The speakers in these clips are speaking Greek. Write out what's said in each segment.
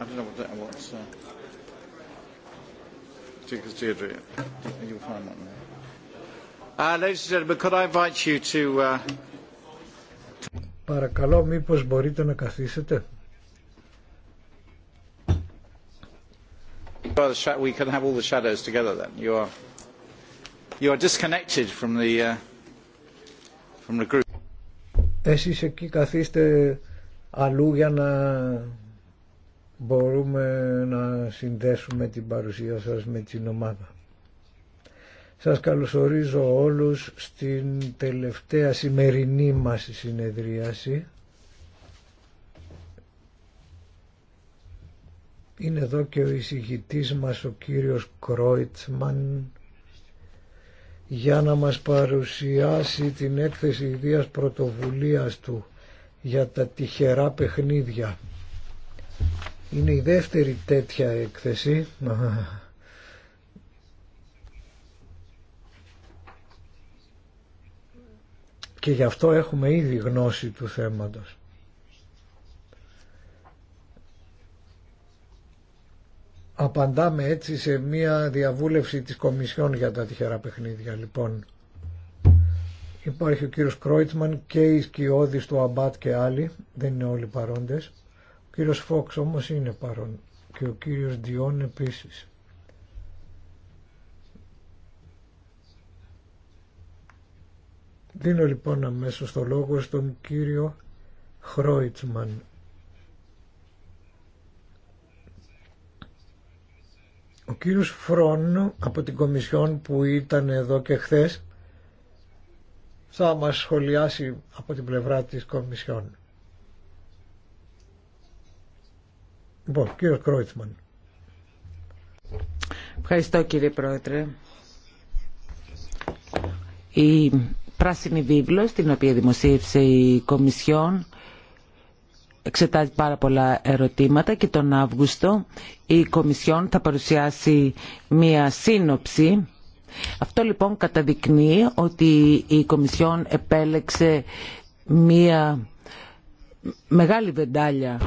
I don't know what what's. Uh, because Deirdre, you'll find that one. Uh, ladies and gentlemen, could I invite you to. Uh... Παρακαλώ, μήπως μπορείτε να καθίσετε. We can have all the shadows together then. You are, you are disconnected from the, uh, from the group. Εσείς εκεί καθίστε αλλού για να μπορούμε να συνδέσουμε την παρουσία σας με την ομάδα. Σας καλωσορίζω όλους στην τελευταία σημερινή μας συνεδρίαση. Είναι εδώ και ο εισηγητής μας ο κύριος Κρόιτσμαν για να μας παρουσιάσει την έκθεση ιδίας πρωτοβουλίας του για τα τυχερά παιχνίδια είναι η δεύτερη τέτοια έκθεση και γι' αυτό έχουμε ήδη γνώση του θέματος. Απαντάμε έτσι σε μία διαβούλευση της Κομισιόν για τα τυχερά παιχνίδια λοιπόν. Υπάρχει ο κύριος Κρόιτσμαν και οι σκιώδεις του Αμπάτ και άλλοι, δεν είναι όλοι παρόντες κύριος Φόξ όμως είναι παρόν και ο κύριος Διόν επίσης. Δίνω λοιπόν αμέσω το λόγο στον κύριο Χρόιτσμαν. Ο κύριος Φρόν από την Κομισιόν που ήταν εδώ και χθες θα μας σχολιάσει από την πλευρά της Κομισιόν. Λοιπόν, Ευχαριστώ κύριε Πρόεδρε. Η πράσινη βίβλος, την οποία δημοσίευσε η Κομισιόν, εξετάζει πάρα πολλά ερωτήματα και τον Αύγουστο η Κομισιόν θα παρουσιάσει μία σύνοψη. Αυτό λοιπόν καταδεικνύει ότι η Κομισιόν επέλεξε μία μεγάλη βεντάλια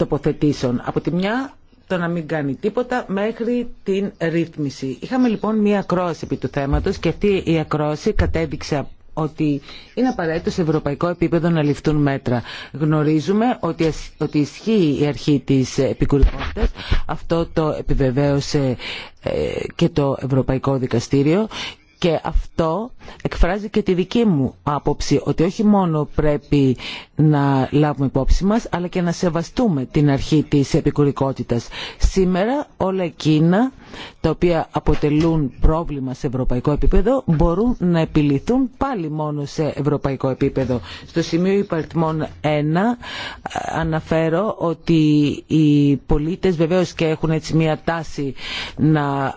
τοποθετήσεων. Από τη μια το να μην κάνει τίποτα μέχρι την ρύθμιση. Είχαμε λοιπόν μία ακρόαση επί του θέματος και αυτή η ακρόαση κατέδειξε ότι είναι απαραίτητο σε ευρωπαϊκό επίπεδο να ληφθούν μέτρα. Γνωρίζουμε ότι, ότι ισχύει η αρχή της επικουρικότητας. Αυτό το επιβεβαίωσε ε, και το Ευρωπαϊκό Δικαστήριο και αυτό εκφράζει και τη δική μου άποψη ότι όχι μόνο πρέπει να λάβουμε υπόψη μας αλλά και να σεβαστούμε την αρχή της επικουρικότητας. Σήμερα όλα εκείνα τα οποία αποτελούν πρόβλημα σε ευρωπαϊκό επίπεδο μπορούν να επιληθούν πάλι μόνο σε ευρωπαϊκό επίπεδο. Στο σημείο υπαριθμών 1 αναφέρω ότι οι πολίτες βεβαίως και έχουν έτσι μια τάση να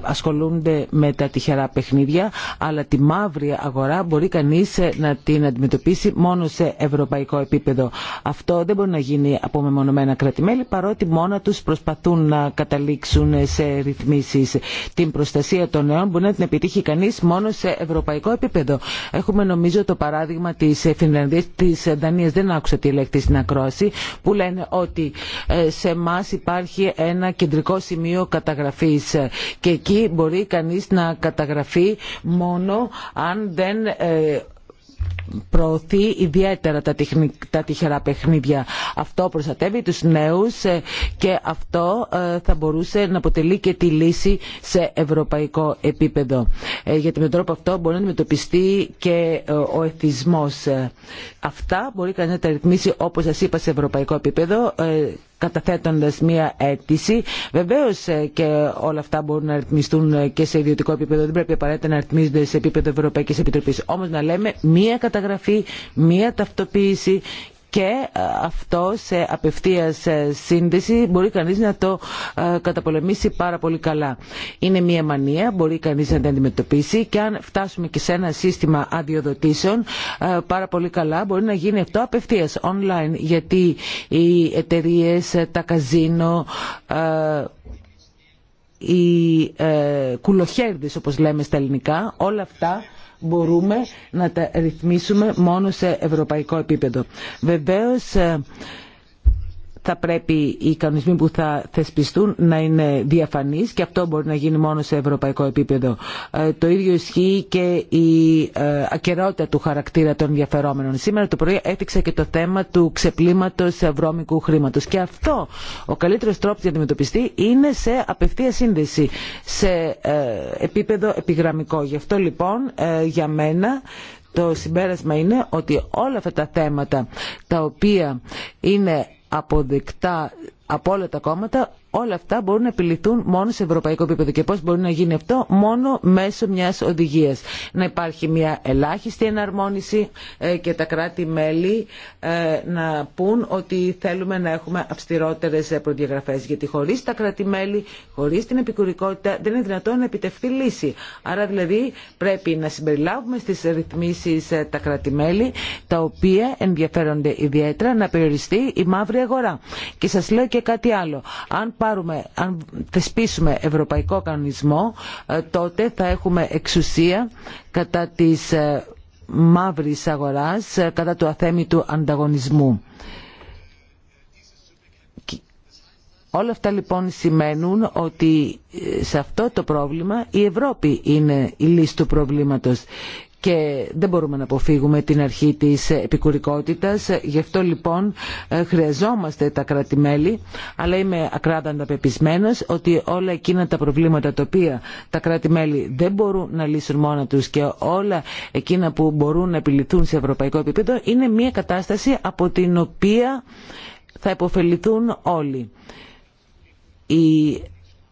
ασχολούνται με τα τυχερά παιχνίδια αλλά τη μαύρη αγορά μπορεί κανείς να την αντιμετωπίσει μόνο σε ευρωπαϊκό επίπεδο. Αυτό δεν μπορεί να γίνει από μεμονωμένα κρατημέλη παρότι μόνα τους προσπαθούν να καταλήξουν σε ρυθμίσεις. Την προστασία των νέων μπορεί να την επιτύχει κανείς μόνο σε ευρωπαϊκό επίπεδο. Έχουμε νομίζω το παράδειγμα της Φινλανδίας, της Δανίας, δεν άκουσα τη λέξη στην ακρόαση, που λένε ότι ε, σε εμά υπάρχει ένα κεντρικό σημείο καταγραφής και εκεί μπορεί κανείς να καταγραφεί μόνο αν δεν ε, προωθεί ιδιαίτερα τα, τυχερά, τα τυχερά παιχνίδια. Αυτό προστατεύει τους νέους ε, και αυτό ε, θα μπορούσε να αποτελεί και τη λύση σε ευρωπαϊκό επίπεδο. Ε, γιατί με τρόπο αυτό μπορεί να αντιμετωπιστεί και ο εθισμός. Αυτά μπορεί κανενα να τα ρυθμίσει όπως σας είπα σε ευρωπαϊκό επίπεδο καταθέτοντας μία αίτηση. Βεβαίως ε, και όλα αυτά μπορούν να ρυθμιστούν ε, και σε ιδιωτικό επίπεδο, δεν πρέπει απαραίτητα να ρυθμίζονται σε επίπεδο Ευρωπαϊκής Επιτροπής. Όμως να λέμε μία καταγραφή, μία ταυτοποίηση και ε, αυτό σε απευθείας ε, σύνδεση μπορεί κανείς να το ε, καταπολεμήσει πάρα πολύ καλά. Είναι μια μανία, μπορεί κανείς να την αντιμετωπίσει και αν φτάσουμε και σε ένα σύστημα αδειοδοτήσεων πάρα πολύ καλά μπορεί να γίνει αυτό απευθείας online γιατί οι εταιρείε, τα καζίνο, οι κουλοχέρδες όπως λέμε στα ελληνικά, όλα αυτά μπορούμε να τα ρυθμίσουμε μόνο σε ευρωπαϊκό επίπεδο. Βεβαίως ε, θα πρέπει οι κανονισμοί που θα θεσπιστούν να είναι διαφανείς και αυτό μπορεί να γίνει μόνο σε ευρωπαϊκό επίπεδο. Ε, το ίδιο ισχύει και η ε, ακαιρότητα του χαρακτήρα των ενδιαφερόμενων. Σήμερα το πρωί έφυξε και το θέμα του ξεπλήματος ευρώμικου χρήματος και αυτό ο καλύτερος τρόπος για να αντιμετωπιστεί είναι σε απευθεία σύνδεση, σε ε, επίπεδο επιγραμμικό. Γι' αυτό λοιπόν για μένα το συμπέρασμα είναι ότι όλα αυτά τα θέματα τα οποία είναι αποδεκτά από όλα τα κόμματα όλα αυτά μπορούν να επιληθούν μόνο σε ευρωπαϊκό επίπεδο. Και πώ μπορεί να γίνει αυτό μόνο μέσω μια οδηγία. Να υπάρχει μια ελάχιστη εναρμόνιση ε, και τα κράτη-μέλη ε, να πούν ότι θέλουμε να έχουμε αυστηρότερε προδιαγραφέ. Γιατί χωρί τα κράτη-μέλη, χωρίς την επικουρικότητα δεν είναι δυνατόν να επιτευχθεί λύση. Άρα δηλαδή πρέπει να συμπεριλάβουμε στις ρυθμίσεις ε, τα κράτη-μέλη τα οποία ενδιαφέρονται ιδιαίτερα να περιοριστεί η μαύρη αγορά. Και σα λέω και κάτι άλλο. Αν αν θεσπίσουμε ευρωπαϊκό κανονισμό, ε, τότε θα έχουμε εξουσία κατά της ε, μαύρης αγοράς, ε, κατά του αθέμητου ανταγωνισμού. Όλα αυτά λοιπόν σημαίνουν ότι σε αυτό το πρόβλημα η Ευρώπη είναι η λύση του προβλήματος και δεν μπορούμε να αποφύγουμε την αρχή της επικουρικότητας. Γι' αυτό λοιπόν ε, χρειαζόμαστε τα κράτη-μέλη, αλλά είμαι ακράδαντα πεπισμένος ότι όλα εκείνα τα προβλήματα τα οποία τα κράτη-μέλη δεν μπορούν να λύσουν μόνα τους και όλα εκείνα που μπορούν να επιληθούν σε ευρωπαϊκό επίπεδο είναι μια κατάσταση από την οποία θα υποφεληθούν όλοι.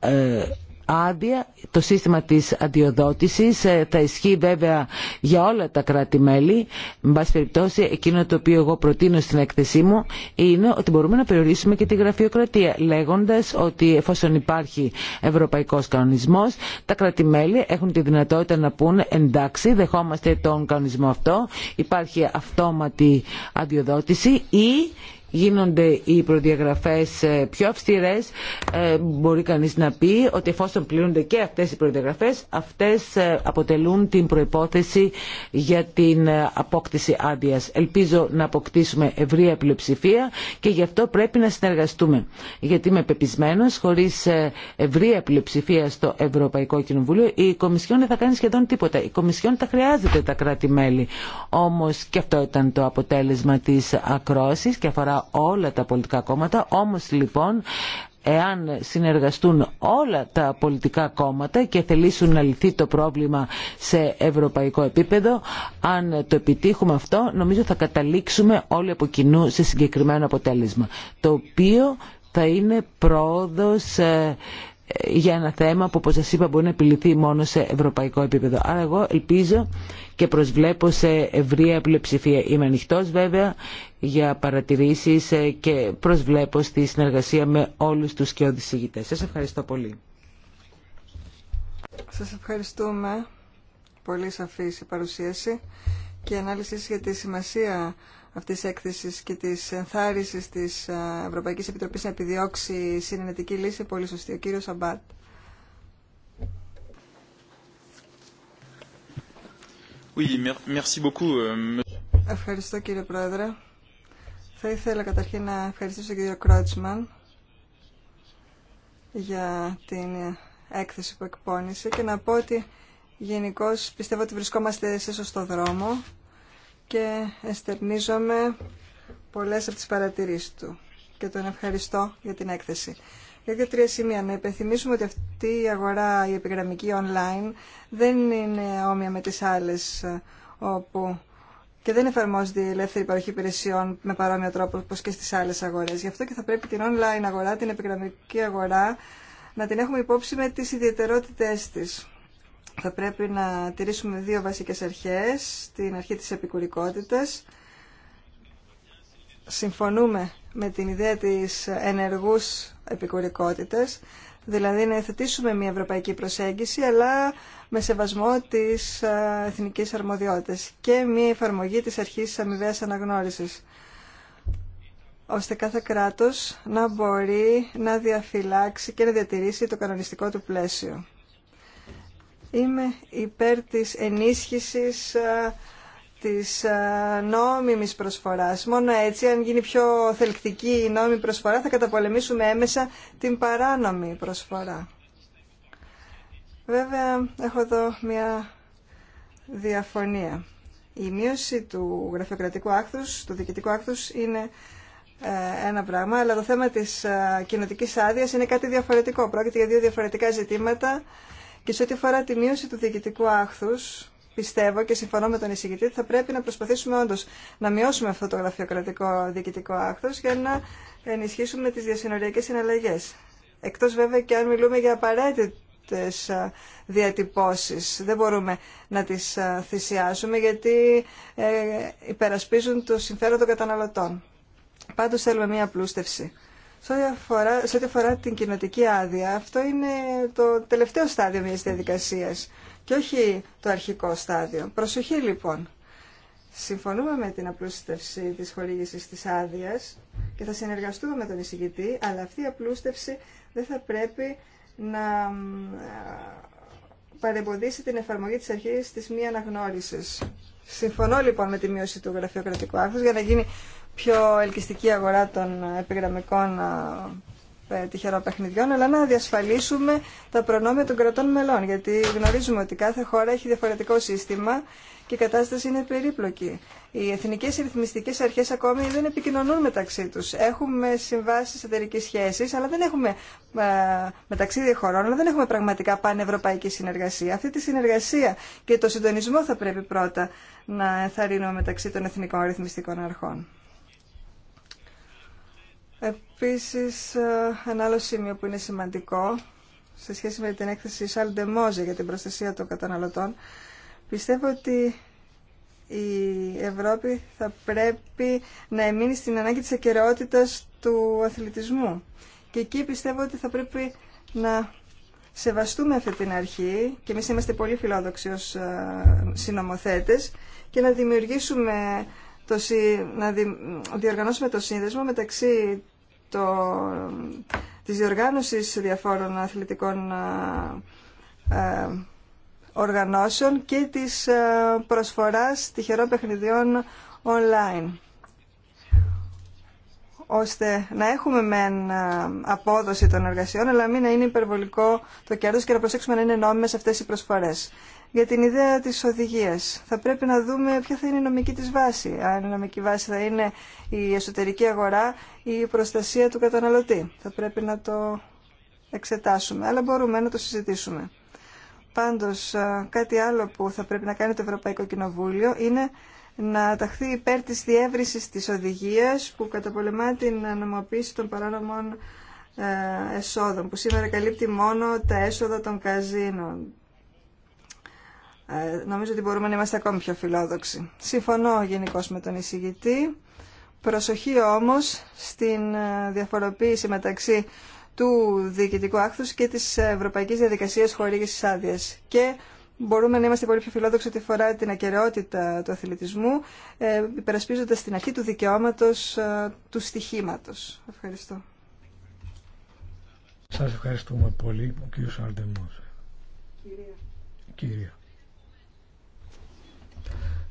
Ε, άδεια, το σύστημα της αντιοδότησης ε, θα ισχύει βέβαια για όλα τα κράτη-μέλη. Με πάση περιπτώσει, εκείνο το οποίο εγώ προτείνω στην έκθεσή μου είναι ότι μπορούμε να περιορίσουμε και τη γραφειοκρατία, λέγοντας ότι εφόσον υπάρχει ευρωπαϊκός κανονισμός, τα κράτη-μέλη έχουν τη δυνατότητα να πούν εντάξει, δεχόμαστε τον κανονισμό αυτό, υπάρχει αυτόματη αντιοδότηση ή γίνονται οι προδιαγραφές ε, πιο αυστηρές, ε, μπορεί κανείς να πει ότι εφόσον πληρούνται και αυτές οι προδιαγραφές, αυτές ε, αποτελούν την προϋπόθεση για την απόκτηση άδεια. Ελπίζω να αποκτήσουμε ευρία πλειοψηφία και γι' αυτό πρέπει να συνεργαστούμε. Γιατί είμαι πεπισμένος, χωρίς ευρία πλειοψηφία στο Ευρωπαϊκό Κοινοβούλιο, η Κομισιόν δεν θα κάνει σχεδόν τίποτα. Η Κομισιόν τα χρειάζεται τα κράτη-μέλη. Όμως και αυτό ήταν το αποτέλεσμα της ακρόσης και αφορά όλα τα πολιτικά κόμματα, όμως λοιπόν εάν συνεργαστούν όλα τα πολιτικά κόμματα και θελήσουν να λυθεί το πρόβλημα σε ευρωπαϊκό επίπεδο, αν το επιτύχουμε αυτό, νομίζω θα καταλήξουμε όλοι από κοινού σε συγκεκριμένο αποτέλεσμα, το οποίο θα είναι πρόοδος ε, για ένα θέμα που όπως σας είπα μπορεί να επιληθεί μόνο σε ευρωπαϊκό επίπεδο. Άρα εγώ ελπίζω και προσβλέπω σε ευρία πλειοψηφία. Είμαι ανοιχτό βέβαια για παρατηρήσεις ε, και προσβλέπω στη συνεργασία με όλους τους και ηγητέ. Σας ευχαριστώ πολύ. Σας ευχαριστούμε. Πολύ σαφής η παρουσίαση και η ανάλυση για τη σημασία αυτής τη έκθεσης και της ενθάρρυνσης της ε, Ευρωπαϊκής Επιτροπής να επιδιώξει συνενετική λύση. Πολύ σωστή. Ο κύριος Αμπάτ. Euh, ευχαριστώ κύριε Πρόεδρε. Θα ήθελα καταρχήν να ευχαριστήσω τον κύριο Κρότσμαν για την έκθεση που εκπώνησε και να πω ότι γενικώ πιστεύω ότι βρισκόμαστε σε σωστό δρόμο και εστερνίζομαι πολλές από τις παρατηρήσεις του και τον ευχαριστώ για την έκθεση. Για και τρία σημεία. Να υπενθυμίσουμε ότι αυτή η αγορά, η επιγραμμική online, δεν είναι όμοια με τις άλλες όπου και δεν εφαρμόζεται η ελεύθερη παροχή υπηρεσιών με παρόμοιο τρόπο όπω και στις άλλες αγορές. Γι' αυτό και θα πρέπει την online αγορά, την επικραμμική αγορά, να την έχουμε υπόψη με τις ιδιαίτερότητε τη. Θα πρέπει να τηρήσουμε δύο βασικές αρχές, την αρχή της επικουρικότητας. Συμφωνούμε με την ιδέα της ενεργούς επικουρικότητας. Δηλαδή να εθετήσουμε μια ευρωπαϊκή προσέγγιση, αλλά με σεβασμό της ε, εθνικής αρμοδιότητας και μια εφαρμογή της αρχής της αμοιβαίας αναγνώρισης ώστε κάθε κράτος να μπορεί να διαφυλάξει και να διατηρήσει το κανονιστικό του πλαίσιο. Είμαι υπέρ της ενίσχυσης ε, της ε, νόμιμης προσφοράς. Μόνο έτσι, αν γίνει πιο θελκτική η νόμιμη προσφορά, θα καταπολεμήσουμε έμεσα την παράνομη προσφορά. Βέβαια, έχω εδώ μια διαφωνία. Η μείωση του γραφειοκρατικού άκθους, του διοικητικού άκθους, είναι ε, ένα πράγμα, αλλά το θέμα της ε, κοινοτικής άδειας είναι κάτι διαφορετικό. Πρόκειται για δύο διαφορετικά ζητήματα και σε ό,τι αφορά τη μείωση του διοικητικού άχθους, πιστεύω και συμφωνώ με τον εισηγητή ότι θα πρέπει να προσπαθήσουμε όντω να μειώσουμε αυτό το γραφειοκρατικό διοικητικό άκτο για να ενισχύσουμε τι διασυνοριακέ συναλλαγέ. Εκτό βέβαια και αν μιλούμε για απαραίτητε διατυπώσει. Δεν μπορούμε να τι θυσιάσουμε γιατί ε, υπερασπίζουν το συμφέρον των καταναλωτών. Πάντω θέλουμε μία πλούστευση. Σε ό,τι αφορά την κοινοτική άδεια, αυτό είναι το τελευταίο στάδιο μιας διαδικασίας και όχι το αρχικό στάδιο. Προσοχή λοιπόν. Συμφωνούμε με την απλούστευση της χορήγησης της άδεια και θα συνεργαστούμε με τον εισηγητή, αλλά αυτή η απλούστευση δεν θα πρέπει να παρεμποδίσει την εφαρμογή της αρχής της μη αναγνώρισης. Συμφωνώ λοιπόν με τη μείωση του γραφειοκρατικού άρθρου για να γίνει πιο ελκυστική αγορά των επιγραμμικών ε, τυχερών παιχνιδιών, αλλά να διασφαλίσουμε τα προνόμια των κρατών μελών. Γιατί γνωρίζουμε ότι κάθε χώρα έχει διαφορετικό σύστημα και η κατάσταση είναι περίπλοκη. Οι εθνικέ ρυθμιστικέ αρχέ ακόμη δεν επικοινωνούν μεταξύ του. Έχουμε συμβάσει εταιρική σχέση, αλλά δεν έχουμε ε, μεταξύ δύο χωρών, αλλά δεν έχουμε πραγματικά πανευρωπαϊκή συνεργασία. Αυτή τη συνεργασία και το συντονισμό θα πρέπει πρώτα να ενθαρρύνουμε μεταξύ των εθνικών ρυθμιστικών αρχών. Επίσης, ε, ένα άλλο σημείο που είναι σημαντικό σε σχέση με την έκθεση Σαλντεμόζε για την προστασία των καταναλωτών, πιστεύω ότι η Ευρώπη θα πρέπει να εμείνει στην ανάγκη της ακεραιότητας του αθλητισμού. Και εκεί πιστεύω ότι θα πρέπει να σεβαστούμε αυτή την αρχή και εμείς είμαστε πολύ φιλόδοξοι ως ε, συνομοθέτες και να δημιουργήσουμε το, να διοργανώσουμε το σύνδεσμο μεταξύ το, της διοργάνωσης διαφόρων αθλητικών ε, ε, οργανώσεων και της ε, προσφοράς τυχερών παιχνιδιών online ώστε να έχουμε μεν απόδοση των εργασιών, αλλά μην να είναι υπερβολικό το κέρδος και να προσέξουμε να είναι νόμιμες αυτές οι προσφορές για την ιδέα της οδηγίας. Θα πρέπει να δούμε ποια θα είναι η νομική της βάση. Αν η νομική βάση θα είναι η εσωτερική αγορά ή η προστασία του καταναλωτή. Θα πρέπει να το εξετάσουμε, αλλά μπορούμε να το συζητήσουμε. Πάντως, κάτι άλλο που θα πρέπει να κάνει το Ευρωπαϊκό Κοινοβούλιο είναι να ταχθεί υπέρ της διεύρυνσης της οδηγίας που καταπολεμά την νομοποίηση των παράνομων ε, εσόδων, που σήμερα καλύπτει μόνο τα έσοδα των καζίνων ε, νομίζω ότι μπορούμε να είμαστε ακόμη πιο φιλόδοξοι. Συμφωνώ γενικώ με τον εισηγητή. Προσοχή όμως στην ε, διαφοροποίηση μεταξύ του διοικητικού άκθους και της ευρωπαϊκής διαδικασίας χορήγησης άδεια. Και μπορούμε να είμαστε πολύ πιο φιλόδοξοι ότι φορά την ακαιρεότητα του αθλητισμού, ε, υπερασπίζοντας την αρχή του δικαιώματος ε, του στοιχήματος. Ευχαριστώ. Σας ευχαριστούμε πολύ, ο κύριος Κυρία.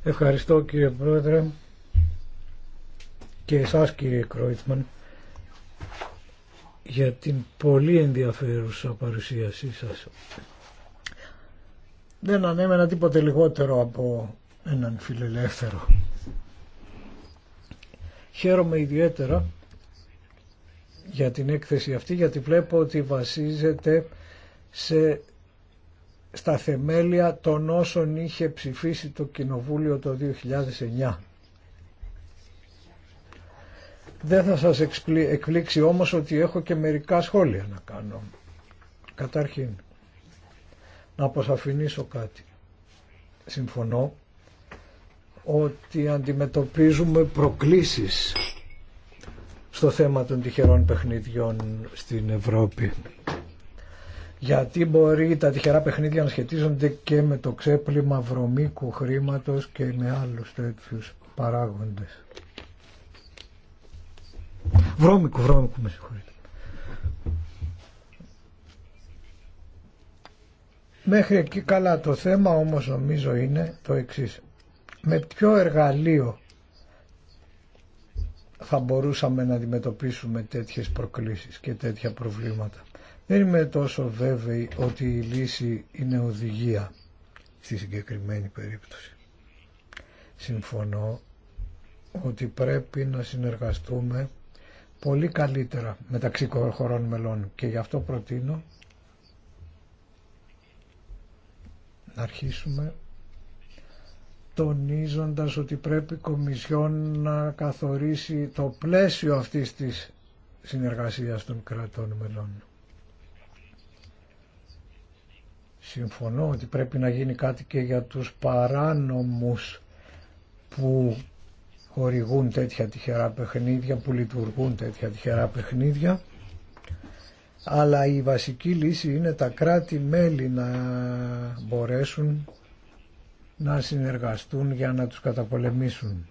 Ευχαριστώ κύριε Πρόεδρε και εσάς κύριε Κρόιτσμαν για την πολύ ενδιαφέρουσα παρουσίασή σας. Δεν ανέμενα τίποτε λιγότερο από έναν φιλελεύθερο. Χαίρομαι ιδιαίτερα για την έκθεση αυτή γιατί βλέπω ότι βασίζεται σε στα θεμέλια των όσων είχε ψηφίσει το Κοινοβούλιο το 2009. Δεν θα σας εκπλήξει όμως ότι έχω και μερικά σχόλια να κάνω. Καταρχήν, να αποσαφηνίσω κάτι. Συμφωνώ ότι αντιμετωπίζουμε προκλήσεις στο θέμα των τυχερών παιχνιδιών στην Ευρώπη γιατί μπορεί τα τυχερά παιχνίδια να σχετίζονται και με το ξέπλυμα βρωμίκου χρήματος και με άλλους τέτοιους παράγοντες. Βρώμικου, βρώμικου, με συγχωρείτε. Μέχρι εκεί καλά το θέμα όμως νομίζω είναι το εξής. Με ποιο εργαλείο θα μπορούσαμε να αντιμετωπίσουμε τέτοιες προκλήσεις και τέτοια προβλήματα. Δεν είμαι τόσο βέβαιη ότι η λύση είναι οδηγία στη συγκεκριμένη περίπτωση. Συμφωνώ ότι πρέπει να συνεργαστούμε πολύ καλύτερα μεταξύ χωρών μελών και γι' αυτό προτείνω να αρχίσουμε τονίζοντας ότι πρέπει η Κομισιόν να καθορίσει το πλαίσιο αυτής της συνεργασίας των κρατών μελών. Συμφωνώ ότι πρέπει να γίνει κάτι και για τους παράνομους που χορηγούν τέτοια τυχερά παιχνίδια, που λειτουργούν τέτοια τυχερά παιχνίδια. Αλλά η βασική λύση είναι τα κράτη-μέλη να μπορέσουν να συνεργαστούν για να τους καταπολεμήσουν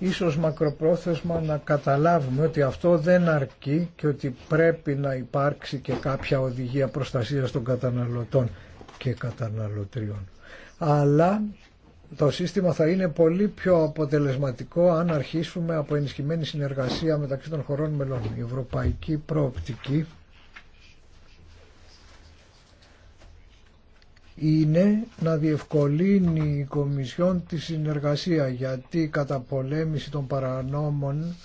ίσως μακροπρόθεσμα να καταλάβουμε ότι αυτό δεν αρκεί και ότι πρέπει να υπάρξει και κάποια οδηγία προστασίας των καταναλωτών και καταναλωτριών. Αλλά το σύστημα θα είναι πολύ πιο αποτελεσματικό αν αρχίσουμε από ενισχυμένη συνεργασία μεταξύ των χωρών μελών. Η ευρωπαϊκή προοπτική είναι να διευκολύνει η Κομισιόν τη συνεργασία γιατί η καταπολέμηση των παρανόμων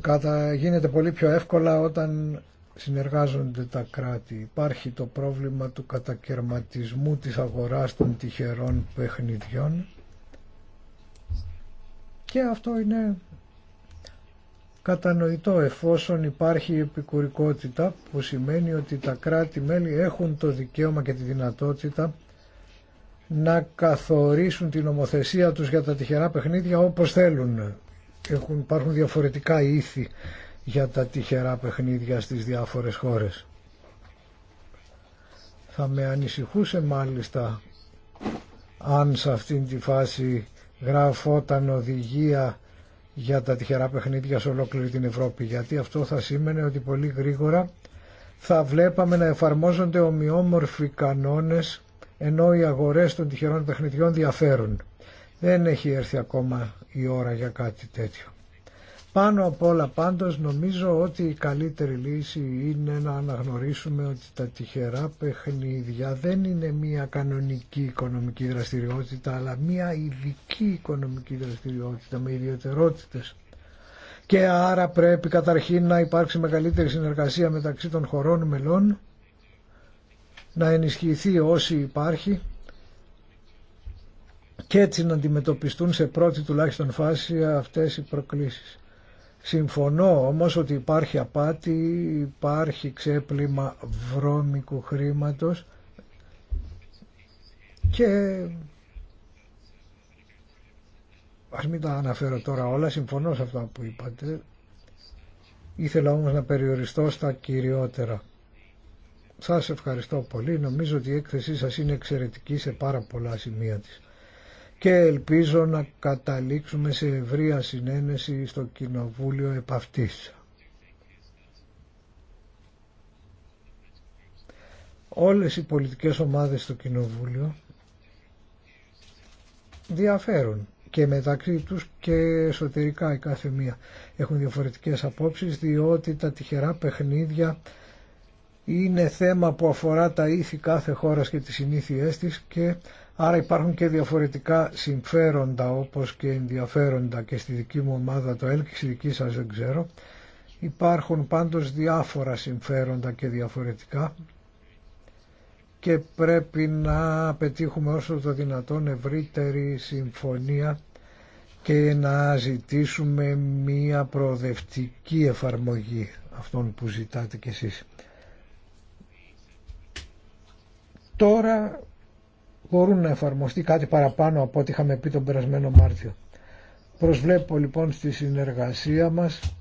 κατα... γίνεται πολύ πιο εύκολα όταν συνεργάζονται τα κράτη. Υπάρχει το πρόβλημα του κατακαιρματισμού της αγοράς των τυχερών παιχνιδιών και αυτό είναι κατανοητό εφόσον υπάρχει επικουρικότητα που σημαίνει ότι τα κράτη-μέλη έχουν το δικαίωμα και τη δυνατότητα να καθορίσουν την ομοθεσία τους για τα τυχερά παιχνίδια όπως θέλουν. Έχουν, υπάρχουν διαφορετικά ήθη για τα τυχερά παιχνίδια στις διάφορες χώρες. Θα με ανησυχούσε μάλιστα αν σε αυτήν τη φάση γραφόταν οδηγία για τα τυχερά παιχνίδια σε ολόκληρη την Ευρώπη γιατί αυτό θα σήμαινε ότι πολύ γρήγορα θα βλέπαμε να εφαρμόζονται ομοιόμορφοι κανόνες ενώ οι αγορές των τυχερών παιχνιδιών διαφέρουν. Δεν έχει έρθει ακόμα η ώρα για κάτι τέτοιο. Πάνω απ' όλα πάντως νομίζω ότι η καλύτερη λύση είναι να αναγνωρίσουμε ότι τα τυχερά παιχνίδια δεν είναι μία κανονική οικονομική δραστηριότητα αλλά μία ειδική οικονομική δραστηριότητα με ιδιαιτερότητες. Και άρα πρέπει καταρχήν να υπάρξει μεγαλύτερη συνεργασία μεταξύ των χωρών μελών να ενισχυθεί όσοι υπάρχει και έτσι να αντιμετωπιστούν σε πρώτη τουλάχιστον φάση αυτές οι προκλήσεις. Συμφωνώ όμως ότι υπάρχει απάτη, υπάρχει ξέπλυμα βρώμικου χρήματος και ας μην τα αναφέρω τώρα όλα, συμφωνώ σε αυτά που είπατε. Ήθελα όμως να περιοριστώ στα κυριότερα. Σας ευχαριστώ πολύ. Νομίζω ότι η έκθεσή σας είναι εξαιρετική σε πάρα πολλά σημεία της. Και ελπίζω να καταλήξουμε σε ευρεία συνένεση στο Κοινοβούλιο επ' Όλες οι πολιτικές ομάδες στο Κοινοβούλιο διαφέρουν και μεταξύ τους και εσωτερικά η κάθε μία έχουν διαφορετικές απόψεις διότι τα τυχερά παιχνίδια είναι θέμα που αφορά τα ήθη κάθε χώρας και τις συνήθειές της και άρα υπάρχουν και διαφορετικά συμφέροντα όπως και ενδιαφέροντα και στη δική μου ομάδα το ΕΛΚ, στη δική σας δεν ξέρω. Υπάρχουν πάντως διάφορα συμφέροντα και διαφορετικά και πρέπει να πετύχουμε όσο το δυνατόν ευρύτερη συμφωνία και να ζητήσουμε μία προοδευτική εφαρμογή αυτών που ζητάτε κι εσείς. Τώρα μπορούν να εφαρμοστεί κάτι παραπάνω από ό,τι είχαμε πει τον περασμένο Μάρτιο. Προσβλέπω λοιπόν στη συνεργασία μας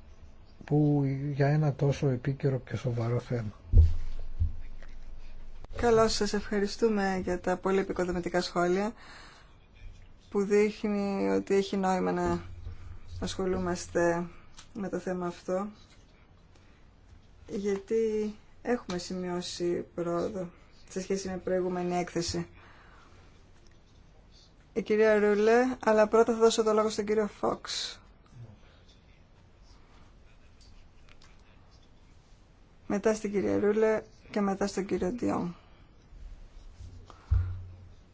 που για ένα τόσο επίκαιρο και σοβαρό θέμα. Καλώ σα ευχαριστούμε για τα πολύ επικοδομητικά σχόλια που δείχνει ότι έχει νόημα να ασχολούμαστε με το θέμα αυτό γιατί έχουμε σημειώσει πρόοδο σε σχέση με προηγούμενη έκθεση. Η κυρία Ρούλε, αλλά πρώτα θα δώσω το λόγο στον κύριο Φόξ. Μετά στην κυρία Ρούλε και μετά στον κύριο Τιόν.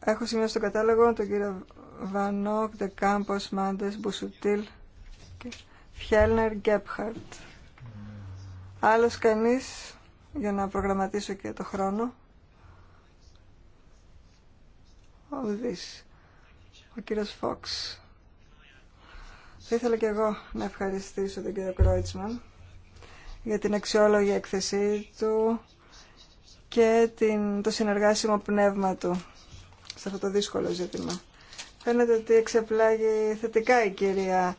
Έχω σημειώσει στο κατάλογο τον κύριο Βανόκ, Δεκάμπος, Μάντες, Μπουσουτήλ και Φιέλνερ Γκέπχαρτ. Άλλος κανείς, για να προγραμματίσω και το χρόνο. Ο κύριος Φόξ. Θα ήθελα και εγώ να ευχαριστήσω τον κύριο Κρόιτσμαν για την αξιόλογη έκθεσή του και την, το συνεργάσιμο πνεύμα του σε αυτό το δύσκολο ζήτημα. Φαίνεται ότι εξεπλάγει θετικά η κυρία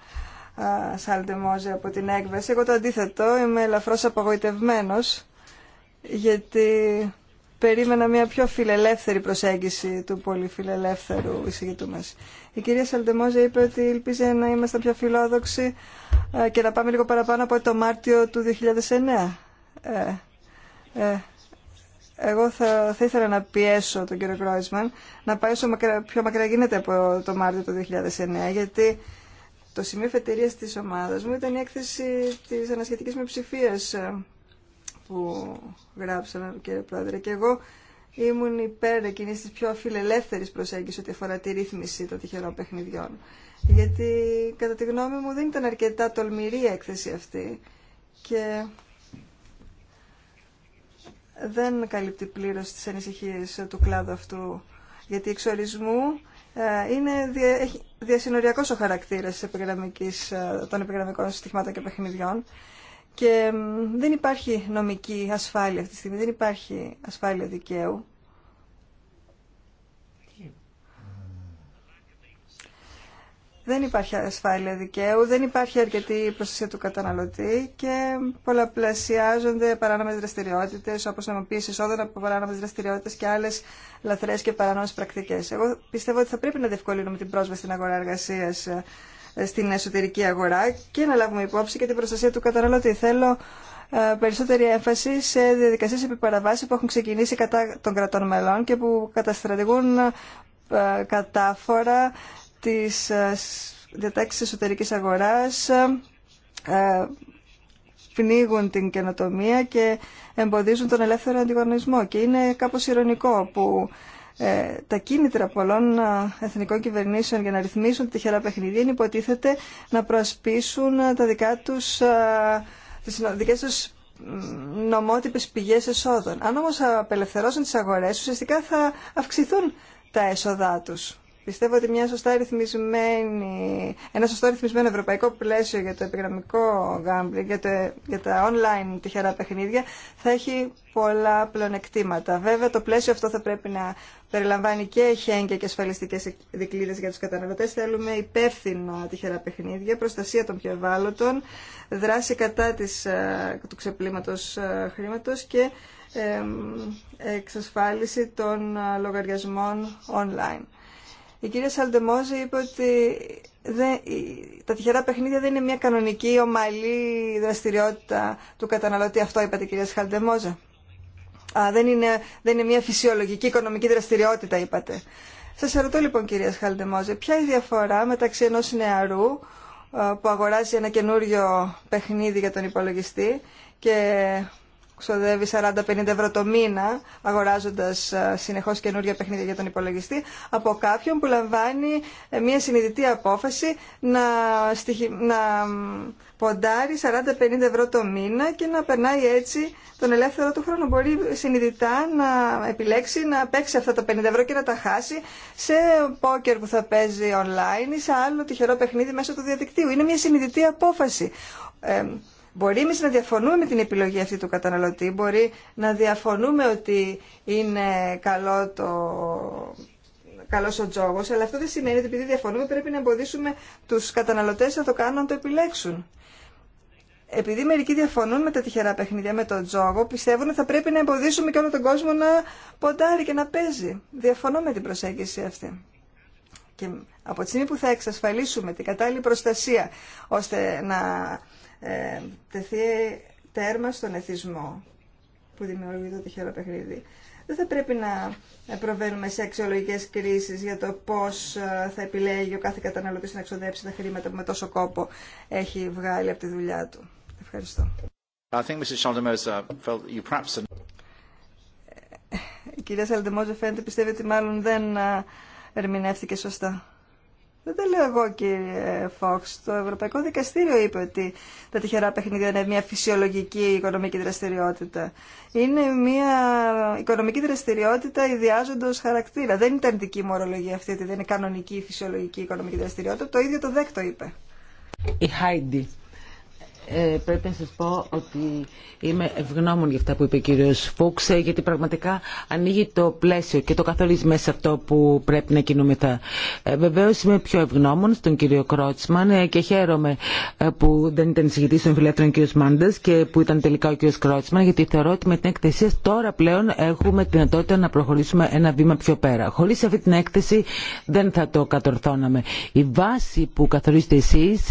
Σάλτε από την έκβαση. Εγώ το αντίθετο, είμαι ελαφρώς απογοητευμένος γιατί περίμενα μια πιο φιλελεύθερη προσέγγιση του πολυφιλελεύθερου εισηγητού μας. Η κυρία Σαλτεμόζα είπε ότι ελπίζει να είμαστε πιο φιλόδοξοι ε, και να πάμε λίγο παραπάνω από το Μάρτιο του 2009. Ε, ε, εγώ θα, θα ήθελα να πιέσω τον κύριο Κρόισμαν να πάει όσο πιο μακριά γίνεται από το Μάρτιο του 2009 γιατί το σημείο φετηρίας της ομάδας μου ήταν η έκθεση της ανασχετικής μειοψηφίας ε, που γράψαμε, κύριε Πρόεδρε, και εγώ ήμουν υπέρ εκείνη τη πιο φιλελεύθερη προσέγγιση ό,τι αφορά τη ρύθμιση των τυχερών παιχνιδιών. Γιατί, κατά τη γνώμη μου, δεν ήταν αρκετά τολμηρή η έκθεση αυτή και δεν καλύπτει πλήρω τι ανησυχίε του κλάδου αυτού. Γιατί εξορισμού ε, είναι διασυνοριακό ο χαρακτήρα ε, των επιγραμμικών συστηματών και παιχνιδιών και δεν υπάρχει νομική ασφάλεια αυτή τη στιγμή, δεν υπάρχει ασφάλεια δικαίου. Δεν υπάρχει ασφάλεια δικαίου, δεν υπάρχει αρκετή προστασία του καταναλωτή και πολλαπλασιάζονται παράνομες δραστηριότητες όπως νομοποίηση εισόδων από παράνομε δραστηριότητε και άλλες λαθρέ και παράνομε πρακτικές. Εγώ πιστεύω ότι θα πρέπει να διευκολύνουμε την πρόσβαση στην αγορά εργασία. Ε, στην εσωτερική αγορά και να λάβουμε υπόψη και την προστασία του καταναλωτή. Θέλω ε, περισσότερη έμφαση σε διαδικασίες επιπαραβάσεις που έχουν ξεκινήσει κατά των κρατών μελών και που καταστρατηγούν ε, κατάφορα τις ε, διατάξεις εσωτερικής αγοράς πνίγουν την καινοτομία και εμποδίζουν τον ελεύθερο αντιγωνισμό. Και είναι κάπως ηρωνικό που ε, τα κίνητρα πολλών ε, εθνικών κυβερνήσεων για να ρυθμίσουν τυχερά παιχνίδια είναι υποτίθεται να προασπίσουν ε, τα δικά τους, τις δικές τους νομότυπες πηγές εσόδων. Αν όμως απελευθερώσουν τις αγορές, ουσιαστικά θα αυξηθούν τα έσοδά τους. Πιστεύω ότι μια σωστά ρυθμισμένη, ένα σωστό ρυθμισμένο ευρωπαϊκό πλαίσιο για το επιγραμμικό gambling, για, το, για τα online τυχερά παιχνίδια, θα έχει πολλά πλεονεκτήματα. Βέβαια, το πλαίσιο αυτό θα πρέπει να περιλαμβάνει και χέγγια και ασφαλιστικέ δικλείδε για του καταναλωτέ. Θέλουμε υπεύθυνα τυχερά παιχνίδια, προστασία των πιο ευάλωτων, δράση κατά της, ε, του ξεπλήματο ε, χρήματο και εξασφάλιση των ε, λογαριασμών online. Η κυρία Σαλντεμόζη είπε ότι τα τυχερά παιχνίδια δεν είναι μια κανονική ομαλή δραστηριότητα του καταναλωτή. Αυτό είπατε κυρία Σαλτεμόζα. Α, δεν είναι, δεν είναι μια φυσιολογική οικονομική δραστηριότητα, είπατε. Σας ρωτώ λοιπόν, κυρία Σχαλντεμόζε, ποια είναι η διαφορά μεταξύ ενός νεαρού ε, που αγοράζει ένα καινούριο παιχνίδι για τον υπολογιστή και ξοδεύει 40-50 ευρώ το μήνα αγοράζοντας ε, συνεχώς καινούργια παιχνίδια για τον υπολογιστή από κάποιον που λαμβάνει ε, μια συνειδητή απόφαση να, στοιχει... να ποντάρει 40-50 ευρώ το μήνα και να περνάει έτσι τον ελεύθερο του χρόνο. Μπορεί συνειδητά να επιλέξει να παίξει αυτά τα 50 ευρώ και να τα χάσει σε πόκερ που θα παίζει online ή σε άλλο τυχερό παιχνίδι μέσω του διαδικτύου. Είναι μια συνειδητή απόφαση. Ε, Μπορεί εμεί να διαφωνούμε με την επιλογή αυτή του καταναλωτή, μπορεί να διαφωνούμε ότι είναι καλό το... καλός ο τζόγος, αλλά αυτό δεν σημαίνει ότι επειδή διαφωνούμε πρέπει να εμποδίσουμε τους καταναλωτές να το κάνουν να το επιλέξουν. Επειδή μερικοί διαφωνούν με τα τυχερά παιχνίδια, με τον τζόγο, πιστεύουν ότι θα πρέπει να εμποδίσουμε και όλο τον κόσμο να ποντάρει και να παίζει. Διαφωνώ με την προσέγγιση αυτή. Και από τη στιγμή που θα εξασφαλίσουμε την κατάλληλη προστασία, ώστε να ε, τεθεί τέρμα στον εθισμό που δημιουργεί το τυχερό παιχνίδι. Δεν θα πρέπει να προβαίνουμε σε αξιολογικέ κρίσει για το πώ ε, θα επιλέγει ο κάθε καταναλωτή να εξοδέψει τα χρήματα που με τόσο κόπο έχει βγάλει από τη δουλειά του. Ευχαριστώ. I think Mrs. Felt you perhaps... Ε, κυρία Σαλντεμόζε φαίνεται πιστεύει ότι μάλλον δεν ερμηνεύτηκε σωστά. Δεν τα λέω εγώ κύριε Φόξ. Το Ευρωπαϊκό Δικαστήριο είπε ότι τα τυχερά παιχνίδια είναι μια φυσιολογική οικονομική δραστηριότητα. Είναι μια οικονομική δραστηριότητα ιδιάζοντος χαρακτήρα. Δεν ήταν δική μου ορολογία αυτή ότι δεν είναι κανονική φυσιολογική οικονομική δραστηριότητα. Το ίδιο το δέκτο το είπε. Η ε, πρέπει να σας πω ότι είμαι ευγνώμων για αυτά που είπε ο κύριος Φούξ, ε, γιατί πραγματικά ανοίγει το πλαίσιο και το καθορίζει μέσα αυτό που πρέπει να κινούμεθα. Ε, Βεβαίω είμαι πιο ευγνώμων στον κύριο Κρότσμαν ε, και χαίρομαι που δεν ήταν συγητής των φιλεύθερων κύριος Μάντας και που ήταν τελικά ο κύριος Κρότσμαν, γιατί θεωρώ ότι με την έκθεση τώρα πλέον έχουμε τη δυνατότητα να προχωρήσουμε ένα βήμα πιο πέρα. Χωρίς αυτή την έκθεση δεν θα το κατορθώναμε. Η βάση που καθορίζετε εσείς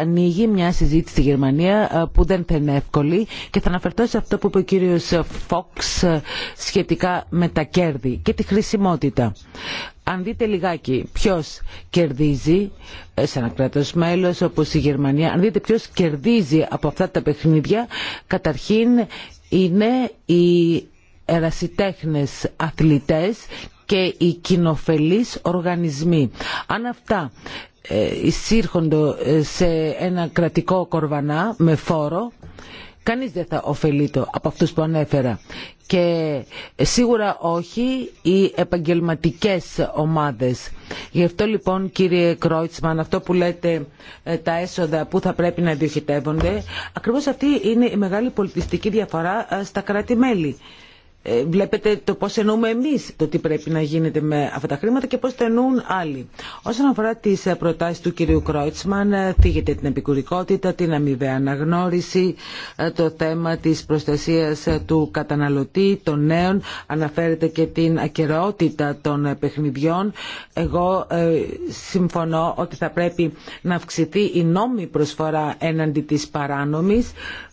ανοίγει μια συζήτηση στη Γερμανία ε, που δεν θα είναι εύκολη και θα αναφερθώ σε αυτό που είπε ο κύριο Φόξ ε, σχετικά με τα κέρδη και τη χρησιμότητα. Αν δείτε λιγάκι ποιος κερδίζει ε, σε ένα κράτος μέλος όπως η Γερμανία, αν δείτε ποιος κερδίζει από αυτά τα παιχνίδια, καταρχήν είναι οι ερασιτέχνες αθλητές και οι κοινοφελείς οργανισμοί. Αν αυτά ε, εισήρχονται ε, σε ένα κρατικό κορβανά με φόρο κανείς δεν θα ωφελεί το από αυτούς που ανέφερα και σίγουρα όχι οι επαγγελματικές ομάδες. Γι' αυτό λοιπόν κύριε Κρόιτσμαν αυτό που λέτε ε, τα έσοδα που θα πρέπει να διοχετεύονται ακριβώς αυτή είναι η μεγάλη πολιτιστική διαφορά στα κράτη-μέλη. Ε, βλέπετε το πώς εννοούμε εμείς το τι πρέπει να γίνεται με αυτά τα χρήματα και πώς τα εννοούν άλλοι. Όσον αφορά τις ε, προτάσεις του κυρίου Κρόιτσμαν, ε, θίγεται την επικουρικότητα, την αμοιβαία αναγνώριση, το θέμα της προστασίας του καταναλωτή, των νέων, αναφέρεται και την ακαιρεότητα των παιχνιδιών. Εγώ συμφωνώ ότι θα πρέπει να αυξηθεί η νόμη προσφορά έναντι της παράνομης.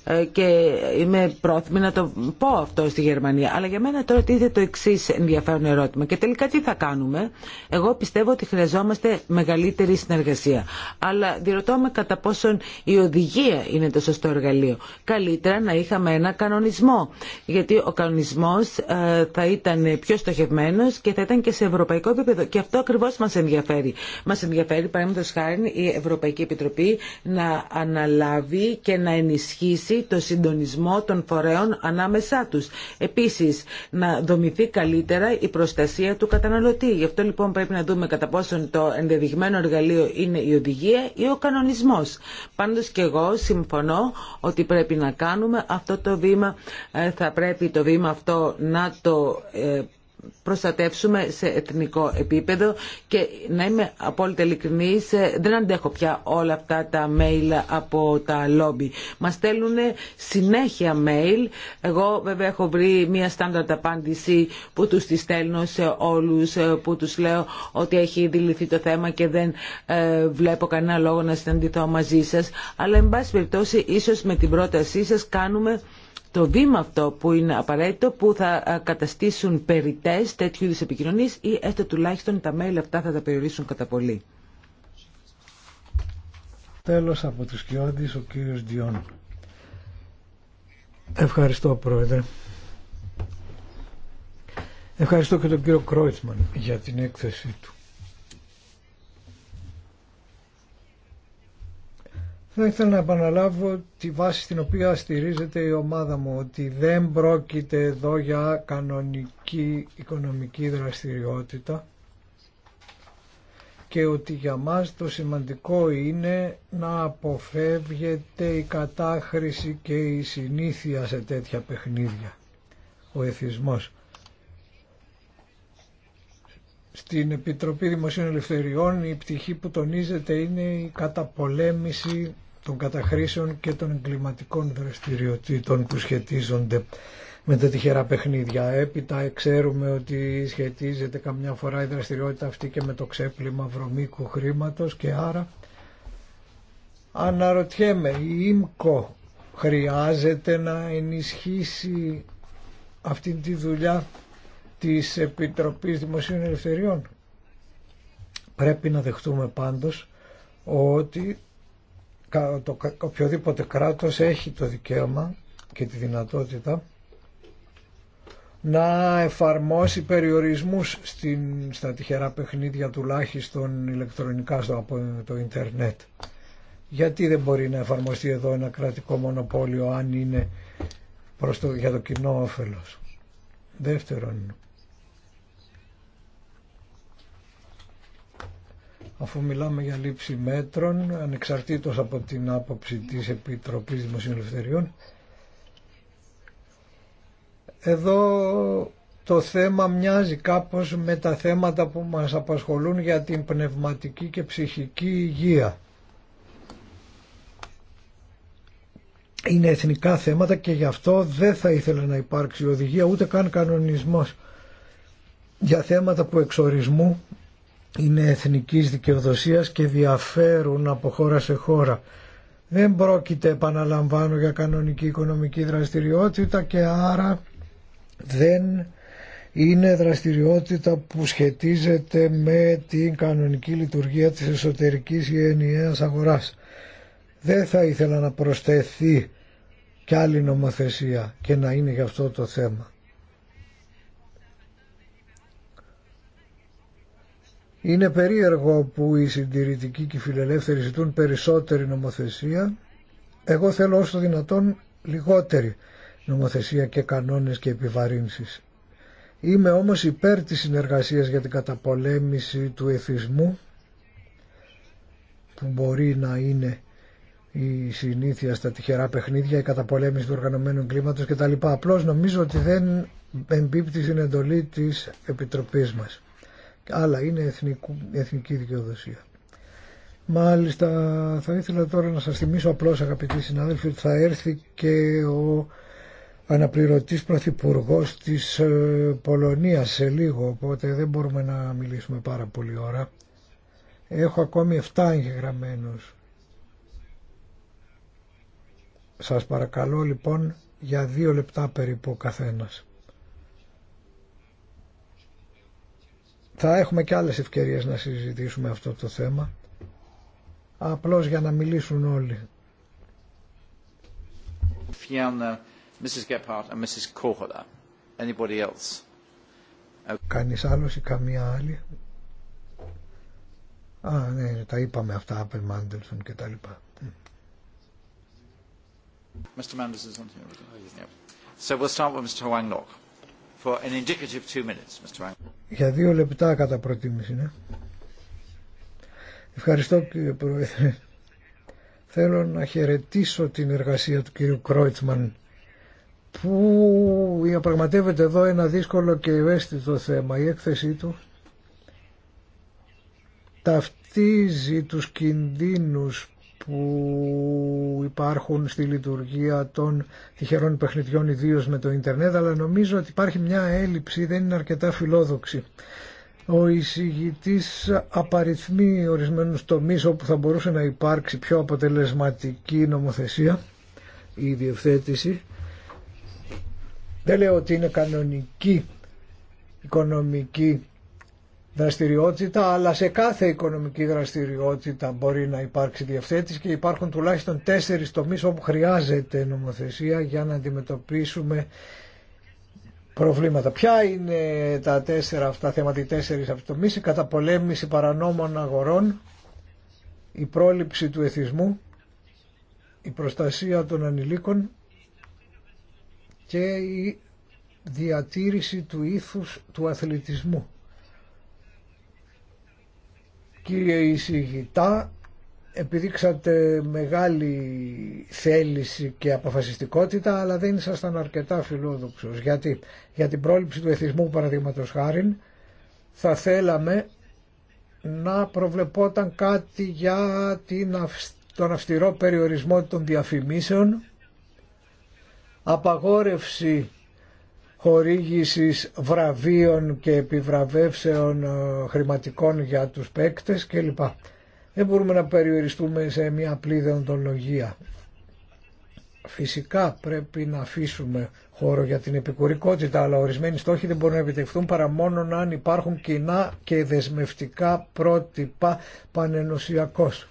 Ε, και είμαι πρόθυμη να το πω αυτό στη Γερμανία. Αλλά για μένα τώρα τίθεται το εξή ενδιαφέρον ερώτημα. Και τελικά τι θα κάνουμε. Εγώ πιστεύω ότι χρειαζόμαστε μεγαλύτερη συνεργασία. Αλλά διερωτώ με κατά πόσον η οδηγία είναι το σωστό εργαλείο. Καλύτερα να είχαμε ένα κανονισμό. Γιατί ο κανονισμό ε, θα ήταν πιο στοχευμένο και θα ήταν και σε ευρωπαϊκό επίπεδο. Και αυτό ακριβώ μα ενδιαφέρει. Μα ενδιαφέρει, παραδείγματο χάρη, η Ευρωπαϊκή Επιτροπή να αναλάβει και να ενισχύσει το συντονισμό των φορέων ανάμεσά τους. Επίσης, να δομηθεί καλύτερα η προστασία του καταναλωτή. Γι' αυτό λοιπόν πρέπει να δούμε κατά πόσον το ενδεδειγμένο εργαλείο είναι η οδηγία ή ο κανονισμός. Πάντως και εγώ συμφωνώ ότι πρέπει να κάνουμε αυτό το βήμα. Ε, θα πρέπει το βήμα αυτό να το ε, προστατεύσουμε σε εθνικό επίπεδο και να είμαι απόλυτα ειλικρινής, ε, δεν αντέχω πια όλα αυτά τα mail από τα λόμπι. Μας στέλνουν συνέχεια mail. Εγώ βέβαια έχω βρει μια στάνταρτα απάντηση που τους τη στέλνω σε όλους, ε, που τους λέω ότι έχει δηληθεί το θέμα και δεν ε, βλέπω κανένα λόγο να συναντηθώ μαζί σας. Αλλά εν πάση περιπτώσει ίσως με την πρότασή σας κάνουμε το βήμα αυτό που είναι απαραίτητο που θα ε, καταστήσουν περιτές τέτοιου είδους επικοινωνίες ή έστω τουλάχιστον τα μέλη αυτά θα τα περιορίσουν κατά πολύ. Τέλος από τους κοιόντε, ο κύριος Διόν. Ευχαριστώ πρόεδρε. Ευχαριστώ και τον κύριο Κρόιτσμαν για την έκθεση του. Θα ήθελα να επαναλάβω τη βάση στην οποία στηρίζεται η ομάδα μου, ότι δεν πρόκειται εδώ για κανονική οικονομική δραστηριότητα και ότι για μας το σημαντικό είναι να αποφεύγεται η κατάχρηση και η συνήθεια σε τέτοια παιχνίδια, ο εθισμός. Στην Επιτροπή Δημοσίων Ελευθεριών η πτυχή που τονίζεται είναι η καταπολέμηση των καταχρήσεων και των εγκληματικών δραστηριοτήτων που σχετίζονται με τα τυχερά παιχνίδια. Έπειτα ξέρουμε ότι σχετίζεται καμιά φορά η δραστηριότητα αυτή και με το ξέπλυμα βρωμίκου χρήματος και άρα αναρωτιέμαι η ΙΜΚΟ χρειάζεται να ενισχύσει αυτή τη δουλειά της Επιτροπής Δημοσίων Ελευθεριών. Πρέπει να δεχτούμε πάντως ότι το οποιοδήποτε κράτος έχει το δικαίωμα και τη δυνατότητα να εφαρμόσει περιορισμούς στην, στα τυχερά παιχνίδια τουλάχιστον ηλεκτρονικά στο, από το ίντερνετ. Γιατί δεν μπορεί να εφαρμοστεί εδώ ένα κρατικό μονοπόλιο αν είναι προς το, για το κοινό όφελος. Δεύτερον, αφού μιλάμε για λήψη μέτρων, ανεξαρτήτως από την άποψη της Επιτροπής Δημοσιολευθεριών, εδώ το θέμα μοιάζει κάπως με τα θέματα που μας απασχολούν για την πνευματική και ψυχική υγεία. Είναι εθνικά θέματα και γι' αυτό δεν θα ήθελα να υπάρξει οδηγία ούτε καν κανονισμός για θέματα που εξορισμού είναι εθνικής δικαιοδοσίας και διαφέρουν από χώρα σε χώρα. Δεν πρόκειται, επαναλαμβάνω, για κανονική οικονομική δραστηριότητα και άρα δεν είναι δραστηριότητα που σχετίζεται με την κανονική λειτουργία της εσωτερικής ή ενιαίας αγοράς. Δεν θα ήθελα να προσθεθεί κι άλλη νομοθεσία και να είναι γι' αυτό το θέμα. Είναι περίεργο που οι συντηρητικοί και οι φιλελεύθεροι ζητούν περισσότερη νομοθεσία. Εγώ θέλω όσο δυνατόν λιγότερη νομοθεσία και κανόνες και επιβαρύνσεις. Είμαι όμως υπέρ της συνεργασίας για την καταπολέμηση του εθισμού που μπορεί να είναι η συνήθεια στα τυχερά παιχνίδια, η καταπολέμηση του οργανωμένου κλίματος κτλ. Απλώς νομίζω ότι δεν εμπίπτει στην εντολή της Επιτροπής μας αλλά είναι εθνική δικαιοδοσία. Μάλιστα θα ήθελα τώρα να σας θυμίσω απλώς αγαπητοί συνάδελφοι ότι θα έρθει και ο αναπληρωτής Πρωθυπουργό της ε, Πολωνίας σε λίγο οπότε δεν μπορούμε να μιλήσουμε πάρα πολύ ώρα. Έχω ακόμη 7 εγγεγραμμένους. Σας παρακαλώ λοιπόν για δύο λεπτά περίπου ο καθένας. Θα έχουμε και άλλες ευκαιρίες να συζητήσουμε αυτό το θέμα. Απλώς για να μιλήσουν όλοι. Fiona, Mrs. Gephardt and Mrs. Kohler. Anybody else? Κανείς άλλος ή καμία άλλη. Α, ναι, τα είπαμε αυτά, από Μάντελσον και τα λοιπά. Mr. Mandelson is on here. Oh, so we'll start with Mr. Wang Lok for an indicative two minutes, Mr. Wang. Για δύο λεπτά κατά προτίμηση, ναι. Ευχαριστώ κύριε Πρόεδρε. Θέλω να χαιρετήσω την εργασία του κύριου Κρόιτσμαν που διαπραγματεύεται εδώ ένα δύσκολο και ευαίσθητο θέμα. Η έκθεσή του ταυτίζει τους κινδύνους που υπάρχουν στη λειτουργία των τυχερών παιχνιδιών ιδίως με το ίντερνετ αλλά νομίζω ότι υπάρχει μια έλλειψη, δεν είναι αρκετά φιλόδοξη. Ο εισηγητής απαριθμεί ορισμένους τομείς όπου θα μπορούσε να υπάρξει πιο αποτελεσματική νομοθεσία ή διευθέτηση. Δεν λέω ότι είναι κανονική οικονομική δραστηριότητα, αλλά σε κάθε οικονομική δραστηριότητα μπορεί να υπάρξει διευθέτηση και υπάρχουν τουλάχιστον τέσσερις τομείς όπου χρειάζεται νομοθεσία για να αντιμετωπίσουμε προβλήματα. Ποια είναι τα τέσσερα αυτά θέματα, οι τέσσερις αυτομείς, η καταπολέμηση παρανόμων αγορών, η πρόληψη του εθισμού, η προστασία των ανηλίκων και η διατήρηση του ήθους του αθλητισμού. Κύριε Ισηγητά, επιδείξατε μεγάλη θέληση και αποφασιστικότητα, αλλά δεν ήσασταν αρκετά φιλόδοξος. Γιατί για την πρόληψη του εθισμού, παραδείγματο χάρη, θα θέλαμε να προβλεπόταν κάτι για την, τον αυστηρό περιορισμό των διαφημίσεων, απαγόρευση χορήγησης βραβείων και επιβραβεύσεων ε, χρηματικών για τους παίκτες κλπ. Δεν μπορούμε να περιοριστούμε σε μια απλή δεοντολογία. Φυσικά πρέπει να αφήσουμε χώρο για την επικουρικότητα, αλλά ορισμένοι στόχοι δεν μπορούν να επιτευχθούν παρά μόνο αν υπάρχουν κοινά και δεσμευτικά πρότυπα πανενωσιακώς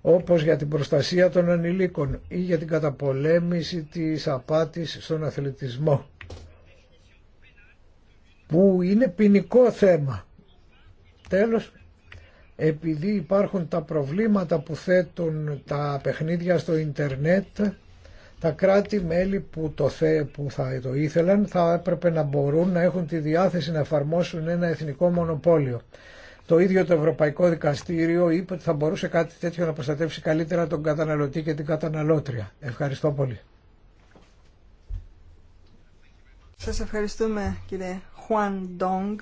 όπως για την προστασία των ανηλίκων ή για την καταπολέμηση της απάτης στον αθλητισμό που είναι ποινικό θέμα. Τέλος, επειδή υπάρχουν τα προβλήματα που θέτουν τα παιχνίδια στο ίντερνετ, τα κράτη-μέλη που, το που θα το ήθελαν θα έπρεπε να μπορούν να έχουν τη διάθεση να εφαρμόσουν ένα εθνικό μονοπόλιο. Το ίδιο το Ευρωπαϊκό Δικαστήριο είπε ότι θα μπορούσε κάτι τέτοιο να προστατεύσει καλύτερα τον καταναλωτή και την καταναλώτρια. Ευχαριστώ πολύ. Σας ευχαριστούμε κύριε Ντόγκ.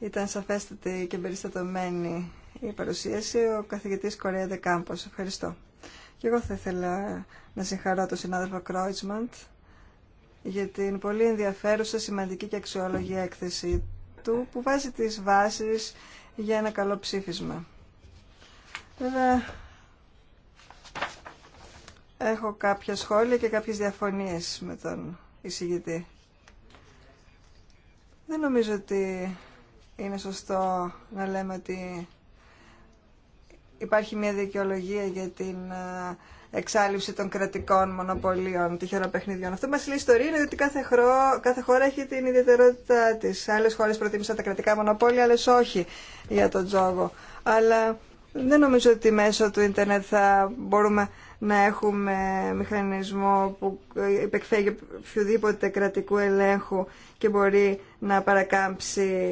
Ήταν σαφέστατη και περιστατωμένη η παρουσίαση. Ο καθηγητής Κορέα Δεκάμπος. Ευχαριστώ. Και εγώ θα ήθελα να συγχαρώ τον συνάδελφο Κρόιτσμαντ για την πολύ ενδιαφέρουσα, σημαντική και αξιόλογη έκθεση του που βάζει τις βάσεις για ένα καλό ψήφισμα. Βέβαια, έχω κάποια σχόλια και κάποιες διαφωνίες με τον εισηγητή. Δεν νομίζω ότι είναι σωστό να λέμε ότι υπάρχει μια δικαιολογία για την ε, εξάλληψη των κρατικών μονοπωλίων τυχερών παιχνιδιών. Αυτό μας λέει η ιστορία είναι ότι κάθε, χρό, κάθε χώρα έχει την ιδιαιτερότητά της. Άλλες χώρες προτίμησαν τα κρατικά μονοπόλια, άλλες όχι για τον τζόγο. Αλλά δεν νομίζω ότι μέσω του ίντερνετ θα μπορούμε να έχουμε μηχανισμό που υπεκφέγει οποιοδήποτε κρατικού ελέγχου και μπορεί να παρακάμψει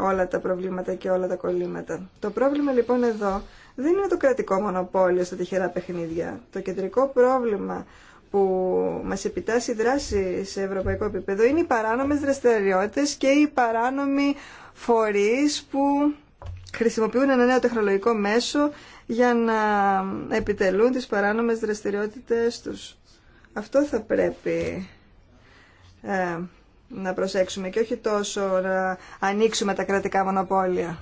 όλα τα προβλήματα και όλα τα κολλήματα. Το πρόβλημα λοιπόν εδώ δεν είναι το κρατικό μονοπόλιο στα τυχερά παιχνίδια. Το κεντρικό πρόβλημα που μας επιτάσσει η δράση σε ευρωπαϊκό επίπεδο είναι οι παράνομες δραστηριότητες και οι παράνομοι φορείς που χρησιμοποιούν ένα νέο τεχνολογικό μέσο για να επιτελούν τις παράνομες δραστηριότητες τους. Αυτό θα πρέπει ε, να προσέξουμε και όχι τόσο να ανοίξουμε τα κρατικά μονοπόλια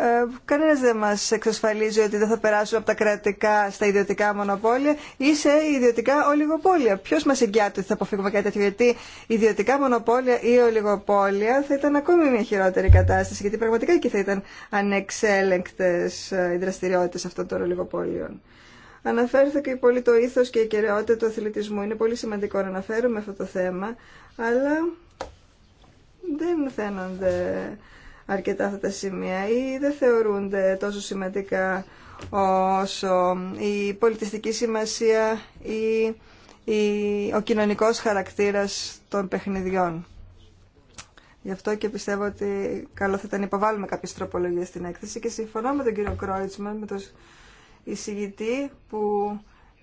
ε, κανένα δεν μα εξασφαλίζει ότι δεν θα περάσουν από τα κρατικά στα ιδιωτικά μονοπόλια ή σε ιδιωτικά ολιγοπόλια. Ποιο μα εγγυάται ότι θα αποφύγουμε κάτι τέτοιο, γιατί ιδιωτικά μονοπόλια ή ολιγοπόλια θα ήταν ακόμη μια χειρότερη κατάσταση, γιατί πραγματικά εκεί θα ήταν ανεξέλεγκτε ε, οι δραστηριότητε αυτών των ολιγοπόλιων. Αναφέρθηκε πολύ το ήθο και η κεραιότητα του αθλητισμού. Είναι πολύ σημαντικό να αναφέρουμε αυτό το θέμα, αλλά δεν φαίνονται αρκετά αυτά τα σημεία ή δεν θεωρούνται τόσο σημαντικά όσο η πολιτιστική σημασία ή ο κοινωνικός χαρακτήρας των παιχνιδιών. Γι' αυτό και πιστεύω ότι καλό θα ήταν να υποβάλουμε κάποιες τροπολογίες στην έκθεση και συμφωνώ με τον κύριο Κρόιτσμαν, με τον εισηγητή που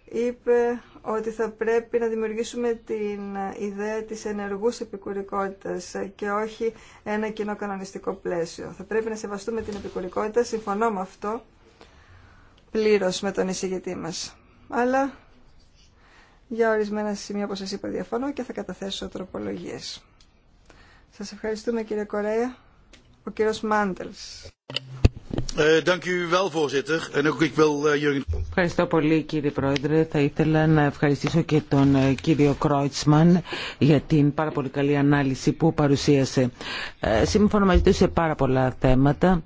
είπε ότι θα πρέπει να δημιουργήσουμε την ιδέα της ενεργούς επικουρικότητας και όχι ένα κοινό κανονιστικό πλαίσιο. Θα πρέπει να σεβαστούμε την επικουρικότητα, συμφωνώ με αυτό πλήρως με τον εισηγητή μας. Αλλά για ορισμένα σημεία, όπως σας είπα, διαφωνώ και θα καταθέσω τροπολογίες. Σας ευχαριστούμε κύριε Κορέα. Ο κύριος Μάντελς. Ευχαριστώ πολύ κύριε Πρόεδρε. Θα ήθελα να ευχαριστήσω και τον ε, κύριο Κρόιτσμαν για την πάρα πολύ καλή ανάλυση που παρουσίασε. Ε, σύμφωνα μαζί του σε πάρα πολλά θέματα.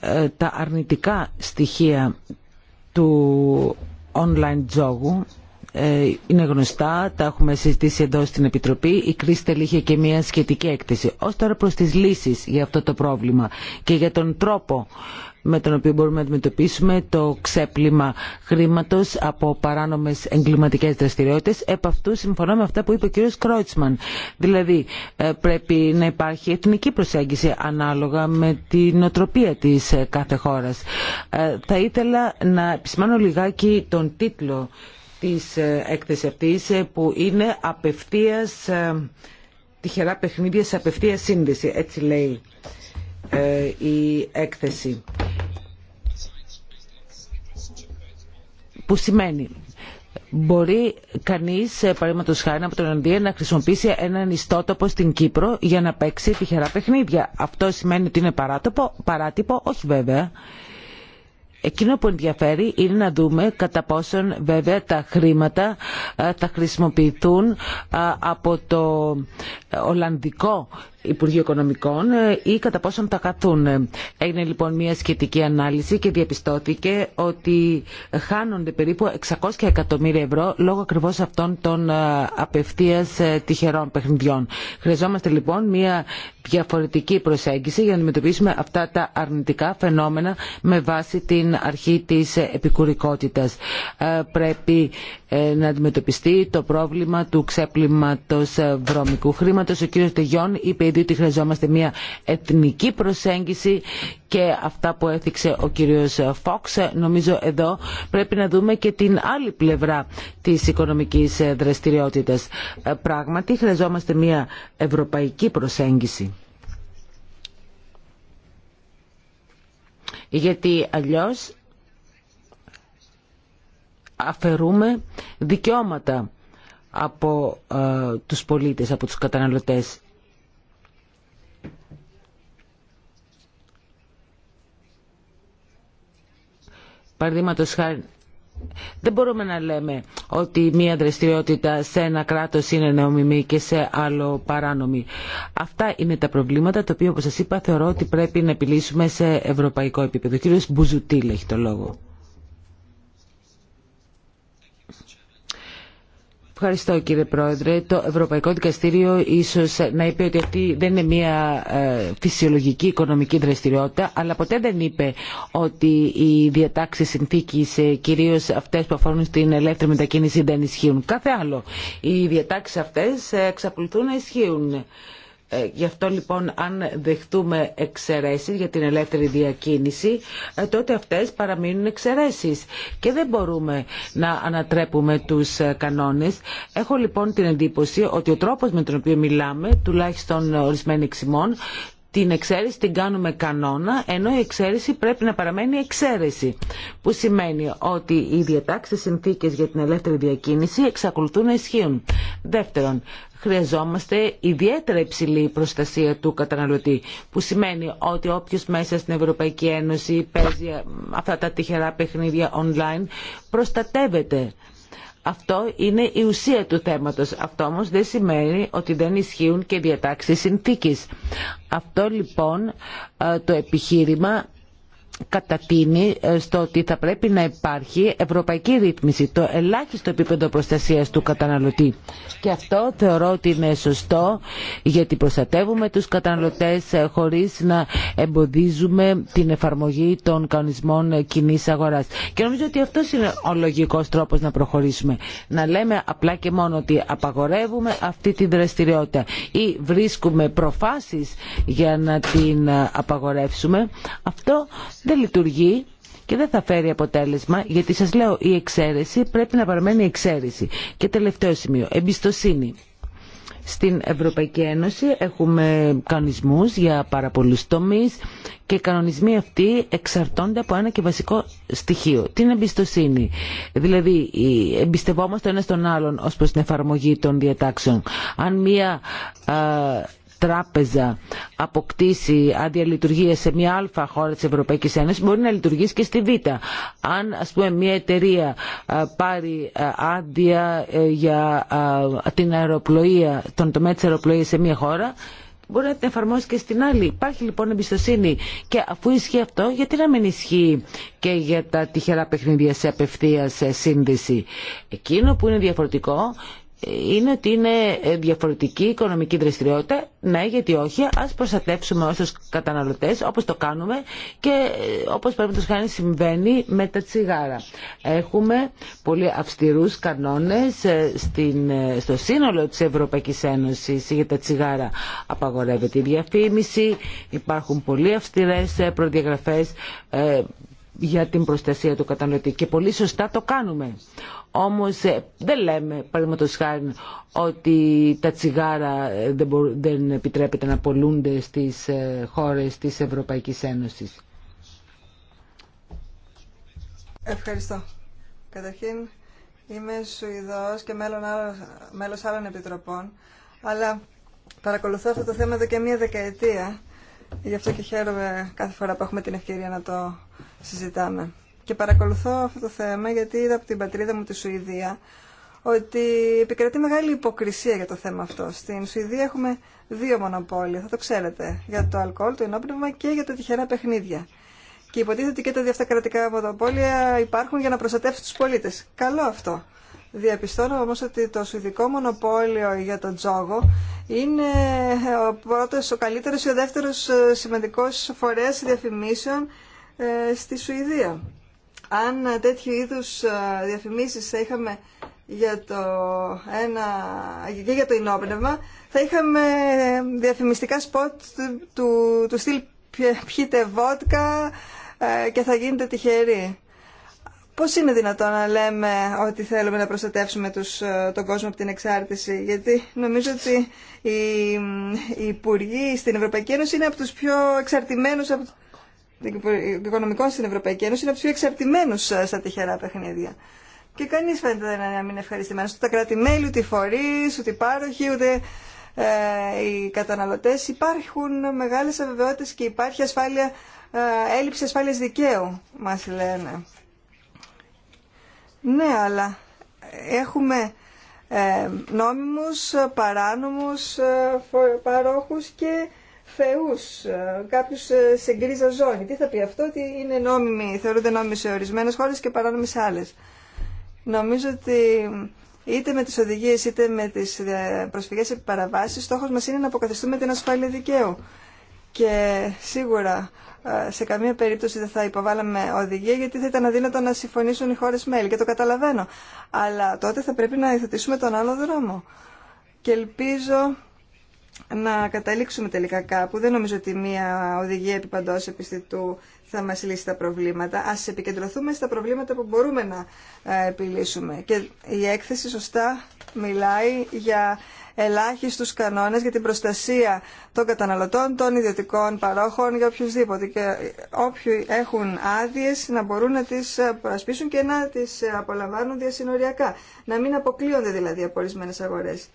Ε, τα αρνητικά στοιχεία του online τζόγου ε, είναι γνωστά, τα έχουμε συζητήσει εδώ στην Επιτροπή. Η Κρίστελ είχε και μια σχετική έκθεση. Ω τώρα προ τι λύσει για αυτό το πρόβλημα και για τον τρόπο με τον οποίο μπορούμε να αντιμετωπίσουμε το ξέπλυμα χρήματο από παράνομε εγκληματικέ δραστηριότητε. Επ' αυτού συμφωνώ με αυτά που είπε ο κ. Κρότσμαν. Δηλαδή, ε, πρέπει να υπάρχει εθνική προσέγγιση ανάλογα με την οτροπία τη ε, κάθε χώρα. Θα ήθελα να επισημάνω λιγάκι τον τίτλο της ε, έκθεσης αυτής ε, που είναι απευθείας ε, τυχερά παιχνίδια σε απευθεία σύνδεση. Έτσι λέει η έκθεση. Που σημαίνει μπορεί κανείς, παραδείγματο χάρη από τον Ανδία, να χρησιμοποιήσει έναν ιστότοπο στην Κύπρο για να παίξει τυχερά παιχνίδια. Αυτό σημαίνει ότι είναι παράτοπο παράτυπο όχι βέβαια. Εκείνο που ενδιαφέρει είναι να δούμε κατά πόσον βέβαια τα χρήματα ε, θα χρησιμοποιηθούν ε, από το ε, Ολλανδικό Υπουργείου Οικονομικών ε, ή κατά πόσον τα καθούν. Έγινε λοιπόν μια σχετική ανάλυση και διαπιστώθηκε ότι χάνονται περίπου 600 εκατομμύρια ευρώ λόγω ακριβώς αυτών των ε, απευθείας ε, τυχερών παιχνιδιών. Χρειαζόμαστε λοιπόν μια διαφορετική προσέγγιση για να αντιμετωπίσουμε αυτά τα αρνητικά φαινόμενα με βάση την αρχή της επικουρικότητας. Πρέπει να αντιμετωπιστεί το πρόβλημα του ξέπλυματος βρώμικου χρήματος. Ο κύριος Τεγιών είπε διότι χρειαζόμαστε μια εθνική προσέγγιση και αυτά που έθιξε ο κύριος Φόξ. Νομίζω εδώ πρέπει να δούμε και την άλλη πλευρά της οικονομικής δραστηριότητας. Ε, πράγματι χρειαζόμαστε μια ευρωπαϊκή προσέγγιση. Γιατί αλλιώς αφαιρούμε δικαιώματα από ε, τους πολίτες, από τους καταναλωτές. Παραδείγματο χάρη, δεν μπορούμε να λέμε ότι μία δραστηριότητα σε ένα κράτος είναι νεομιμή και σε άλλο παράνομη. Αυτά είναι τα προβλήματα τα οποία όπως σας είπα θεωρώ ότι πρέπει να επιλύσουμε σε ευρωπαϊκό επίπεδο. Ο κύριος Μπουζουτήλ έχει το λόγο. Ευχαριστώ κύριε Πρόεδρε. Το Ευρωπαϊκό Δικαστήριο ίσως να είπε ότι αυτή δεν είναι μια ε, φυσιολογική οικονομική δραστηριότητα, αλλά ποτέ δεν είπε ότι οι διατάξεις συνθήκης, ε, κυρίως αυτές που αφορούν στην ελεύθερη μετακίνηση, δεν ισχύουν. Κάθε άλλο, οι διατάξεις αυτές ε, εξακολουθούν να ισχύουν. Ε, γι' αυτό λοιπόν αν δεχτούμε εξαιρέσεις για την ελεύθερη διακίνηση ε, τότε αυτές παραμείνουν εξαιρέσεις και δεν μπορούμε να ανατρέπουμε τους ε, κανόνες. Έχω λοιπόν την εντύπωση ότι ο τρόπος με τον οποίο μιλάμε τουλάχιστον ορισμένοι εξημών την εξαίρεση την κάνουμε κανόνα, ενώ η εξαίρεση πρέπει να παραμένει εξαίρεση. Που σημαίνει ότι οι διατάξει συνθήκε για την ελεύθερη διακίνηση εξακολουθούν να ισχύουν. Δεύτερον, χρειαζόμαστε ιδιαίτερα υψηλή προστασία του καταναλωτή, που σημαίνει ότι όποιο μέσα στην Ευρωπαϊκή Ένωση παίζει αυτά τα τυχερά παιχνίδια online προστατεύεται αυτό είναι η ουσία του θέματος. Αυτό όμως δεν σημαίνει ότι δεν ισχύουν και διατάξεις συνθήκης. Αυτό λοιπόν ε, το επιχείρημα κατατείνει ε, στο ότι θα πρέπει να υπάρχει ευρωπαϊκή ρύθμιση, το ελάχιστο επίπεδο προστασίας του καταναλωτή. Και αυτό θεωρώ ότι είναι σωστό γιατί προστατεύουμε τους καταναλωτές ε, χωρίς να εμποδίζουμε την εφαρμογή των κανονισμών ε, κοινή αγοράς. Και νομίζω ότι αυτό είναι ο λογικός τρόπος να προχωρήσουμε. Να λέμε απλά και μόνο ότι απαγορεύουμε αυτή τη δραστηριότητα ή βρίσκουμε προφάσεις για να την απαγορεύσουμε. Αυτό δεν λειτουργεί και δεν θα φέρει αποτέλεσμα, γιατί σας λέω η εξαίρεση πρέπει να παραμένει εξαίρεση. Και τελευταίο σημείο, εμπιστοσύνη. Στην Ευρωπαϊκή Ένωση έχουμε κανονισμούς για πάρα πολλούς τομείς και οι κανονισμοί αυτοί εξαρτώνται από ένα και βασικό στοιχείο, την εμπιστοσύνη. Δηλαδή, εμπιστευόμαστε ένα τον άλλον ως προς την εφαρμογή των διατάξεων. Αν μία τράπεζα αποκτήσει άδεια λειτουργία σε μια α χώρα της Ευρωπαϊκής Ένωσης μπορεί να λειτουργήσει και στη β. Αν ας πούμε μια εταιρεία πάρει άδεια ε, για την αεροπλοεία, τον τομέα της αεροπλοείας σε μια χώρα μπορεί να την εφαρμόσει και στην άλλη. Υπάρχει λοιπόν εμπιστοσύνη και αφού ισχύει αυτό, γιατί να μην ισχύει και για τα τυχερά παιχνίδια σε απευθεία ε, σύνδεση. Εκείνο που είναι διαφορετικό είναι ότι είναι διαφορετική οικονομική δραστηριότητα. Ναι, γιατί όχι. Ας προστατεύσουμε όσου καταναλωτές, όπως το κάνουμε και ε, όπως πρέπει να κάνει συμβαίνει με τα τσιγάρα. Έχουμε πολύ αυστηρούς κανόνες ε, ε, στο σύνολο της Ευρωπαϊκή Ένωση. για τα τσιγάρα. Απαγορεύεται η διαφήμιση, υπάρχουν πολύ αυστηρέ προδιαγραφέ για την προστασία του καταναλωτή και πολύ σωστά το κάνουμε. Όμως ε, δεν λέμε, παραδείγματος χάρη, ότι τα τσιγάρα ε, δεν, δεν επιτρέπεται να πολλούνται στις ε, χώρες της Ευρωπαϊκής Ένωσης. Ευχαριστώ. Καταρχήν είμαι Σουηδός και μέλος άλλων επιτροπών, αλλά παρακολουθώ αυτό το θέμα εδώ και μία δεκαετία. Γι' αυτό και χαίρομαι κάθε φορά που έχουμε την ευκαιρία να το συζητάμε. Και παρακολουθώ αυτό το θέμα γιατί είδα από την πατρίδα μου τη Σουηδία ότι επικρατεί μεγάλη υποκρισία για το θέμα αυτό. Στην Σουηδία έχουμε δύο μονοπόλια, θα το ξέρετε, για το αλκοόλ, το ενόπνευμα και για τα τυχερά παιχνίδια. Και υποτίθεται ότι και τα διευθυντικά μονοπόλια υπάρχουν για να προστατεύσουν του πολίτε. Καλό αυτό. Διαπιστώνω όμω ότι το σουηδικό μονοπόλιο για τον τζόγο είναι ο πρώτο, ο καλύτερο ή ο δεύτερο ε, σημαντικό φορέας διαφημίσεων ε, στη Σουηδία. Αν τέτοιου είδους ε, διαφημίσεις θα είχαμε για το ένα, και για το ενόπνευμα, θα είχαμε διαφημιστικά σποτ του, του, του στυλ πιείτε βότκα ε, και θα γίνετε τυχεροί. Πώς είναι δυνατόν να λέμε ότι θέλουμε να προστατεύσουμε τους, ε, τον κόσμο από την εξάρτηση, γιατί νομίζω ότι οι, οι υπουργοί στην Ευρωπαϊκή Ένωση είναι από τους πιο εξαρτημένους οικονομικών στην Ευρωπαϊκή Ένωση είναι από του πιο εξαρτημένου ε, στα τυχερά παιχνίδια. Και κανεί φαίνεται να μην είναι ευχαριστημένο. Ούτε τα κράτη-μέλη, ούτε οι φορεί, ούτε οι πάροχοι, ούτε ε, οι καταναλωτέ. Υπάρχουν μεγάλε αβεβαιότητε και υπάρχει ασφάλεια, ε, έλλειψη ασφάλεια δικαίου, μα λένε. Ναι, αλλά έχουμε ε, νόμιμους, παράνομους παρόχους και Θεού, ε, κάποιου ε, σε γκρίζα ζώνη. Τι θα πει αυτό, ότι είναι νόμιμοι, θεωρούνται νόμιμοι σε ορισμένε χώρε και παράνομοι σε άλλε. Νομίζω ότι είτε με τι οδηγίε είτε με τις ε, προσφυγές επιπαραβάσεις, στόχο μα είναι να αποκαθιστούμε την ασφάλεια δικαίου. Και σίγουρα σε καμία περίπτωση δεν θα υποβάλαμε οδηγία γιατί θα ήταν αδύνατο να συμφωνήσουν οι χώρε μέλη και το καταλαβαίνω. Αλλά τότε θα πρέπει να υιοθετήσουμε τον άλλο δρόμο. Και ελπίζω να καταλήξουμε τελικά κάπου. Δεν νομίζω ότι μία οδηγία επί επιστητού θα μας λύσει τα προβλήματα. Ας επικεντρωθούμε στα προβλήματα που μπορούμε να ε, επιλύσουμε. Και η έκθεση σωστά μιλάει για ελάχιστους κανόνες για την προστασία των καταναλωτών, των ιδιωτικών παρόχων, για οποιουσδήποτε. Και όποιοι έχουν άδειε να μπορούν να τις ασπίσουν και να τις ε, απολαμβάνουν διασυνοριακά. Να μην αποκλείονται δηλαδή από ορισμένε αγορές.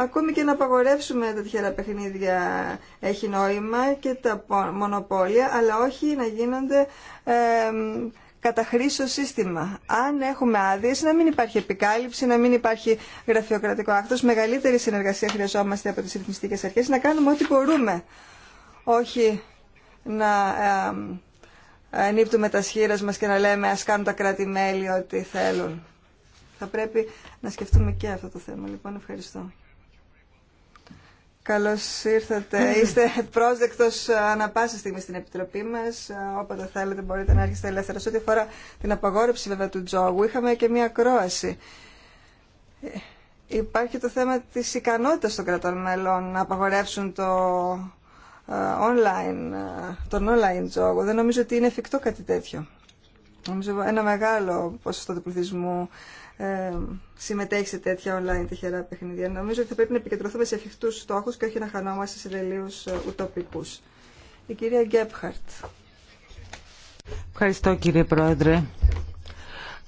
Ακόμη και να απαγορεύσουμε τα τυχερά παιχνίδια έχει νόημα και τα μονοπόλια, αλλά όχι να γίνονται ε, κατά χρήσο σύστημα. Αν έχουμε άδειε, να μην υπάρχει επικάλυψη, να μην υπάρχει γραφειοκρατικό άκτο. Μεγαλύτερη συνεργασία χρειαζόμαστε από τι ρυθμιστικέ αρχέ, να κάνουμε ό,τι μπορούμε. Όχι να νύπτουμε τα σχήρα μα και να λέμε α κάνουν τα κράτη-μέλη ό,τι θέλουν. Θα πρέπει να σκεφτούμε και αυτό το θέμα. Λοιπόν, ευχαριστώ. Καλώς ήρθατε. Είστε πρόσδεκτος ανά πάσα στιγμή στην Επιτροπή μας. Όποτε θέλετε μπορείτε να έρχεστε ελεύθερα. Σε ό,τι αφορά την απαγόρευση βέβαια του τζόγου, είχαμε και μία κρόαση. Ε, υπάρχει το θέμα της ικανότητας των κρατών μελών να απαγορεύσουν το ε, online, ε, τον online τζόγο. Δεν νομίζω ότι είναι εφικτό κάτι τέτοιο. Νομίζω ένα μεγάλο ποσοστό του πληθυσμού ε, συμμετέχει σε τέτοια online τυχερά παιχνίδια. Νομίζω ότι θα πρέπει να επικεντρωθούμε σε εφικτού στόχου και όχι να χανόμαστε σε τελείως ε, ουτοπικού. Η κυρία Γκέπχαρτ. Ευχαριστώ κύριε Πρόεδρε.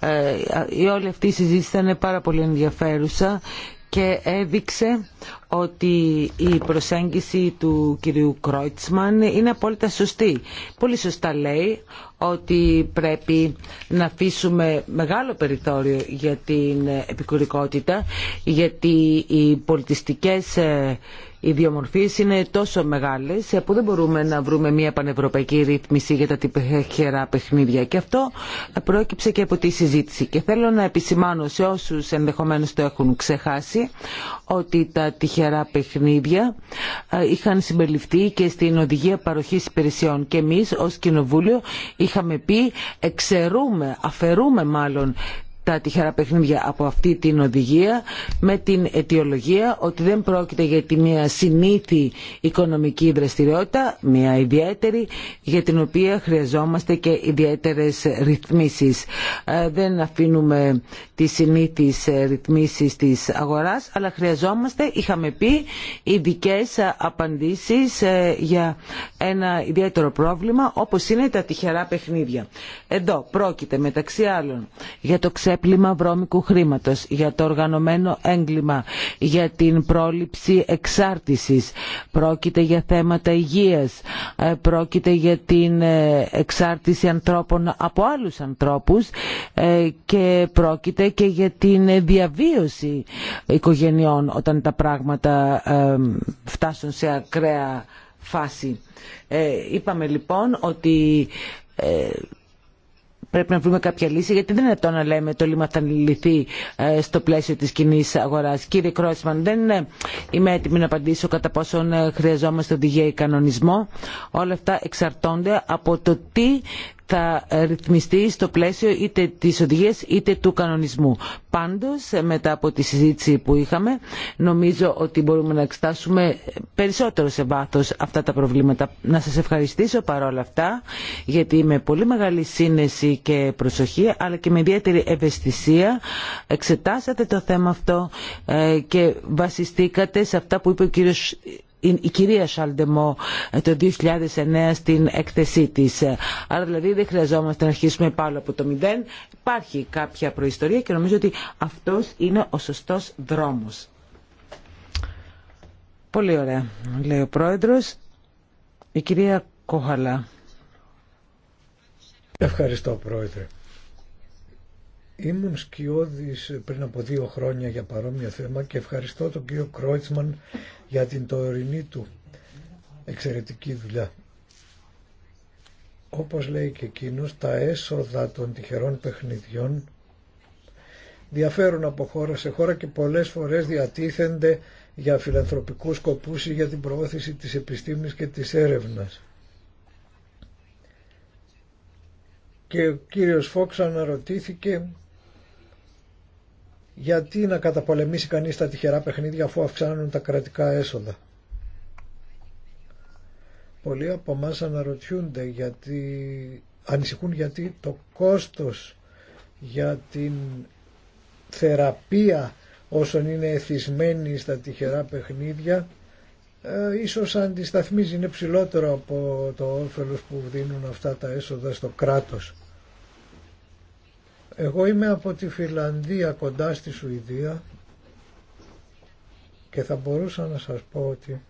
Ε, η όλη αυτή η συζήτηση ήταν πάρα πολύ ενδιαφέρουσα και έδειξε ότι η προσέγγιση του κυρίου Κρόιτσμαν είναι απόλυτα σωστή. Πολύ σωστά λέει ότι πρέπει να αφήσουμε μεγάλο περιθώριο για την επικουρικότητα γιατί οι πολιτιστικές ε, οι είναι τόσο μεγάλες ε, που δεν μπορούμε να βρούμε μια πανευρωπαϊκή ρύθμιση για τα τυχερά παιχνίδια. Και αυτό πρόκειψε και από τη συζήτηση. Και θέλω να επισημάνω σε όσους ενδεχομένως το έχουν ξεχάσει ότι τα τυχερά τυχερά παιχνίδια ε, είχαν συμπεριληφθεί και στην οδηγία παροχής υπηρεσιών και εμείς ως Κοινοβούλιο είχαμε πει εξαιρούμε, αφαιρούμε μάλλον τα τυχερά παιχνίδια από αυτή την οδηγία με την αιτιολογία ότι δεν πρόκειται για τη μια συνήθη οικονομική δραστηριότητα, μια ιδιαίτερη για την οποία χρειαζόμαστε και ιδιαίτερες ρυθμίσεις. Ε, δεν αφήνουμε τις συνήθιες ε, ρυθμίσεις της αγοράς, αλλά χρειαζόμαστε, είχαμε πει, ειδικέ απαντήσεις ε, για ένα ιδιαίτερο πρόβλημα όπως είναι τα τυχερά παιχνίδια. Εδώ πρόκειται μεταξύ άλλων για το ξέπλυμα ξέπλυμα βρώμικου χρήματος, για το οργανωμένο έγκλημα, για την πρόληψη εξάρτησης, πρόκειται για θέματα υγείας, ε, πρόκειται για την ε, εξάρτηση ανθρώπων από άλλους ανθρώπους ε, και πρόκειται και για την διαβίωση οικογενειών όταν τα πράγματα φτάσουν σε ακραία φάση. Είπαμε λοιπόν ότι πρέπει να βρούμε κάποια λύση, γιατί δεν είναι το να λέμε το λίμα θα λυθεί ε, στο πλαίσιο της κοινή αγοράς. Κύριε Κρόσμαν, δεν ε, είμαι έτοιμη να απαντήσω κατά πόσον ε, χρειαζόμαστε οδηγία ή κανονισμό. Όλα αυτά εξαρτώνται από το τι θα ρυθμιστεί στο πλαίσιο είτε της οδηγίας είτε του κανονισμού. Πάντως, μετά από τη συζήτηση που είχαμε, νομίζω ότι μπορούμε να εξετάσουμε περισσότερο σε βάθος αυτά τα προβλήματα. Να σας ευχαριστήσω παρόλα αυτά, γιατί με πολύ μεγάλη σύνεση και προσοχή, αλλά και με ιδιαίτερη ευαισθησία, εξετάσατε το θέμα αυτό ε, και βασιστήκατε σε αυτά που είπε ο κύριος η κυρία Σαλντεμό ε, το 2009 στην έκθεσή της. Ε, άρα δηλαδή δεν χρειαζόμαστε να αρχίσουμε πάλι από το μηδέν. Υπάρχει κάποια προϊστορία και νομίζω ότι αυτός είναι ο σωστός δρόμος. Πολύ ωραία, λέει ο πρόεδρος. Η κυρία Κόχαλα. Ευχαριστώ πρόεδρε. Ήμουν σκιώδης πριν από δύο χρόνια για παρόμοιο θέμα και ευχαριστώ τον κύριο Κρόιτσμαν για την τωρινή του εξαιρετική δουλειά. Όπως λέει και εκείνο, τα έσοδα των τυχερών παιχνιδιών διαφέρουν από χώρα σε χώρα και πολλές φορές διατίθενται για φιλανθρωπικούς σκοπούς ή για την προώθηση της επιστήμης και της έρευνας. Και ο κύριος Φόξ αναρωτήθηκε γιατί να καταπολεμήσει κανείς τα τυχερά παιχνίδια αφού αυξάνουν τα κρατικά έσοδα. Πολλοί από εμά αναρωτιούνται γιατί, ανησυχούν γιατί το κόστος για την θεραπεία όσων είναι εθισμένοι στα τυχερά παιχνίδια ε, ίσως αντισταθμίζει, είναι ψηλότερο από το όφελος που δίνουν αυτά τα έσοδα στο κράτος. Εγώ είμαι από τη Φιλανδία κοντά στη Σουηδία και θα μπορούσα να σας πω ότι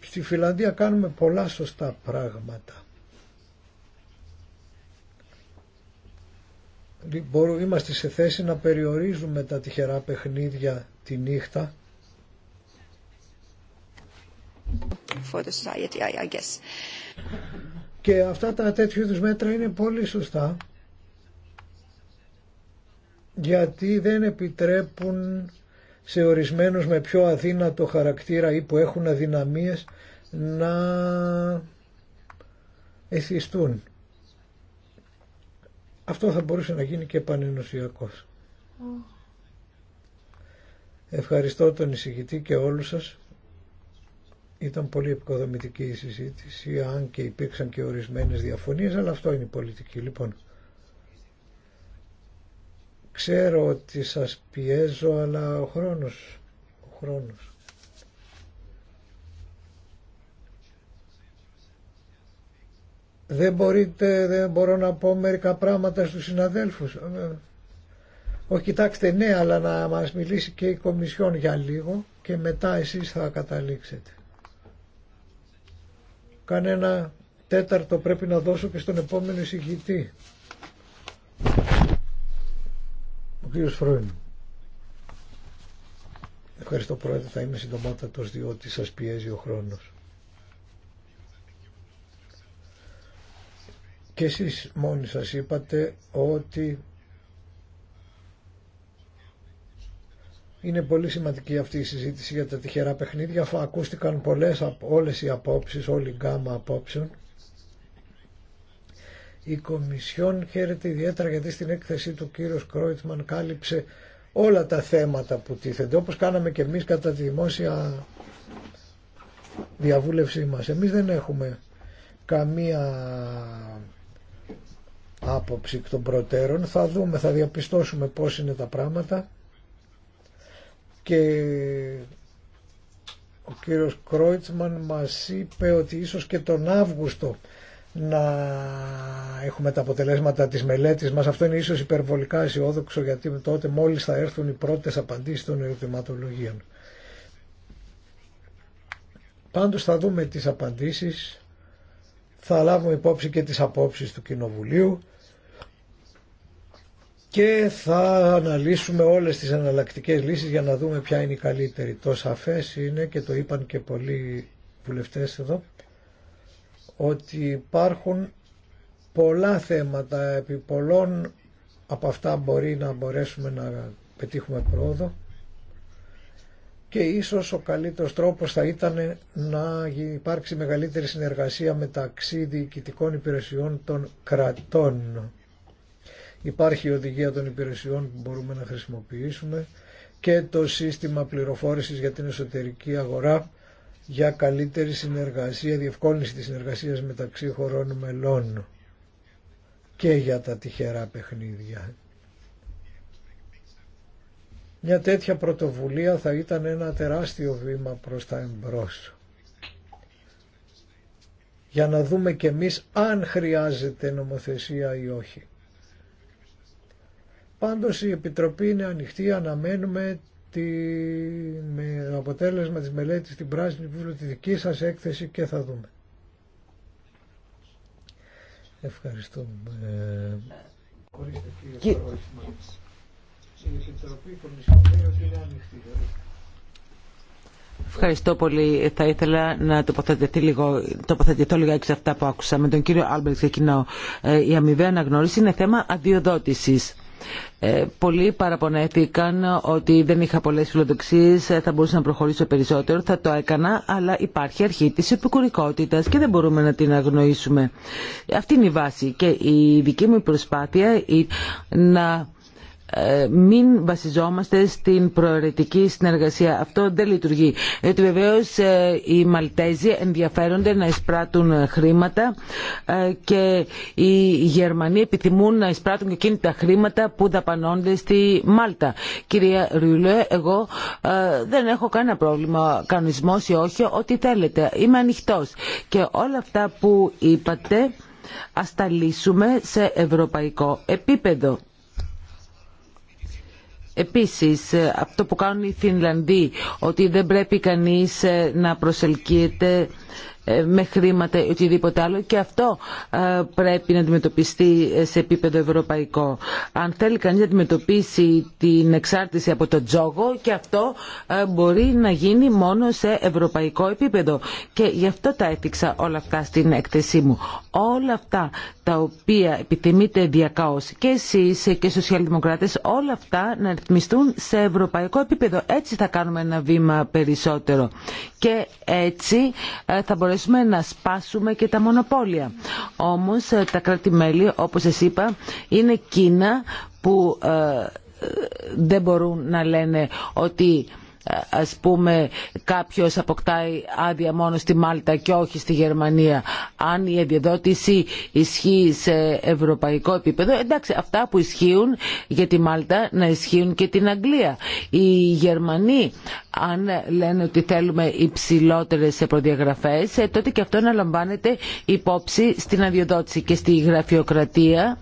στη Φιλανδία κάνουμε πολλά σωστά πράγματα. Είμαστε σε θέση να περιορίζουμε τα τυχερά παιχνίδια τη νύχτα For the society, I και αυτά τα τέτοιου είδους μέτρα είναι πολύ σωστά γιατί δεν επιτρέπουν σε ορισμένους με πιο αδύνατο χαρακτήρα ή που έχουν αδυναμίες να εθιστούν. Αυτό θα μπορούσε να γίνει και πανενωσιακός. Ευχαριστώ τον εισηγητή και όλους σας ήταν πολύ επικοδομητική η συζήτηση, αν και υπήρξαν και ορισμένες διαφωνίες, αλλά αυτό είναι η πολιτική. Λοιπόν, ξέρω ότι σας πιέζω, αλλά ο χρόνος, ο χρόνος. Δεν μπορείτε, δεν μπορώ να πω μερικά πράγματα στους συναδέλφους. Όχι, κοιτάξτε, ναι, αλλά να μας μιλήσει και η Κομισιόν για λίγο και μετά εσείς θα καταλήξετε κανένα τέταρτο πρέπει να δώσω και στον επόμενο εισηγητή. Ο κύριος Φρόιν. Ευχαριστώ πρόεδρε, θα είμαι συντομότατος διότι σας πιέζει ο χρόνος. Και εσείς μόνοι σας είπατε ότι Είναι πολύ σημαντική αυτή η συζήτηση για τα τυχερά παιχνίδια αφού ακούστηκαν πολλές, όλες οι απόψεις, όλη η γκάμα απόψεων. Η Κομισιόν χαίρεται ιδιαίτερα γιατί στην έκθεσή του κύριος Κρόιτσμαν κάλυψε όλα τα θέματα που τίθενται όπως κάναμε και εμείς κατά τη δημόσια διαβούλευσή μας. Εμείς δεν έχουμε καμία άποψη των προτέρων. Θα δούμε, θα διαπιστώσουμε πώς είναι τα πράγματα και ο κύριος Κρόιτσμαν μας είπε ότι ίσως και τον Αύγουστο να έχουμε τα αποτελέσματα της μελέτης μας. Αυτό είναι ίσως υπερβολικά αισιόδοξο γιατί τότε μόλις θα έρθουν οι πρώτες απαντήσεις των ερωτηματολογίων. Πάντως θα δούμε τις απαντήσεις, θα λάβουμε υπόψη και τις απόψεις του Κοινοβουλίου και θα αναλύσουμε όλες τις αναλλακτικές λύσεις για να δούμε ποια είναι η καλύτερη. Το σαφές είναι και το είπαν και πολλοί βουλευτές εδώ ότι υπάρχουν πολλά θέματα επί πολλών από αυτά μπορεί να μπορέσουμε να πετύχουμε πρόοδο και ίσως ο καλύτερος τρόπος θα ήταν να υπάρξει μεγαλύτερη συνεργασία μεταξύ διοικητικών υπηρεσιών των κρατών. Υπάρχει η οδηγία των υπηρεσιών που μπορούμε να χρησιμοποιήσουμε και το σύστημα πληροφόρησης για την εσωτερική αγορά για καλύτερη συνεργασία, διευκόλυνση της συνεργασίας μεταξύ χωρών μελών και για τα τυχερά παιχνίδια. Μια τέτοια πρωτοβουλία θα ήταν ένα τεράστιο βήμα προς τα εμπρός. Για να δούμε και εμείς αν χρειάζεται νομοθεσία ή όχι. Πάντως η Επιτροπή είναι ανοιχτή, αναμένουμε τη, με το αποτέλεσμα της μελέτης στην πράσινη βούλο τη δική σας έκθεση και θα δούμε. Δηλαδή. Ευχαριστώ πολύ. Θα ήθελα να τοποθετηθώ λίγο, τοποθετηθώ αυτά που άκουσα. Με τον κύριο Άλμπερτ ξεκινάω. Ε, η αμοιβαία αναγνώριση είναι θέμα αδειοδότησης ε, πολλοί παραπονέθηκαν ότι δεν είχα πολλές φιλοδοξίες, θα μπορούσα να προχωρήσω περισσότερο, θα το έκανα, αλλά υπάρχει αρχή της επικουρικότητας και δεν μπορούμε να την αγνοήσουμε. Αυτή είναι η βάση και η δική μου προσπάθεια είναι να ε, μην βασιζόμαστε στην προαιρετική συνεργασία. Αυτό δεν λειτουργεί. Γιατί βεβαίω ε, οι Μαλτέζοι ενδιαφέρονται να εισπράττουν ε, χρήματα και οι Γερμανοί επιθυμούν να εισπράττουν και εκείνη τα χρήματα που δαπανώνται στη Μάλτα. Κυρία Ρουλέ, εγώ δεν έχω κανένα πρόβλημα, κανονισμό ή όχι, ό,τι θέλετε. Είμαι ανοιχτό. Και όλα αυτά που είπατε ας τα λύσουμε σε ευρωπαϊκό επίπεδο. Επίσης, αυτό που κάνουν οι Φινλανδοί, ότι δεν πρέπει κανείς ε, να προσελκύεται ε, με χρήματα ή οτιδήποτε άλλο και αυτό ε, πρέπει να αντιμετωπιστεί σε επίπεδο ευρωπαϊκό. Αν θέλει κανείς να αντιμετωπίσει την εξάρτηση από το τζόγο και αυτό ε, μπορεί να γίνει μόνο σε ευρωπαϊκό επίπεδο. Και γι' αυτό τα έφυξα όλα αυτά στην έκθεσή μου. Όλα αυτά τα οποία επιθυμείτε διακαώς και εσείς και οι σοσιαλδημοκράτες όλα αυτά να ρυθμιστούν σε ευρωπαϊκό επίπεδο. Έτσι θα κάνουμε ένα βήμα περισσότερο. Και έτσι θα μπορέσουμε μπορέσουμε να σπάσουμε και τα μονοπόλια. Όμως ε, τα κράτη-μέλη, όπως σας είπα, είναι κίνα που ε, ε, δεν μπορούν να λένε ότι ας πούμε κάποιος αποκτάει άδεια μόνο στη Μάλτα και όχι στη Γερμανία αν η αδειοδότηση ισχύει σε ευρωπαϊκό επίπεδο εντάξει αυτά που ισχύουν για τη Μάλτα να ισχύουν και την Αγγλία οι Γερμανοί αν λένε ότι θέλουμε υψηλότερες προδιαγραφές ε, τότε και αυτό να λαμβάνεται υπόψη στην αδειοδότηση και στη γραφειοκρατία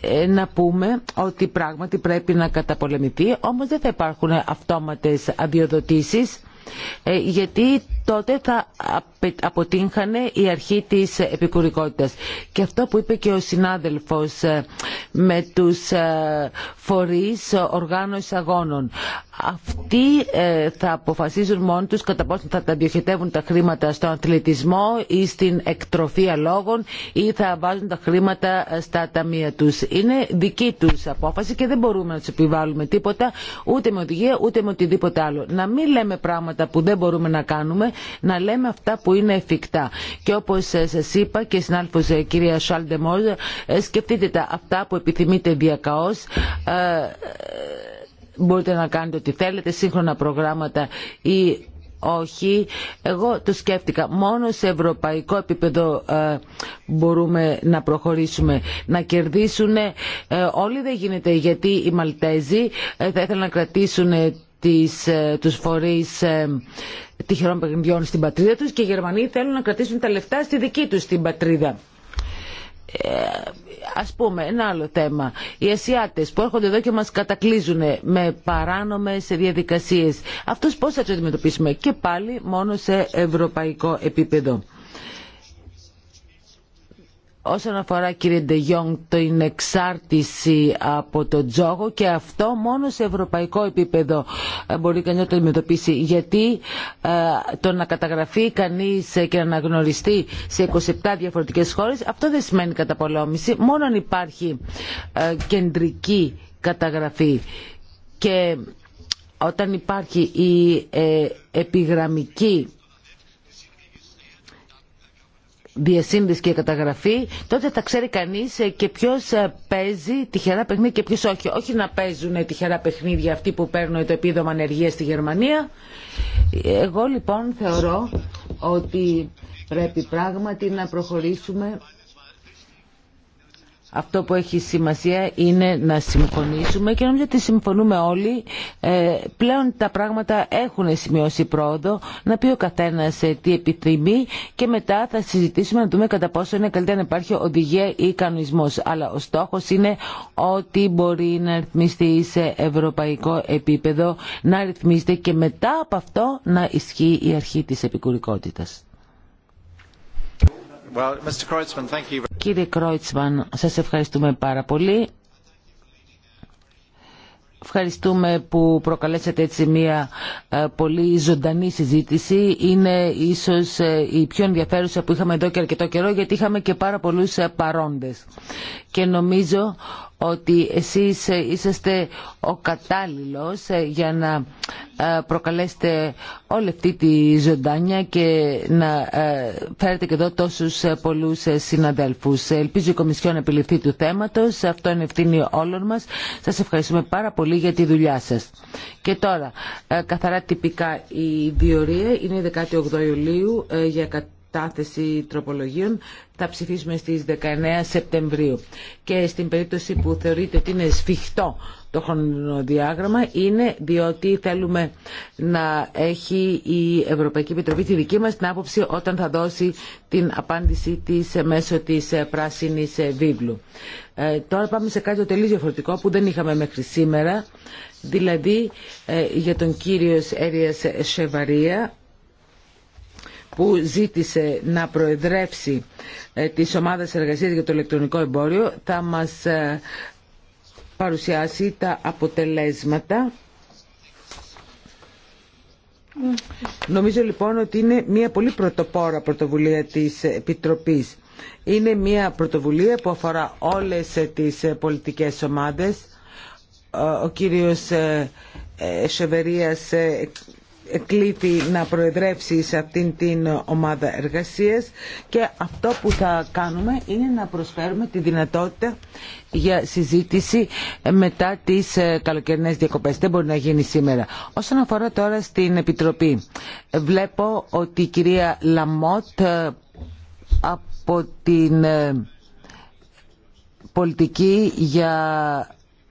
ε, να πούμε ότι πράγματι πρέπει να καταπολεμηθεί όμως δεν θα υπάρχουν αυτόματες αδειοδοτήσεις ε, γιατί τότε θα αποτύγχανε η αρχή της επικουρικότητας. Και αυτό που είπε και ο συνάδελφος ε, με τους ε, φορείς οργάνωση αγώνων. Αυτοί θα αποφασίζουν μόνοι τους κατά πόσο θα τα διοχετεύουν τα χρήματα στον αθλητισμό ή στην εκτροφή αλόγων ή θα βάζουν τα χρήματα στα ταμεία τους. Είναι δική τους απόφαση και δεν μπορούμε να τους επιβάλλουμε τίποτα ούτε με οδηγία ούτε με οτιδήποτε άλλο. Να μην λέμε πράγματα πράγματα που δεν μπορούμε να κάνουμε, να λέμε αυτά που είναι εφικτά. Και όπω σα είπα και η ε, κυρία Σάλντε Μόζα, ε, σκεφτείτε τα αυτά που επιθυμείτε ε, ε, μπορείτε να κάνετε ό,τι θέλετε, σύγχρονα προγράμματα ή όχι. Εγώ το σκέφτηκα. Μόνο σε ευρωπαϊκό επίπεδο μπορούμε να προχωρήσουμε. Να κερδίσουν όλοι δεν γίνεται γιατί οι Μαλτέζοι ε, θα ήθελαν να κρατήσουν τις, ε, τους φορείς ε, τυχερών παιχνιδιών στην πατρίδα τους και οι Γερμανοί θέλουν να κρατήσουν τα λεφτά στη δική τους την πατρίδα. Ε, ας πούμε ένα άλλο θέμα οι Ασιάτες που έρχονται εδώ και μας κατακλείζουν με παράνομες διαδικασίες αυτούς πώς θα τους αντιμετωπίσουμε και πάλι μόνο σε ευρωπαϊκό επίπεδο όσον αφορά κύριε Ντεγιόγκ την εξάρτηση από τον τζόγο και αυτό μόνο σε ευρωπαϊκό επίπεδο ε, μπορεί κανείς να το αντιμετωπίσει γιατί ε, το να καταγραφεί κανείς και να αναγνωριστεί σε 27 διαφορετικές χώρες αυτό δεν σημαίνει καταπολόμηση μόνο αν υπάρχει ε, κεντρική καταγραφή και όταν υπάρχει η ε, επιγραμμική διασύνδεση και καταγραφή, τότε θα ξέρει κανείς ε, και ποιο ε, παίζει τυχερά παιχνίδια και ποιο όχι. Όχι να παίζουν τυχερά παιχνίδια αυτοί που παίρνουν το επίδομα ανεργία στη Γερμανία. Εγώ λοιπόν θεωρώ ότι πρέπει πράγματι να προχωρήσουμε αυτό που έχει σημασία είναι να συμφωνήσουμε και νομίζω ότι συμφωνούμε όλοι. Ε, πλέον τα πράγματα έχουν σημειώσει πρόοδο, να πει ο καθένα ε, τι επιθυμεί και μετά θα συζητήσουμε να δούμε κατά πόσο είναι καλύτερα να υπάρχει οδηγία ή κανονισμό. Αλλά ο στόχο είναι ότι μπορεί να ρυθμιστεί σε ευρωπαϊκό επίπεδο, να ρυθμίζεται και μετά από αυτό να ισχύει η αρχή τη επικουρικότητα. Κύριε Κρόιτσμαν, σας ευχαριστούμε πάρα πολύ. Ευχαριστούμε που προκαλέσατε έτσι μια ε, πολύ ζωντανή συζήτηση. Είναι ίσως ε, η πιο ενδιαφέρουσα που είχαμε εδώ και αρκετό καιρό γιατί είχαμε και πάρα πολλούς ε, παρόντες. Και νομίζω ότι εσείς είσαστε ο κατάλληλος ε, για να ε, προκαλέσετε όλη αυτή τη ζωντάνια και να ε, φέρετε και εδώ τόσους πολλούς συναδέλφους. Ελπίζω η Κομισιόν να επιληφθεί του θέματος. Αυτό είναι ευθύνη όλων μας. Σας ευχαριστούμε πάρα πολύ για τη δουλειά σας. Και τώρα, καθαρά τυπικά η διορία είναι 18 Ιουλίου για Τάθεση τροπολογίων θα ψηφίσουμε στις 19 Σεπτεμβρίου. Και στην περίπτωση που θεωρείται ότι είναι σφιχτό το χρονοδιάγραμμα είναι διότι θέλουμε να έχει η Ευρωπαϊκή Επιτροπή τη δική μας την άποψη όταν θα δώσει την απάντηση της μέσω της πράσινης βίβλου. Ε, τώρα πάμε σε κάτι τελείως διαφορετικό που δεν είχαμε μέχρι σήμερα, δηλαδή ε, για τον κύριο Έρια Σεβαρία που ζήτησε να προεδρεύσει ε, τις ομάδες Εργασίας για το ηλεκτρονικό εμπόριο θα μας ε, παρουσιάσει τα αποτελέσματα. Νομίζω λοιπόν ότι είναι μια πολύ πρωτοπόρα πρωτοβουλία της Επιτροπής. Είναι μια πρωτοβουλία που αφορά όλες ε, τις πολιτικές ομάδες. Ο κύριος Σεβερίας να προεδρεύσει σε αυτήν την ομάδα εργασίας και αυτό που θα κάνουμε είναι να προσφέρουμε τη δυνατότητα για συζήτηση μετά τις ε, καλοκαιρινές διακοπές. Δεν μπορεί να γίνει σήμερα. Όσον αφορά τώρα στην Επιτροπή, βλέπω ότι η κυρία Λαμότ ε, από την ε, πολιτική για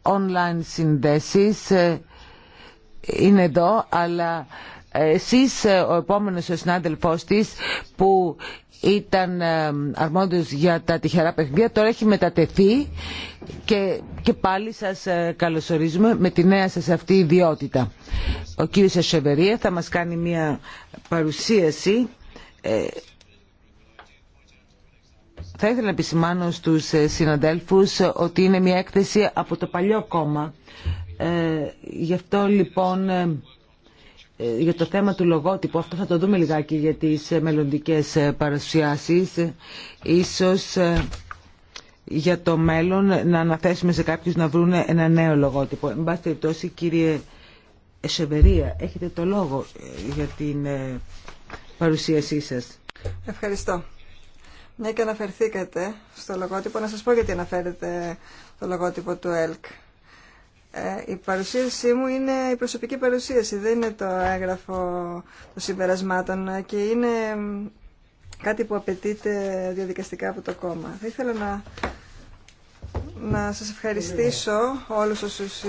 online συνδέσεις είναι εδώ, αλλά εσείς ε, ο επόμενος ο συνάδελφός της που ήταν ε, αρμόδιος για τα τυχερά παιχνίδια τώρα έχει μετατεθεί και, και πάλι σας ε, καλωσορίζουμε με τη νέα σας αυτή ιδιότητα. Ο κύριος Σεβερία θα μας κάνει μια παρουσίαση θα ήθελα να επισημάνω στους συναδέλφους ότι είναι μια έκθεση από το παλιό κόμμα ε, γι' αυτό λοιπόν ε, ε, για το θέμα του λογότυπου, αυτό θα το δούμε λιγάκι για τις μελλοντικές παρουσιάσεις, ίσως για το μέλλον να αναθέσουμε σε κάποιους να βρουν ένα νέο λογότυπο. Εν πάση περιπτώσει, κύριε Σεβερία, έχετε το λόγο για την παρουσίασή σας. Ευχαριστώ. Μια και αναφερθήκατε στο λογότυπο, να σας πω γιατί αναφέρετε το λογότυπο του ΕΛΚ. Ε, η παρουσίασή μου είναι η προσωπική παρουσίαση, δεν είναι το έγγραφο των συμπερασμάτων και είναι κάτι που απαιτείται διαδικαστικά από το κόμμα. Θα ήθελα να, να σας ευχαριστήσω όλους όσους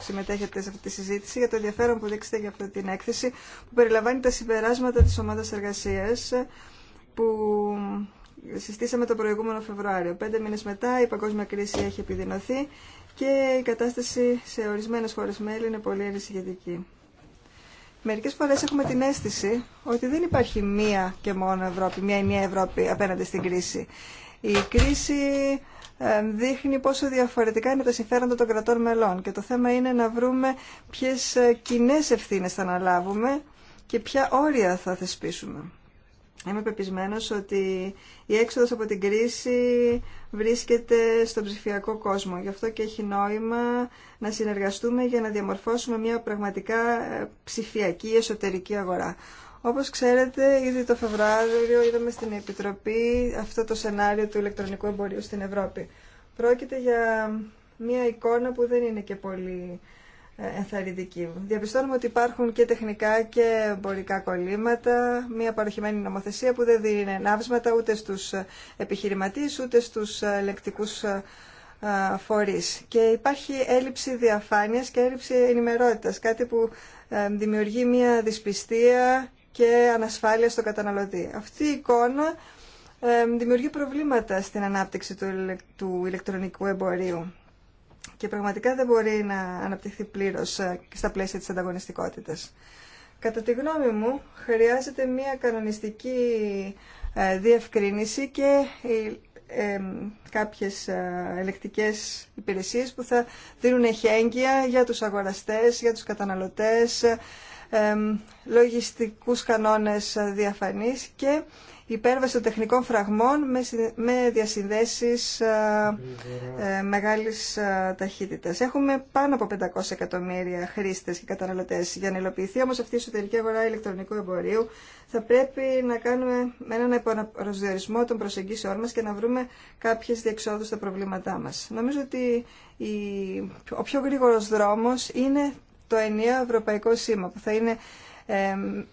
συμμετέχετε σε αυτή τη συζήτηση για το ενδιαφέρον που δείξετε για αυτή την έκθεση που περιλαμβάνει τα συμπεράσματα της ομάδας εργασίας που συστήσαμε το προηγούμενο Φεβρουάριο. Πέντε μήνες μετά η παγκόσμια κρίση έχει επιδεινωθεί και η κατάσταση σε ορισμένες χώρες μέλη είναι πολύ ανησυχητική. Μερικές φορές έχουμε την αίσθηση ότι δεν υπάρχει μία και μόνο Ευρώπη, μία ή μία Ευρώπη απέναντι στην κρίση. Η κρίση ε, δείχνει πόσο διαφορετικά είναι τα συμφέροντα των κρατών μελών και το θέμα είναι να βρούμε ποιες ε, κοινέ ευθύνες θα αναλάβουμε και ποια όρια θα θεσπίσουμε. Είμαι πεπισμένος ότι η έξοδος από την κρίση βρίσκεται στον ψηφιακό κόσμο. Γι' αυτό και έχει νόημα να συνεργαστούμε για να διαμορφώσουμε μια πραγματικά ε, ψηφιακή εσωτερική αγορά. Όπως ξέρετε, ήδη το Φεβράριο είδαμε στην Επιτροπή αυτό το σενάριο του ηλεκτρονικού εμπορίου στην Ευρώπη. Πρόκειται για μια εικόνα που δεν είναι και πολύ ε, ενθαρρυντική. Διαπιστώνουμε ότι υπάρχουν και τεχνικά και εμπορικά κολλήματα, μια παροχημένη νομοθεσία που δεν δίνει ενάβσματα ούτε στους ε, επιχειρηματίες ούτε στους ε, ελεκτικούς φορείς. Και υπάρχει έλλειψη διαφάνειας και έλλειψη ενημερότητας, κάτι που δημιουργεί μια δυσπιστία και ανασφάλεια στο καταναλωτή. Αυτή η εικόνα δημιουργεί προβλήματα στην ανάπτυξη του ηλεκτρονικού εμπορίου και πραγματικά δεν μπορεί να αναπτυχθεί πλήρως ε, στα πλαίσια της ανταγωνιστικότητας. Κατά τη γνώμη μου, χρειάζεται μια κανονιστική ε, διευκρίνηση και κάποιες ε, ελεκτικές υπηρεσίες που θα δίνουν εχέγγυα για τους αγοραστές, για τους καταναλωτές, λογιστικούς κανόνες διαφανής και υπέρβαση των τεχνικών φραγμών με διασυνδέσεις ε, ε, μεγάλης ε, ταχύτητας. Έχουμε πάνω από 500 εκατομμύρια χρήστες και καταναλωτές. Για να υλοποιηθεί όμως αυτή η εσωτερική αγορά ηλεκτρονικού εμπορίου θα πρέπει να κάνουμε έναν προσδιορισμό των προσεγγίσεών μας και να βρούμε κάποιες διεξόδους στα προβλήματά μας. Νομίζω ότι ο πιο γρήγορος δρόμος είναι το ενιαίο ευρωπαϊκό σήμα που θα είναι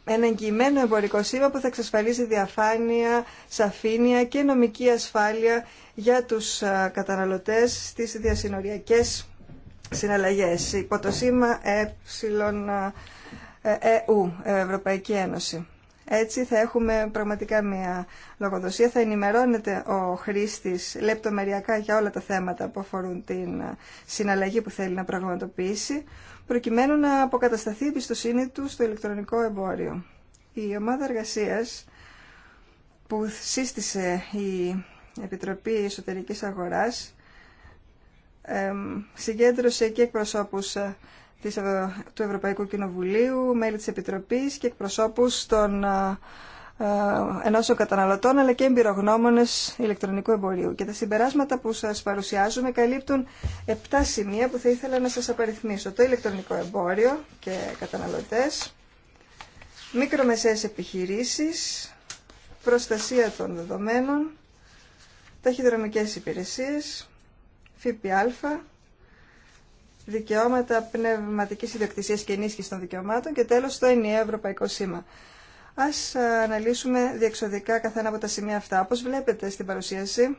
ένα εγγυημένο εμπορικό σήμα που θα εξασφαλίσει διαφάνεια, σαφήνεια και νομική ασφάλεια για τους καταναλωτές στις διασυνοριακές συναλλαγές υπό το σήμα ΕΕΟΥ, ε, ε, ε, Ευρωπαϊκή Ένωση. Έτσι θα έχουμε πραγματικά μια λογοδοσία. Θα ενημερώνεται ο χρήστης λεπτομεριακά για όλα τα θέματα που αφορούν την συναλλαγή που θέλει να πραγματοποιήσει, προκειμένου να αποκατασταθεί η εμπιστοσύνη του στο ηλεκτρονικό εμπόριο. Η ομάδα εργασίας που σύστησε η Επιτροπή Εσωτερικής Αγοράς συγκέντρωσε και εκπροσώπους ε, του Ευρωπαϊκού Κοινοβουλίου, μέλη της Επιτροπής και εκπροσώπους των ε, ο ε, καταναλωτών αλλά και εμπειρογνώμονες ηλεκτρονικού εμπορίου. Και τα συμπεράσματα που σας παρουσιάζουμε καλύπτουν 7 σημεία που θα ήθελα να σας απαριθμίσω. Το ηλεκτρονικό εμπόριο και καταναλωτές, μικρομεσαίες επιχειρήσεις, προστασία των δεδομένων, ταχυδρομικές υπηρεσίες, ΦΠΑ, δικαιώματα πνευματικής ιδιοκτησίας και ενίσχυση των δικαιωμάτων και τέλος το ενιαίο ευρωπαϊκό σήμα. Ας ε, αναλύσουμε διεξοδικά καθένα από τα σημεία αυτά. Όπως βλέπετε στην παρουσίαση,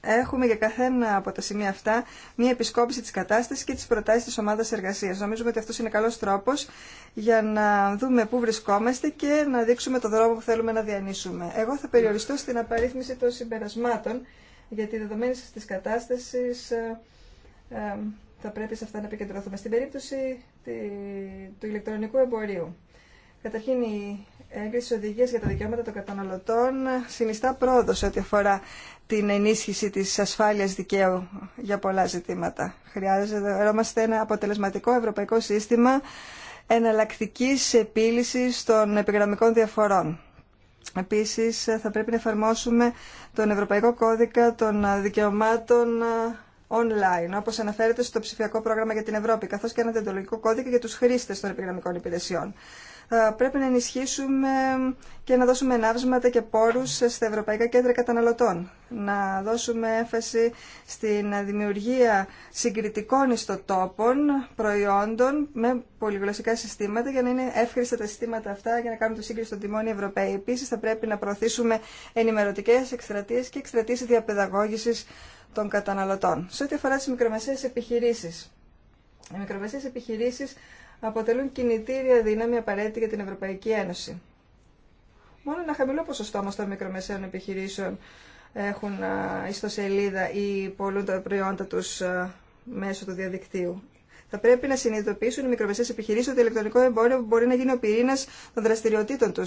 έχουμε για καθένα από τα σημεία αυτά μια επισκόπηση της κατάστασης και τις προτάσεις της ομάδας εργασίας. Νομίζουμε ότι αυτός είναι καλός τρόπος για να δούμε πού βρισκόμαστε και να δείξουμε το δρόμο που θέλουμε να διανύσουμε. Εγώ θα περιοριστώ στην απαρίθμηση των συμπερασμάτων, γιατί δεδομένη της κατάστασης ε, ε, θα πρέπει σε αυτά να επικεντρωθούμε. Στην περίπτωση του ηλεκτρονικού εμπορίου. Καταρχήν η έγκριση οδηγία για τα δικαιώματα των καταναλωτών συνιστά πρόοδο σε ό,τι αφορά την ενίσχυση τη ασφάλεια δικαίου για πολλά ζητήματα. Χρειάζεται ένα αποτελεσματικό ευρωπαϊκό σύστημα εναλλακτική επίλυση των επιγραμμικών διαφορών. Επίση, θα πρέπει να εφαρμόσουμε τον Ευρωπαϊκό Κώδικα των Δικαιωμάτων online, Όπω αναφέρεται στο ψηφιακό πρόγραμμα για την Ευρώπη, καθώ και ένα δεντολογικό κώδικα για του χρήστε των επιγραμμικών υπηρεσιών. Ε, πρέπει να ενισχύσουμε και να δώσουμε ενάυσματα και πόρους στα Ευρωπαϊκά Κέντρα Καταναλωτών. Να δώσουμε έμφαση στην δημιουργία συγκριτικών ιστοτόπων, προϊόντων με πολυγλωσσικά συστήματα για να είναι εύχριστα τα συστήματα αυτά για να κάνουν το σύγκριση των τιμών οι Ευρωπαίοι. Επίσης θα πρέπει να προωθήσουμε ενημερωτικές εκστρατείες και εκστρατείες διαπαιδαγώγησης των καταναλωτών. Σε ό,τι αφορά τις μικρομεσαίες επιχειρήσεις. Οι μικρομεσαίες επιχειρήσεις αποτελούν κινητήρια δύναμη απαραίτητη για την Ευρωπαϊκή Ένωση. Μόνο ένα χαμηλό ποσοστό μας των μικρομεσαίων επιχειρήσεων έχουν ε, ιστοσελίδα ή πολλούν τα προϊόντα τους ε, μέσω του διαδικτύου. Θα πρέπει να συνειδητοποιήσουν οι μικρομεσαίες επιχειρήσει ότι το ηλεκτρονικό εμπόριο μπορεί να γίνει ο πυρήνα των δραστηριοτήτων του,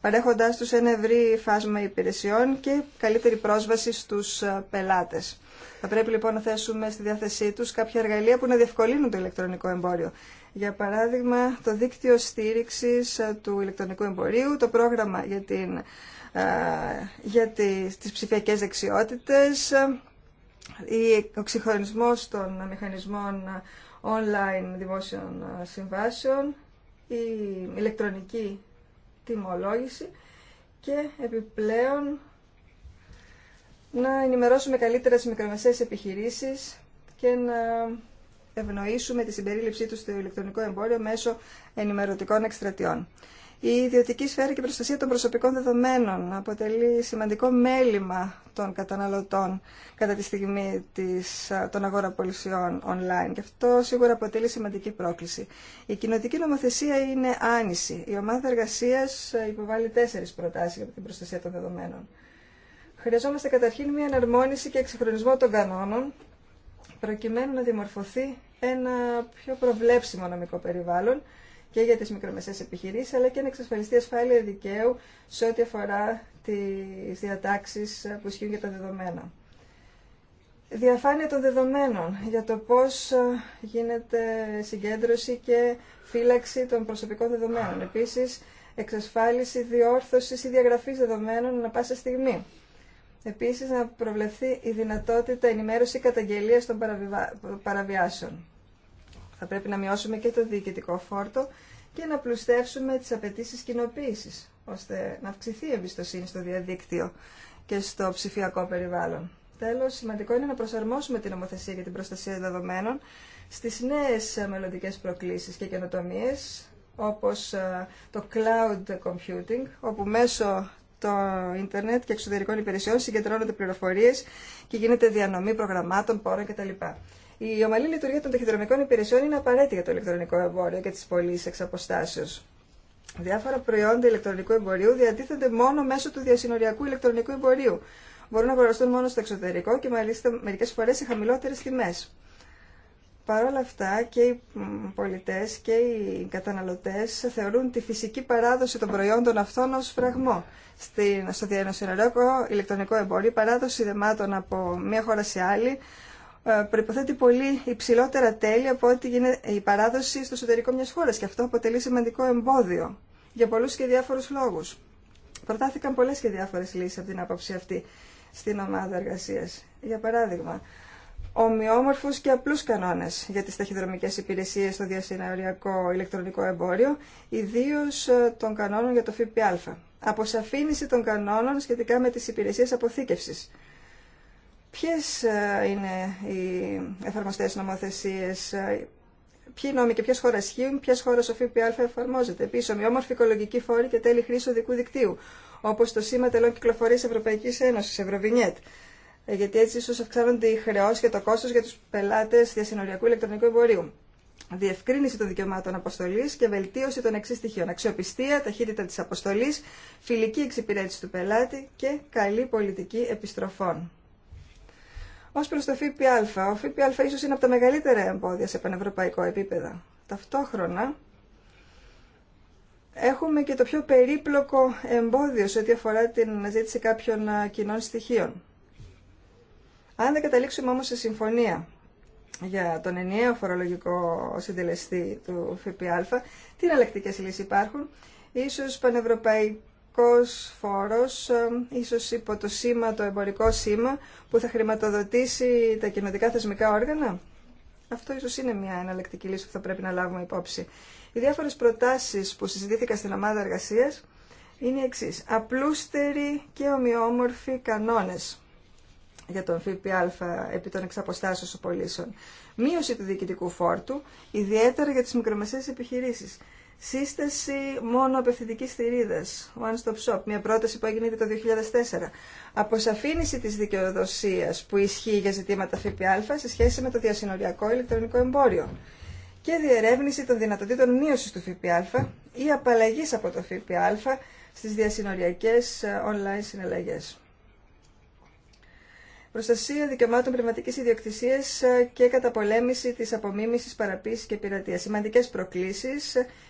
παρέχοντά του ένα ευρύ φάσμα υπηρεσιών και καλύτερη πρόσβαση στου πελάτε. Θα πρέπει λοιπόν να θέσουμε στη διάθεσή του κάποια εργαλεία που να διευκολύνουν το ηλεκτρονικό εμπόριο. Για παράδειγμα, το δίκτυο στήριξη του ηλεκτρονικού εμπορίου, το πρόγραμμα για, την, για τις, ψηφιακές δεξιότητες, ο ξεχωρισμός των μηχανισμών online δημόσιων συμβάσεων, η ηλεκτρονική τιμολόγηση και επιπλέον να ενημερώσουμε καλύτερα τις μικρομεσαίες επιχειρήσεις και να ευνοήσουμε τη συμπερίληψή τους στο ηλεκτρονικό εμπόριο μέσω ενημερωτικών εκστρατιών. Η ιδιωτική σφαίρα και η προστασία των προσωπικών δεδομένων αποτελεί σημαντικό μέλημα των καταναλωτών κατά τη στιγμή της, των αγοραπολισιών online και αυτό σίγουρα αποτελεί σημαντική πρόκληση. Η κοινοτική νομοθεσία είναι άνηση. Η ομάδα εργασία υποβάλλει τέσσερι προτάσει για την προστασία των δεδομένων. Χρειαζόμαστε καταρχήν μια εναρμόνιση και εξυγχρονισμό των κανόνων προκειμένου να διαμορφωθεί ένα πιο προβλέψιμο νομικό περιβάλλον και για τις μικρομεσαίες επιχειρήσεις, αλλά και να εξασφαλιστεί ασφάλεια δικαίου σε ό,τι αφορά τις διατάξεις που ισχύουν για τα δεδομένα. Διαφάνεια των δεδομένων για το πώς ε, γίνεται συγκέντρωση και φύλαξη των προσωπικών δεδομένων. Επίσης, εξασφάλιση διόρθωσης ή διαγραφής δεδομένων ανα πάσα στιγμή. Επίσης, να προβλεφθεί η διαγραφη δεδομενων να πασα ενημέρωση καταγγελίας των παραβιάσεων. Θα πρέπει να μειώσουμε και το διοικητικό φόρτο και να πλουστεύσουμε τις απαιτήσει κοινοποίηση, ώστε να αυξηθεί η εμπιστοσύνη στο διαδίκτυο και στο ψηφιακό περιβάλλον. Τέλος, σημαντικό είναι να προσαρμόσουμε την ομοθεσία για την προστασία δεδομένων στις νέες μελλοντικέ προκλήσεις και καινοτομίε, όπως ε, το cloud computing, όπου μέσω το ίντερνετ και εξωτερικών υπηρεσιών συγκεντρώνονται πληροφορίες και γίνεται διανομή προγραμμάτων, πόρων κτλ. Η ομαλή λειτουργία των ταχυδρομικών υπηρεσιών είναι απαραίτητη για το ηλεκτρονικό εμπόριο και τι πωλήσει εξ αποστάσεω. Διάφορα προϊόντα ηλεκτρονικού εμπορίου διατίθενται μόνο μέσω του διασυνοριακού ηλεκτρονικού εμπορίου. Μπορούν να αγοραστούν μόνο στο εξωτερικό και μάλιστα μερικέ φορέ σε χαμηλότερε τιμέ. Παρ' όλα αυτά και οι πολιτέ και οι καταναλωτέ θεωρούν τη φυσική παράδοση των προϊόντων αυτών ω φραγμό. στο διασυνοριακό ηλεκτρονικό εμπόριο η παράδοση δεμάτων από μία χώρα σε άλλη ε, Προποθέτει πολύ υψηλότερα τέλη από ό,τι γίνεται η παράδοση στο εσωτερικό μια χώρα και αυτό αποτελεί σημαντικό εμπόδιο για πολλού και διάφορου λόγου. Προτάθηκαν πολλέ και διάφορε λύσει από την άποψη αυτή στην ομάδα εργασία. Για παράδειγμα, ομοιόμορφου και απλού κανόνε για τι ταχυδρομικέ υπηρεσίε στο διασυναριακό ηλεκτρονικό εμπόριο, ιδίω ε, των κανόνων για το ΦΠΑ. Αποσαφήνιση των κανόνων σχετικά με τι υπηρεσίε αποθήκευση. Ποιες ε, είναι οι εφαρμοστές νομοθεσίες, ε, ποιοι νόμοι και ποιες χώρες χείουν, ποιες χώρες ο ΦΠΑ εφαρμόζεται. Επίσης, ομοιόμορφη οικολογική φόρη και τέλη χρήση οδικού δικτύου, όπως το σήμα τελών κυκλοφορίας Ευρωπαϊκής Ένωσης, Ευρωβινιέτ. Ε, γιατί έτσι ίσως αυξάνονται οι χρεώσεις και το κόστος για τους πελάτες διασυνοριακού ηλεκτρονικού εμπορίου. Διευκρίνηση των δικαιωμάτων αποστολή και βελτίωση των εξή στοιχείων. Αξιοπιστία, ταχύτητα τη αποστολή, φιλική εξυπηρέτηση του πελάτη και καλή πολιτική επιστροφών. Ω προ το ΦΠΑ, ο ΦΠΑ ίσω είναι από τα μεγαλύτερα εμπόδια σε πανευρωπαϊκό επίπεδο. Ταυτόχρονα, έχουμε και το πιο περίπλοκο εμπόδιο σε ό,τι αφορά την αναζήτηση κάποιων κοινών στοιχείων. Αν δεν καταλήξουμε όμως σε συμφωνία για τον ενιαίο φορολογικό συντελεστή του ΦΠΑ, τι εναλλακτικέ λύσει υπάρχουν, ίσως πανευρωπαϊκή εμπορικός φόρος, ε, ίσως υπό το σήμα, το εμπορικό σήμα, που θα χρηματοδοτήσει τα κοινωτικά θεσμικά όργανα. Αυτό ίσως είναι μια εναλλακτική λύση που θα πρέπει να λάβουμε υπόψη. Οι διάφορες προτάσεις που συζητήθηκαν στην ομάδα εργασίας είναι εξή. Απλούστεροι και ομοιόμορφοι κανόνες για τον ΦΠΑ επί των εξαποστάσεων πωλήσεων. Μείωση του διοικητικού φόρτου, ιδιαίτερα για τις μικρομεσαίες επιχειρήσεις σύσταση μόνο απευθυντικής θηρίδας, one stop shop, μια πρόταση που έγινε το 2004. Αποσαφήνιση της δικαιοδοσίας που ισχύει για ζητήματα ΦΠΑ σε σχέση με το διασυνοριακό ηλεκτρονικό εμπόριο και διερεύνηση των δυνατοτήτων μείωση του ΦΠΑ ή απαλλαγής από το ΦΠΑ στις διασυνοριακές online συναλλαγές προστασία δικαιωμάτων πνευματική ιδιοκτησία ε, και καταπολέμηση τη απομίμηση, παραποίηση και πειρατεία. Σημαντικέ προκλήσει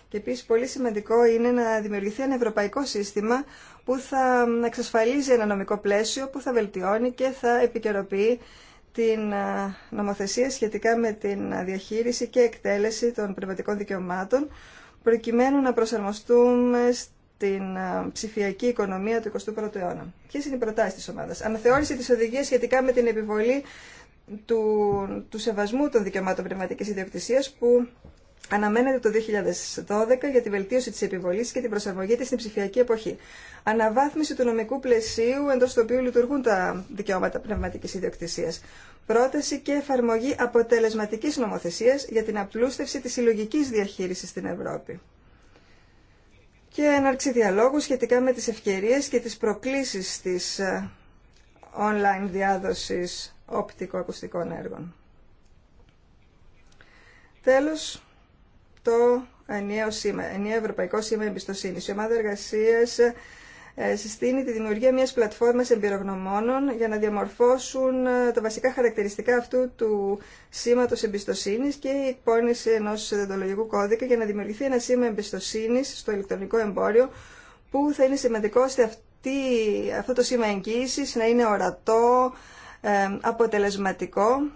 και επίση πολύ σημαντικό είναι να δημιουργηθεί ένα ευρωπαϊκό σύστημα που θα εξασφαλίζει ένα νομικό πλαίσιο που θα βελτιώνει και θα επικαιροποιεί την ε, νομοθεσία σχετικά με την διαχείριση και εκτέλεση των πνευματικών δικαιωμάτων προκειμένου να προσαρμοστούμε την ε, ψηφιακή οικονομία του 21ου αιώνα. Ποιε είναι οι προτάσει τη ομάδα. Αναθεώρηση τη οδηγία σχετικά με την επιβολή του, του σεβασμού των δικαιωμάτων πνευματική ιδιοκτησία που αναμένεται το 2012 για τη βελτίωση τη επιβολή και την προσαρμογή τη στην ψηφιακή εποχή. Αναβάθμιση του νομικού πλαισίου εντό του οποίου λειτουργούν τα δικαιώματα πνευματική ιδιοκτησία. Πρόταση και εφαρμογή αποτελεσματική νομοθεσία για την απλούστευση τη συλλογική διαχείριση στην Ευρώπη και έναρξη διαλόγου σχετικά με τις ευκαιρίες και τις προκλήσεις της ε, online διάδοσης οπτικοακουστικών έργων. Τέλος, το ενιαίο σήμα, ενιαίο ευρωπαϊκό σήμα εμπιστοσύνη. Η ομάδα ε, συστήνει τη δημιουργία μιας πλατφόρμας εμπειρογνωμόνων για να διαμορφώσουν ε, τα βασικά χαρακτηριστικά αυτού του σήματος εμπιστοσύνης και η εκπόνηση ενός δεντολογικού κώδικα για να δημιουργηθεί ένα σήμα εμπιστοσύνης στο ηλεκτρονικό εμπόριο που θα είναι σημαντικό ώστε αυτή, αυτό το σήμα εγγύησης να είναι ορατό, ε, αποτελεσματικό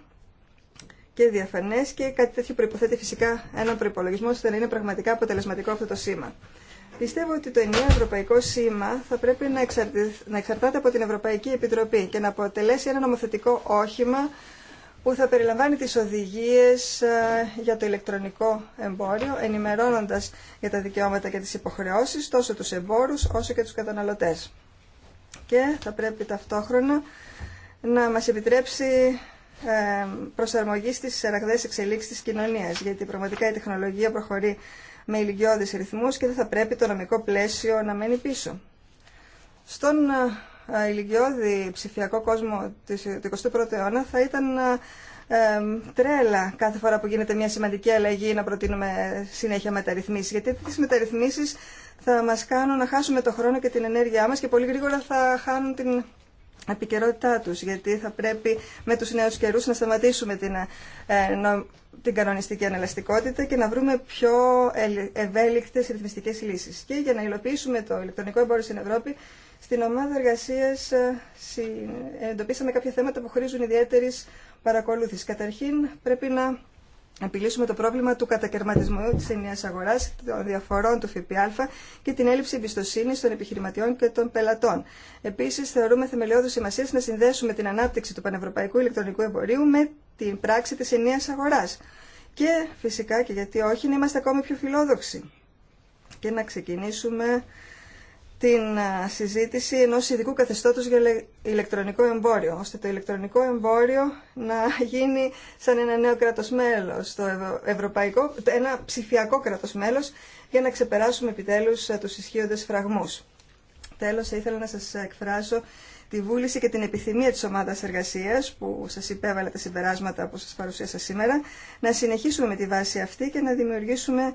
και διαφανές και κάτι τέτοιο προϋποθέτει φυσικά έναν προϋπολογισμό ώστε να είναι πραγματικά αποτελεσματικό αυτό το σήμα. Πιστεύω ότι το ενιαίο ευρωπαϊκό σήμα θα πρέπει να, εξαρτάται από την Ευρωπαϊκή Επιτροπή και να αποτελέσει ένα νομοθετικό όχημα που θα περιλαμβάνει τις οδηγίες ε, για το ηλεκτρονικό εμπόριο, ενημερώνοντας για τα δικαιώματα και τις υποχρεώσεις τόσο τους εμπόρους όσο και τους καταναλωτές. Και θα πρέπει ταυτόχρονα να μας επιτρέψει ε, προσαρμογή στις ραγδαίες εξελίξεις της κοινωνίας, γιατί πραγματικά η τεχνολογία προχωρεί με ηλικιώδεις ρυθμούς και δεν θα πρέπει το νομικό πλαίσιο να μένει πίσω. Στον ε, ε, ηλικιώδη ψηφιακό κόσμο ε, του 21ου αιώνα θα ήταν τρέλα κάθε φορά που γίνεται μια σημαντική αλλαγή να προτείνουμε συνέχεια μεταρρυθμίσεις. Γιατί τις μεταρρυθμίσεις θα μας κάνουν να χάσουμε το χρόνο και την ενέργειά μας και πολύ γρήγορα θα χάνουν την επικαιρότητά τους, γιατί θα πρέπει με τους νέους καιρούς να σταματήσουμε την, ε, την κανονιστική ανελαστικότητα και να βρούμε πιο ευέλικτες ρυθμιστικές λύσεις. Και για να υλοποιήσουμε το ηλεκτρονικό εμπόριο στην Ευρώπη, στην ομάδα εργασία ε, εντοπίσαμε κάποια θέματα που χρήζουν ιδιαίτερη παρακολούθηση. Καταρχήν, πρέπει να επιλύσουμε το πρόβλημα του κατακαιρματισμού της ενιαίας αγοράς, των διαφορών του ΦΠΑ και την έλλειψη εμπιστοσύνη των επιχειρηματιών και των πελατών. Επίσης, θεωρούμε θεμελιώδους σημασία να συνδέσουμε την ανάπτυξη του πανευρωπαϊκού ηλεκτρονικού εμπορίου με την πράξη της ενιαίας αγοράς. Και φυσικά και γιατί όχι, να είμαστε ακόμη πιο φιλόδοξοι και να ξεκινήσουμε την συζήτηση ενός ειδικού καθεστώτος για ηλεκτρονικό εμπόριο, ώστε το ηλεκτρονικό εμπόριο να γίνει σαν ένα νέο κράτος μέλος, το ευρωπαϊκό, ένα ψηφιακό κράτος μέλος, για να ξεπεράσουμε επιτέλους ε, τους ισχύοντες φραγμούς. Τέλος, ήθελα να σας εκφράσω τη βούληση και την επιθυμία της ομάδας εργασίας που σας υπέβαλε τα συμπεράσματα που σας παρουσίασα σήμερα, να συνεχίσουμε με τη βάση αυτή και να δημιουργήσουμε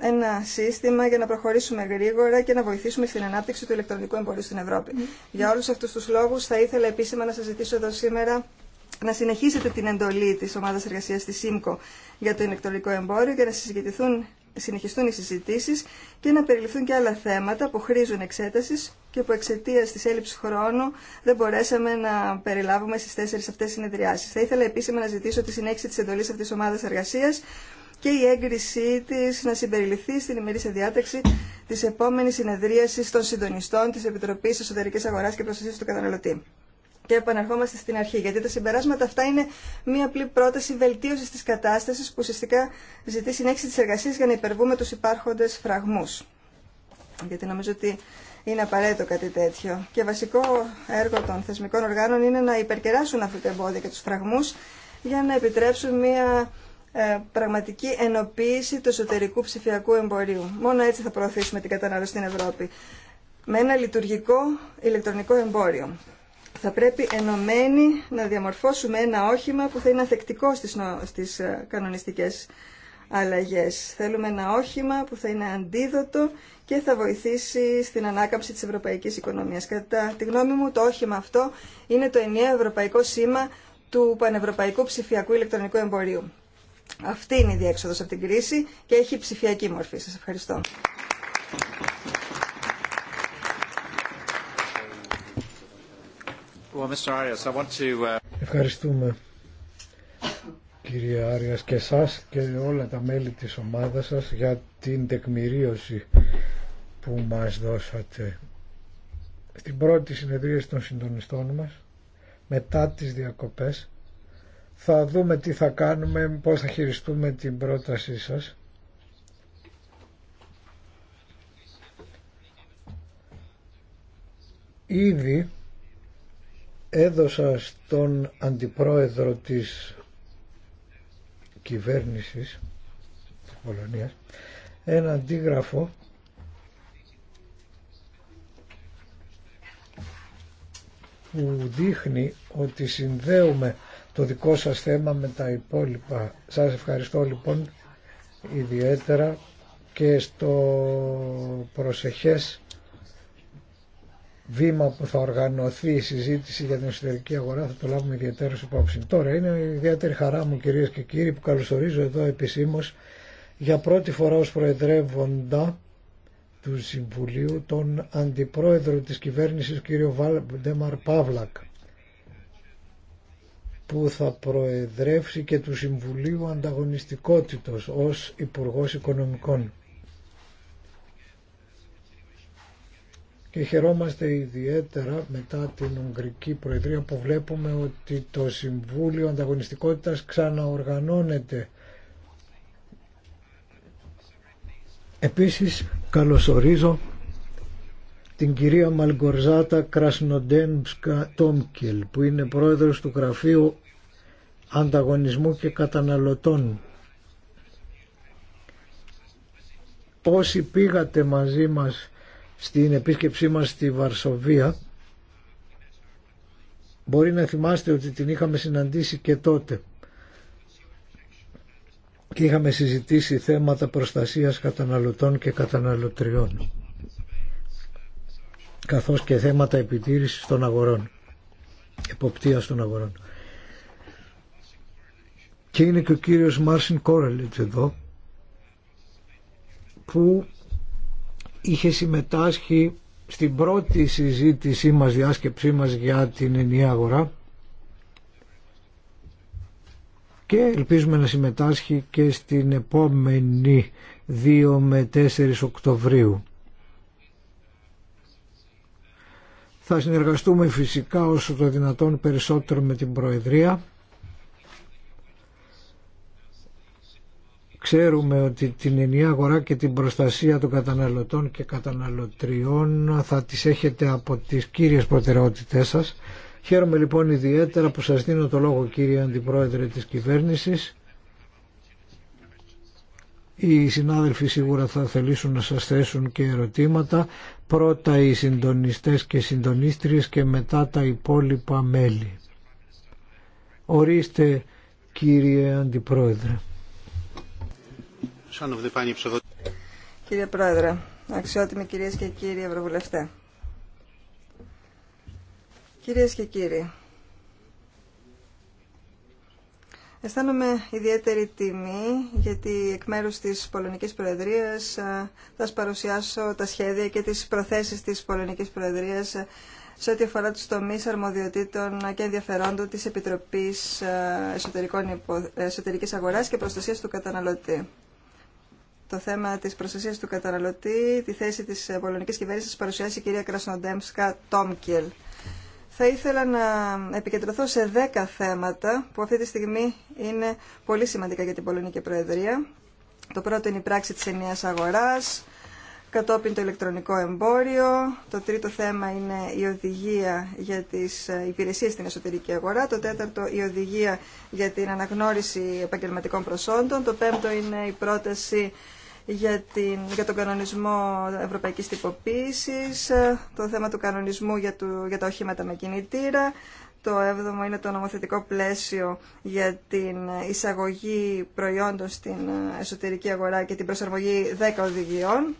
ένα σύστημα για να προχωρήσουμε γρήγορα και να βοηθήσουμε στην ανάπτυξη του ηλεκτρονικού εμπορίου στην Ευρώπη. Για όλους αυτούς τους λόγους θα ήθελα επίσημα να σας ζητήσω εδώ σήμερα να συνεχίσετε την εντολή της ομάδας εργασίας της ΣΥΜΚΟ για το ηλεκτρονικό εμπόριο για να συζητηθούν συνεχιστούν οι συζητήσεις και να περιληφθούν και άλλα θέματα που χρήζουν εξέτασης και που εξαιτία της έλλειψης χρόνου δεν μπορέσαμε να περιλάβουμε στις τέσσερις αυτές συνεδριάσεις. Θα ήθελα επίσημα να ζητήσω τη συνέχιση της εντολής αυτής της ομάδας εργασίας και η έγκρισή τη να συμπεριληφθεί στην ημερήσια διάταξη τη επόμενη συνεδρίασης των συντονιστών της Επιτροπής Εσωτερική Αγορά και προστασία του Καταναλωτή. Και επαναρχόμαστε στην αρχή, γιατί τα συμπεράσματα αυτά είναι μία απλή πρόταση βελτίωση τη κατάσταση που ουσιαστικά ζητεί συνέχιση τη εργασία για να υπερβούμε του υπάρχοντε φραγμού. Γιατί νομίζω ότι είναι απαραίτητο κάτι τέτοιο. Και βασικό έργο των θεσμικών οργάνων είναι να υπερκεράσουν αυτά τα εμπόδια και του φραγμού για να επιτρέψουν μία ε, πραγματική ενοποίηση του εσωτερικού ψηφιακού εμπορίου. Μόνο έτσι θα προωθήσουμε την κατανάλωση στην Ευρώπη. Με ένα λειτουργικό ηλεκτρονικό εμπόριο. Θα πρέπει ενωμένοι να διαμορφώσουμε ένα όχημα που θα είναι ανθεκτικό στις, στις ε, κανονιστικές αλλαγές. Θέλουμε ένα όχημα που θα είναι αντίδοτο και θα βοηθήσει στην ανάκαμψη της ευρωπαϊκής οικονομίας. Κατά τη γνώμη μου το όχημα αυτό είναι το ενιαίο ευρωπαϊκό σήμα του πανευρωπαϊκού ψηφιακού ηλεκτρονικού εμπορίου. Αυτή είναι η διέξοδος από την κρίση και έχει ψηφιακή μορφή. Σας ευχαριστώ. Uh, Ευχαριστούμε κύριε Άριας και σας και όλα τα μέλη της ομάδας σας για την τεκμηρίωση που μας δώσατε. Στην πρώτη συνεδρία των συντονιστών μας, μετά τις διακοπές, θα δούμε τι θα κάνουμε, πώς θα χειριστούμε την πρότασή σας. Ήδη έδωσα στον αντιπρόεδρο της κυβέρνησης της Πολωνίας ένα αντίγραφο που δείχνει ότι συνδέουμε το δικό σας θέμα με τα υπόλοιπα. Σας ευχαριστώ λοιπόν ιδιαίτερα και στο προσεχές βήμα που θα οργανωθεί η συζήτηση για την εσωτερική αγορά θα το λάβουμε ιδιαίτερο υπόψη. Τώρα είναι ιδιαίτερη χαρά μου κυρίες και κύριοι που καλωσορίζω εδώ επισήμως για πρώτη φορά ως προεδρεύοντα του Συμβουλίου τον Αντιπρόεδρο της Κυβέρνησης κύριο Δέμαρ Παύλακ που θα προεδρεύσει και του Συμβουλίου Ανταγωνιστικότητος ως Υπουργός Οικονομικών. Και χαιρόμαστε ιδιαίτερα μετά την Ουγγρική Προεδρία που βλέπουμε ότι το Συμβούλιο Ανταγωνιστικότητας ξαναοργανώνεται. Επίσης καλωσορίζω την κυρία Μαλγκορζάτα Κρασνοντέμψκα Τόμκελ που είναι πρόεδρος του γραφείου ανταγωνισμού και καταναλωτών. Όσοι πήγατε μαζί μας στην επίσκεψή μας στη Βαρσοβία, μπορεί να θυμάστε ότι την είχαμε συναντήσει και τότε και είχαμε συζητήσει θέματα προστασίας καταναλωτών και καταναλωτριών καθώς και θέματα επιτήρησης των αγορών εποπτείας των αγορών και είναι και ο κύριος Μάρσιν Κόρελετς εδώ που είχε συμμετάσχει στην πρώτη συζήτησή μας, διάσκεψή μας για την ενιαία αγορά και ελπίζουμε να συμμετάσχει και στην επόμενη 2 με 4 Οκτωβρίου. Θα συνεργαστούμε φυσικά όσο το δυνατόν περισσότερο με την Προεδρία Ξέρουμε ότι την ενιαία αγορά και την προστασία των καταναλωτών και καταναλωτριών θα τις έχετε από τις κύριες προτεραιότητές σας. Χαίρομαι λοιπόν ιδιαίτερα που σας δίνω το λόγο κύριε Αντιπρόεδρε της κυβέρνησης. Οι συνάδελφοι σίγουρα θα θελήσουν να σας θέσουν και ερωτήματα. Πρώτα οι συντονιστές και συντονίστριες και μετά τα υπόλοιπα μέλη. Ορίστε κύριε Αντιπρόεδρε. Κύριε Πρόεδρε, αξιότιμοι κυρίες και κύριοι Ευρωβουλευτέ, κυρίες και κύριοι, Αισθάνομαι ιδιαίτερη τιμή γιατί εκ μέρους της Πολωνικής Προεδρίας ε, θα σας παρουσιάσω τα σχέδια και τις προθέσεις της Πολωνικής Προεδρίας ε, σε ό,τι αφορά τους τομείς αρμοδιοτήτων και ενδιαφερόντων της Επιτροπής ε, Εσωτερικών Εσωτερικής Αγοράς και Προστασίας του Καταναλωτή το θέμα τη προστασία του καταναλωτή, τη θέση της πολωνικής κυβέρνησης παρουσιάσει η κυρία Κρασνοντέμσκα Τόμκιελ. Θα ήθελα να επικεντρωθώ σε δέκα θέματα που αυτή τη στιγμή είναι πολύ σημαντικά για την Πολωνική Προεδρία. Το πρώτο είναι η πράξη της ενιαίας αγοράς, κατόπιν το ηλεκτρονικό εμπόριο. Το τρίτο θέμα είναι η οδηγία για τις υπηρεσίες στην εσωτερική αγορά. Το τέταρτο η οδηγία για την αναγνώριση επαγγελματικών προσόντων. Το πέμπτο είναι η πρόταση για, την, για τον κανονισμό ευρωπαϊκής τυποποίησης, το θέμα του κανονισμού για, του, για τα οχήματα με κινητήρα, το έβδομο είναι το νομοθετικό πλαίσιο για την εισαγωγή προϊόντων στην εσωτερική αγορά και την προσαρμογή 10 οδηγιών.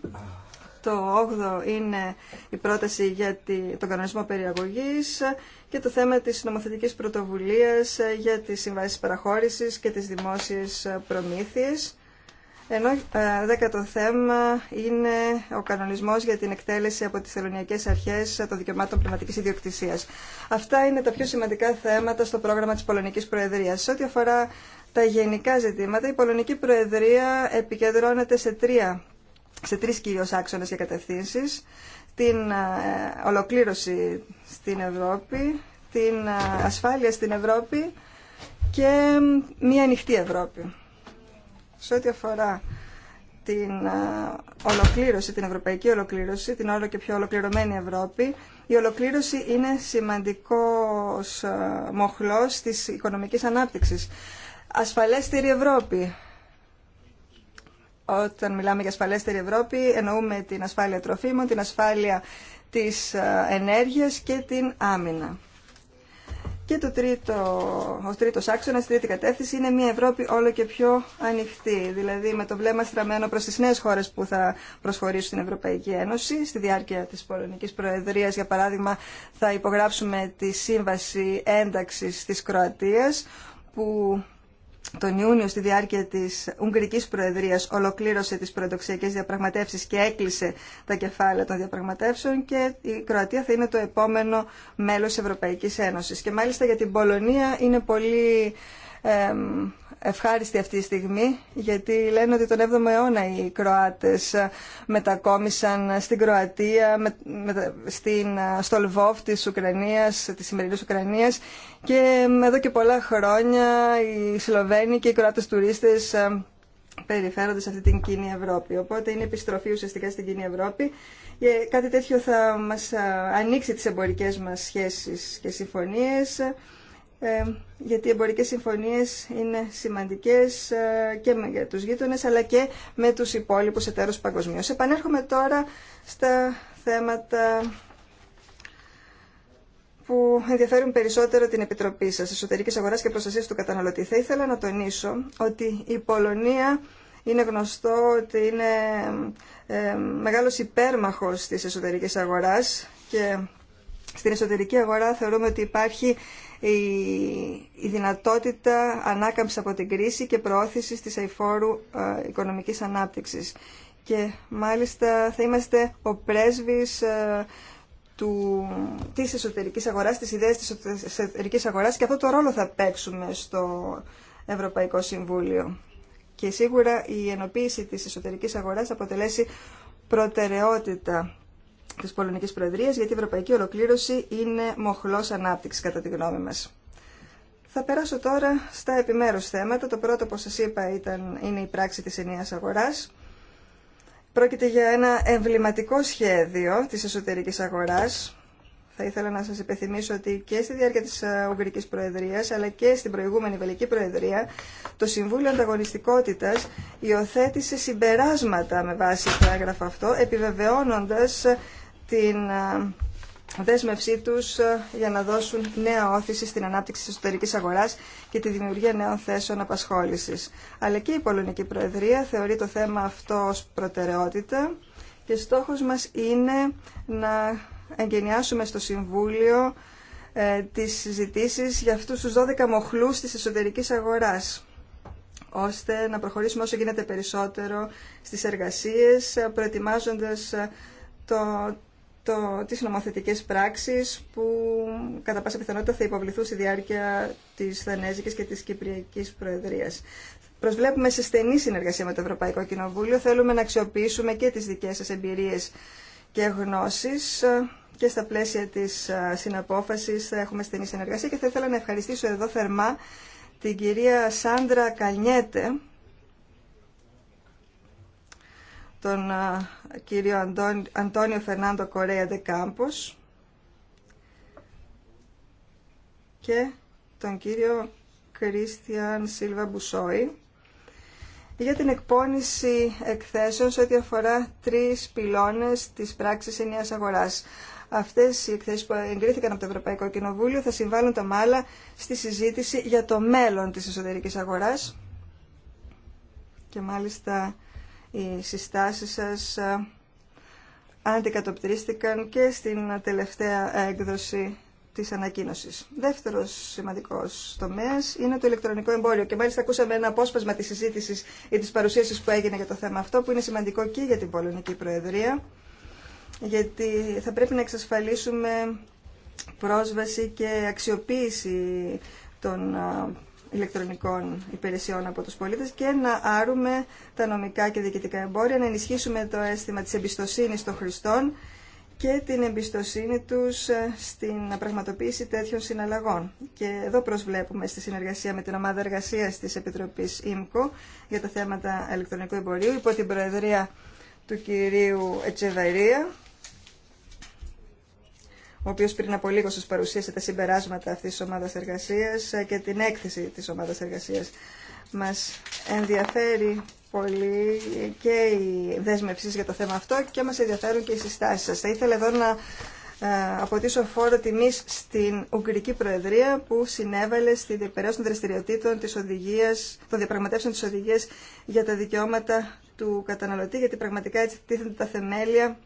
Το 8ο είναι η πρόταση για τον κανονισμό περιαγωγής και το θέμα της νομοθετικής πρωτοβουλίας για τις συμβάσεις παραχώρησης και τις δημόσιες προμήθειες. Ενώ ε, δέκατο θέμα είναι ο κανονισμό για την εκτέλεση από τι θελωνιακέ αρχέ των δικαιωμάτων πνευματική ιδιοκτησία. Αυτά είναι τα πιο σημαντικά θέματα στο πρόγραμμα τη Πολωνική Προεδρία. Σε ό,τι αφορά τα γενικά ζητήματα, η Πολωνική Προεδρία επικεντρώνεται σε τρία σε τρεις κυρίως άξονες και κατευθύνσεις, την ε, ολοκλήρωση στην Ευρώπη, την ε, ασφάλεια στην Ευρώπη και μια ανοιχτή Ευρώπη σε ό,τι αφορά την ολοκλήρωση, την ευρωπαϊκή ολοκλήρωση, την όλο και πιο ολοκληρωμένη Ευρώπη, η ολοκλήρωση είναι σημαντικός μοχλός της οικονομικής ανάπτυξης. Ασφαλέστερη Ευρώπη. Όταν μιλάμε για ασφαλέστερη Ευρώπη, εννοούμε την ασφάλεια τροφίμων, την ασφάλεια της ενέργειας και την άμυνα. Και το τρίτο, ο τρίτος άξονας, η τρίτη κατεύθυνση είναι μια Ευρώπη όλο και πιο ανοιχτή, δηλαδή με το βλέμμα στραμμένο προς τις νέες χώρες που θα προσχωρήσουν στην Ευρωπαϊκή Ένωση. Στη διάρκεια της Πολωνικής Προεδρίας, για παράδειγμα, θα υπογράψουμε τη Σύμβαση Ένταξης τη Κροατία, που τον Ιούνιο στη διάρκεια της Ουγγρικής Προεδρίας ολοκλήρωσε τις προεδοξιακέ διαπραγματεύσεις και έκλεισε τα κεφάλαια των διαπραγματεύσεων και η Κροατία θα είναι το επόμενο μέλος Ευρωπαϊκής Ένωσης. Και μάλιστα για την Πολωνία είναι πολύ ευχάριστη αυτή τη στιγμή γιατί λένε ότι τον 7ο αιώνα οι Κροάτες μετακόμισαν στην Κροατία, με, με, στην, στο Λβόβ της Ουκρανίας, της σημερινής Ουκρανίας και εδώ και πολλά χρόνια οι Σλοβαίνοι και οι Κροάτες τουρίστες ε, περιφέρονται σε αυτή την κοινή Ευρώπη. Οπότε είναι επιστροφή ουσιαστικά στην κοινή Ευρώπη και κάτι τέτοιο θα μας ε, ανοίξει τις εμπορικές μας σχέσεις και συμφωνίες ε, γιατί οι εμπορικές συμφωνίες είναι σημαντικές ε, και για τους γείτονες αλλά και με τους υπόλοιπους εταίρους παγκοσμίως. Επανέρχομαι τώρα στα θέματα που ενδιαφέρουν περισσότερο την Επιτροπή σας, Εσωτερικής Αγοράς και Προστασίας του Καταναλωτή. Θα ήθελα να τονίσω ότι η Πολωνία είναι γνωστό ότι είναι ε, μεγάλος υπέρμαχος της εσωτερικής αγοράς και στην εσωτερική αγορά θεωρούμε ότι υπάρχει η, δυνατότητα ανάκαμψης από την κρίση και προώθησης της αηφόρου ε, οικονομικής ανάπτυξης. Και μάλιστα θα είμαστε ο πρέσβης ε, του, της εσωτερικής αγοράς, της ιδέας της εσωτερικής αγοράς και αυτό το ρόλο θα παίξουμε στο Ευρωπαϊκό Συμβούλιο. Και σίγουρα η ενοποίηση της εσωτερικής αγοράς αποτελέσει προτεραιότητα Τη Πολωνική προεδρία, γιατί η ευρωπαϊκή ολοκλήρωση είναι μοχλό ανάπτυξη κατά τη γνώμη μα. Θα περάσω τώρα στα επιμέρου θέματα. Το πρώτο, όπω σα είπα, ήταν, είναι η πράξη τη ενιαίας αγορά. Πρόκειται για ένα εμβληματικό σχέδιο τη εσωτερική αγορά. Θα ήθελα να σα υπενθυμίσω ότι και στη διάρκεια τη ε, Ουγγρικής Προεδρία, αλλά και στην προηγούμενη Βελική Προεδρία, το Συμβούλιο Ανταγωνιστικότητα υιοθέτησε συμπεράσματα με βάση το έγγραφο αυτό, επιβεβαιώνοντα ε, την ε, δέσμευσή τους ε, για να δώσουν νέα όθηση στην ανάπτυξη της εσωτερικής αγοράς και τη δημιουργία νέων θέσεων απασχόλησης. Αλλά και η Πολωνική Προεδρία θεωρεί το θέμα αυτό ως προτεραιότητα και στόχος μας είναι να εγκαινιάσουμε στο Συμβούλιο ε, τις συζητήσεις για αυτούς τους 12 μοχλούς της εσωτερικής αγοράς ώστε να προχωρήσουμε όσο γίνεται περισσότερο στις εργασίες, ε, προετοιμάζοντας το, το, τις νομοθετικές πράξεις που κατά πάσα πιθανότητα θα υποβληθούν στη διάρκεια της Θενέζικης και της Κυπριακής Προεδρίας. Προσβλέπουμε σε στενή συνεργασία με το Ευρωπαϊκό Κοινοβούλιο. Θέλουμε να αξιοποιήσουμε και τις δικές σας εμπειρίες και γνώσεις και στα πλαίσια της συναπόφασης θα έχουμε στενή συνεργασία και θα ήθελα να ευχαριστήσω εδώ θερμά την κυρία Σάντρα Καλνιέτε τον κύριο Αντώνιο Φερνάντο Κορέα Δεκάμπος και τον κύριο Κρίστιαν Σίλβα Μπουσόη για την εκπόνηση εκθέσεων σε ό,τι αφορά τρεις πυλώνες της πράξης ενιαίας αγοράς. Αυτές οι εκθέσεις που εγκρίθηκαν από το Ευρωπαϊκό Κοινοβούλιο θα συμβάλλουν τα μάλα στη συζήτηση για το μέλλον της εσωτερικής αγοράς και μάλιστα οι συστάσεις σας ε, αντικατοπτρίστηκαν και στην τελευταία έκδοση της ανακοίνωσης. Δεύτερος σημαντικός τομέας είναι το ηλεκτρονικό εμπόριο και μάλιστα ακούσαμε ένα απόσπασμα της συζήτησης ή της παρουσίασης που έγινε για το θέμα αυτό που είναι σημαντικό και για την Πολωνική Προεδρία γιατί θα πρέπει να εξασφαλίσουμε πρόσβαση και αξιοποίηση των ε, ηλεκτρονικών υπηρεσιών από τους πολίτες και να άρουμε τα νομικά και διοικητικά εμπόρια, να ενισχύσουμε το αίσθημα της εμπιστοσύνης των χρηστών και την εμπιστοσύνη τους ε, στην πραγματοποίηση τέτοιων συναλλαγών. Και εδώ προσβλέπουμε στη συνεργασία με την ομάδα εργασίας της Επιτροπής ΙΜΚΟ για τα θέματα ηλεκτρονικού εμπορίου υπό την Προεδρία του κυρίου Ετσεβαρία ο οποίο πριν από λίγο σα παρουσίασε τα συμπεράσματα αυτή της ομάδας εργασίας ε, και την έκθεση τη ομάδα εργασία. Μα ενδιαφέρει πολύ και η δέσμευση για το θέμα αυτό και μα ενδιαφέρουν και οι συστάσει σα. Θα ήθελα εδώ να ε, αποτίσω φόρο τιμή στην Ουγγρική Προεδρία που συνέβαλε στη διεκπαιρέωση των δραστηριοτήτων της οδηγίας, των διαπραγματεύσεων της οδηγίας για τα δικαιώματα του καταναλωτή γιατί πραγματικά έτσι τίθενται τα θεμέλια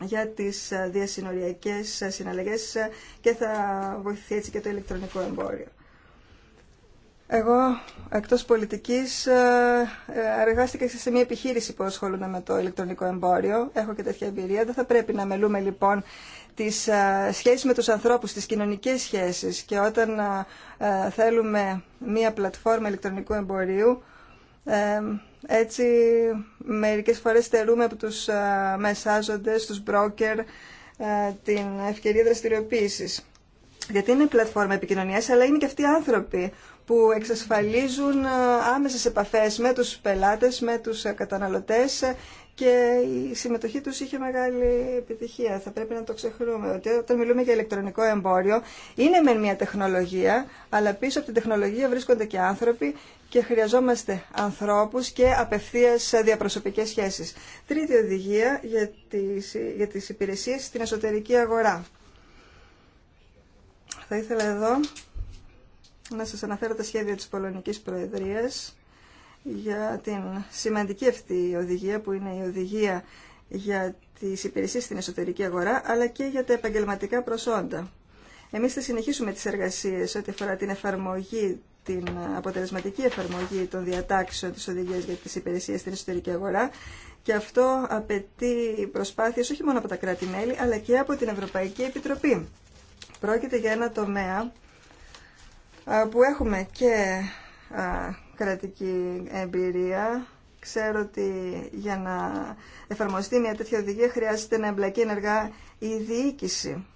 για τις ε, διασυνοριακές ε, συναλλαγές ε, και θα βοηθεί έτσι και το ηλεκτρονικό εμπόριο. Εγώ, εκτός πολιτικής, εργάστηκα σε μια επιχείρηση που ασχολούνται με το ηλεκτρονικό εμπόριο. Έχω και τέτοια εμπειρία. Δεν θα πρέπει να μελούμε λοιπόν τις σχέσεις με τους ανθρώπους, τις κοινωνικές σχέσεις. Και όταν θέλουμε μια πλατφόρμα ηλεκτρονικού εμπορίου, έτσι μερικές φορές στερούμε από τους ε, μεσάζοντες, τους broker, ε, την ευκαιρία δραστηριοποίηση. Γιατί είναι πλατφόρμα επικοινωνίας, αλλά είναι και αυτοί οι άνθρωποι που εξασφαλίζουν ε, άμεσες επαφές με τους πελάτες, με τους καταναλωτές και η συμμετοχή τους είχε μεγάλη επιτυχία. Θα πρέπει να το ξεχνούμε ότι όταν μιλούμε για ηλεκτρονικό εμπόριο είναι με μια τεχνολογία, αλλά πίσω από την τεχνολογία βρίσκονται και άνθρωποι και χρειαζόμαστε ανθρώπους και απευθείας διαπροσωπικές σχέσεις. Τρίτη οδηγία για τις, για τις υπηρεσίες στην εσωτερική αγορά. Θα ήθελα εδώ να σας αναφέρω τα σχέδια της Πολωνικής Προεδρίας για την σημαντική αυτή οδηγία που είναι η οδηγία για τις υπηρεσίες στην εσωτερική αγορά αλλά και για τα επαγγελματικά προσόντα. Εμείς θα συνεχίσουμε τις εργασίες ό,τι αφορά την εφαρμογή την αποτελεσματική εφαρμογή των διατάξεων της οδηγίας για τις υπηρεσίες στην εσωτερική αγορά και αυτό απαιτεί προσπάθειες όχι μόνο από τα κράτη-μέλη αλλά και από την Ευρωπαϊκή Επιτροπή. Πρόκειται για ένα τομέα που έχουμε και κρατική εμπειρία. Ξέρω ότι για να εφαρμοστεί μια τέτοια οδηγία χρειάζεται να εμπλακεί ενεργά η διοίκηση.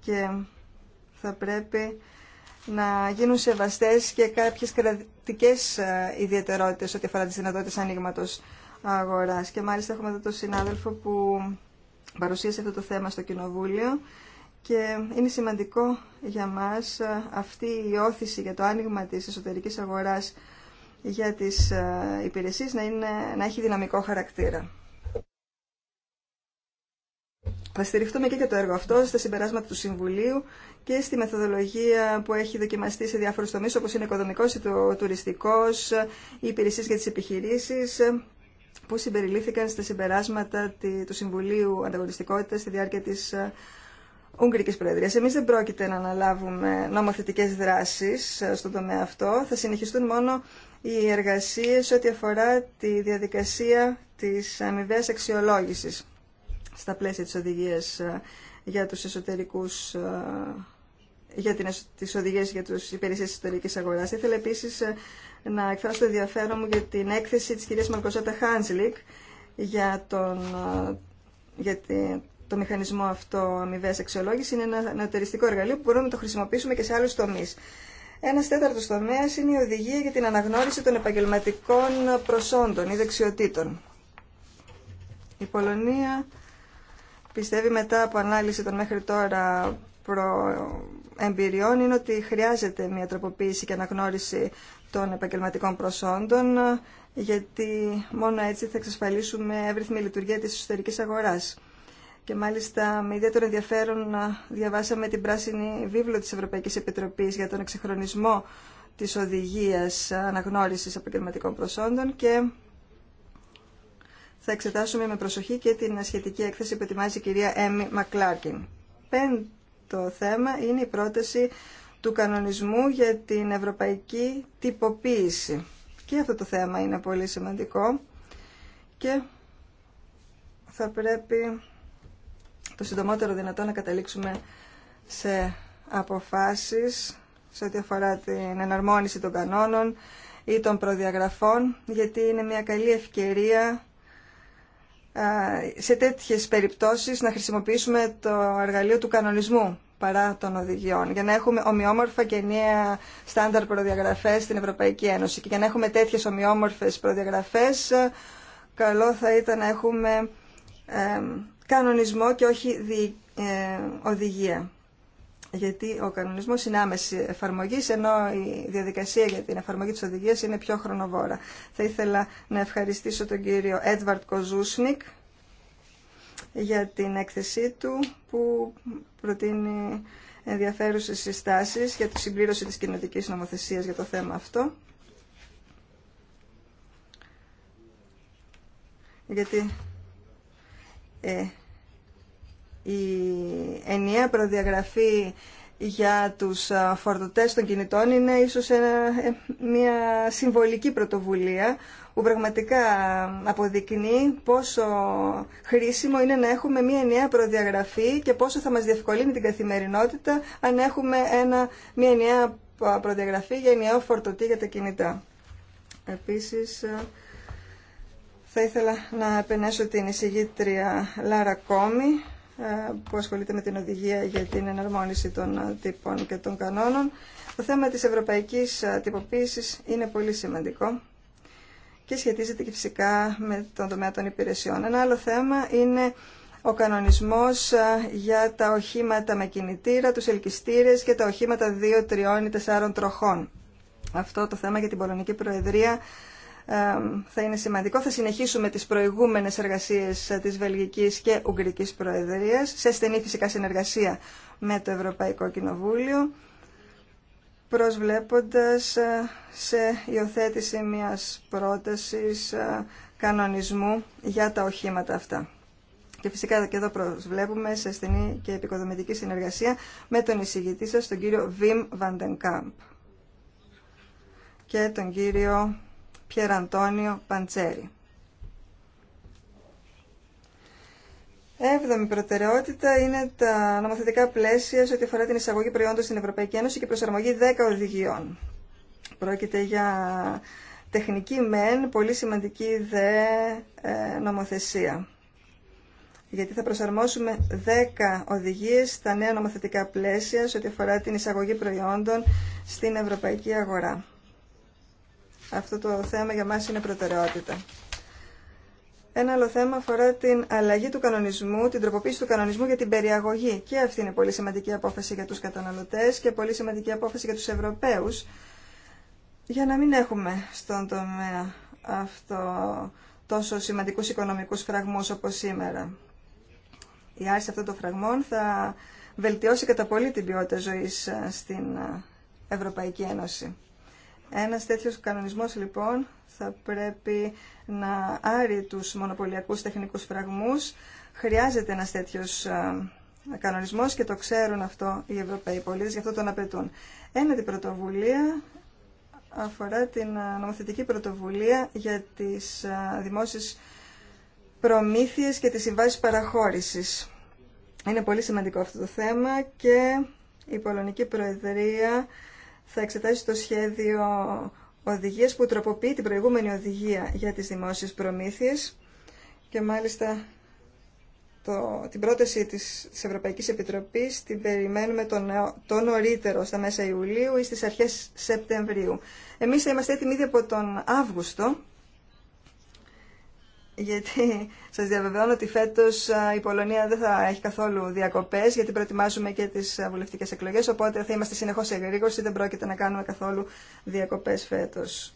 Και θα πρέπει να γίνουν σεβαστές και κάποιες κρατικές ε, ιδιαιτερότητες ό,τι αφορά τις δυνατότητες ανοίγματο αγοράς. Και μάλιστα έχουμε εδώ τον συνάδελφο που παρουσίασε αυτό το θέμα στο Κοινοβούλιο και είναι σημαντικό για μας ε, αυτή η όθηση για το άνοιγμα της εσωτερικής αγοράς για τις ε, υπηρεσίες να, είναι, να έχει δυναμικό χαρακτήρα. Θα στηριχτούμε και για το έργο αυτό, στα συμπεράσματα του Συμβουλίου και στη μεθοδολογία που έχει δοκιμαστεί σε διάφορου τομεί, όπω είναι ο οικοδομικό, τουριστικό, οι υπηρεσίε για τι επιχειρήσει, που συμπεριλήφθηκαν στα συμπεράσματα του Συμβουλίου Ανταγωνιστικότητα στη διάρκεια τη ε, Ουγγρική Προεδρία. Εμεί δεν πρόκειται να αναλάβουμε νομοθετικέ δράσει ε, στον τομέα αυτό. Θα συνεχιστούν μόνο οι εργασίε ό,τι αφορά τη διαδικασία τη αμοιβαία αξιολόγηση στα πλαίσια της οδηγίας ε, για τους εσωτερικούς ε, για τις οδηγίες για τους υπηρεσίες ιστορικής αγοράς. Ήθελα επίσης ε, να εκφράσω το ενδιαφέρον μου για την έκθεση της κυρίας Μαρκοζάτα Χάντζλικ για, τον, για το μηχανισμό αυτό αμοιβέ αξιολόγηση. Είναι ένα νεωτεριστικό εργαλείο που μπορούμε να το χρησιμοποιήσουμε και σε άλλους τομείς. Ένα τέταρτο τομέα είναι η οδηγία για την αναγνώριση των επαγγελματικών προσόντων ή δεξιοτήτων. Η Πολωνία πιστεύει μετά από ανάλυση των μέχρι τώρα προ... εμπειριών είναι ότι χρειάζεται μια τροποποίηση και αναγνώριση των επαγγελματικών προσόντων γιατί μόνο έτσι θα εξασφαλίσουμε εύρυθμη λειτουργία της εσωτερικής αγοράς. Και μάλιστα με ιδιαίτερο ενδιαφέρον διαβάσαμε την πράσινη βίβλο της Ευρωπαϊκής Επιτροπής για τον εξεχρονισμό της οδηγίας αναγνώρισης επαγγελματικών προσόντων και θα εξετάσουμε με προσοχή και την σχετική έκθεση που ετοιμάζει η κυρία Έμι Μακλάρκιν. Πέμπτο θέμα είναι η πρόταση του κανονισμού για την ευρωπαϊκή τυποποίηση. Και αυτό το θέμα είναι πολύ σημαντικό και θα πρέπει το συντομότερο δυνατό να καταλήξουμε σε αποφάσεις σε ό,τι αφορά την εναρμόνιση των κανόνων ή των προδιαγραφών, γιατί είναι μια καλή ευκαιρία σε τέτοιες περιπτώσεις να χρησιμοποιήσουμε το εργαλείο του κανονισμού παρά των οδηγιών, για να έχουμε ομοιόμορφα και νέα στάνταρ προδιαγραφές στην Ευρωπαϊκή Ένωση. Και για να έχουμε τέτοιες ομοιόμορφες προδιαγραφές, καλό θα ήταν να έχουμε κανονισμό και όχι ε, οδηγία γιατί ο κανονισμός είναι άμεση εφαρμογής, ενώ η διαδικασία για την εφαρμογή της οδηγίας είναι πιο χρονοβόρα. Θα ήθελα να ευχαριστήσω τον κύριο Έντβαρτ Κοζούσνικ για την έκθεσή του που προτείνει ενδιαφέρουσες συστάσεις για τη συμπλήρωση της κοινωτικής νομοθεσίας για το θέμα αυτό. Γιατί ε, η ενιαία προδιαγραφή για τους φορτωτές των κινητών είναι ίσως ε, μια συμβολική πρωτοβουλία που πραγματικά αποδεικνύει πόσο χρήσιμο είναι να έχουμε μια ενιαία προδιαγραφή και πόσο θα μας διευκολύνει την καθημερινότητα αν έχουμε ένα, μια ενιαία προδιαγραφή για ενιαίο φορτωτή για τα κινητά. Επίσης, θα ήθελα να επενέσω την εισηγήτρια Λάρα Κόμη ε, που ασχολείται με την οδηγία για την εναρμόνιση των τύπων και των κανόνων. Το θέμα της ευρωπαϊκής ε, τυποποίησης είναι πολύ σημαντικό και σχετίζεται και φυσικά με τον τομέα των υπηρεσιών. Ένα άλλο θέμα είναι ο κανονισμός ε, για τα οχήματα με κινητήρα, τους ελκυστήρες και τα οχήματα 2, 3 ή 4 τροχών. Αυτό το θέμα για την Πολωνική Προεδρία θα είναι σημαντικό. Θα συνεχίσουμε τις προηγούμενες εργασίες ε, της Βελγικής και Ουγγρικής Προεδρίας σε στενή φυσικά συνεργασία με το Ευρωπαϊκό Κοινοβούλιο προσβλέποντας ε, σε υιοθέτηση μιας πρότασης ε, κανονισμού για τα οχήματα αυτά. Και φυσικά και εδώ προσβλέπουμε σε στενή και επικοδομητική συνεργασία με τον εισηγητή σας, τον κύριο Βιμ Βαντενκάμπ και τον κύριο Πιεραντώνιο Έβδομη προτεραιότητα είναι τα νομοθετικά πλαίσια σε ό,τι αφορά την εισαγωγή προϊόντων στην Ευρωπαϊκή Ένωση και προσαρμογή 10 οδηγιών. Πρόκειται για τεχνική μεν, πολύ σημαντική δε ε, νομοθεσία. Γιατί θα προσαρμόσουμε 10 οδηγίες στα νέα νομοθετικά πλαίσια σε ό,τι αφορά την εισαγωγή προϊόντων στην ευρωπαϊκή αγορά αυτό το θέμα για μας είναι προτεραιότητα. Ένα άλλο θέμα αφορά την αλλαγή του κανονισμού, την τροποποίηση του κανονισμού για την περιαγωγή. Και αυτή είναι πολύ σημαντική απόφαση για τους καταναλωτές και πολύ σημαντική απόφαση για τους Ευρωπαίους για να μην έχουμε στον τομέα αυτό τόσο σημαντικούς οικονομικούς φραγμούς όπως σήμερα. Η άρση αυτών των φραγμών θα βελτιώσει κατά πολύ την ποιότητα ζωής στην Ευρωπαϊκή Ένωση. Ένας τέτοιος κανονισμός λοιπόν θα πρέπει να άρει τους μονοπωλιακούς τεχνικούς φραγμούς. Χρειάζεται ένας τέτοιος κανονισμός και το ξέρουν αυτό οι Ευρωπαίοι πολίτες, γι' αυτό τον απαιτούν. Ένατη πρωτοβουλία αφορά την νομοθετική πρωτοβουλία για τις δημόσιες προμήθειες και τις συμβάσεις παραχώρησης. Είναι πολύ σημαντικό αυτό το θέμα και η Πολωνική Προεδρία θα εξετάσει το σχέδιο οδηγίας που τροποποιεί την προηγούμενη οδηγία για τις δημόσιες προμήθειες και μάλιστα το, την πρόταση της, της Ευρωπαϊκής Επιτροπής την περιμένουμε τον, το νωρίτερο στα μέσα Ιουλίου ή στις αρχές Σεπτεμβρίου. Εμείς θα είμαστε έτοιμοι ήδη από τον Αύγουστο γιατί σας διαβεβαιώνω ότι φέτος η Πολωνία δεν θα έχει καθόλου διακοπές, γιατί προετοιμάζουμε και τις βουλευτικές εκλογές, οπότε θα είμαστε συνεχώς σε γρήγορση, δεν πρόκειται να κάνουμε καθόλου διακοπές φέτος.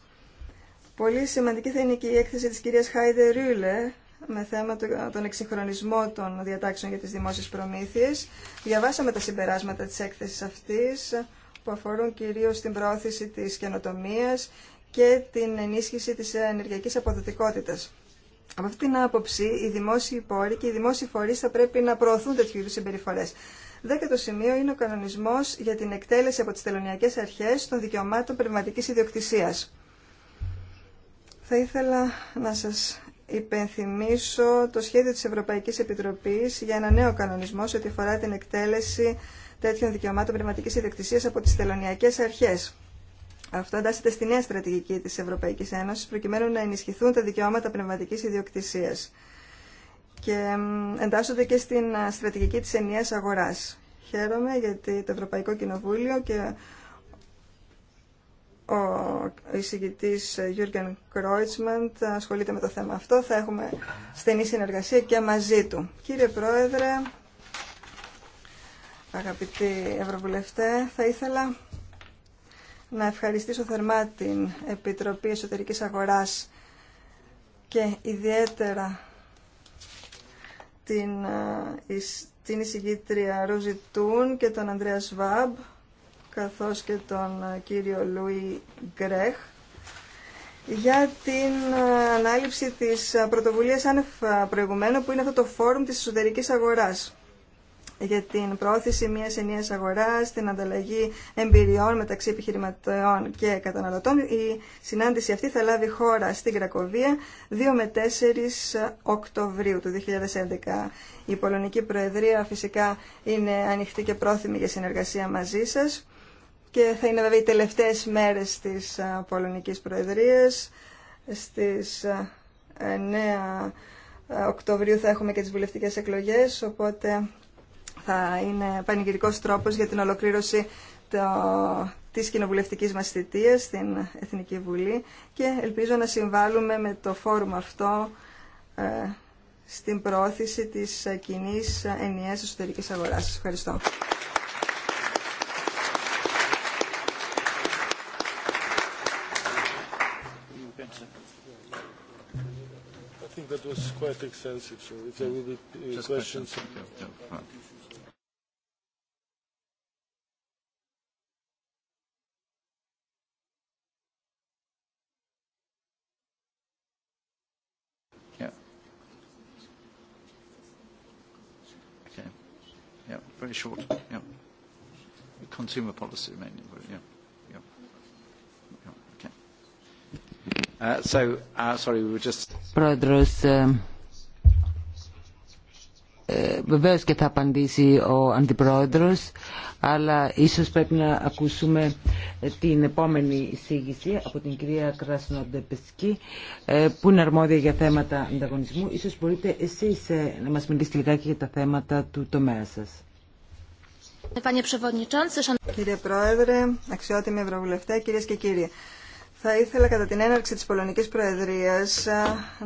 Πολύ σημαντική θα είναι και η έκθεση της κυρίας Χάιντε Ρούλε, με θέμα τον εξυγχρονισμό των διατάξεων για τις δημόσιες προμήθειες. Διαβάσαμε τα συμπεράσματα της έκθεσης αυτής, που αφορούν κυρίως την πρόθεση της καινοτομίας και την ενίσχυση της ενεργειακής αποδοτικότητας. Από αυτή την άποψη, οι δημόσιοι πόροι και οι δημόσιοι φορεί θα πρέπει να προωθούν τέτοιου είδου συμπεριφορέ. Δέκατο σημείο είναι ο κανονισμό για την εκτέλεση από τι τελωνιακέ αρχέ των δικαιωμάτων πνευματική ιδιοκτησία. Θα ήθελα να σα υπενθυμίσω το σχέδιο τη Ευρωπαϊκή Επιτροπή για ένα νέο κανονισμό σε ό,τι αφορά την εκτέλεση τέτοιων δικαιωμάτων πνευματική ιδιοκτησία από τι τελωνιακέ αρχέ. Αυτό εντάσσεται στη νέα στρατηγική της Ευρωπαϊκής Ένωσης προκειμένου να ενισχυθούν τα δικαιώματα πνευματικής ιδιοκτησίας και εντάσσονται και στην ε, στρατηγική της ενιαίας αγοράς. Χαίρομαι γιατί το Ευρωπαϊκό Κοινοβούλιο και ο εισηγητής ε, Γιούργεν Κρόιτσμαντ ασχολείται με το θέμα αυτό. Θα έχουμε στενή συνεργασία και μαζί του. Κύριε Πρόεδρε, αγαπητοί Ευρωβουλευτέ, θα ήθελα να ευχαριστήσω θερμά την Επιτροπή Εσωτερικής Αγοράς και ιδιαίτερα την, ε, την εισηγήτρια Ρούζι Τούν και τον Ανδρέα Σβάμπ καθώς και τον ε, κύριο Λούι Γκρέχ για την ε, ανάληψη της πρωτοβουλίας άνευ προηγουμένου που είναι αυτό το φόρουμ της εσωτερικής αγοράς για την προώθηση μιας ενιαίας αγοράς, την ανταλλαγή εμπειριών μεταξύ επιχειρηματιών και καταναλωτών. Η συνάντηση αυτή θα λάβει χώρα στην Κρακοβία 2 με 4 Οκτωβρίου του 2011. Η Πολωνική Προεδρία φυσικά είναι ανοιχτή και πρόθυμη για συνεργασία μαζί σας και θα είναι βέβαια οι τελευταίες μέρες της Πολωνικής Προεδρίας στις 9 Οκτωβρίου θα έχουμε και τις βουλευτικές εκλογές, οπότε θα είναι πανηγυρικός τρόπος για την ολοκλήρωση το, της κοινοβουλευτικής μας θητείας στην Εθνική Βουλή και ελπίζω να συμβάλλουμε με το φόρουμ αυτό ε, στην προώθηση της κοινή ενιαίας εσωτερικής αγοράς. Σας ευχαριστώ. that was quite extensive, if there will be questions. very βεβαίως και θα απαντήσει ο Αντιπρόεδρος, αλλά ίσως πρέπει να ακούσουμε ε, την επόμενη εισήγηση από την κυρία Κρασνοντεπεσκή, ε, που είναι αρμόδια για θέματα ανταγωνισμού. Ίσως μπορείτε εσείς ε, να μας μιλήσετε λιγάκι για τα θέματα του τομέα σας. Κύριε Πρόεδρε, αξιότιμοι Ευρωβουλευτέ, κυρίες και κύριοι. Θα ήθελα κατά την έναρξη της Πολωνικής Προεδρίας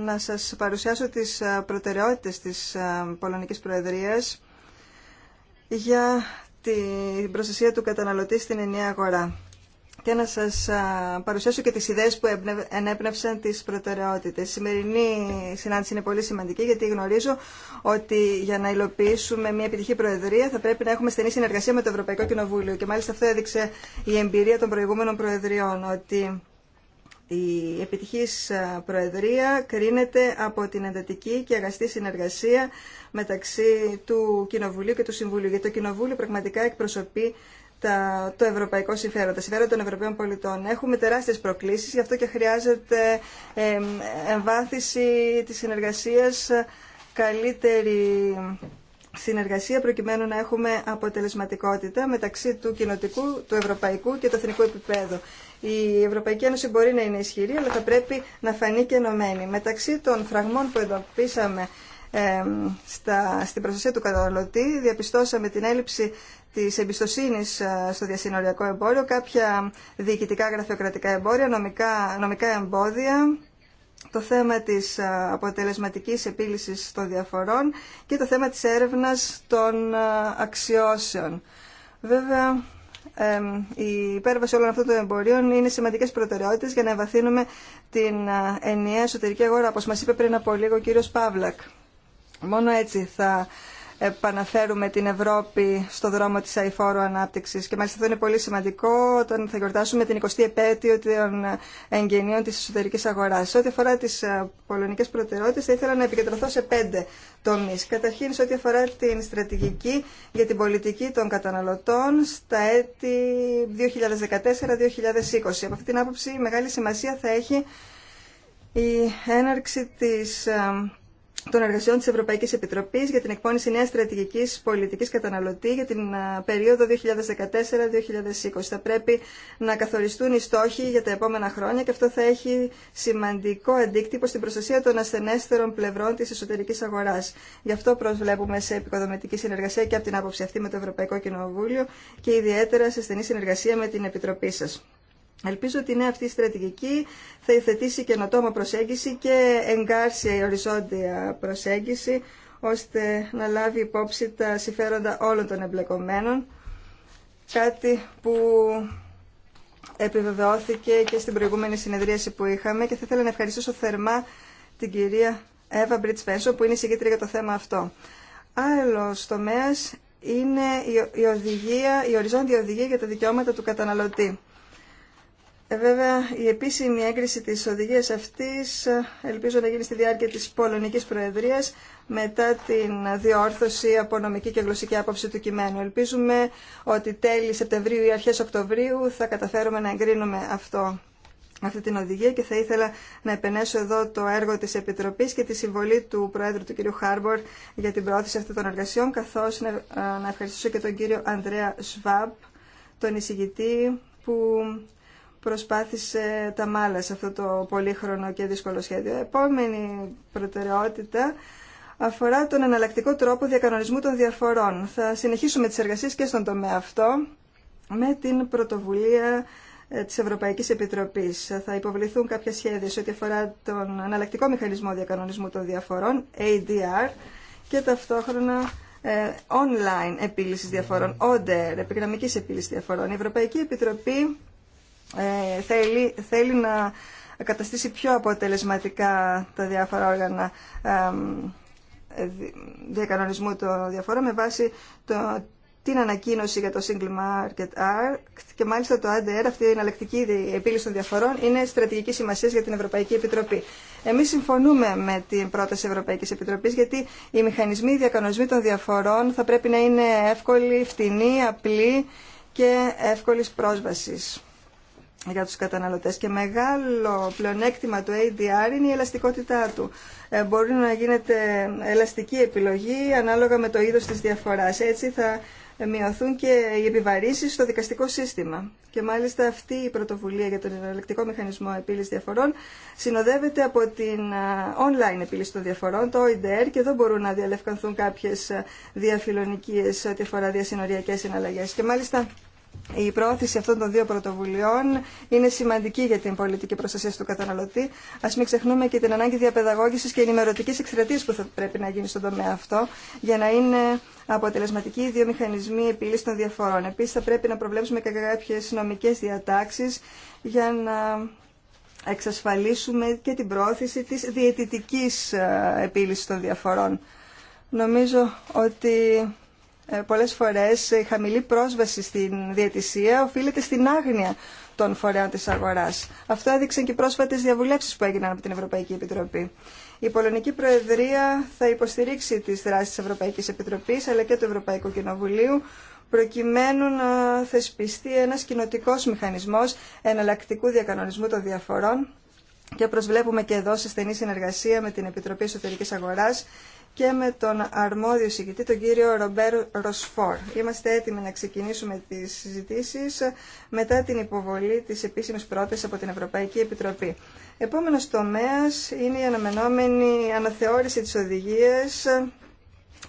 να σας παρουσιάσω τις προτεραιότητες της Πολωνικής Προεδρίας για την προστασία του καταναλωτή στην ενιαία αγορά και να σας παρουσιάσω και τις ιδέες που ενέπνευσαν τις προτεραιότητες. Η σημερινή συνάντηση είναι πολύ σημαντική γιατί γνωρίζω ότι για να υλοποιήσουμε μια επιτυχή προεδρία θα πρέπει να έχουμε στενή συνεργασία με το Ευρωπαϊκό Κοινοβούλιο και μάλιστα αυτό έδειξε η εμπειρία των προηγούμενων προεδριών ότι η επιτυχής προεδρία κρίνεται από την εντατική και αγαστή συνεργασία μεταξύ του Κοινοβουλίου και του Συμβουλίου γιατί το Κοινοβούλιο πραγματικά εκπροσωπεί το ευρωπαϊκό συμφέρον, τα συμφέροντα των Ευρωπαίων πολιτών. Έχουμε τεράστιες προκλήσεις, γι' αυτό και χρειάζεται ε, εμβάθυνση της συνεργασίας, καλύτερη συνεργασία προκειμένου να έχουμε αποτελεσματικότητα μεταξύ του κοινοτικού, του ευρωπαϊκού και του εθνικού επίπεδου. Η Ευρωπαϊκή Ένωση μπορεί να είναι ισχυρή, αλλά θα πρέπει να φανεί και ενωμένη. Μεταξύ των φραγμών που εντοπίσαμε στα, στην προστασία του καταναλωτή. Διαπιστώσαμε την έλλειψη της εμπιστοσύνη ε, στο διασυνοριακό εμπόριο, κάποια διοικητικά γραφειοκρατικά εμπόρια, νομικά, νομικά εμπόδια, το θέμα της ε, αποτελεσματικής επίλυσης των διαφορών και το θέμα της έρευνας των ε, αξιώσεων. Βέβαια, η υπέρβαση όλων αυτών των εμπορίων είναι σημαντικές προτεραιότητες για να ευαθύνουμε την ενιαία εσωτερική αγορά, όπως μας είπε πριν από λίγο ο κύριος Παύλακ. Μόνο έτσι θα επαναφέρουμε την Ευρώπη στο δρόμο της αηφόρου ανάπτυξης. Και μάλιστα αυτό είναι πολύ σημαντικό όταν θα γιορτάσουμε την 20η επέτειο των εγγενείων της εσωτερικής αγοράς. Σε ό,τι αφορά τις ε, πολωνικές προτεραιότητες θα ήθελα να επικεντρωθώ σε πέντε τομείς. Καταρχήν σε ό,τι αφορά την στρατηγική για την πολιτική των καταναλωτών στα έτη 2014-2020. Από αυτή την άποψη μεγάλη σημασία θα έχει η έναρξη της ε, των εργασιών της Ευρωπαϊκής Επιτροπής για την εκπόνηση νέας στρατηγικής πολιτικής καταναλωτή για την περίοδο 2014-2020. Θα πρέπει να καθοριστούν οι στόχοι για τα επόμενα χρόνια και αυτό θα έχει σημαντικό αντίκτυπο στην προστασία των ασθενέστερων πλευρών της εσωτερικής αγοράς. Γι' αυτό προσβλέπουμε σε επικοδομητική συνεργασία και από την άποψη αυτή με το Ευρωπαϊκό Κοινοβούλιο και ιδιαίτερα σε στενή συνεργασία με την Επιτροπή σα. Ελπίζω ότι νέα αυτή η στρατηγική θα υθετήσει καινοτόμα προσέγγιση και εγκάρσια η οριζόντια προσέγγιση, ώστε να λάβει υπόψη τα συμφέροντα όλων των εμπλεκομένων, κάτι που επιβεβαιώθηκε και στην προηγούμενη συνεδρίαση που είχαμε και θα ήθελα να ευχαριστήσω θερμά την κυρία Εύα Μπριτσπέσο που είναι συγκέντρια για το θέμα αυτό. Άλλος τομέας είναι η, η οριζόντια οδηγία για τα δικαιώματα του καταναλωτή. Ε, βέβαια η επίσημη έγκριση τη οδηγία αυτή, ε, ελπίζω να γίνει στη διάρκεια τη Πολωνική Προεδρία μετά την διόρθωση από νομική και γλωσσική άποψη του κειμένου. Ελπίζουμε ότι τέλη Σεπτεμβρίου ή αρχέ Οκτωβρίου θα καταφέρουμε να εγκρίνουμε αυτό αυτή την οδηγία και θα ήθελα να επενέσω εδώ το έργο τη Επιτροπή και τη συμβολή του Προέδρου του κ. Χάρμπορ για την προώθηση αυτών των εργασιών καθώ ε, να ευχαριστήσω και τον κύριο Ανδρέα Σβάμπ, τον εισηγητή που προσπάθησε τα μάλα σε αυτό το πολύχρονο και δύσκολο σχέδιο. Επόμενη προτεραιότητα αφορά τον εναλλακτικό τρόπο διακανονισμού των διαφορών. Θα συνεχίσουμε τις εργασίες και στον τομέα αυτό με την πρωτοβουλία ε, της Ευρωπαϊκής Επιτροπής. Θα υποβληθούν κάποια σχέδια σε ό,τι αφορά τον εναλλακτικό μηχανισμό διακανονισμού των διαφορών, ADR, και ταυτόχρονα ε, online επίλυσης διαφορών, ODER, επιγραμμικής επίλυσης διαφορών. Η Ευρωπαϊκή Επιτροπή ε, θέλει, θέλει να καταστήσει πιο αποτελεσματικά τα διάφορα όργανα ε, διακανονισμού των διαφόρων με βάση το, την ανακοίνωση για το Single Market Act και μάλιστα το ADR, αυτή η εναλλακτική επίλυση των διαφορών, είναι στρατηγική σημασία για την Ευρωπαϊκή Επιτροπή. Εμεί συμφωνούμε με την πρόταση Ευρωπαϊκή Επιτροπή, γιατί οι μηχανισμοί διακανονισμοί των διαφορών θα πρέπει να είναι εύκολοι, φτηνοί, απλοί και εύκολη πρόσβαση για τους καταναλωτές και μεγάλο πλεονέκτημα του ADR είναι η ελαστικότητά του. Ε, μπορεί να γίνεται ελαστική επιλογή ανάλογα με το είδος της διαφοράς. Έτσι θα μειωθούν και οι επιβαρύσεις στο δικαστικό σύστημα. Και μάλιστα αυτή η πρωτοβουλία για τον ελεκτικό μηχανισμό επίλυσης διαφορών συνοδεύεται από την online επίλυση των διαφορών, το OIDR, και εδώ μπορούν να διαλευκανθούν κάποιες διαφιλονικίες ό,τι αφορά διασυνοριακές συναλλαγές. Και μάλιστα η πρόθεση αυτών των δύο πρωτοβουλειών είναι σημαντική για την πολιτική προστασία του καταναλωτή. Α μην ξεχνούμε και την ανάγκη διαπαιδαγώγηση και ενημερωτική εκστρατεία που θα πρέπει να γίνει στον τομέα αυτό, για να είναι αποτελεσματικοί οι δύο μηχανισμοί επίλυση των διαφορών. Επίση, θα πρέπει να προβλέψουμε και κάποιε νομικέ διατάξει για να εξασφαλίσουμε και την πρόθεση τη διαιτητική ε, επίλυση των διαφορών. Νομίζω ότι ε, πολλές φορές η χαμηλή πρόσβαση στην διαιτησία οφείλεται στην άγνοια των φορέων της αγοράς. Αυτό έδειξαν και οι πρόσφατες διαβουλεύσεις που έγιναν από την Ευρωπαϊκή Επιτροπή. Η Πολωνική Προεδρία θα υποστηρίξει τις δράσεις της Ευρωπαϊκής Επιτροπής αλλά και του Ευρωπαϊκού Κοινοβουλίου προκειμένου να θεσπιστεί ένας κοινοτικό μηχανισμός εναλλακτικού διακανονισμού των διαφορών και προσβλέπουμε και εδώ σε στενή συνεργασία με την Επιτροπή Εσωτερική Αγορά και με τον αρμόδιο συγκητή, τον κύριο Ρομπέρ Ροσφόρ. Είμαστε έτοιμοι να ξεκινήσουμε τις συζητήσεις μετά την υποβολή της επίσημης πρότασης από την Ευρωπαϊκή Επιτροπή. Επόμενος τομέας είναι η αναμενόμενη αναθεώρηση της οδηγίας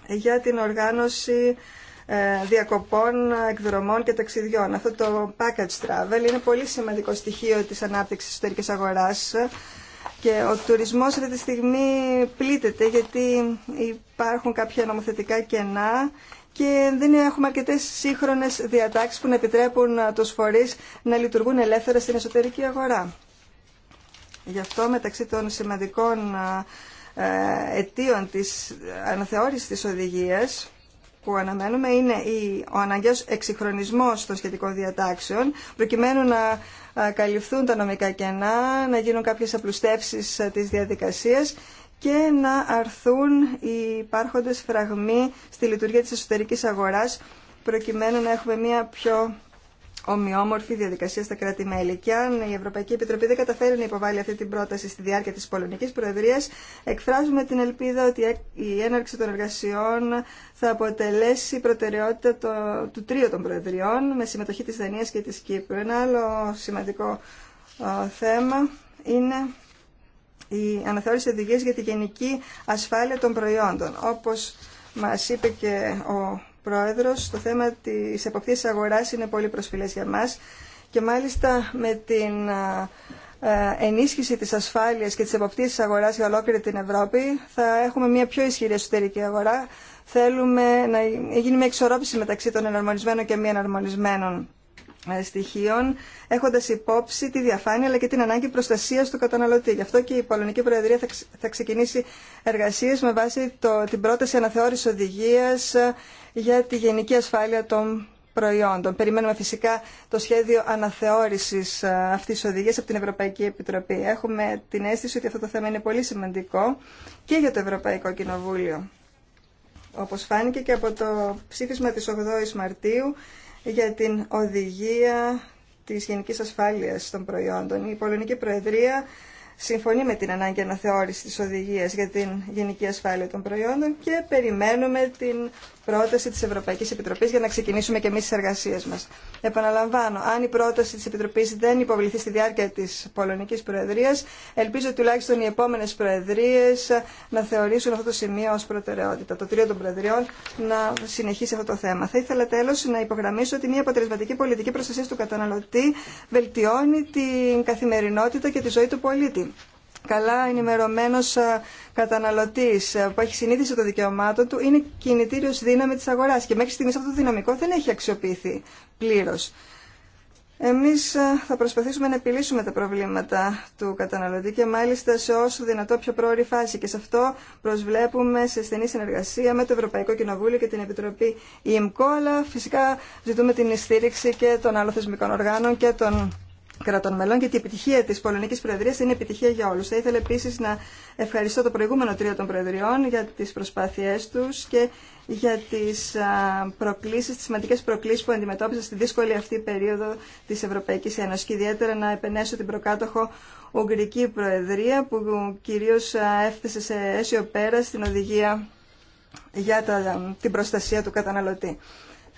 για την οργάνωση ε, διακοπών, εκδρομών και ταξιδιών. Αυτό το package travel είναι πολύ σημαντικό στοιχείο της ανάπτυξης της αγοράς και ο τουρισμός αυτή τη στιγμή πλήττεται γιατί υπάρχουν κάποια νομοθετικά κενά και δεν έχουμε αρκετές σύγχρονες διατάξεις που να επιτρέπουν τους φορείς να λειτουργούν ελεύθερα στην εσωτερική αγορά. Γι' αυτό μεταξύ των σημαντικών ε, αιτίων της αναθεώρησης της οδηγίας που αναμένουμε είναι ο αναγκαίος εξυγχρονισμός των σχετικών διατάξεων προκειμένου να καλυφθούν τα νομικά κενά, να γίνουν κάποιες απλουστεύσεις της διαδικασίας και να αρθούν οι υπάρχοντες φραγμοί στη λειτουργία της εσωτερικής αγοράς προκειμένου να έχουμε μια πιο ομοιόμορφη διαδικασία στα κράτη-μέλη. Και αν η Ευρωπαϊκή Επιτροπή δεν καταφέρει να υποβάλει αυτή την πρόταση στη διάρκεια της Πολωνική Προεδρίας, εκφράζουμε την ελπίδα ότι η έναρξη των εργασιών θα αποτελέσει προτεραιότητα το, του τρίου των Προεδριών με συμμετοχή της Δανίας και της Κύπρου. Ένα άλλο σημαντικό θέμα είναι η αναθεώρηση οδηγία για τη γενική ασφάλεια των προϊόντων. Όπω μα είπε και ο το θέμα τη εποπτεία αγορά είναι πολύ προσφυλέ για μας και μάλιστα με την ενίσχυση της ασφάλειας και της εποπτείας της αγοράς για ολόκληρη την Ευρώπη θα έχουμε μια πιο ισχυρή εσωτερική αγορά. Θέλουμε να γίνει μια εξορρόπηση μεταξύ των εναρμονισμένων και μη εναρμονισμένων ε, στοιχείων, έχοντα υπόψη τη διαφάνεια αλλά και την ανάγκη προστασία του καταναλωτή. Γι' αυτό και η Πολωνική Προεδρία θα, ξεκινήσει εργασίε με βάση το, την πρόταση αναθεώρηση οδηγία για τη γενική ασφάλεια των προϊόντων. Περιμένουμε φυσικά το σχέδιο αναθεώρησης ε, αυτής της οδηγίας από την Ευρωπαϊκή Επιτροπή. Έχουμε την αίσθηση ότι αυτό το θέμα είναι πολύ σημαντικό και για το Ευρωπαϊκό Κοινοβούλιο. Όπως φάνηκε και από το ψήφισμα της 8ης Μαρτίου για την οδηγία της γενικής ασφάλειας των προϊόντων. Η Πολωνική Προεδρία συμφωνεί με την ανάγκη αναθεώρηση της οδηγίας για την γενική ασφάλεια των προϊόντων και περιμένουμε την πρόταση της Ευρωπαϊκής Επιτροπής για να ξεκινήσουμε και εμείς τις εργασίες μας. Επαναλαμβάνω, αν η πρόταση της Επιτροπής δεν υποβληθεί στη διάρκεια της Πολωνικής Προεδρίας, ελπίζω τουλάχιστον οι επόμενες Προεδρίες να θεωρήσουν αυτό το σημείο ως προτεραιότητα. Το τρίο των Προεδριών να συνεχίσει αυτό το θέμα. Θα ήθελα τέλος να υπογραμμίσω ότι μια αποτελεσματική πολιτική προστασία του καταναλωτή βελτιώνει την καθημερινότητα και τη ζωή του πολίτη καλά ενημερωμένο ε, καταναλωτή ε, που έχει συνείδηση των δικαιωμάτων του είναι κινητήριο δύναμη τη αγορά και μέχρι στιγμή αυτό το δυναμικό δεν έχει αξιοποιηθεί πλήρω. Εμεί ε, θα προσπαθήσουμε να επιλύσουμε τα προβλήματα του καταναλωτή και μάλιστα σε όσο δυνατό πιο πρόωρη φάση και σε αυτό προσβλέπουμε σε στενή συνεργασία με το Ευρωπαϊκό Κοινοβούλιο και την Επιτροπή ΙΜΚΟ αλλά φυσικά ζητούμε την στήριξη και των άλλων θεσμικών οργάνων και των κρατών μελών και η επιτυχία τη Πολωνική προεδρία είναι επιτυχία για όλου. Θα ήθελα επίση να ευχαριστώ το προηγούμενο τρίο των Προεδριών για τι προσπάθειε του και για τι προκλήσει, τι σημαντικές προκλήσεις που αντιμετώπισαν στη δύσκολη αυτή περίοδο τη Ευρωπαϊκή Ένωση. και ιδιαίτερα να επενέσω την προκάτοχο Ουγγρική Προεδρία που κυρίω έφτασε σε αίσιο πέρα στην οδηγία για την προστασία του καταναλωτή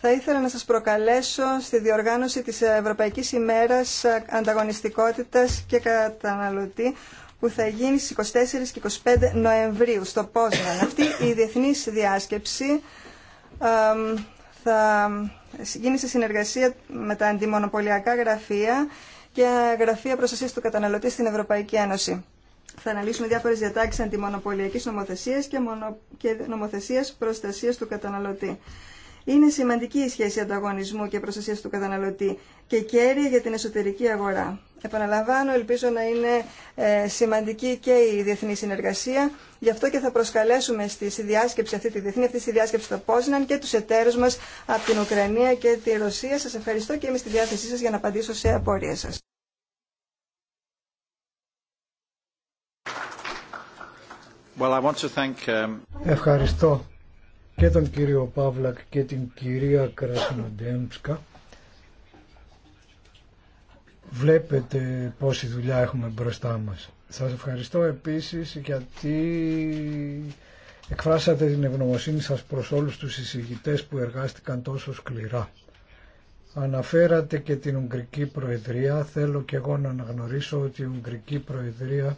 θα ήθελα να σας προκαλέσω στη διοργάνωση της Ευρωπαϊκής ημέρας ανταγωνιστικότητας και καταναλωτή που θα γίνει στις 24 και 25 Νοεμβρίου στο Πόσμα. Αυτή η διεθνής διάσκεψη θα γίνει σε συνεργασία με τα αντιμονοπολιακά γραφεία και γραφεία προστασίας του καταναλωτή στην Ευρωπαϊκή Ένωση. Θα αναλύσουμε διάφορες διατάξεις αντιμονοπολιακής νομοθεσίας και, και νομοθεσίας προστασίας του καταναλωτή. Είναι σημαντική η σχέση ανταγωνισμού και προστασία του καταναλωτή και κέρια για την εσωτερική αγορά. Επαναλαμβάνω, ελπίζω να είναι ε, σημαντική και η διεθνή συνεργασία. Γι' αυτό και θα προσκαλέσουμε στη διάσκεψη αυτή τη διεθνή, αυτή τη διάσκεψη στο Πόζναν και του εταίρου μα από την Ουκρανία και τη Ρωσία. Σα ευχαριστώ και είμαι στη διάθεσή σα για να απαντήσω σε απορία σα. Well, I want to thank... Um, ευχαριστώ και τον κύριο Παύλακ και την κυρία Κρασνοντέμψκα. Βλέπετε πόση δουλειά έχουμε μπροστά μας. Σας ευχαριστώ επίσης γιατί εκφράσατε την ευγνωμοσύνη σας προς όλους τους εισηγητές που εργάστηκαν τόσο σκληρά. Αναφέρατε και την Ουγγρική Προεδρία. Θέλω και εγώ να αναγνωρίσω ότι η Ουγγρική Προεδρία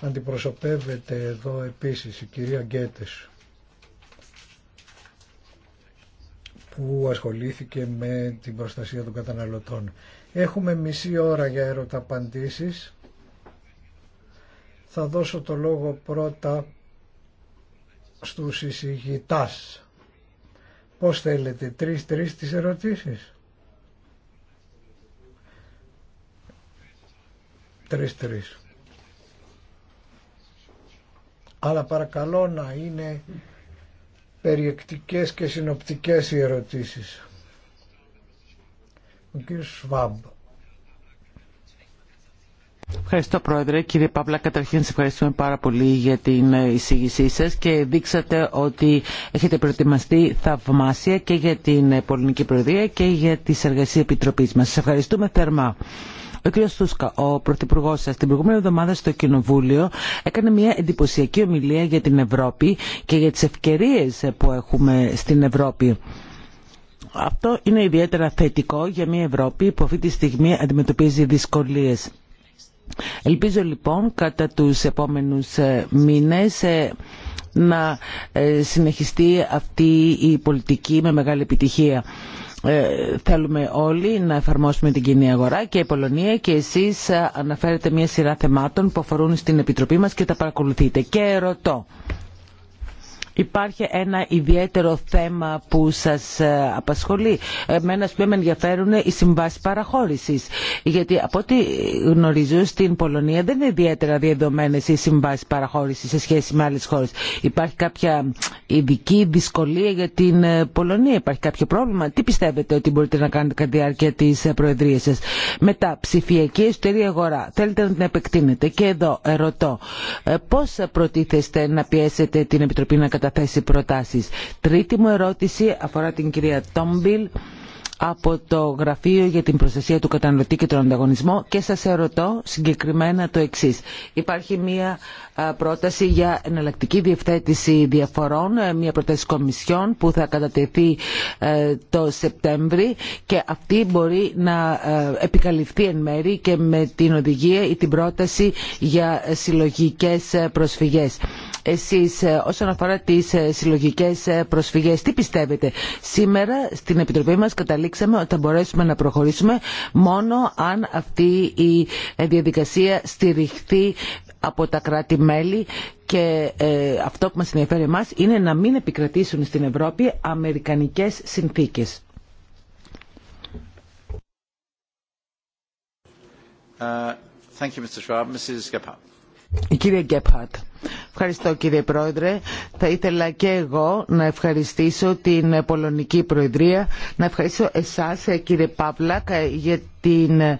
αντιπροσωπεύεται εδώ επίσης η κυρία Γκέτεσου. που ασχολήθηκε με την προστασία των καταναλωτών. Έχουμε μισή ώρα για ερωταπαντήσεις. Θα δώσω το λόγο πρώτα στους εισηγητάς. Πώς θέλετε, τρεις-τρεις τις ερωτήσεις. Τρεις-τρεις. Αλλά παρακαλώ να είναι περιεκτικές και συνοπτικές οι ερωτήσεις. Ο κύριος Σβάμπ. Ευχαριστώ Πρόεδρε. Κύριε Παύλα, καταρχήν σας ευχαριστούμε πάρα πολύ για την ε, εισήγησή σας και δείξατε ότι έχετε προετοιμαστεί θαυμάσια και για την ε, πολιτική Προεδρία και για τις εργασίες Επιτροπής μας. Σας ευχαριστούμε θερμά. Ο κ. Στούσκα, ο πρωθυπουργό σα, την προηγούμενη εβδομάδα στο Κοινοβούλιο έκανε μια εντυπωσιακή ομιλία για την Ευρώπη και για τι ευκαιρίε που έχουμε στην Ευρώπη. Αυτό είναι ιδιαίτερα θετικό για μια Ευρώπη που αυτή τη στιγμή αντιμετωπίζει δυσκολίε. Ελπίζω λοιπόν κατά τους επόμενους ε, μήνες ε, να ε, συνεχιστεί αυτή η πολιτική με μεγάλη επιτυχία. Ε, θέλουμε όλοι να εφαρμόσουμε την κοινή αγορά και η Πολωνία και εσείς αναφέρετε μια σειρά θεμάτων που αφορούν στην Επιτροπή μας και τα παρακολουθείτε. Και ρωτώ, Υπάρχει ένα ιδιαίτερο θέμα που σας ε, απασχολεί. Εμένα που με ενδιαφέρουν οι συμβάσει παραχώρησης. Γιατί από ό,τι γνωρίζω στην Πολωνία δεν είναι ιδιαίτερα διαδομένες οι συμβάσει παραχώρησης σε σχέση με άλλες χώρες. Υπάρχει κάποια ειδική δυσκολία για την ε, Πολωνία, υπάρχει κάποιο πρόβλημα. Τι πιστεύετε ότι μπορείτε να κάνετε κατά τη διάρκεια της ε, Προεδρίας σας. Μετά, ψηφιακή εσωτερική αγορά. Θέλετε να την επεκτείνετε. Και εδώ ρωτώ, πώς προτίθεστε να πιέσετε την Επιτροπή να καταθέσει προτάσεις. Τρίτη μου ερώτηση αφορά την κυρία Τόμπιλ από το Γραφείο για την Προστασία του Καταναλωτή και τον Ανταγωνισμό και σας ερωτώ συγκεκριμένα το εξής. Υπάρχει μία πρόταση για εναλλακτική διευθέτηση διαφορών, ε, μία πρόταση κομισιών που θα κατατεθεί ε, το Σεπτέμβρη και αυτή μπορεί να ε, επικαλυφθεί εν μέρη και με την οδηγία ή την πρόταση για συλλογικές προσφυγές εσείς ε, όσον αφορά τις ε, συλλογικές ε, προσφυγές. Τι πιστεύετε. Σήμερα στην Επιτροπή μας καταλήξαμε ότι θα μπορέσουμε να προχωρήσουμε μόνο αν αυτή η διαδικασία στηριχθεί από τα κράτη-μέλη και αυτό που μας ενδιαφέρει εμάς είναι να μην επικρατήσουν στην Ευρώπη αμερικανικές συνθήκες. Uh, thank you, Κύριε κυρία Γκέπχαρτ. Ευχαριστώ κύριε Πρόεδρε. Θα ήθελα και εγώ να ευχαριστήσω την Πολωνική Προεδρία, να ευχαριστήσω εσάς ε, κύριε Παύλακ ε, για την ε,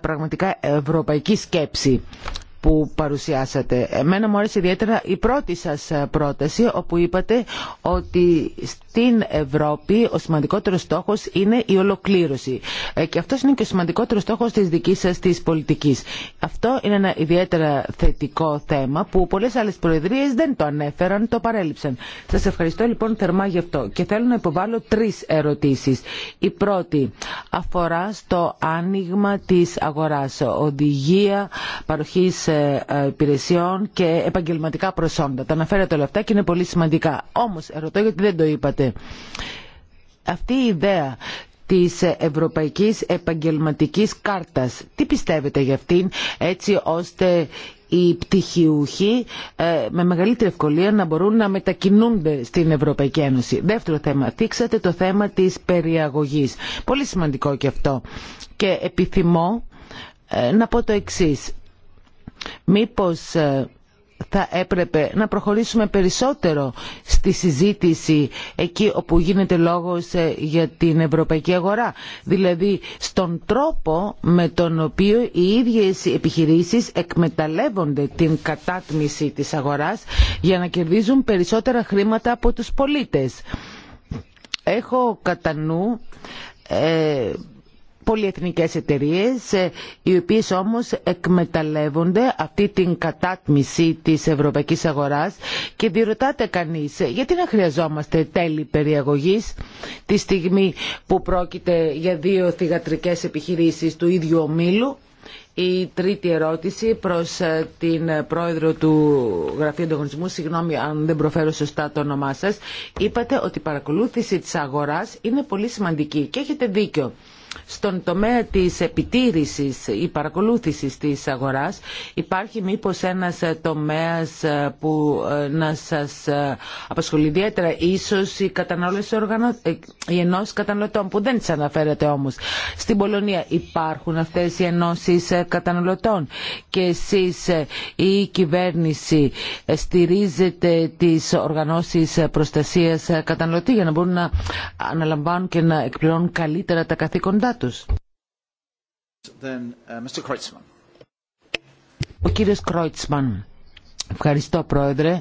πραγματικά ευρωπαϊκή σκέψη που παρουσιάσατε. Εμένα μου άρεσε ιδιαίτερα η πρώτη σας ε, πρόταση όπου είπατε ότι στην Ευρώπη ο σημαντικότερος στόχος είναι η ολοκλήρωση. Ε, και αυτός είναι και ο σημαντικότερος στόχος της δικής σας της πολιτικής. Αυτό είναι ένα ιδιαίτερα θετικό θέμα που πολλές άλλες προεδρίες δεν το ανέφεραν, το παρέλειψαν. Σας ευχαριστώ λοιπόν θερμά γι' αυτό και θέλω να υποβάλω τρεις ερωτήσεις. Η πρώτη αφορά στο άνοιγμα της αγοράς, οδηγία παροχής ε, υπηρεσιών και επαγγελματικά προσόντα. Τα αναφέρατε όλα αυτά και είναι πολύ σημαντικά. Όμως, ερωτώ γιατί δεν το είπατε. Αυτή η ιδέα της Ευρωπαϊκής Επαγγελματικής Κάρτας. Τι πιστεύετε για αυτήν έτσι ώστε οι πτυχιούχοι ε, με μεγαλύτερη ευκολία να μπορούν να μετακινούνται στην Ευρωπαϊκή Ένωση. Δεύτερο θέμα, θίξατε το θέμα της περιαγωγής. Πολύ σημαντικό και αυτό. Και επιθυμώ ε, να πω το εξής. Μήπως ε, θα έπρεπε να προχωρήσουμε περισσότερο στη συζήτηση εκεί όπου γίνεται λόγος ε, για την ευρωπαϊκή αγορά. Δηλαδή στον τρόπο με τον οποίο οι ίδιες οι επιχειρήσεις εκμεταλλεύονται την κατάτμιση της αγοράς για να κερδίζουν περισσότερα χρήματα από τους πολίτες. Έχω κατά νου, ε, πολυεθνικές εταιρείες ε, οι οποίες όμως εκμεταλλεύονται αυτή την κατάτμιση της ευρωπαϊκής αγοράς και διερωτάται κανείς ε, γιατί να χρειαζόμαστε τέλη περιαγωγής τη στιγμή που πρόκειται για δύο θηγατρικές επιχειρήσεις του ίδιου ομίλου η τρίτη ερώτηση προς ε, την πρόεδρο του Γραφείου Ανταγωνισμού, συγγνώμη αν δεν προφέρω σωστά το όνομά σας, είπατε ότι η παρακολούθηση της αγοράς είναι πολύ σημαντική και έχετε δίκιο στον τομέα της επιτήρησης ή παρακολούθησης της αγοράς υπάρχει μήπως ένας τομέας ε, που ε, να σας ε, απασχολεί ιδιαίτερα ίσως οι, οργανω... η καταναλωτών που δεν τις αναφέρετε όμως. Στην Πολωνία υπάρχουν αυτές οι ενώσεις καταναλωτών και εσείς η κυβέρνηση στηρίζετε τις οργανώσεις προστασίας καταναλωτή για να μπορούν να αναλαμβάνουν και να εκπληρώνουν καλύτερα τα καθήκοντά συμφέροντά τους. Then, uh, Mr. Ο κύριος Κρόιτσμαν. Ευχαριστώ Πρόεδρε.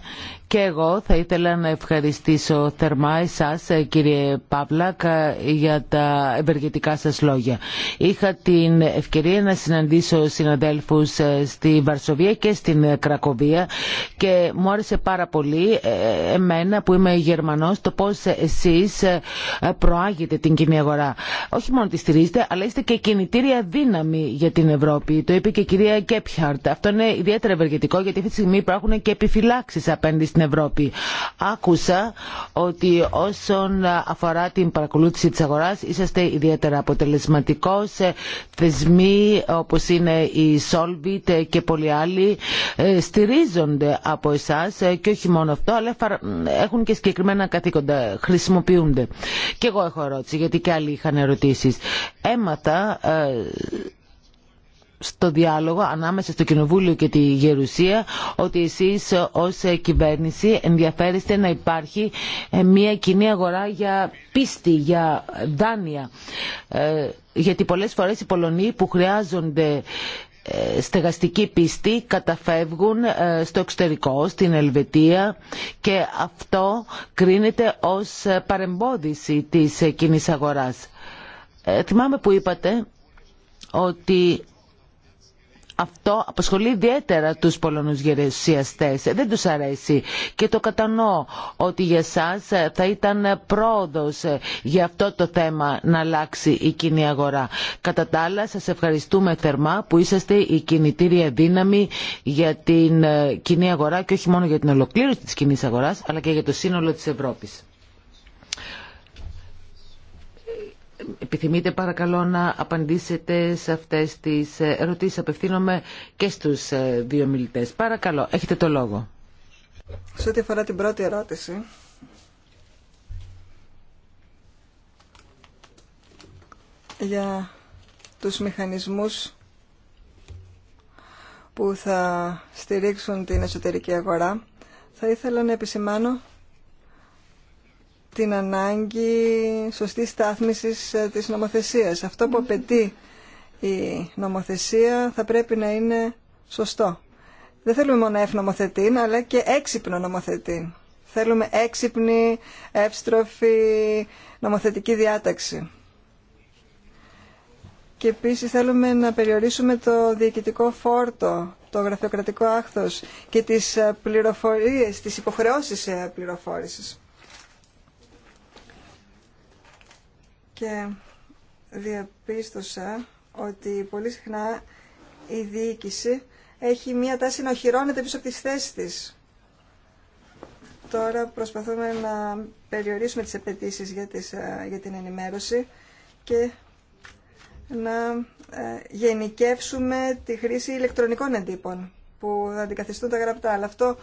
Και εγώ θα ήθελα να ευχαριστήσω θερμά εσάς ε, κύριε Παύλακ ε, για τα ευεργετικά σας λόγια. Είχα την ευκαιρία να συναντήσω συναδέλφους ε, στη Βαρσοβία και στην Κρακοβία και μου άρεσε πάρα πολύ εμένα που είμαι Γερμανός το πώς εσείς προάγετε την κοινή αγορά. Όχι μόνο τη στηρίζετε αλλά είστε και κινητήρια δύναμη για την Ευρώπη. Το είπε και η κυρία Κέπχαρτ. Αυτό είναι ιδιαίτερα ευεργετικό γιατί αυτή τη στιγμή υπάρχουν και επιφυλάξει απέναντι στην Ευρώπη. Άκουσα ότι όσον αφορά την παρακολούθηση της αγοράς είσαστε ιδιαίτερα αποτελεσματικός. Θεσμοί όπως είναι η Solvit και πολλοί άλλοι ε, στηρίζονται από εσάς και όχι μόνο αυτό αλλά έχουν και συγκεκριμένα καθήκοντα, χρησιμοποιούνται. Και εγώ έχω ερώτηση γιατί και άλλοι είχαν ερωτήσεις. Έμαθα ε, στο διάλογο ανάμεσα στο Κοινοβούλιο και τη Γερουσία ότι εσείς ως κυβέρνηση ενδιαφέρεστε να υπάρχει ε, μια κοινή αγορά για πίστη, για δάνεια. Ε, γιατί πολλές φορές οι Πολωνοί που χρειάζονται ε, στεγαστική πίστη καταφεύγουν στο εξωτερικό, στην Ελβετία και αυτό κρίνεται ως παρεμπόδιση της κοινή αγοράς. Θυμάμαι που είπατε ότι αυτό απασχολεί ιδιαίτερα τους Πολωνούς γερουσιαστές. Δεν τους αρέσει και το κατανοώ ότι για σας θα ήταν πρόοδος για αυτό το θέμα να αλλάξει η κοινή αγορά. Κατά τα άλλα σας ευχαριστούμε θερμά που είσαστε η κινητήρια δύναμη για την ε, κοινή αγορά και όχι μόνο για την ολοκλήρωση της κοινή αγοράς αλλά και για το σύνολο της Ευρώπης. Επιθυμείτε παρακαλώ να απαντήσετε σε αυτές τις ε, ερωτήσεις. Απευθύνομαι και στους ε, δύο μιλητές. Παρακαλώ, έχετε το λόγο. Σε ό,τι αφορά την πρώτη ερώτηση, για τους μηχανισμούς που θα στηρίξουν την εσωτερική αγορά, θα ήθελα να επισημάνω την ανάγκη σωστής στάθμισης ε, της νομοθεσίας. Αυτό που απαιτεί η νομοθεσία θα πρέπει να είναι σωστό. Δεν θέλουμε μόνο ευνομοθετήν, αλλά και έξυπνο νομοθετή. Θέλουμε έξυπνη, εύστροφη νομοθετική διάταξη. Και επίσης θέλουμε να περιορίσουμε το διοικητικό φόρτο, το γραφειοκρατικό άχθος και τις ε, πληροφορίες, τις υποχρεώσεις ε, πληροφόρησης. και διαπίστωσα ότι πολύ συχνά η διοίκηση έχει μία τάση να οχυρώνεται πίσω από τις θέσεις της. Τώρα προσπαθούμε να περιορίσουμε τις απαιτήσει για, ε, για την ενημέρωση και να ε, γενικεύσουμε τη χρήση ηλεκτρονικών εντύπων που αντικαθιστούν τα γραπτά. Αλλά αυτό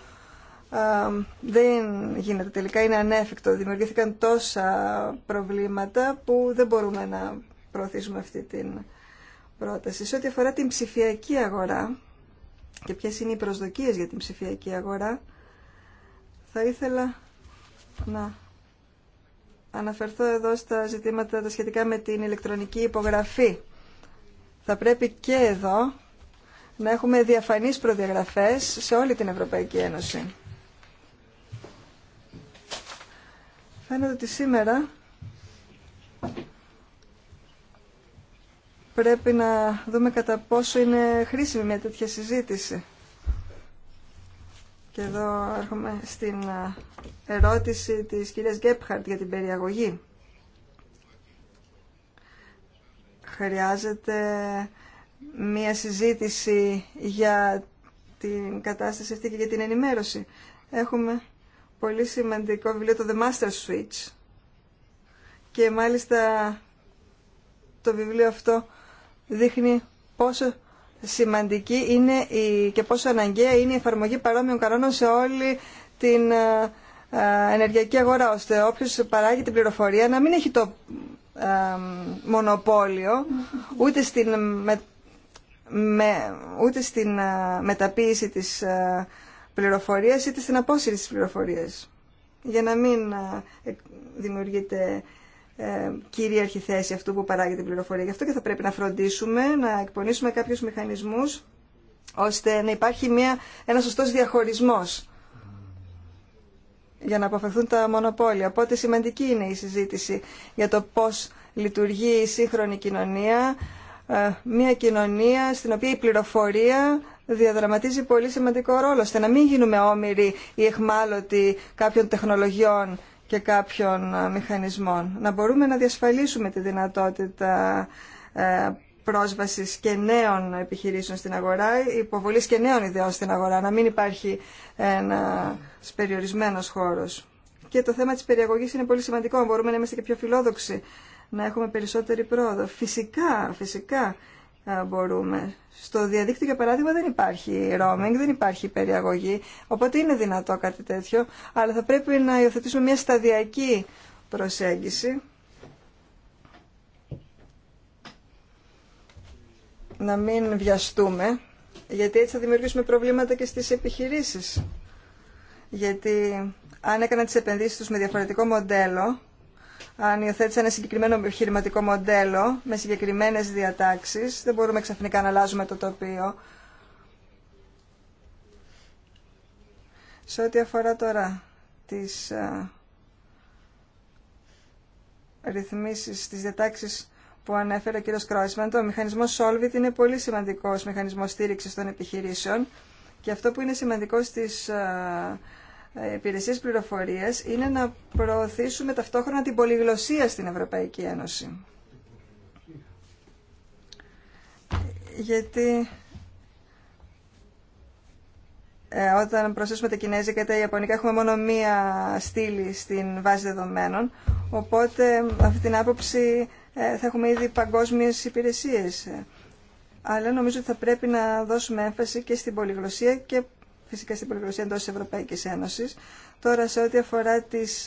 δεν γίνεται τελικά, είναι ανέφικτο. Δημιουργήθηκαν τόσα προβλήματα που δεν μπορούμε να προωθήσουμε αυτή την πρόταση. Σε ό,τι αφορά την ψηφιακή αγορά και ποιες είναι οι προσδοκίες για την ψηφιακή αγορά, θα ήθελα να αναφερθώ εδώ στα ζητήματα τα σχετικά με την ηλεκτρονική υπογραφή. Θα πρέπει και εδώ να έχουμε διαφανείς προδιαγραφές σε όλη την Ευρωπαϊκή Ένωση. Φαίνεται ότι σήμερα πρέπει να δούμε κατά πόσο είναι χρήσιμη μια τέτοια συζήτηση. Και εδώ έρχομαι στην ερώτηση της κυρίας Γκέπχαρτ για την περιαγωγή. Χρειάζεται μία συζήτηση για την κατάσταση αυτή και για την ενημέρωση. Έχουμε πολύ σημαντικό βιβλίο, το The Master Switch. Και μάλιστα το βιβλίο αυτό δείχνει πόσο σημαντική είναι η, και πόσο αναγκαία είναι η εφαρμογή παρόμοιων κανόνων σε όλη την ε, ε, ενεργειακή αγορά, ώστε όποιος παράγει την πληροφορία να μην έχει το ε, μονοπόλιο ούτε στην, με, ούτε στην μεταποίηση της πληροφορίες είτε στην απόσυρση της πληροφορία. για να μην ε, ε, δημιουργείται ε, κυρίαρχη θέση αυτού που παράγει την πληροφορία. Γι' αυτό και θα πρέπει να φροντίσουμε, να εκπονήσουμε κάποιους μηχανισμούς ώστε να υπάρχει μια, ένα σωστός διαχωρισμός για να αποφευθούν τα μονοπόλια. Οπότε σημαντική είναι η συζήτηση για το πώς λειτουργεί η σύγχρονη κοινωνία, ε, μια κοινωνία στην οποία η πληροφορία διαδραματίζει πολύ σημαντικό ρόλο, ώστε να μην γίνουμε όμοιροι ή εχμάλωτοι κάποιων τεχνολογιών και κάποιων ε, μηχανισμών. Να μπορούμε να διασφαλίσουμε τη δυνατότητα ε, πρόσβασης και νέων επιχειρήσεων στην αγορά, υποβολής και νέων ιδεών στην αγορά, να μην υπάρχει ένα περιορισμένος χώρος. Και το θέμα της περιαγωγής είναι πολύ σημαντικό, μπορούμε να είμαστε και πιο φιλόδοξοι, να έχουμε περισσότερη πρόοδο. Φυσικά, φυσικά, μπορούμε. Στο διαδίκτυο, για παράδειγμα, δεν υπάρχει roaming, δεν υπάρχει περιαγωγή, οπότε είναι δυνατό κάτι τέτοιο, αλλά θα πρέπει να υιοθετήσουμε μια σταδιακή προσέγγιση. Να μην βιαστούμε, γιατί έτσι θα δημιουργήσουμε προβλήματα και στις επιχειρήσεις. Γιατί αν έκαναν τις επενδύσεις τους με διαφορετικό μοντέλο, αν υιοθέτησε ένα συγκεκριμένο επιχειρηματικό μοντέλο με συγκεκριμένες διατάξεις, δεν μπορούμε ξαφνικά να αλλάζουμε το τοπίο. Σε ό,τι αφορά τώρα τις α, ε, ρυθμίσεις, τις διατάξεις που ανέφερε ο κ. Κρόισμαν, το μηχανισμό Solvit είναι πολύ σημαντικός μηχανισμός στήριξης των επιχειρήσεων και αυτό που είναι σημαντικό στις α, ε, υπηρεσίες πληροφορίας είναι να προωθήσουμε ταυτόχρονα την πολυγλωσία στην Ευρωπαϊκή Ένωση. Γιατί ε, όταν προσθέσουμε τα κινέζικα ή τα ιαπωνικά έχουμε μόνο μία στήλη στην βάση δεδομένων, οπότε αυτή την άποψη ε, θα έχουμε ήδη παγκόσμιες υπηρεσίες. Ε, αλλά νομίζω ότι θα πρέπει να δώσουμε έμφαση και στην πολυγλωσία και φυσικά στην προεργασία εντό Ευρωπαϊκή Ένωση. Τώρα, σε ό,τι αφορά τις,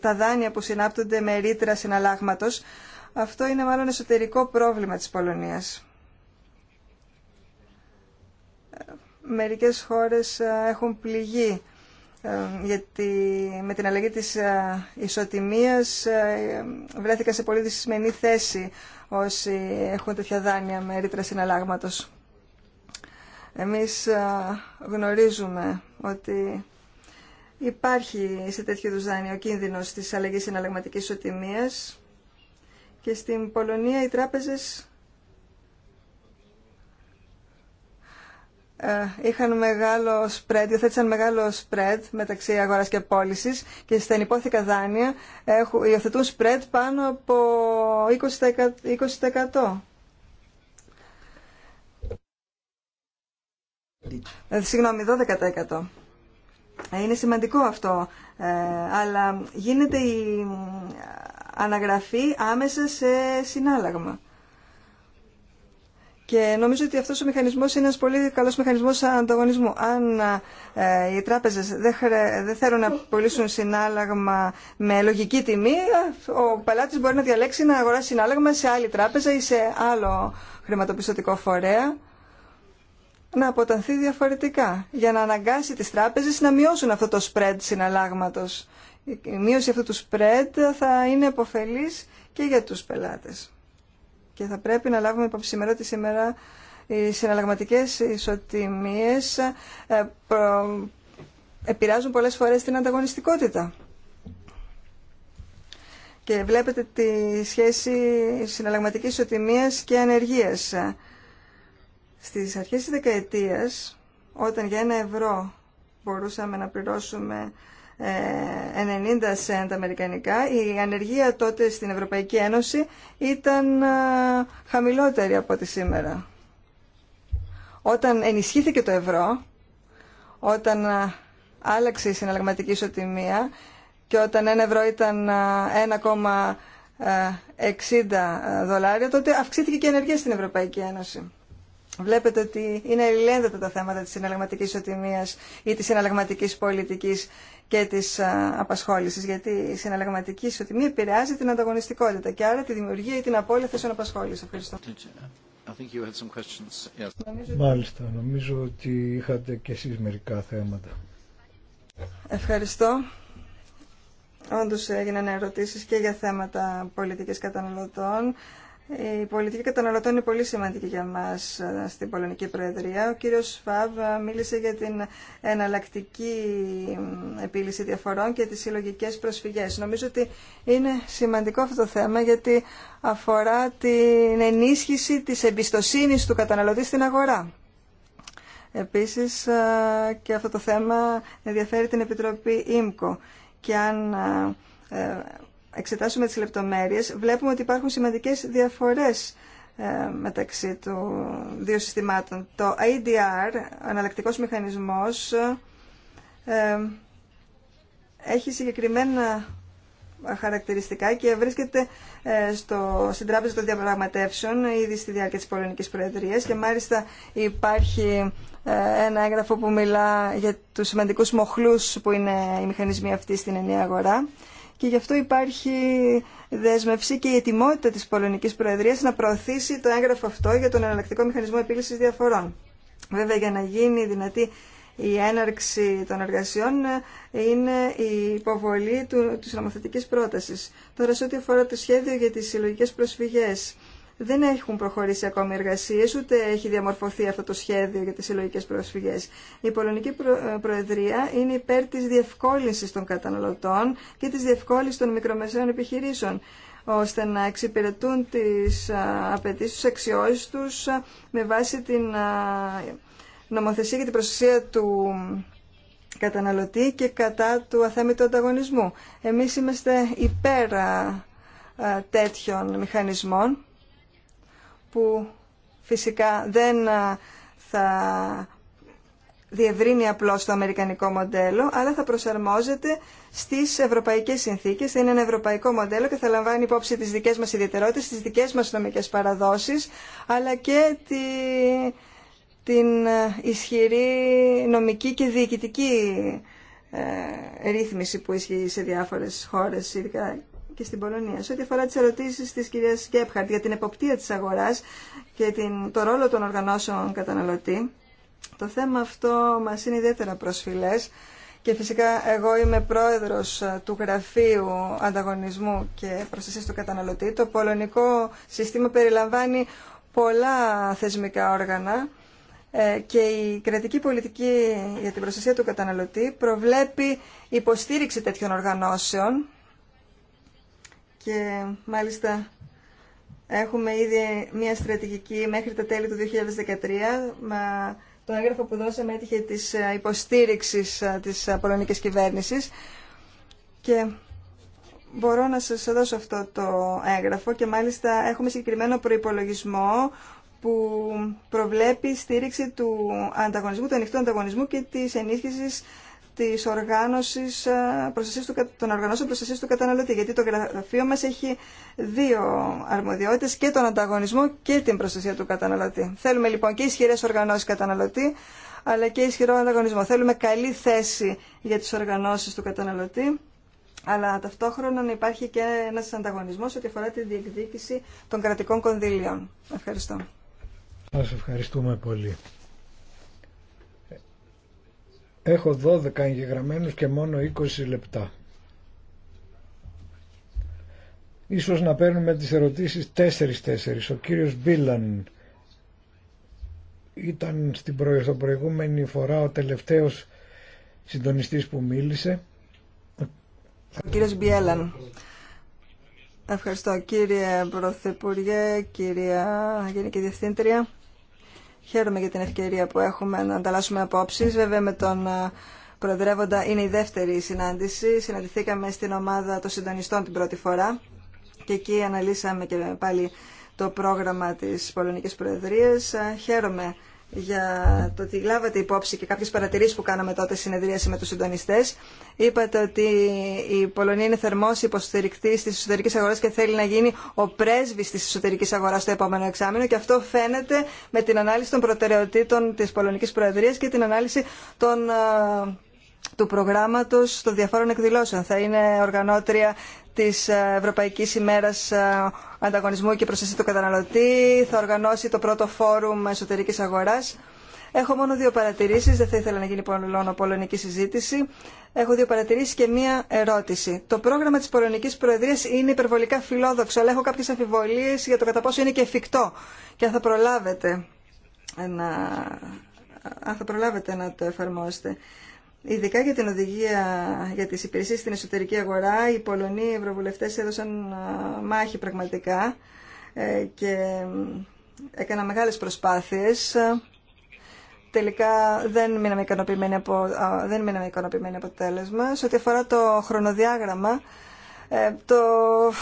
τα δάνεια που συνάπτονται με ρήτρα συναλλάγματο, αυτό είναι μάλλον εσωτερικό πρόβλημα τη Πολωνία. Μερικές χώρες έχουν πληγεί γιατί με την αλλαγή της ισοτιμίας βρέθηκαν σε πολύ δυσμενή θέση όσοι έχουν τέτοια δάνεια με ρήτρα συναλλάγματος. Εμείς γνωρίζουμε ότι υπάρχει σε τέτοιο είδους δάνειο κίνδυνος της αλλαγής εναλλαγματικής οτιμίας και στην Πολωνία οι τράπεζες ε, είχαν μεγάλο spread, υιοθέτησαν μεγάλο spread μεταξύ αγοράς και πώληση και στα ενυπόθηκα δάνεια έχουν, υιοθετούν spread πάνω από 20%. Ε, συγγνώμη, 12%. Ε, είναι σημαντικό αυτό, ε, αλλά γίνεται η αναγραφή άμεσα σε συνάλλαγμα. Και νομίζω ότι αυτός ο μηχανισμός είναι ένας πολύ καλός μηχανισμός ανταγωνισμού. Αν οι τράπεζες δεν, δεν θέλουν να πωλήσουν συνάλλαγμα με λογική τιμή, ο πελάτης μπορεί να διαλέξει να αγοράσει συνάλλαγμα σε άλλη τράπεζα ή σε άλλο χρηματοπιστωτικό φορέα να αποτανθεί διαφορετικά για να αναγκάσει τις τράπεζες να μειώσουν αυτό το spread συναλλάγματος. Η μείωση αυτού του spread θα είναι επωφελής και για τους πελάτες. Και θα πρέπει να λάβουμε υπόψη σήμερα ότι σήμερα οι συναλλαγματικές ισοτιμίες ε, επηρεάζουν πολλές φορές την ανταγωνιστικότητα. Και βλέπετε τη σχέση συναλλαγματικής ισοτιμίας και ανεργίας. Στις αρχές της δεκαετίας, όταν για ένα ευρώ μπορούσαμε να πληρώσουμε 90 ε, cent αμερικανικά, η ανεργία τότε στην Ευρωπαϊκή Ένωση ήταν ε, χαμηλότερη από τη σήμερα. Όταν ενισχύθηκε το ευρώ, όταν ε, άλλαξε η συναλλαγματική ισοτιμία και όταν ένα ευρώ ήταν 1,60 δολάρια, τότε αυξήθηκε και η ανεργία στην Ευρωπαϊκή Ένωση. Βλέπετε ότι είναι ελληνέντατα τα θέματα της συναλλαγματικής ισοτιμίας ή της συναλλαγματικής πολιτικής και της απασχόλησης, γιατί η συναλλαγματική ισοτιμία επηρεάζει την ανταγωνιστικότητα και άρα τη δημιουργία ή την απώλεια θέσεων απασχόληση. Ευχαριστώ. Μάλιστα, νομίζω ότι είχατε και εσείς μερικά θέματα. Ευχαριστώ. Όντως έγιναν ερωτήσεις και για θέματα πολιτικής καταναλωτών. Ε, η πολιτική καταναλωτών είναι πολύ σημαντική για μας ε, στην Πολωνική Προεδρία. Ο κύριο Φαβ ε, μίλησε για την εναλλακτική επίλυση διαφορών και τις συλλογικέ προσφυγές. Νομίζω ότι είναι σημαντικό αυτό το θέμα γιατί αφορά την ενίσχυση της εμπιστοσύνη του καταναλωτή στην αγορά. Επίσης και αυτό το θέμα ενδιαφέρει την Επιτροπή ΙΜΚΟ και εξετάσουμε τις λεπτομέρειες, βλέπουμε ότι υπάρχουν σημαντικές διαφορές ε, μεταξύ των δύο συστημάτων. Το ADR, αναλλακτικός μηχανισμός, ε, έχει συγκεκριμένα χαρακτηριστικά και βρίσκεται ε, στο, στην Τράπεζα των Διαπραγματεύσεων ήδη στη διάρκεια της Πολωνικής Προεδρίας και μάλιστα υπάρχει ένα έγγραφο που μιλά για τους σημαντικούς μοχλούς που είναι οι μηχανισμοί αυτοί στην ενιαία αγορά και γι' αυτό υπάρχει δέσμευση και η ετοιμότητα της Πολωνικής Προεδρίας να προωθήσει το έγγραφο αυτό για τον εναλλακτικό μηχανισμό επίλυσης διαφορών. Βέβαια για να γίνει δυνατή η έναρξη των εργασιών είναι η υποβολή του, της νομοθετικής πρότασης. Τώρα σε ό,τι αφορά το σχέδιο για τις συλλογικές προσφυγές δεν έχουν προχωρήσει ακόμη εργασίες, ούτε έχει διαμορφωθεί αυτό το σχέδιο για τις συλλογικέ πρόσφυγες. Η Πολωνική ε, Προεδρία είναι υπέρ της διευκόλυνσης των καταναλωτών και της διευκόλυνσης των μικρομεσαίων επιχειρήσεων, ώστε να εξυπηρετούν τις ε, απαιτήσει, τους αξιώσεις τους ε, με βάση την νομοθεσία για την προστασία του καταναλωτή και κατά του αθέμητου ανταγωνισμού. Εμείς είμαστε υπέρ τέτοιων μηχανισμών που φυσικά δεν ε, θα διευρύνει απλώς το αμερικανικό μοντέλο, αλλά θα προσαρμόζεται στις ευρωπαϊκές συνθήκες, θα είναι ένα ευρωπαϊκό μοντέλο και θα λαμβάνει υπόψη τις δικές μας ιδιαιτερότητες, τις δικές μας νομικές παραδόσεις, αλλά και τη, την ε, ισχυρή νομική και διοικητική ε, ρύθμιση που ισχύει σε διάφορες χώρες, ειδικά και στην Πολωνία. Σε ό,τι αφορά τι ερωτήσει τη κυρία Γκέπχαρτ για την εποπτεία τη αγορά και την, το ρόλο των οργανώσεων καταναλωτή, το θέμα αυτό μα είναι ιδιαίτερα προσφυλέ. Και φυσικά εγώ είμαι πρόεδρος ε, του Γραφείου Ανταγωνισμού και Προστασίας του Καταναλωτή. Το πολωνικό σύστημα περιλαμβάνει πολλά θεσμικά όργανα ε, και η κρατική πολιτική για την προστασία του καταναλωτή προβλέπει υποστήριξη τέτοιων οργανώσεων και μάλιστα έχουμε ήδη μια στρατηγική μέχρι τα τέλη του 2013 μα το έγγραφο που δώσαμε έτυχε της υποστήριξης της πολωνικής κυβέρνησης και μπορώ να σας δώσω αυτό το έγγραφο και μάλιστα έχουμε συγκεκριμένο προϋπολογισμό που προβλέπει στήριξη του ανταγωνισμού, του ανοιχτού ανταγωνισμού και της ενίσχυσης της οργάνωσης ε, προστασίας του, των οργανώσεων προστασίας του καταναλωτή, γιατί το γραφείο μας έχει δύο αρμοδιότητες, και τον ανταγωνισμό και την προστασία του καταναλωτή. Θέλουμε λοιπόν και ισχυρές οργανώσεις καταναλωτή, αλλά και ισχυρό ανταγωνισμό. Θέλουμε καλή θέση για τις οργανώσεις του καταναλωτή, αλλά ταυτόχρονα να υπάρχει και ένας ανταγωνισμός ό,τι αφορά τη διεκδίκηση των κρατικών κονδύλιων. Ευχαριστώ. Σας ευχαριστούμε πολύ. Έχω 12 εγγεγραμμένους και μόνο 20 λεπτά. Ίσως να παίρνουμε τις ερωτήσεις 4-4. Ο κύριος Μπίλαν ήταν στην προηγούμενη φορά ο τελευταίος συντονιστής που μίλησε. Ο κύριος Μπιέλαν. Ευχαριστώ κύριε Πρωθυπουργέ, κυρία Γενική Διευθύντρια. Χαίρομαι για την ευκαιρία που έχουμε να ανταλλάσσουμε απόψεις. Βέβαια με τον ε, Προεδρεύοντα είναι η δεύτερη συνάντηση. Συναντηθήκαμε στην ομάδα των συντονιστών την πρώτη φορά και εκεί αναλύσαμε και πάλι το πρόγραμμα της Πολωνικής Προεδρίας. Ε, χαίρομαι για το ότι λάβατε υπόψη και κάποιες παρατηρήσεις που κάναμε τότε συνεδρίαση με τους συντονιστές. Είπατε ότι η Πολωνία είναι θερμός υποστηρικτής της εσωτερικής αγοράς και θέλει να γίνει ο πρέσβης της εσωτερικής αγοράς στο επόμενο εξάμεινο και αυτό φαίνεται με την ανάλυση των προτεραιοτήτων της Πολωνικής Προεδρίας και την ανάλυση των του προγράμματος των διαφόρων εκδηλώσεων. Θα είναι οργανώτρια της Ευρωπαϊκής ημέρας ε, ανταγωνισμού και προστασία του καταναλωτή, θα οργανώσει το πρώτο φόρουμ εσωτερικής αγοράς. Έχω μόνο δύο παρατηρήσεις, δεν θα ήθελα να γίνει πολλών πολωνική συζήτηση. Έχω δύο παρατηρήσεις και μία ερώτηση. Το πρόγραμμα της πολωνικής προεδρίας είναι υπερβολικά φιλόδοξο, αλλά έχω κάποιες αμφιβολίες για το κατά πόσο είναι και εφικτό και θα προλάβετε να, θα προλάβετε να το εφαρμόσετε. Ειδικά για την οδηγία για τις υπηρεσίες στην εσωτερική αγορά, οι Πολωνοί οι ευρωβουλευτές έδωσαν μάχη πραγματικά ε, και έκαναν μεγάλες προσπάθειες. Τελικά δεν μείναμε ικανοποιημένοι από, δεν μείναμε ικανοποιημένοι το Σε ό,τι αφορά το χρονοδιάγραμμα, ε, το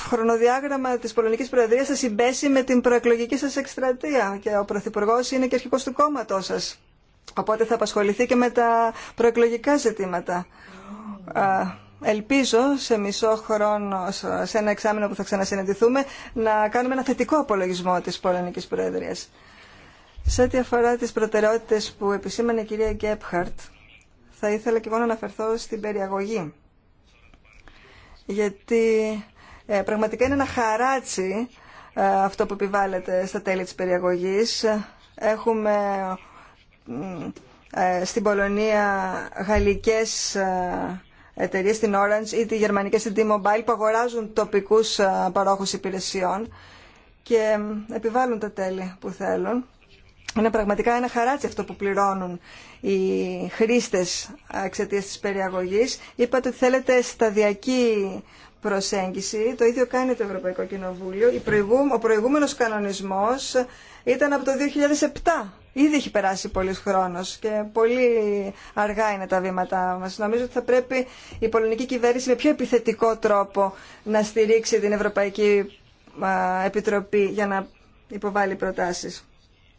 χρονοδιάγραμμα της Πολωνικής Προεδρίας θα συμπέσει με την προεκλογική σας εκστρατεία και ο Πρωθυπουργός είναι και αρχικός του κόμματός σας. Οπότε θα απασχοληθεί και με τα προεκλογικά ζητήματα. Ελπίζω σε μισό χρόνο, σε ένα εξάμεινο που θα ξανασυναντηθούμε, να κάνουμε ένα θετικό απολογισμό της Πολωνικής Προεδρίας. Σε ό,τι αφορά τις προτεραιότητες που επισήμανε η κυρία Γκέπχαρτ, θα ήθελα και εγώ να αναφερθώ στην περιαγωγή. Γιατί ε, πραγματικά είναι ένα χαράτσι ε, αυτό που επιβάλλεται στα τέλη της περιαγωγής. Έχουμε ε, στην Πολωνία γαλλικές ε, εταιρείες, στην Orange ή τη γερμανική στην T-Mobile που αγοράζουν τοπικούς ε, παρόχους υπηρεσιών και επιβάλλουν τα τέλη που θέλουν. Είναι πραγματικά ένα χαράτσι αυτό που πληρώνουν οι χρήστες εξαιτία της περιαγωγής. Είπατε ότι θέλετε σταδιακή προσέγγιση. Το ίδιο κάνει το Ευρωπαϊκό Κοινοβούλιο. Ο προηγούμενος κανονισμός ήταν από το 2007 Ήδη έχει περάσει πολλής χρόνος και πολύ αργά είναι τα βήματά μας. Νομίζω ότι θα πρέπει η πολωνική κυβέρνηση με πιο επιθετικό τρόπο να στηρίξει την Ευρωπαϊκή Επιτροπή για να υποβάλει προτάσεις.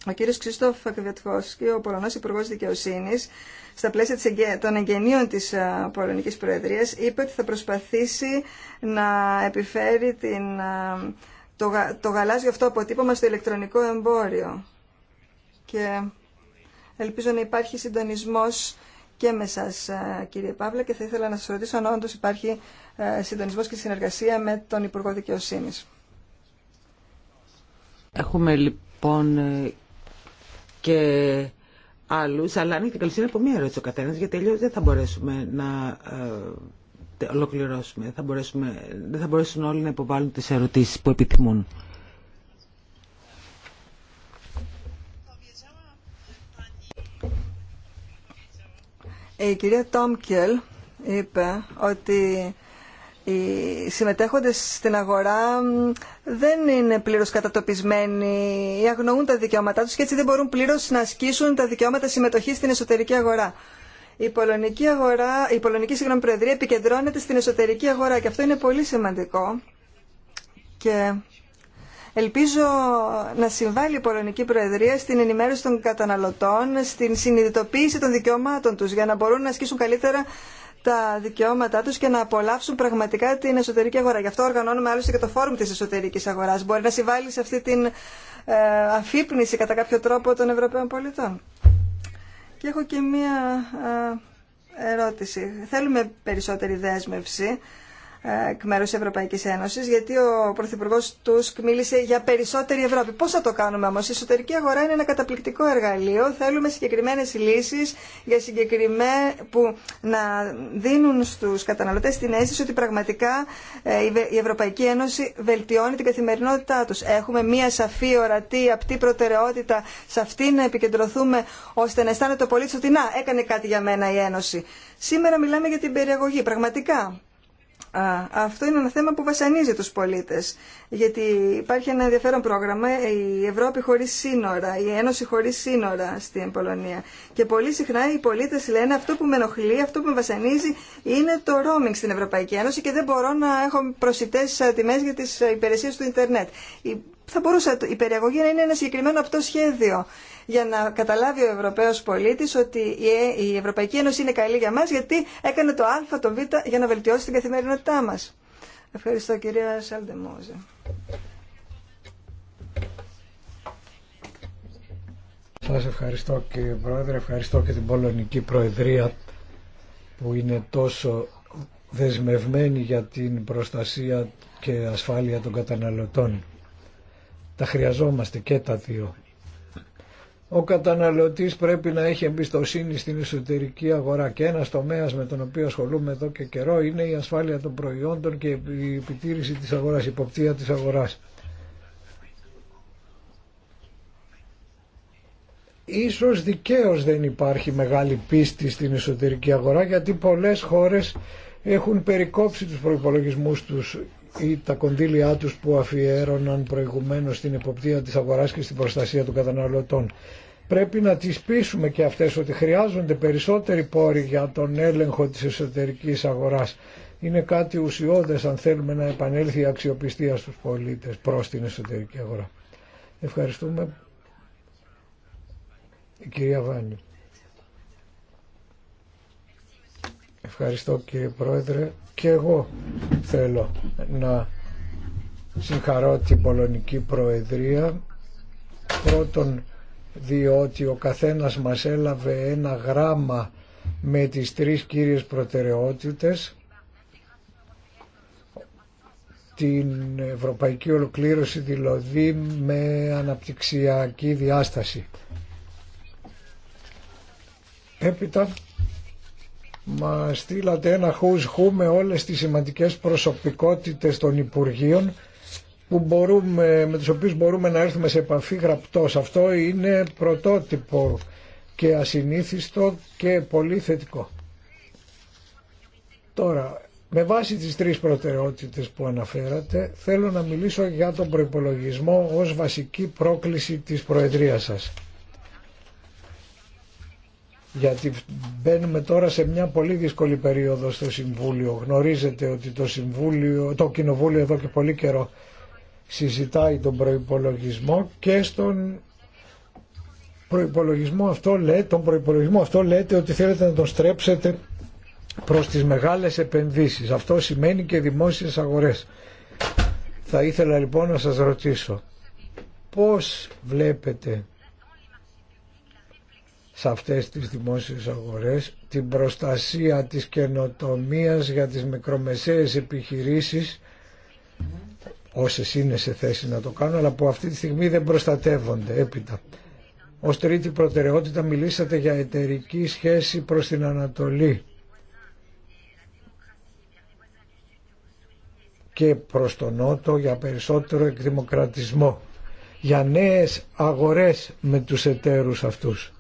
Ο κύριος Ξίστοφ Καβιατχόσκη, ο Πολωνός υπουργό Δικαιοσύνης, στα πλαίσια των εγγενείων της Πολωνικής Προεδρίας, είπε ότι θα προσπαθήσει να επιφέρει την, το, το γαλάζιο αυτό αποτύπωμα στο ηλεκτρονικό εμπόριο και ελπίζω να υπάρχει συντονισμός και με σας ε, κύριε Παύλα και θα ήθελα να σας ρωτήσω αν όντως υπάρχει ε, συντονισμός και συνεργασία με τον Υπουργό Δικαιοσύνη. Έχουμε λοιπόν ε, και άλλους, αλλά αν έχετε καλοσύνη από μία ερώτηση ο καθένας, γιατί τελείως δεν θα μπορέσουμε να ολοκληρώσουμε. Θα μπορέσουμε, δεν θα μπορέσουν όλοι να υποβάλουν τις ερωτήσεις που επιθυμούν. Η κυρία Τόμκελ είπε ότι οι συμμετέχοντες στην αγορά δεν είναι πλήρως κατατοπισμένοι ή αγνοούν τα δικαιώματά τους και έτσι δεν μπορούν πλήρως να ασκήσουν τα δικαιώματα συμμετοχής στην εσωτερική αγορά. Η πολωνική, αγορά, η πολωνική συγγνώμη, προεδρία επικεντρώνεται στην εσωτερική αγορά και αυτό είναι πολύ σημαντικό και Ελπίζω να συμβάλλει η Πολωνική Προεδρία στην ενημέρωση των καταναλωτών, στην συνειδητοποίηση των δικαιωμάτων τους για να μπορούν να ασκήσουν καλύτερα τα δικαιώματά τους και να απολαύσουν πραγματικά την εσωτερική αγορά. Γι' αυτό οργανώνουμε άλλωστε και το φόρουμ της εσωτερικής αγοράς. Μπορεί να συμβάλλει σε αυτή την ε, αφύπνιση κατά κάποιο τρόπο των Ευρωπαίων πολιτών. Και έχω και μία ε, ερώτηση. Θέλουμε περισσότερη δέσμευση εκ μέρους της Ευρωπαϊκής Ένωσης, γιατί ο Πρωθυπουργό Τούσκ μίλησε για περισσότερη Ευρώπη. Πώς θα το κάνουμε όμως, η εσωτερική αγορά είναι ένα καταπληκτικό εργαλείο, θέλουμε συγκεκριμένες λύσεις για συγκεκριμέ... που να δίνουν στους καταναλωτές την αίσθηση ότι πραγματικά ε, η Ευρωπαϊκή Ένωση βελτιώνει την καθημερινότητά τους. Έχουμε μία σαφή, ορατή, απτή προτεραιότητα σε αυτή να επικεντρωθούμε ώστε να αισθάνεται ο πολίτης ότι να, έκανε κάτι για μένα η Ένωση. Σήμερα μιλάμε για την περιαγωγή. Πραγματικά, αυτό είναι ένα θέμα που βασανίζει τους πολίτες, γιατί υπάρχει ένα ενδιαφέρον πρόγραμμα, η Ευρώπη χωρίς σύνορα, η Ένωση χωρίς σύνορα στην Πολωνία. Και πολύ συχνά οι πολίτες λένε αυτό που με ενοχλεί, αυτό που με βασανίζει είναι το roaming στην Ευρωπαϊκή Ένωση και δεν μπορώ να έχω προσιτές ε, τιμές για τις ε, υπηρεσίες του Ιντερνετ θα μπορούσε η περιαγωγή να είναι ένα συγκεκριμένο αυτό σχέδιο για να καταλάβει ο Ευρωπαίος πολίτης ότι ε, η Ευρωπαϊκή Ένωση είναι καλή για μας γιατί έκανε το α, το β για να βελτιώσει την καθημερινότητά μας. Ευχαριστώ κυρία Σαλντεμόζε. Σας ευχαριστώ κύριε Πρόεδρε, ευχαριστώ και την Πολωνική Προεδρία που είναι τόσο δεσμευμένη για την προστασία και ασφάλεια των καταναλωτών. Τα χρειαζόμαστε και τα δύο. Ο καταναλωτής πρέπει να έχει εμπιστοσύνη στην εσωτερική αγορά και ένας τομέας με τον οποίο ασχολούμαι εδώ και καιρό είναι η ασφάλεια των προϊόντων και η επιτήρηση της αγοράς, η υποπτία της αγοράς. Ίσως δικαίως δεν υπάρχει μεγάλη πίστη στην εσωτερική αγορά γιατί πολλές χώρες έχουν περικόψει τους προϋπολογισμούς τους ή τα κονδύλια τους που αφιέρωναν προηγουμένως στην εποπτεία της αγοράς και στην προστασία των καταναλωτών. Πρέπει να τις πείσουμε και αυτές ότι χρειάζονται περισσότεροι πόροι για τον έλεγχο της εσωτερικής αγοράς. Είναι κάτι ουσιώδες αν θέλουμε να επανέλθει η αξιοπιστία στους πολίτες προς την εσωτερική αγορά. Ευχαριστούμε. Η κυρία Βάνη. Ευχαριστώ κύριε Πρόεδρε και εγώ θέλω να συγχαρώ την Πολωνική Προεδρία πρώτον διότι ο καθένας μας έλαβε ένα γράμμα με τις τρεις κύριες προτεραιότητες την ευρωπαϊκή ολοκλήρωση δηλαδή με αναπτυξιακή διάσταση. Έπειτα Μα στείλατε ένα who's χους-χου με όλες τις σημαντικές προσωπικότητες των Υπουργείων που μπορούμε, με τους οποίους μπορούμε να έρθουμε σε επαφή γραπτός. Αυτό είναι πρωτότυπο και ασυνήθιστο και πολύ θετικό. Τώρα, με βάση τις τρεις προτεραιότητες που αναφέρατε, θέλω να μιλήσω για τον προϋπολογισμό ως βασική πρόκληση της Προεδρίας σας γιατί μπαίνουμε τώρα σε μια πολύ δύσκολη περίοδο στο Συμβούλιο. Γνωρίζετε ότι το, Συμβούλιο, το Κοινοβούλιο εδώ και πολύ καιρό συζητάει τον προϋπολογισμό και στον προϋπολογισμό αυτό λέτε, τον προϋπολογισμό αυτό λέτε ότι θέλετε να τον στρέψετε προς τις μεγάλες επενδύσεις. Αυτό σημαίνει και δημόσιες αγορές. Θα ήθελα λοιπόν να σας ρωτήσω πώς βλέπετε σε αυτές τις δημόσιες αγορές, την προστασία της καινοτομίας για τις μικρομεσαίες επιχειρήσεις, όσες είναι σε θέση να το κάνουν, αλλά που αυτή τη στιγμή δεν προστατεύονται έπειτα. Ως τρίτη προτεραιότητα μιλήσατε για εταιρική σχέση προς την Ανατολή και προς τον Νότο για περισσότερο εκδημοκρατισμό, για νέες αγορές με τους εταίρους αυτούς.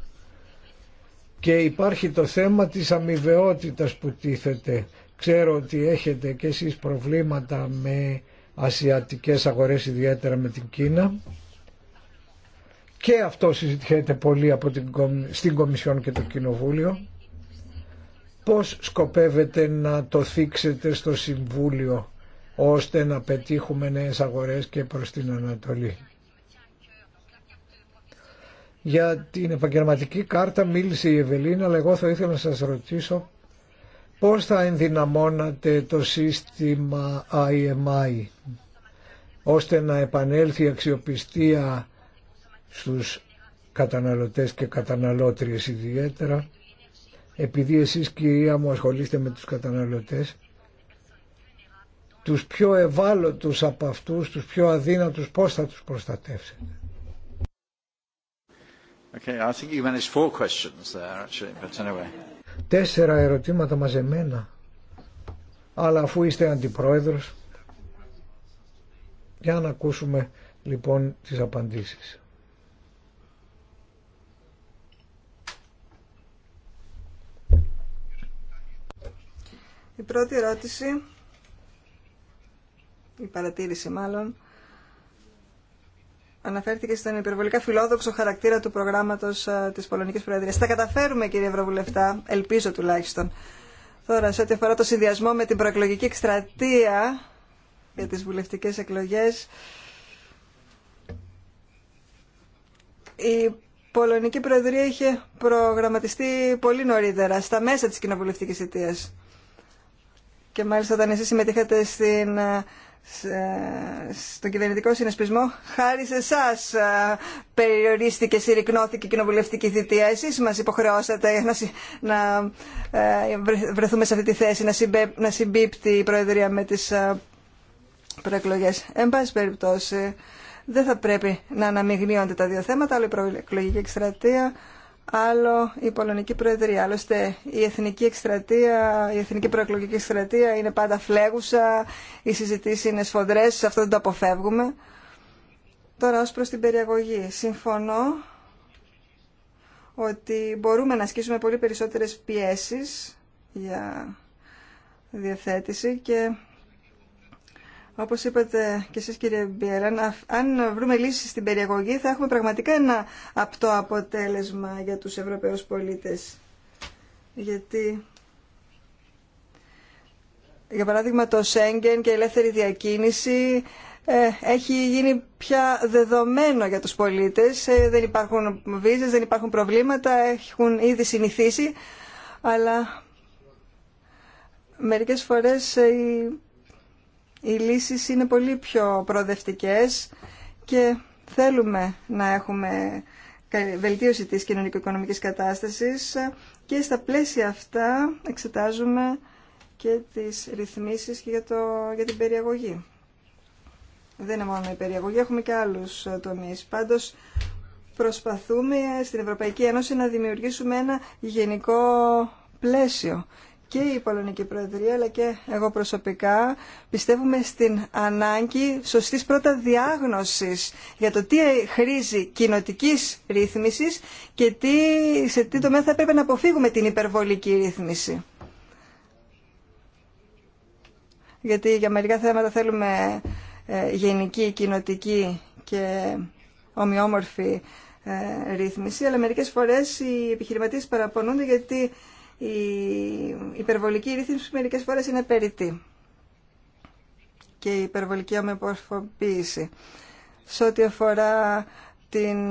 Και υπάρχει το θέμα της αμοιβαιότητας που τίθεται. Ξέρω ότι έχετε και εσείς προβλήματα με ασιατικές αγορές, ιδιαίτερα με την Κίνα. Και αυτό συζητιέται πολύ από την, στην Κομισιόν και το Κοινοβούλιο. Πώς σκοπεύετε να το θίξετε στο Συμβούλιο ώστε να πετύχουμε νέες αγορές και προς την Ανατολή. Για την επαγγελματική κάρτα μίλησε η Ευελίνα, αλλά εγώ θα ήθελα να σας ρωτήσω πώς θα ενδυναμώνατε το σύστημα IMI ώστε να επανέλθει η αξιοπιστία στους καταναλωτές και καταναλώτριες ιδιαίτερα επειδή εσείς κυρία μου ασχολείστε με τους καταναλωτές τους πιο ευάλωτους από αυτούς, τους πιο αδύνατους πώς θα τους προστατεύσετε. Τέσσερα ερωτήματα μαζεμένα. Αλλά αφού είστε αντιπρόεδρος, για να ακούσουμε λοιπόν τις απαντήσεις. Η πρώτη ερώτηση, η παρατήρηση μάλλον, αναφέρθηκε στον υπερβολικά φιλόδοξο χαρακτήρα του προγράμματος ε, της Πολωνικής Προεδρίας. Θα καταφέρουμε κύριε Ευρωβουλευτά, ελπίζω τουλάχιστον. Τώρα, σε ό,τι αφορά το συνδυασμό με την προεκλογική εκστρατεία για τι βουλευτικέ εκλογές, η Πολωνική Προεδρία είχε προγραμματιστεί πολύ νωρίτερα, στα μέσα της κοινοβουλευτικής αιτία. Και μάλιστα όταν εσείς συμμετείχατε στην ε, στο κυβερνητικό συνασπισμό χάρη σε εσά ε, περιορίστηκε, συρρυκνώθηκε η κοινοβουλευτική θητεία. Εσεί μα υποχρεώσατε να, ε, βρεθούμε σε αυτή τη θέση, να, συμπίπτει η Προεδρία με τι ε, προεκλογέ. Εν πάση περιπτώσει, δεν θα πρέπει να αναμειγνύονται τα δύο θέματα, αλλά η προεκλογική εκστρατεία άλλο η Πολωνική Προεδρία. Άλλωστε η εθνική εκστρατεία, η εθνική προεκλογική εκστρατεία είναι πάντα φλέγουσα, οι συζητήσει είναι σε αυτό δεν το αποφεύγουμε. Τώρα ως προς την περιαγωγή. Συμφωνώ ότι μπορούμε να ασκήσουμε πολύ περισσότερες πιέσεις για διαθέτηση και όπως είπατε και εσείς κύριε Μπιεράν, αν βρούμε λύσεις στην περιαγωγή θα έχουμε πραγματικά ένα απτό αποτέλεσμα για τους Ευρωπαίους πολίτες. Γιατί, για παράδειγμα, το Σέγγεν και η ελεύθερη διακίνηση ε, έχει γίνει πια δεδομένο για τους πολίτες. Ε, δεν υπάρχουν βίζες, δεν υπάρχουν προβλήματα, έχουν ήδη συνηθίσει, αλλά μερικές φορές ε, οι λύσεις είναι πολύ πιο προοδευτικές και θέλουμε να έχουμε βελτίωση της κοινωνικο-οικονομικής κατάστασης και στα πλαίσια αυτά εξετάζουμε και τις ρυθμίσεις για, το, για την περιαγωγή. Δεν είναι μόνο η περιαγωγή, έχουμε και άλλους τομείς. Πάντως προσπαθούμε στην Ευρωπαϊκή Ένωση να δημιουργήσουμε ένα γενικό πλαίσιο και η Πολωνική Προεδρία αλλά και εγώ προσωπικά πιστεύουμε στην ανάγκη σωστής πρώτα διάγνωσης για το τι χρήζει κοινοτική ρύθμισης και τι, σε τι τομέα θα πρέπει να αποφύγουμε την υπερβολική ρύθμιση. Γιατί για μερικά θέματα θέλουμε ε, γενική, κοινοτική και ομοιόμορφη ε, ρύθμιση, αλλά μερικές φορές οι επιχειρηματίες παραπονούνται γιατί η υπερβολική ρύθμιση μερικές φορές είναι περίτη και η υπερβολική ομοιοπορφοποίηση. Σε ό,τι αφορά την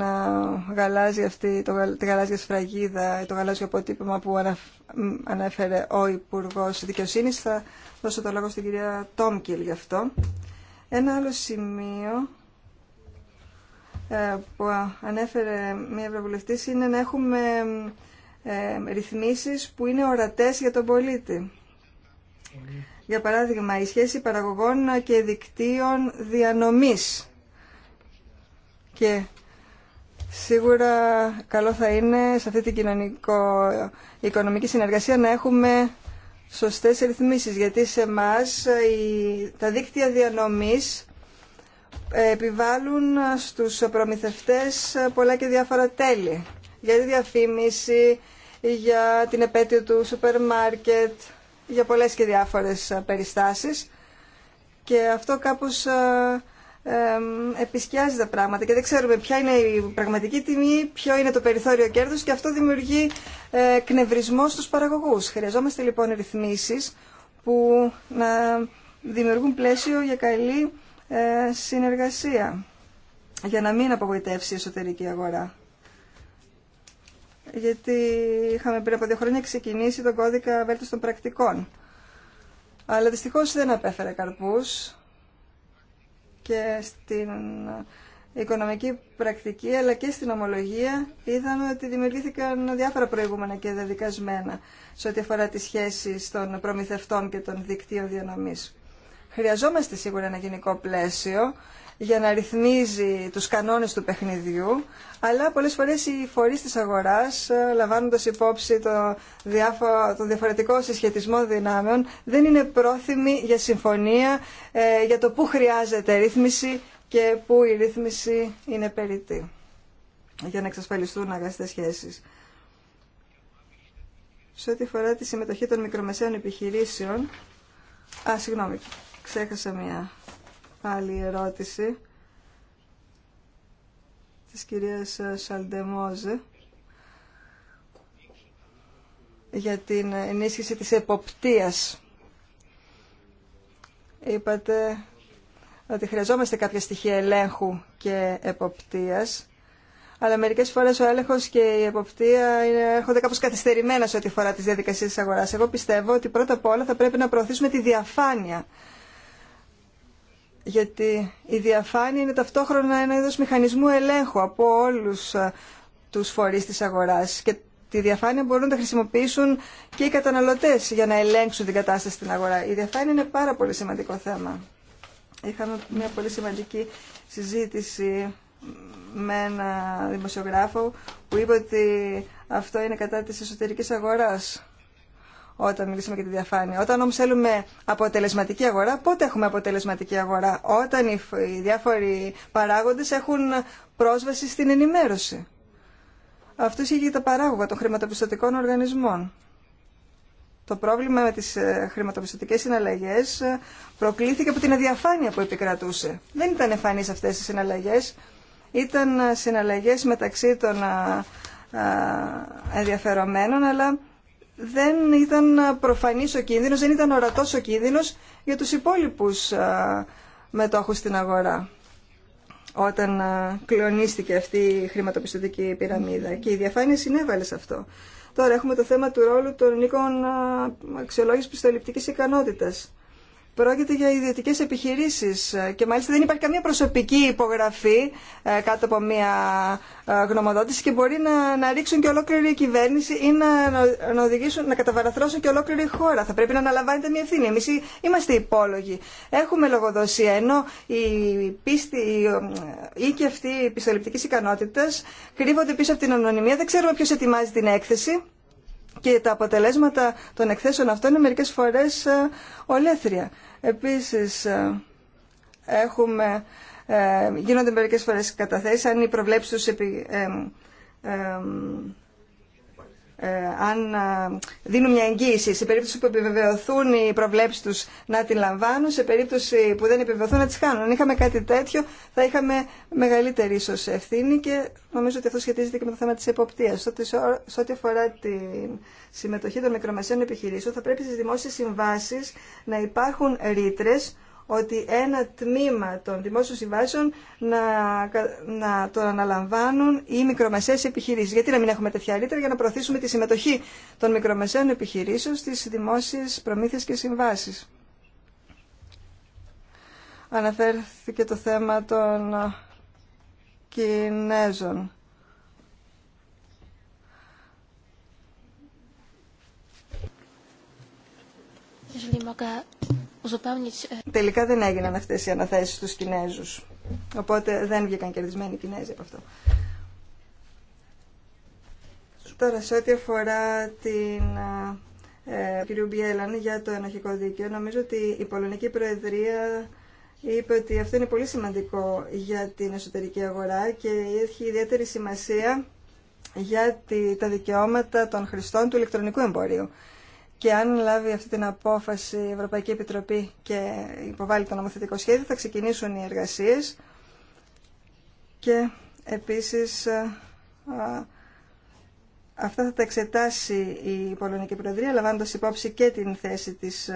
γαλάζια αυτή, το, τη γαλάζια σφραγίδα, το γαλάζιο αποτύπωμα που ανέφερε ο Υπουργό Δικαιοσύνη, θα δώσω το λόγο στην κυρία Τόμκιλ γι' αυτό. Ένα άλλο σημείο ε, που ανέφερε μια Ευρωβουλευτή είναι να έχουμε ε, ρυθμίσεις που είναι ορατές για τον πολίτη. Για παράδειγμα, η σχέση παραγωγών και δικτύων διανομής. Και σίγουρα καλό θα είναι σε αυτή την κοινωνικό, οικονομική συνεργασία να έχουμε σωστές ρυθμίσεις, γιατί σε εμά τα δίκτυα διανομής ε, επιβάλλουν στους προμηθευτές πολλά και διάφορα τέλη για τη διαφήμιση, για την επέτειο του σούπερ μάρκετ, για πολλές και διάφορες ε, περιστάσεις. Και αυτό κάπως ε, ε, επισκιάζει τα πράγματα και δεν ξέρουμε ποια είναι η πραγματική τιμή, ποιο είναι το περιθώριο κέρδους και αυτό δημιουργεί κνευρισμό στους παραγωγούς. Χρειαζόμαστε λοιπόν ρυθμίσεις που να δημιουργούν πλαίσιο για καλή συνεργασία για να μην απογοητεύσει η εσωτερική αγορά γιατί είχαμε πριν από δύο χρόνια ξεκινήσει τον κώδικα βέλτιστων των πρακτικών. Αλλά δυστυχώς δεν απέφερε καρπούς και στην οικονομική πρακτική αλλά και στην ομολογία είδαμε ότι δημιουργήθηκαν διάφορα προηγούμενα και δεδικασμένα σε ό,τι αφορά τις σχέσεις των προμηθευτών και των δικτύων διανομής. Χρειαζόμαστε σίγουρα ένα γενικό πλαίσιο για να ρυθμίζει τους κανόνες του παιχνιδιού, αλλά πολλές φορές οι φορείς της αγοράς, ε, λαμβάνοντας υπόψη το, διάφο, το διαφορετικό συσχετισμό δυνάμεων, δεν είναι πρόθυμοι για συμφωνία ε, για το πού χρειάζεται ρύθμιση και πού η ρύθμιση είναι περίτη για να εξασφαλιστούν αγαστές σχέσεις. Σε ό,τι αφορά τη συμμετοχή των μικρομεσαίων επιχειρήσεων... Α, συγγνώμη, ξέχασα μια άλλη ερώτηση της κυρίας Σαλντεμόζε για την ενίσχυση της εποπτείας. Είπατε ότι χρειαζόμαστε κάποια στοιχεία ελέγχου και εποπτείας, αλλά μερικές φορές ο έλεγχος και η εποπτεία έρχονται κάπως καθυστερημένα σε ό,τι φορά τις διαδικασίες της αγοράς. Εγώ πιστεύω ότι πρώτα απ' όλα θα πρέπει να προωθήσουμε τη διαφάνεια γιατί η διαφάνεια είναι ταυτόχρονα ένα είδος μηχανισμού ελέγχου από όλους ε, τους φορείς της αγοράς και τη διαφάνεια μπορούν να χρησιμοποιήσουν και οι καταναλωτές για να ελέγξουν την κατάσταση στην αγορά. Η διαφάνεια είναι πάρα πολύ σημαντικό θέμα. Είχαμε μια πολύ σημαντική συζήτηση με ένα δημοσιογράφο που είπε ότι αυτό είναι κατά της εσωτερικής αγοράς όταν μιλήσαμε για τη διαφάνεια. Όταν όμως θέλουμε αποτελεσματική αγορά, πότε έχουμε αποτελεσματική αγορά, όταν οι, διάφοροι παράγοντες έχουν πρόσβαση στην ενημέρωση. Αυτό ισχύει για τα παράγωγα των χρηματοπιστωτικών οργανισμών. Το πρόβλημα με τις ε, χρηματοπιστωτικές συναλλαγές ε, προκλήθηκε από την αδιαφάνεια που επικρατούσε. Δεν ήταν εμφανείς αυτές οι συναλλαγές. Ήταν ε, συναλλαγές μεταξύ των ενδιαφερομένων, αλλά δεν ήταν προφανής ο κίνδυνος, δεν ήταν ορατός ο κίνδυνος για τους υπόλοιπους μετόχους στην αγορά όταν κλονίστηκε αυτή η χρηματοπιστωτική πυραμίδα και η διαφάνεια συνέβαλε σε αυτό. Τώρα έχουμε το θέμα του ρόλου των οίκων αξιολόγηση πιστοληπτικής ικανότητας. Πρόκειται για ιδιωτικές επιχειρήσεις ε, και μάλιστα δεν υπάρχει καμία προσωπική υπογραφή ε, κάτω από μια ε, γνωμοδότηση και μπορεί να, να ρίξουν και ολόκληρη η κυβέρνηση ή να, να, οδηγήσουν, να καταβαραθρώσουν και ολόκληρη η χώρα. Θα πρέπει να αναλαμβάνετε μια ευθύνη. Εμείς είμαστε υπόλογοι. Έχουμε λογοδοσία, ενώ η πίστη ή και αυτή η πιστοληπτική ικανότητα κρύβονται πίσω από την ανωνυμία. Δεν ξέρουμε ποιο ετοιμάζει την έκθεση και τα αποτελέσματα των εκθέσεων αυτών είναι μερικές φορές ε, ολέθρια. Επίσης, ε, έχουμε, ε, γίνονται μερικές φορές καταθέσεις αν οι προβλέψεις τους επι, ε, αν ε, δίνουν μια εγγύηση σε περίπτωση που επιβεβαιωθούν οι προβλέψει του να την λαμβάνουν, σε περίπτωση που δεν επιβεβαιωθούν να τι κάνουν. Αν είχαμε κάτι τέτοιο, θα είχαμε μεγαλύτερη ίσω ευθύνη και νομίζω ότι αυτό σχετίζεται και με το θέμα της εποπτείας. Σε ό,τι αφορά τη συμμετοχή των μικρομεσαίων επιχειρήσεων, θα πρέπει στις δημόσιες συμβάσεις να υπάρχουν ρήτρες ότι ένα τμήμα των δημόσιων συμβάσεων να, να τον αναλαμβάνουν οι μικρομεσαίες επιχειρήσεις. Γιατί να μην έχουμε τέτοια ρήτρα για να προωθήσουμε τη συμμετοχή των μικρομεσαίων επιχειρήσεων στις δημόσιες προμήθειες και συμβάσεις. Αναφέρθηκε το θέμα των Κινέζων. Ε, Τελικά δεν έγιναν αυτές οι αναθέσεις στους Κινέζους. Οπότε δεν βγήκαν κερδισμένοι οι Κινέζοι από αυτό. Τώρα, σε ό,τι αφορά την ε, ε κυρίου για το ενοχικό δίκαιο, νομίζω ότι η Πολωνική Προεδρία είπε ότι αυτό είναι πολύ σημαντικό για την εσωτερική αγορά και έχει ιδιαίτερη σημασία για τα δικαιώματα των χρηστών του ηλεκτρονικού εμπορίου. Και αν λάβει αυτή την απόφαση η Ευρωπαϊκή Επιτροπή και υποβάλει το νομοθετικό σχέδιο, θα ξεκινήσουν οι εργασίες και επίσης αυτά θα τα εξετάσει η Πολωνική Προεδρία, λαμβάνοντα υπόψη και την θέση της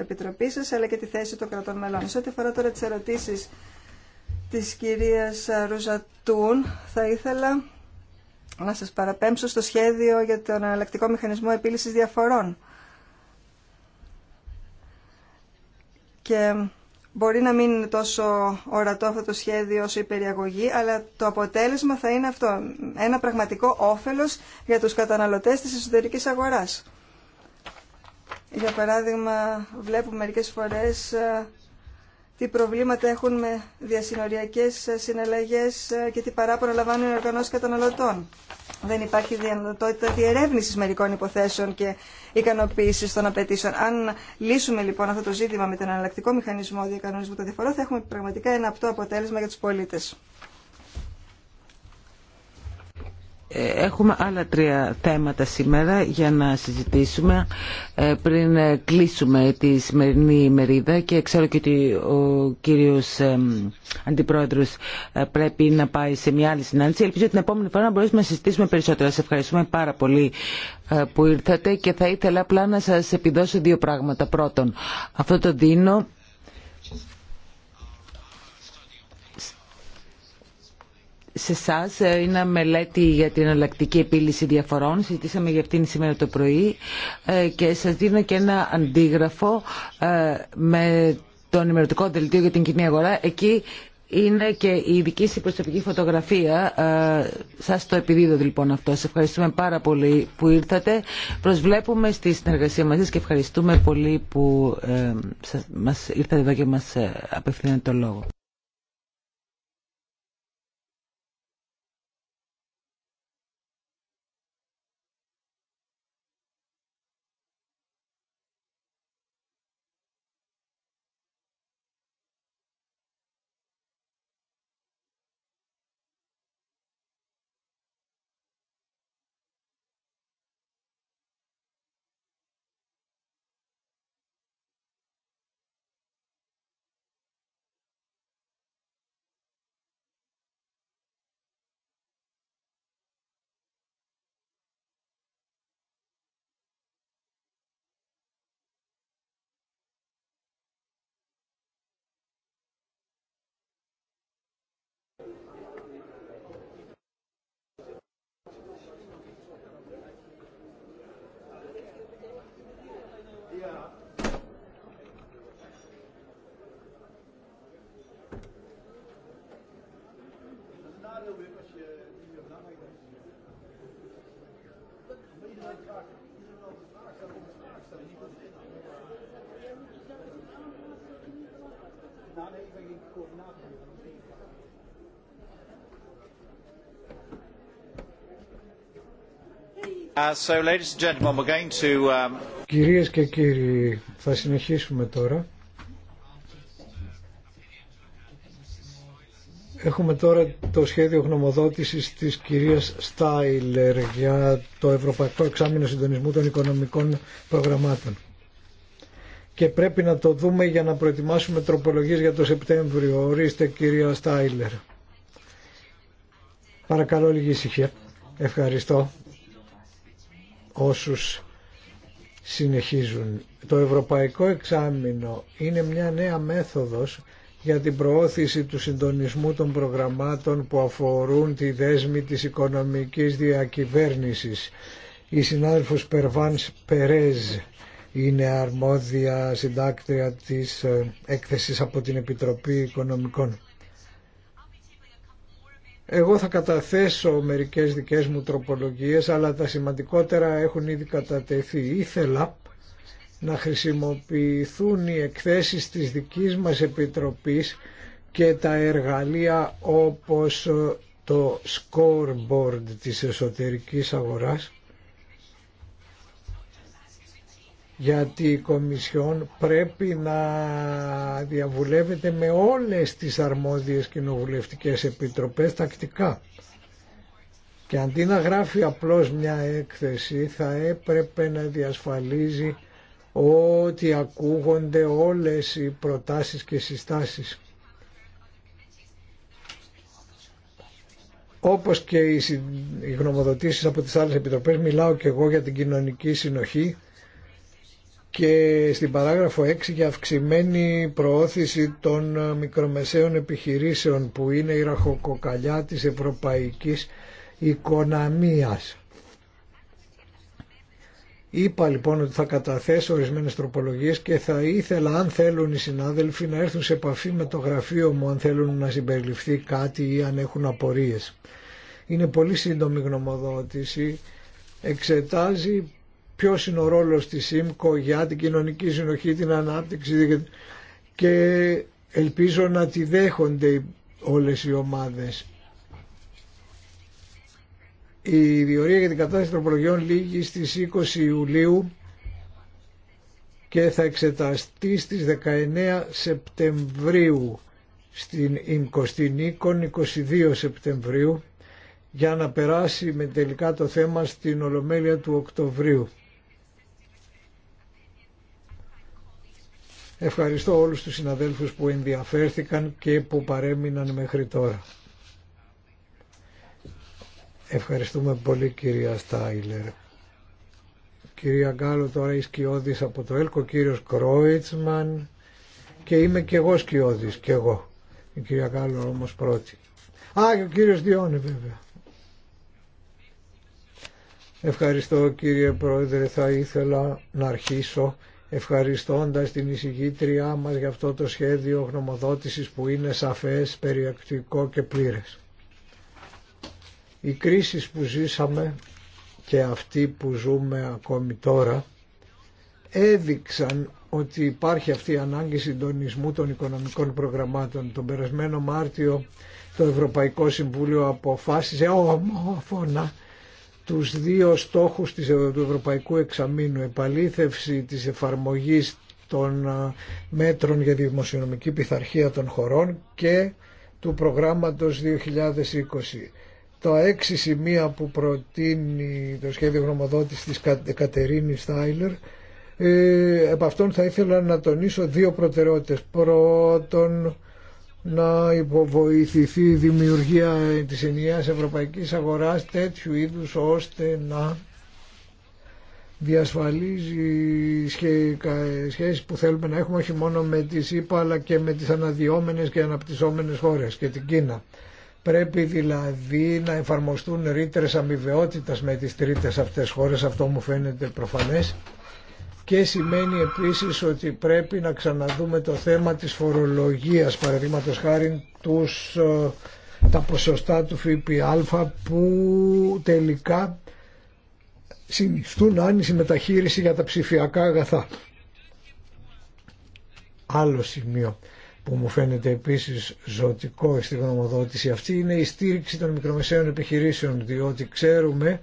Επιτροπής σας, αλλά και τη θέση των κρατών μελών. Σε ό,τι αφορά τώρα τις ερωτήσεις της κυρίας Ρουζατούν, θα ήθελα να σας παραπέμψω στο σχέδιο για τον αναλλακτικό μηχανισμό επίλυσης διαφορών και μπορεί να μην είναι τόσο ορατό αυτό το σχέδιο όσο η περιαγωγή, αλλά το αποτέλεσμα θα είναι αυτό, ένα πραγματικό όφελος για τους καταναλωτές της εσωτερικής αγοράς. Για παράδειγμα, βλέπουμε μερικές φορές ε, τι προβλήματα έχουν με διασυνοριακές συναλλαγές και τι παράπονα λαμβάνουν οι οργανώσεις καταναλωτών. Δεν υπάρχει δυνατότητα διερεύνηση μερικών υποθέσεων και ικανοποίηση των απαιτήσεων. Αν λύσουμε λοιπόν αυτό το ζήτημα με τον εναλλακτικό μηχανισμό διακανονισμού των διαφορών, θα έχουμε πραγματικά ένα απτό αποτέλεσμα για του πολίτε. Ε, έχουμε άλλα τρία θέματα σήμερα για να συζητήσουμε ε, πριν ε, κλείσουμε τη σημερινή ημερίδα και ξέρω και ότι ο κύριος Αντιπρόεδρος πρέπει να πάει σε μια άλλη συνάντηση. Ελπίζω την επόμενη φορά να μπορέσουμε να συζητήσουμε περισσότερα. Σε ευχαριστούμε πάρα πολύ που ήρθατε και θα ήθελα απλά να σας επιδώσω δύο πράγματα. Πρώτον, αυτό το δίνω σε εσά ε, είναι μελέτη για την εναλλακτική επίλυση διαφορών. Συζητήσαμε για αυτήν σήμερα το πρωί ε, και σα δίνω και ένα αντίγραφο ε, με το ενημερωτικό δελτίο για την κοινή αγορά. Εκεί είναι και η δική σα προσωπική φωτογραφία. Σα το επιδίδω λοιπόν αυτό. Σα ευχαριστούμε πάρα πολύ που ήρθατε. Προσβλέπουμε στη συνεργασία μαζί και ευχαριστούμε πολύ που ήρθατε εδώ και μα απευθύνετε το λόγο. Uh, um, Κυρίες και κύριοι, θα συνεχίσουμε τώρα. Έχουμε τώρα το σχέδιο γνωμοδότησης της κυρίας Στάιλερ για το Ευρωπαϊκό Εξάμεινο Συντονισμού των Οικονομικών Προγραμμάτων. Και πρέπει να το δούμε για να προετοιμάσουμε τροπολογίες για το Σεπτέμβριο. Ορίστε κυρία Στάιλερ. Παρακαλώ λίγη ησυχία. Ευχαριστώ όσους συνεχίζουν. Το Ευρωπαϊκό Εξάμεινο είναι μια νέα μέθοδος για την προώθηση του συντονισμού των προγραμμάτων που αφορούν τη δέσμη της οικονομικής διακυβέρνησης. Η συνάδελφος Περβάνς Περέζ είναι αρμόδια συντάκτρια της ε, έκθεσης από την Επιτροπή Οικονομικών. Εγώ θα καταθέσω μερικές δικές μου τροπολογίες, αλλά τα σημαντικότερα έχουν ήδη κατατεθεί. Ήθελα να χρησιμοποιηθούν οι εκθέσεις της δικής μας Επιτροπής και τα εργαλεία όπως το scoreboard της εσωτερικής αγοράς γιατί η Κομισιόν πρέπει να διαβουλεύεται με όλες τις αρμόδιες κοινοβουλευτικές επιτροπές τακτικά. Και αντί να γράφει απλώς μια έκθεση θα έπρεπε να διασφαλίζει ότι ακούγονται όλες οι προτάσεις και συστάσεις. Όπως και οι γνωμοδοτήσεις από τις άλλες επιτροπές μιλάω και εγώ για την κοινωνική συνοχή και στην παράγραφο 6 για αυξημένη προώθηση των μικρομεσαίων επιχειρήσεων που είναι η ραχοκοκαλιά της ευρωπαϊκής οικονομίας. Είπα λοιπόν ότι θα καταθέσω ορισμένες τροπολογίες και θα ήθελα αν θέλουν οι συνάδελφοι να έρθουν σε επαφή με το γραφείο μου αν θέλουν να συμπεριληφθεί κάτι ή αν έχουν απορίες. Είναι πολύ σύντομη γνωμοδότηση. Εξετάζει Ποιο είναι ο ρόλο τη ΣΥΜΚΟ για την κοινωνική συνοχή, την ανάπτυξη και ελπίζω να τη δέχονται όλες οι ομάδες. Η διορία για την κατάσταση τροπολογιών λήγει στις 20 Ιουλίου και θα εξεταστεί στις 19 Σεπτεμβρίου στην στην 22 Σεπτεμβρίου για να περάσει με τελικά το θέμα στην Ολομέλεια του Οκτωβρίου. Ευχαριστώ όλους τους συναδέλφους που ενδιαφέρθηκαν και που παρέμειναν μέχρι τώρα. Ευχαριστούμε πολύ κυρία Στάιλερ. Κυρία Γκάλο τώρα η Σκιώδης από το ΕΛΚΟ, κύριος Κρόιτσμαν και είμαι και εγώ Σκιώδης, και εγώ. Η κυρία Γκάλο όμως πρώτη. Α, και ο κύριος Διόνι βέβαια. Ευχαριστώ κύριε Πρόεδρε, θα ήθελα να αρχίσω ευχαριστώντας την εισηγήτριά μας για αυτό το σχέδιο γνωμοδότησης που είναι σαφές, περιεκτικό και πλήρες. Οι κρίσεις που ζήσαμε και αυτή που ζούμε ακόμη τώρα έδειξαν ότι υπάρχει αυτή η ανάγκη συντονισμού των οικονομικών προγραμμάτων. Τον περασμένο Μάρτιο το Ευρωπαϊκό Συμβούλιο αποφάσισε ομόφωνα τους δύο στόχους του Ευρωπαϊκού Εξαμήνου, επαλήθευση της εφαρμογής των ε, μέτρων για δημοσιονομική πειθαρχία των χωρών και του προγράμματος 2020. Το έξι σημεία που προτείνει το σχέδιο γνωμοδότης της Κατερίνη Στάιλερ, ε, θα ήθελα να τονίσω δύο προτεραιότητες. Πρώτον, να υποβοηθηθεί η δημιουργία της ενιαίας ευρωπαϊκής αγοράς τέτοιου είδους ώστε να διασφαλίζει σχέσεις που θέλουμε να έχουμε όχι μόνο με τις ΗΠΑ αλλά και με τις αναδυόμενες και αναπτυσσόμενες χώρες και την Κίνα. Πρέπει δηλαδή να εφαρμοστούν ρήτρες αμοιβαιότητας με τις τρίτες αυτές χώρες, αυτό μου φαίνεται προφανές και σημαίνει επίσης ότι πρέπει να ξαναδούμε το θέμα της φορολογίας παραδείγματο χάρη τους, ε, τα ποσοστά του ΦΠΑ που τελικά συνιστούν άνηση μεταχείριση για τα ψηφιακά αγαθά. Άλλο σημείο που μου φαίνεται επίσης ζωτικό στη γνωμοδότηση αυτή είναι η στήριξη των μικρομεσαίων επιχειρήσεων διότι ξέρουμε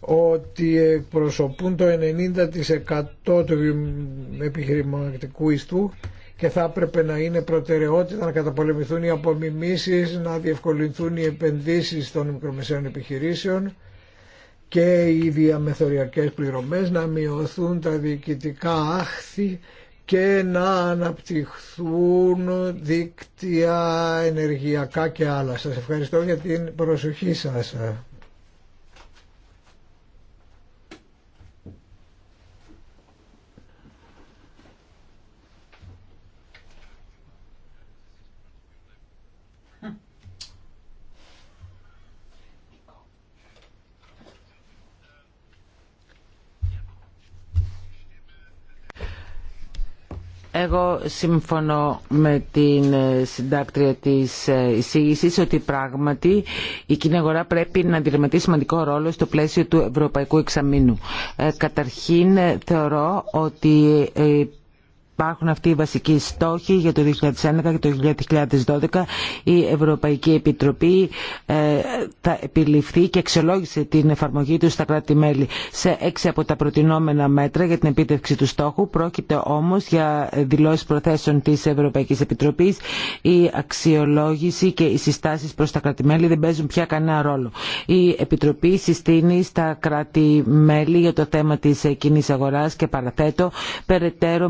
ότι εκπροσωπούν το 90% του επιχειρηματικού ιστού και θα έπρεπε να είναι προτεραιότητα να καταπολεμηθούν οι απομιμήσεις, να διευκολυνθούν οι επενδύσεις των μικρομεσαίων επιχειρήσεων και οι διαμεθοριακές πληρωμές, να μειωθούν τα διοικητικά άχθη και να αναπτυχθούν δίκτυα ενεργειακά και άλλα. Σας ευχαριστώ για την προσοχή σας. Εγώ συμφωνώ με την ε, συντάκτρια της ε, εισήγησης ότι πράγματι η κοινή αγορά πρέπει να αντιλαμβανθεί σημαντικό ρόλο στο πλαίσιο του ευρωπαϊκού εξαμήνου. Ε, καταρχήν θεωρώ ότι υπάρχουν αυτοί οι βασικοί στόχοι για το 2011 και το 2012. Η Ευρωπαϊκή Επιτροπή ε, θα επιληφθεί και αξιολόγησε την εφαρμογή του στα κράτη-μέλη σε έξι από τα προτινόμενα μέτρα για την επίτευξη του στόχου. Πρόκειται όμως για δηλώσεις προθέσεων της Ευρωπαϊκής Επιτροπής. Η αξιολόγηση και οι συστάσεις προς τα κράτη-μέλη δεν παίζουν πια κανένα ρόλο. Η Επιτροπή συστήνει στα κράτη-μέλη για το θέμα της ε, κοινή αγοράς και παραθέτω περαιτέρω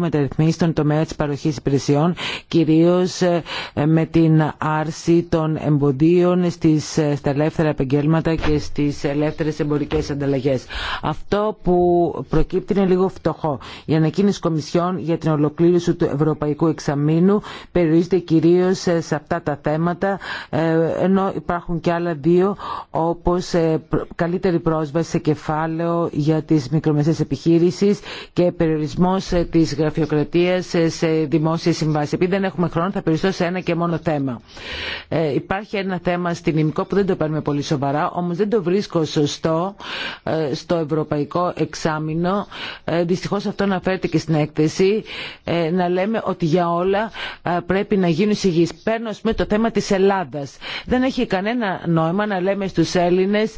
στον τομέα της παροχής υπηρεσιών, κυρίως ε, με την άρση των εμποδίων στις, ε, στα ελεύθερα επαγγέλματα και στις ελεύθερες εμπορικές ανταλλαγές. Αυτό που προκύπτει είναι λίγο φτωχό. Η ανακοίνηση Κομισιόν για την ολοκλήρωση του Ευρωπαϊκού Εξαμήνου περιορίζεται κυρίως ε, σε αυτά τα θέματα, ενώ υπάρχουν και άλλα δύο, όπως καλύτερη πρόσβαση σε κεφάλαιο για τις μικρομεσαίες επιχείρησεις και περιορισμός της γραφειοκρατίας σε δημόσια συμβάσεις. Επειδή δεν έχουμε χρόνο θα περιστώ σε ένα και μόνο θέμα. Ε, υπάρχει ένα θέμα στην ημικό που δεν το παίρνουμε πολύ σοβαρά, όμω δεν το βρίσκω σωστό ε, στο ευρωπαϊκό εξάμεινο. Ε, δυστυχώς αυτό αναφέρεται και στην έκθεση, ε, να λέμε ότι για όλα ε, πρέπει να γίνουν εισηγεί. Παίρνω με το θέμα τη Ελλάδα. Δεν έχει κανένα νόημα να λέμε στους Έλληνες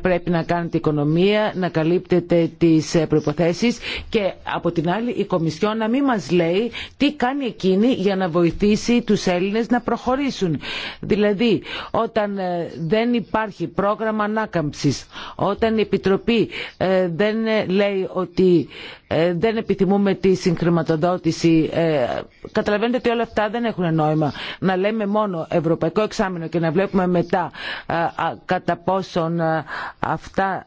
πρέπει να κάνετε οικονομία, να καλύπτετε τις προποθέσει και από την άλλη η Κομισιόν να μην λέει τι κάνει εκείνη για να βοηθήσει τους Έλληνες να προχωρήσουν. Δηλαδή, όταν ε, δεν υπάρχει πρόγραμμα ανάκαμψης, όταν η Επιτροπή ε, δεν ε, λέει ότι δεν επιθυμούμε τη συγχρηματοδότηση. Καταλαβαίνετε ότι όλα αυτά δεν έχουν νόημα. Να λέμε μόνο ευρωπαϊκό εξάμεινο και να βλέπουμε μετά κατά πόσον αυτά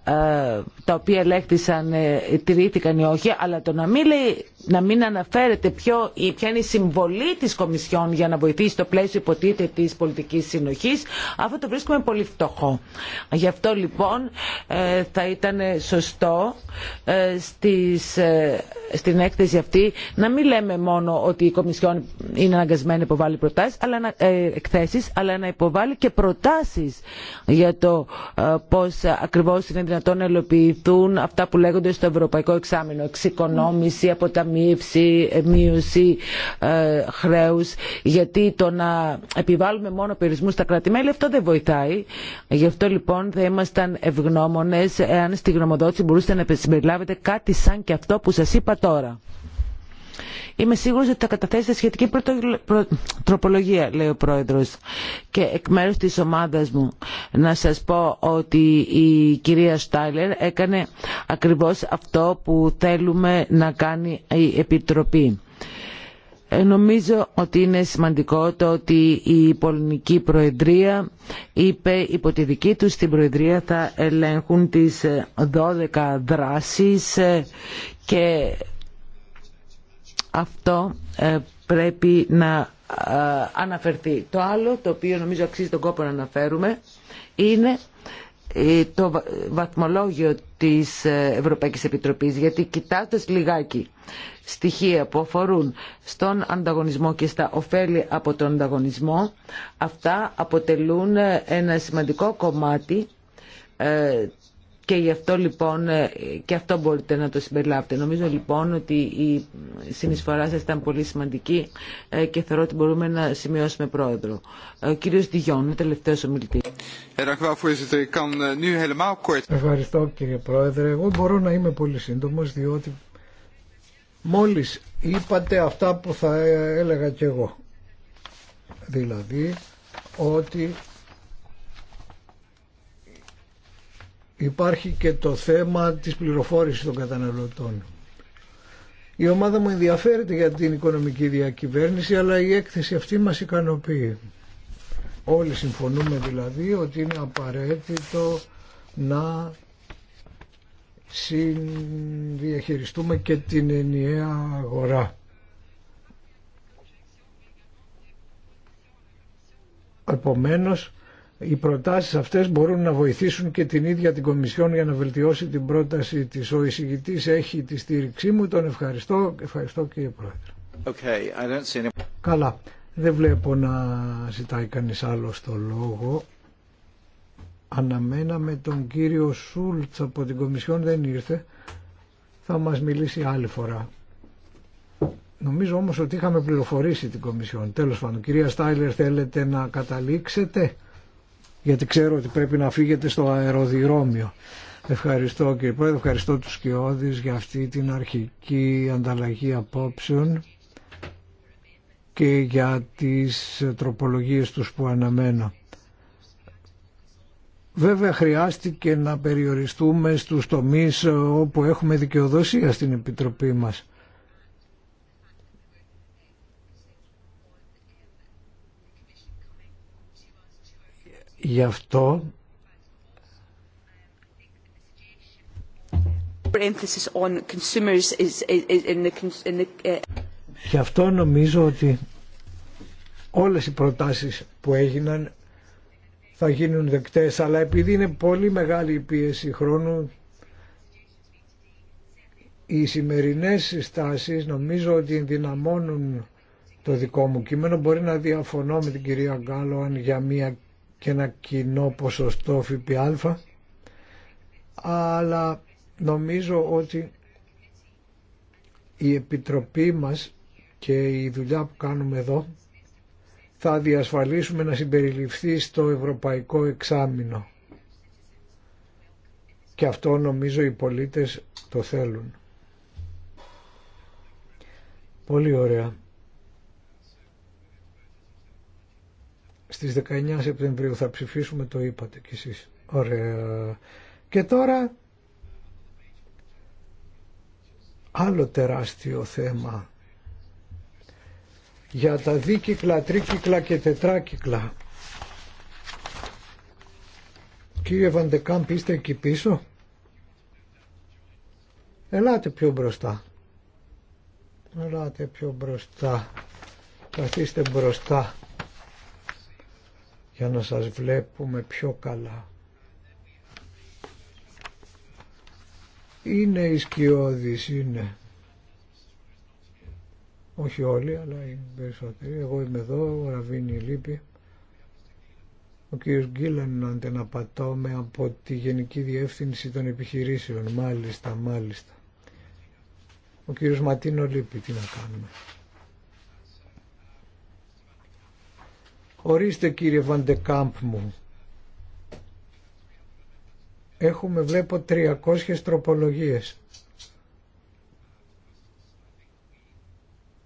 τα οποία ελέγχθησαν τηρήθηκαν ή όχι, αλλά το να μην λέει να μην αναφέρεται ποιο, ποια είναι η συμβολή της Κομισιόν για να βοηθήσει το πλαίσιο υποτίθεται της πολιτικής συνοχής, αυτό το βρίσκουμε πολύ φτωχό. Γι' αυτό λοιπόν ε, θα ήταν σωστό ε, στις, ε, στην έκθεση αυτή να μην λέμε μόνο ότι η Κομισιόν είναι αναγκασμένη να υποβάλει προτάσεις, αλλά να, εκθέσεις, αλλά να υποβάλει και προτάσεις για το ε, πώς ακριβώς είναι δυνατόν να υλοποιηθούν αυτά που λέγονται στο Ευρωπαϊκό Εξάμεινο, εξοικονόμηση, αποταμίευση, αποταμίευση, ε, μείωση ε, χρέους, γιατί το να επιβάλλουμε μόνο περιορισμού στα κράτη-μέλη αυτό δεν βοηθάει. Γι' αυτό λοιπόν θα ήμασταν ευγνώμονες εάν στη γνωμοδότηση μπορούσατε να συμπεριλάβετε κάτι σαν και αυτό που σας είπα τώρα. Είμαι σίγουρος ότι θα καταθέσετε σχετική τροπολογία, λέει ο πρόεδρο, Και εκ μέρου τη ομάδα μου να σας πω ότι η κυρία Στάιλερ έκανε ακριβώς αυτό που θέλουμε να κάνει η Επιτροπή. Ε, νομίζω ότι είναι σημαντικό το ότι η Πολωνική Προεδρία είπε υπό τη δική τους την Προεδρία θα ελέγχουν τις 12 ε, δράσεις ε, και αυτό ε, πρέπει να ε, αναφερθεί. Το άλλο το οποίο νομίζω αξίζει τον κόπο να αναφέρουμε είναι ε, το βαθμολόγιο της Ευρωπαϊκής Επιτροπής γιατί κοιτάζοντας λιγάκι στοιχεία που αφορούν στον ανταγωνισμό και στα ωφέλη από τον ανταγωνισμό αυτά αποτελούν ένα σημαντικό κομμάτι και γι' αυτό λοιπόν ε, και αυτό μπορείτε να το συμπεριλάβετε. Νομίζω λοιπόν ότι η συνεισφορά σας ήταν πολύ σημαντική ε, και θεωρώ ότι μπορούμε να σημειώσουμε πρόεδρο. Ε, ο κύριος Διγιόν, ο τελευταίος ομιλητής. Ευχαριστώ κύριε πρόεδρε. Εγώ μπορώ να είμαι πολύ σύντομος διότι μόλις είπατε αυτά που θα έλεγα κι εγώ. Δηλαδή ότι υπάρχει και το θέμα της πληροφόρησης των καταναλωτών. Η ομάδα μου ενδιαφέρεται για την οικονομική διακυβέρνηση, αλλά η έκθεση αυτή μας ικανοποιεί. Όλοι συμφωνούμε δηλαδή ότι είναι απαραίτητο να συνδιαχειριστούμε και την ενιαία αγορά. Επομένως, οι προτάσεις αυτές μπορούν να βοηθήσουν και την ίδια την Κομισιόν για να βελτιώσει την πρόταση της. Ο εισηγητής έχει τη στήριξή μου, τον ευχαριστώ, ευχαριστώ κύριε Πρόεδρε. Καλά, δεν βλέπω να ζητάει κανείς άλλο το λόγο. Αναμέναμε τον κύριο Σούλτς από την Κομισιόν, δεν ήρθε. Θα μας μιλήσει άλλη φορά. Νομίζω όμως ότι είχαμε πληροφορήσει την Κομισιόν. Τέλος πάντων, κυρία Στάιλερ θέλετε να καταλήξετε γιατί ξέρω ότι πρέπει να φύγετε στο αεροδρόμιο. Ευχαριστώ κύριε Πρόεδρε, ευχαριστώ τους Κιώδης για αυτή την αρχική ανταλλαγή απόψεων και για τις τροπολογίες τους που αναμένω. Βέβαια χρειάστηκε να περιοριστούμε στους τομείς όπου έχουμε δικαιοδοσία στην Επιτροπή μας. Γι' αυτό uh, Γι' αυτό νομίζω ότι όλες οι προτάσεις που έγιναν θα γίνουν δεκτές, αλλά επειδή είναι πολύ μεγάλη η πίεση χρόνου, οι σημερινές συστάσεις νομίζω ότι ενδυναμώνουν το δικό μου κείμενο. Μπορεί να διαφωνώ με την κυρία Γκάλο αν για μία και ένα κοινό ποσοστό ΦΠΑ αλλά νομίζω ότι η Επιτροπή μας και η δουλειά που κάνουμε εδώ θα διασφαλίσουμε να συμπεριληφθεί στο Ευρωπαϊκό Εξάμεινο. Και αυτό νομίζω οι πολίτες το θέλουν. Πολύ ωραία. Στις 19 Σεπτεμβρίου θα ψηφίσουμε, το είπατε κι εσείς. Ωραία. Και τώρα άλλο τεράστιο θέμα για τα δίκυκλα, τρίκυκλα και τετράκυκλα. Κύριε Βαντεκάμπ, είστε εκεί πίσω. Ελάτε πιο μπροστά. Ελάτε πιο μπροστά. Καθίστε μπροστά για να σας βλέπουμε πιο καλά. Είναι οι είναι. Όχι όλοι, αλλά οι περισσότεροι. Εγώ είμαι εδώ, ο Ραβίνη λείπει. Ο κύριος Γκίλαν, να δεν από τη Γενική Διεύθυνση των Επιχειρήσεων. Μάλιστα, μάλιστα. Ο κύριος Ματίνο λείπει, τι να κάνουμε. Ορίστε κύριε Βαντεκάμπ μου. Έχουμε βλέπω 300 τροπολογίες.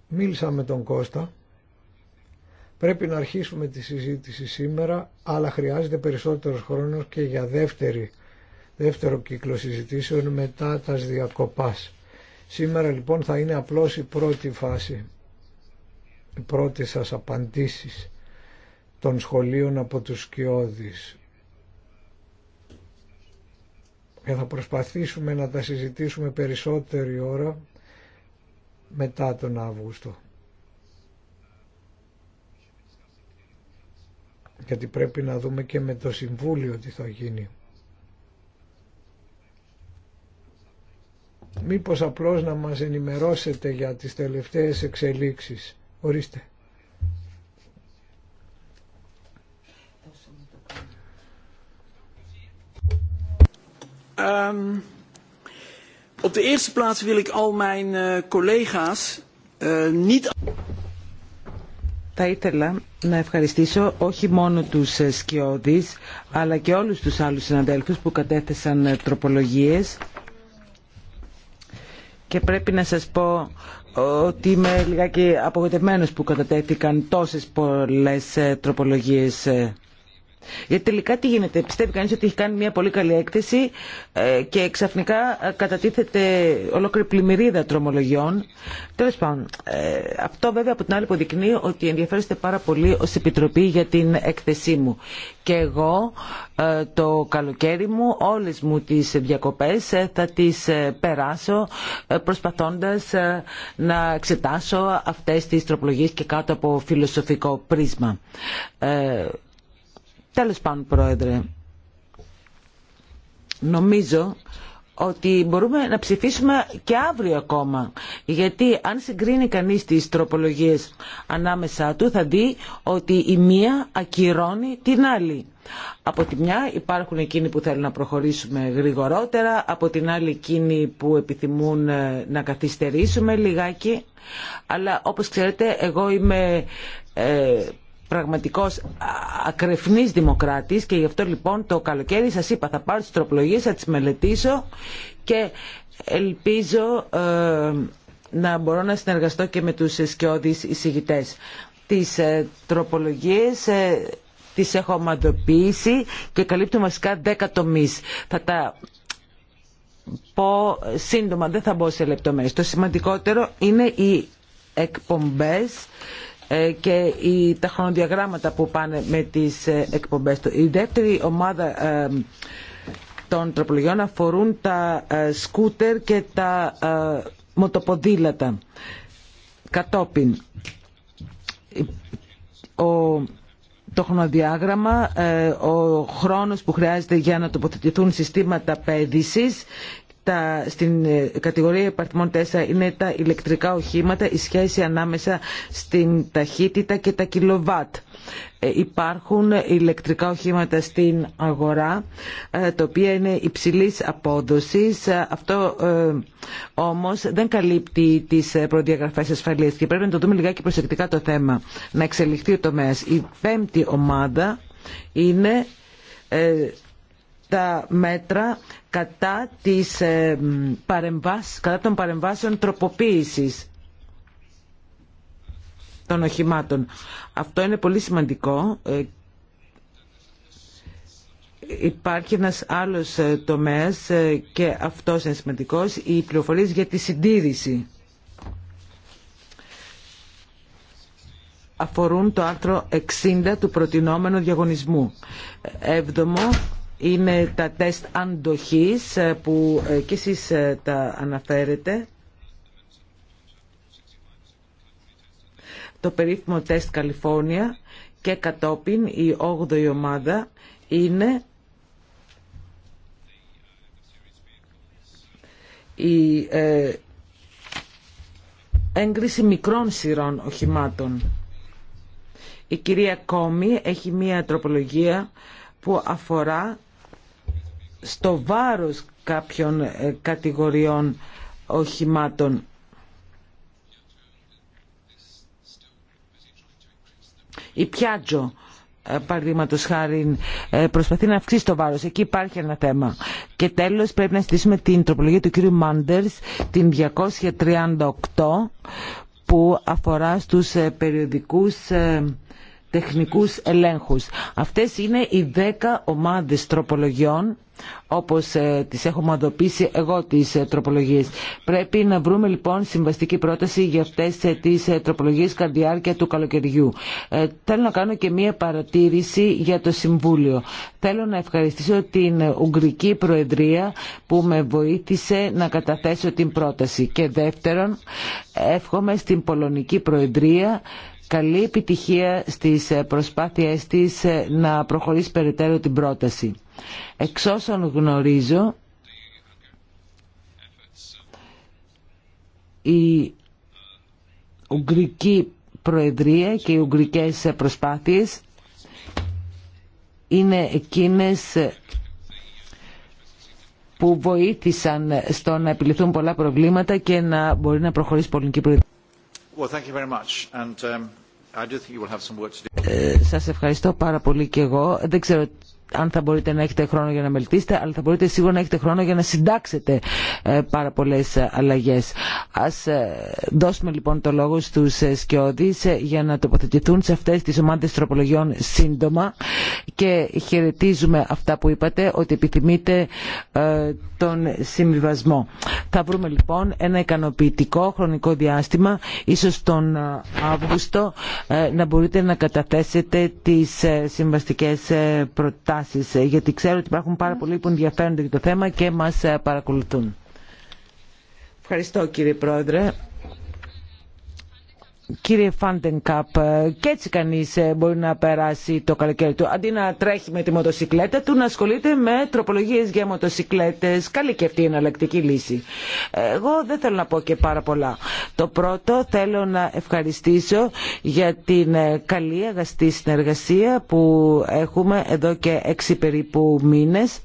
Μίλησα με τον Κώστα. Πρέπει να αρχίσουμε τη συζήτηση σήμερα, αλλά χρειάζεται περισσότερος χρόνος και για δεύτερη, δεύτερο κύκλο συζητήσεων μετά τα διακοπάς. Σήμερα λοιπόν θα είναι απλώς η πρώτη φάση, οι πρώτες σας απαντήσεις των σχολείων από τους Σκιώδης. Και θα προσπαθήσουμε να τα συζητήσουμε περισσότερη ώρα μετά τον Αύγουστο. Γιατί πρέπει να δούμε και με το Συμβούλιο τι θα γίνει. Μήπως απλώς να μας ενημερώσετε για τις τελευταίες εξελίξεις. Ορίστε. Θα ήθελα να ευχαριστήσω όχι μόνο τους ε, Σκιώδης, αλλά και όλους τους άλλους συναδέλφους που κατέθεσαν ε, τροπολογίες. Και πρέπει να σας πω ότι είμαι λιγάκι απογοητευμένος που κατατέθηκαν τόσες πολλές ε, τροπολογίες γιατί τελικά τι γίνεται, πιστεύει κανείς ότι έχει κάνει μια πολύ καλή έκθεση ε, και ξαφνικά ε, κατατίθεται ολόκληρη πλημμυρίδα τρομολογιών. Τέλος πάντων, ε, αυτό βέβαια από την άλλη υποδεικνύει ότι ενδιαφέρεστε πάρα πολύ ως Επιτροπή για την έκθεσή μου. Και εγώ το καλοκαίρι μου όλες μου τις διακοπές θα τις περάσω προσπαθώντας να εξετάσω αυτές τις τροπολογίες και κάτω από φιλοσοφικό πρίσμα. Τέλος πάντων, Πρόεδρε, νομίζω ότι μπορούμε να ψηφίσουμε και αύριο ακόμα. Γιατί αν συγκρίνει κανείς τις τροπολογίες ανάμεσά του θα δει ότι η μία ακυρώνει την άλλη. Από τη μια υπάρχουν εκείνοι που θέλουν να προχωρήσουμε γρηγορότερα, από την άλλη εκείνοι που επιθυμούν ε, να καθυστερήσουμε λιγάκι. Αλλά όπως ξέρετε εγώ είμαι ε, Πραγματικό ακρεφνής δημοκράτη, και γι' αυτό λοιπόν το καλοκαίρι σας είπα θα πάρω τι τροπολογίες, θα τι μελετήσω και ελπίζω ε, να μπορώ να συνεργαστώ και με τους σκιώδεις εισηγητέ. Τι ε, τροπολογίες ε, τις έχω ομαδοποιήσει και καλύπτω βασικά 10 τομεί. Θα τα πω σύντομα, δεν θα μπω σε λεπτομέρειε. Το σημαντικότερο είναι οι εκπομπές ε, και τα χρονοδιαγράμματα που πάνε με τις ε, εκπομπές του. Η δεύτερη ομάδα ε, των τροπολογιών αφορούν τα σκούτερ και τα μοτοποδήλατα. Κατόπιν, ο το χρονοδιάγραμμα, ο χρόνος που χρειάζεται για να τοποθετηθούν συστήματα πέδησης στην ε, κατηγορία υπαρθμών 4 είναι τα ηλεκτρικά οχήματα, η σχέση ανάμεσα στην ταχύτητα και τα κιλοβάτ. Ε, υπάρχουν ηλεκτρικά οχήματα στην αγορά, ε, τα οποία είναι υψηλής απόδοσης. Αυτό όμως δεν καλύπτει τις προδιαγραφές ασφαλείας και πρέπει να το δούμε λιγάκι προσεκτικά το θέμα, να εξελιχθεί ο τομέα Η πέμπτη ομάδα είναι τα μέτρα κατά, τις, ε, κατά των παρεμβάσεων τροποποίησης των οχημάτων. Αυτό είναι πολύ σημαντικό. Ε, υπάρχει ένας άλλος ε, τομέας και αυτός είναι σημαντικός, οι πληροφορίες για τη συντήρηση. Αφορούν το άρθρο 60 του προτινόμενου διαγωνισμού. Έβδομο, είναι τα τεστ αντοχής ε, που ε, και εσείς ε, τα αναφέρετε. Το περίφημο τεστ Καλιφόρνια και κατόπιν η 8η ομάδα είναι η έγκριση μικρών σειρών οχημάτων. Η κυρία Κόμη έχει μία τροπολογία που αφορά στο βάρος κάποιων ε, κατηγοριών οχημάτων. Η Πιάτζο, ε, παραδείγματο χάρη, ε, προσπαθεί να αυξήσει το βάρος. Εκεί υπάρχει ένα θέμα. Και τέλος πρέπει να στήσουμε την τροπολογία του κύριου Μάντερς, την 238, που αφορά στους περιοδικούς τεχνικούς ελέγχους. Αυτές είναι οι 10 ομάδες τροπολογιών όπως ε, τις έχω μοδοποιήσει εγώ τις ε, τροπολογίες. Πρέπει να βρούμε λοιπόν συμβαστική πρόταση για αυτές ε, τις τροπολογίες κατά διάρκεια του καλοκαιριού. Θέλω να κάνω και μία παρατήρηση για το Συμβούλιο. Θέλω να ευχαριστήσω την Ουγγρική Προεδρία που με βοήθησε να καταθέσω την πρόταση. Και δεύτερον, εύχομαι στην Πολωνική Προεδρία καλή επιτυχία στις προσπάθειές της να προχωρήσει περαιτέρω την πρόταση. Εξ όσων γνωρίζω, η Ουγγρική Προεδρία και οι Ουγγρικές προσπάθειες είναι εκείνες που βοήθησαν στο να επιληθούν πολλά προβλήματα και να μπορεί να προχωρήσει η πολιτική προεδρία. Um, ε, σας ευχαριστώ πάρα πολύ και εγώ. Δεν ξέρω αν θα μπορείτε να έχετε χρόνο για να μελετήσετε, αλλά θα μπορείτε σίγουρα να έχετε χρόνο για να συντάξετε ε, πάρα πολλές αλλαγές. Ας ε, δώσουμε λοιπόν το λόγο στους ε, σκιώδεις για να τοποθετηθούν σε αυτές τις ομάδες τροπολογιών σύντομα και χαιρετίζουμε αυτά που είπατε ότι επιθυμείτε τον συμβιβασμό. Θα βρούμε λοιπόν ένα ικανοποιητικό χρονικό διάστημα, ίσως τον Αύγουστο, να μπορείτε να καταθέσετε τις συμβαστικές προτάσεις ε, γιατί ξέρω ότι υπάρχουν πάρα πολλοί που ενδιαφέρονται για το θέμα και μας ε, παρακολουθούν. Ευχαριστώ κύριε Πρόεδρε. Κύριε Καπ και έτσι κανείς ε, μπορεί να περάσει το καλοκαίρι του. Αντί να τρέχει με τη μοτοσυκλέτα του, να ασχολείται με τροπολογίες για μοτοσυκλέτες. Καλή και αυτή η εναλλακτική λύση. Εγώ δεν θέλω να πω και πάρα πολλά. Το πρώτο θέλω να ευχαριστήσω για την ε, καλή αγαστή συνεργασία που έχουμε εδώ και έξι περίπου μήνες.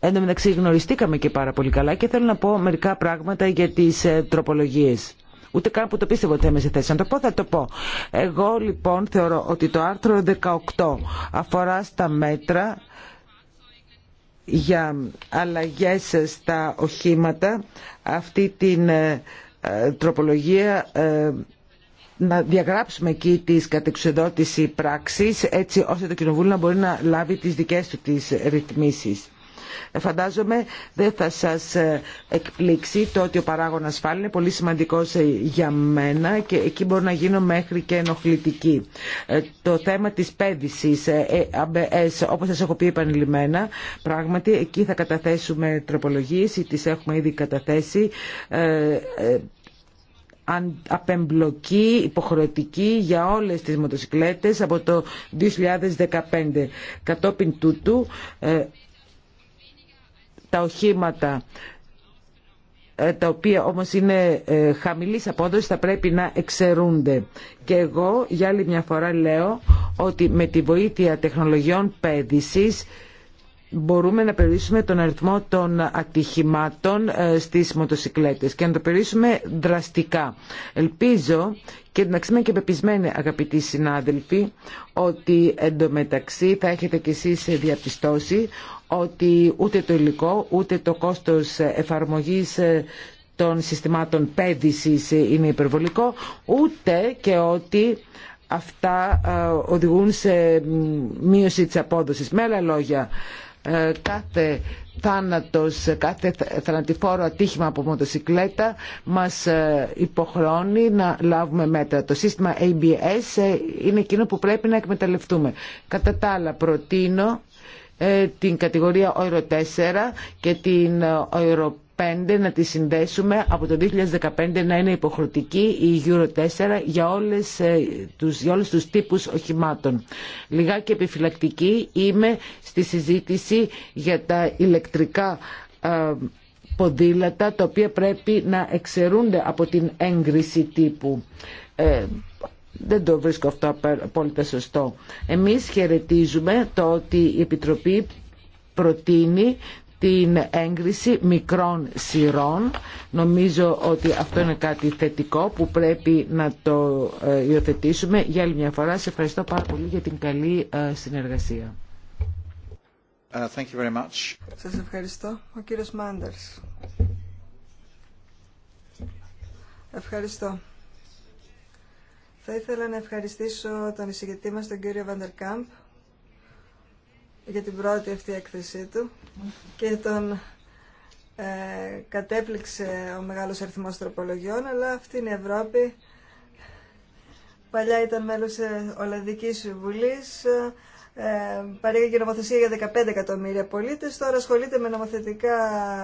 Εν τω μεταξύ γνωριστήκαμε και πάρα πολύ καλά και θέλω να πω μερικά πράγματα για τις ε, τροπολογίες. Ούτε καν που το πίστευα ότι θα είμαι σε θέση να το πω, θα το πω. Εγώ λοιπόν θεωρώ ότι το άρθρο 18 αφορά στα μέτρα για αλλαγές στα οχήματα αυτή την ε, τροπολογία ε, να διαγράψουμε εκεί τις κατεξοδότηση πράξη έτσι ώστε το Κοινοβούλιο να μπορεί να λάβει τις δικές του τις ρυθμίσεις. Φαντάζομαι δεν θα σας ε, εκπλήξει το ότι ο παράγων ασφάλεια είναι πολύ σημαντικός ε, για μένα και εκεί μπορώ να γίνω μέχρι και ενοχλητική. Ε, το θέμα της πέδησης, ABS, όπως σας έχω πει επανειλημμένα, πράγματι εκεί θα καταθέσουμε τροπολογίες ή τις έχουμε ήδη καταθέσει απεμπλοκή, υποχρεωτική για όλες τις μοτοσυκλέτες από το 2015. Κατόπιν τούτου τα οχήματα ε, τα οποία όμως είναι ε, χαμηλής απόδοσης θα πρέπει να εξαιρούνται. Και εγώ για άλλη μια φορά λέω ότι με τη βοήθεια τεχνολογιών πέδησης μπορούμε να περιορίσουμε τον αριθμό των ατυχημάτων ε, στις μοτοσυκλέτες και να το περιορίσουμε δραστικά. Ελπίζω και να είμαι και πεπισμένοι, αγαπητοί συνάδελφοι ότι εντωμεταξύ θα έχετε κι εσείς διαπιστώσει ότι ούτε το υλικό ούτε το κόστος εφαρμογής ε, των συστημάτων πέδησης ε, είναι υπερβολικό, ούτε και ότι αυτά ε, οδηγούν σε μείωση της απόδοσης. Με άλλα λόγια, κάθε θάνατος, κάθε θανατηφόρο ατύχημα από μοτοσυκλέτα μας υποχρώνει να λάβουμε μέτρα. Το σύστημα ABS είναι εκείνο που πρέπει να εκμεταλλευτούμε. Κατά τα άλλα προτείνω ε, την κατηγορία Euro 4 και την ε, Euro 5 να τη συνδέσουμε από το 2015 να είναι υποχρεωτική η Euro 4 για, όλες, ε, τους, για όλους τους τύπους οχημάτων. Λιγάκι επιφυλακτική είμαι στη συζήτηση για τα ηλεκτρικά ποδήλατα τα οποία πρέπει να εξαιρούνται από την έγκριση τύπου. Ε, δεν το βρίσκω αυτό απόλυτα σωστό. Εμείς χαιρετίζουμε το ότι η Επιτροπή προτείνει την έγκριση μικρών σειρών. Νομίζω ότι αυτό είναι κάτι θετικό που πρέπει να το ε, υιοθετήσουμε. Για άλλη μια φορά, σε ευχαριστώ πάρα πολύ για την καλή ε, συνεργασία. Ε, thank you very much. Σας ευχαριστώ. Ο κύριος Μάντερς. Ευχαριστώ. Θα ήθελα να ευχαριστήσω τον εισηγητή μας, τον κύριο Βαντερκάμπ, για την πρώτη αυτή έκθεσή του και τον ε, κατέπληξε ο μεγάλος αριθμός τροπολογιών, αλλά αυτή είναι η Ευρώπη. Παλιά ήταν μέλος της ε, Ολλανδικής Βουλής, ε, παρήγαγε νομοθεσία για 15 εκατομμύρια πολίτες, τώρα ασχολείται με νομοθετικά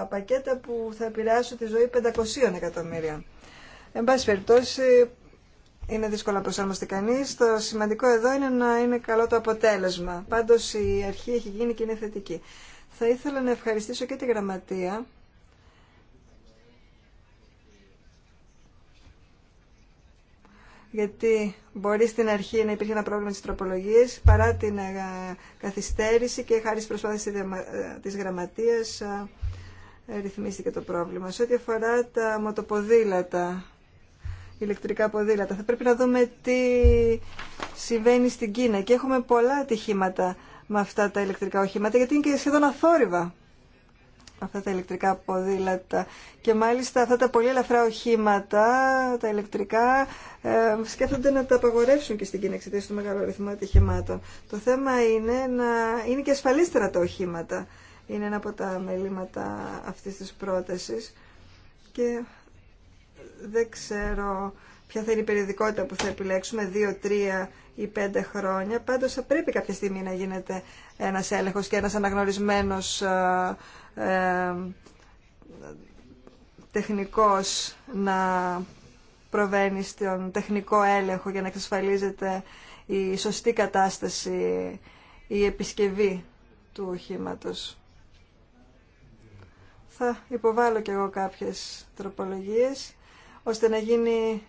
πακέτα που θα επηρεάσουν τη ζωή 500 εκατομμύρια. Εν πάση περιπτώσει, είναι δύσκολο να προσαρμοστεί κανεί. Το σημαντικό εδώ είναι να είναι καλό το αποτέλεσμα. Πάντω η αρχή έχει γίνει και είναι θετική. Θα ήθελα να ευχαριστήσω και τη γραμματεία. γιατί μπορεί στην αρχή να υπήρχε ένα πρόβλημα τη τροπολογίες παρά την ε, καθυστέρηση και χάρη στι προσπάθειε της γραμματείας ε, ρυθμίστηκε το πρόβλημα. Σε ό,τι αφορά τα μοτοποδήλατα, ηλεκτρικά ποδήλατα. Θα πρέπει να δούμε τι συμβαίνει στην Κίνα και έχουμε πολλά ατυχήματα με αυτά τα ηλεκτρικά οχήματα γιατί είναι και σχεδόν αθόρυβα αυτά τα ηλεκτρικά ποδήλατα και μάλιστα αυτά τα πολύ ελαφρά οχήματα, τα ηλεκτρικά, ε, σκέφτονται να τα απαγορεύσουν και στην Κίνα εξαιτία του μεγάλου αριθμού ατυχημάτων. Το θέμα είναι να είναι και ασφαλίστερα τα οχήματα. Είναι ένα από τα μελήματα αυτής της πρότασης και δεν ξέρω ποια θα είναι η περιοδικότητα που θα επιλέξουμε, δύο, τρία ή πέντε χρόνια. Πάντως θα πρέπει κάποια στιγμή να γίνεται ένας έλεγχος και ένας αναγνωρισμένος ε, ε, τεχνικός να προβαίνει στον τεχνικό έλεγχο για να εξασφαλίζεται η σωστή κατάσταση, η επισκευή του οχήματος. Θα υποβάλω και εγώ κάποιες τροπολογίες ώστε να γίνει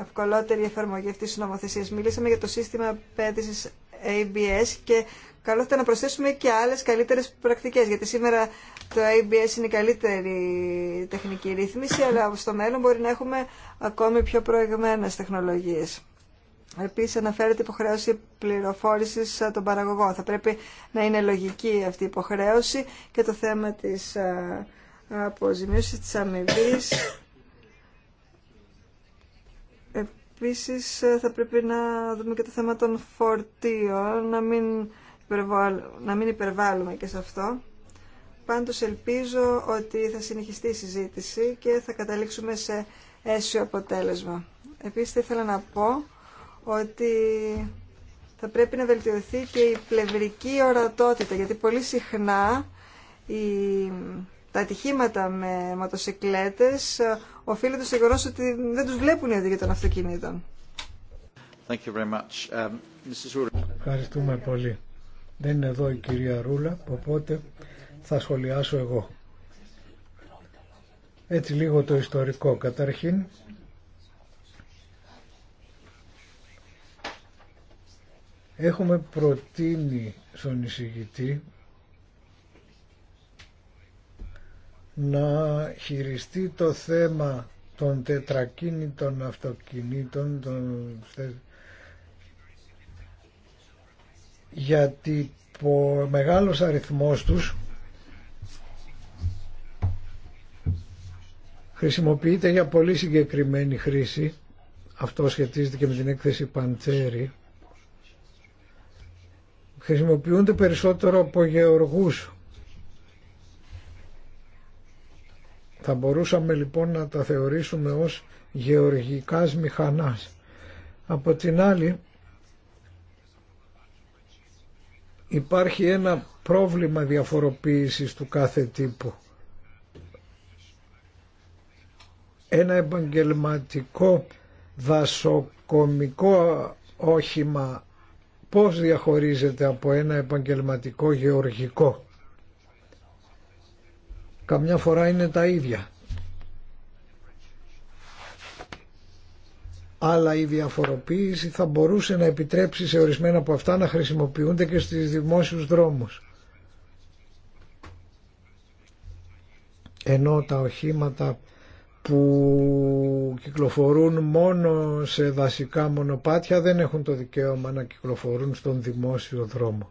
ευκολότερη η εφαρμογή αυτής της νομοθεσίας. Μιλήσαμε για το σύστημα πέντησης ABS και καλό θα να προσθέσουμε και άλλες καλύτερες πρακτικές, γιατί σήμερα το ABS είναι η καλύτερη τεχνική ρύθμιση, αλλά στο μέλλον μπορεί να έχουμε ακόμη πιο προηγμένες τεχνολογίες. Επίσης αναφέρεται υποχρέωση πληροφόρησης των παραγωγών. Θα πρέπει να είναι λογική αυτή η υποχρέωση και το θέμα της αποζημίωσης της αμοιβή. Επίσης θα πρέπει να δούμε και το θέμα των φορτίων, να μην, να μην υπερβάλλουμε και σε αυτό. Πάντως ελπίζω ότι θα συνεχιστεί η συζήτηση και θα καταλήξουμε σε αίσιο αποτέλεσμα. Επίσης θα ήθελα να πω ότι θα πρέπει να βελτιωθεί και η πλευρική ορατότητα, γιατί πολύ συχνά η τα ατυχήματα με μοτοσυκλέτες ε, οφείλεται στο γεγονό ότι δεν τους βλέπουν οι οδηγοί των αυτοκινήτων. Um, Ευχαριστούμε πολύ. Δεν είναι εδώ η κυρία Ρούλα, οπότε θα σχολιάσω εγώ. Έτσι λίγο το ιστορικό. Καταρχήν, έχουμε προτείνει στον εισηγητή να χειριστεί το θέμα των τετρακίνητων αυτοκινήτων των... γιατί ο μεγάλος αριθμός τους χρησιμοποιείται για πολύ συγκεκριμένη χρήση αυτό σχετίζεται και με την έκθεση Παντσέρη χρησιμοποιούνται περισσότερο από γεωργούς Θα μπορούσαμε λοιπόν να τα θεωρήσουμε ως γεωργικάς μηχανάς. Από την άλλη υπάρχει ένα πρόβλημα διαφοροποίησης του κάθε τύπου. Ένα επαγγελματικό δασοκομικό όχημα πώς διαχωρίζεται από ένα επαγγελματικό γεωργικό καμιά φορά είναι τα ίδια. αλλά η διαφοροποίηση θα μπορούσε να επιτρέψει σε ορισμένα από αυτά να χρησιμοποιούνται και στις δημόσιους δρόμους. Ενώ τα οχήματα που κυκλοφορούν μόνο σε δασικά μονοπάτια δεν έχουν το δικαίωμα να κυκλοφορούν στον δημόσιο δρόμο.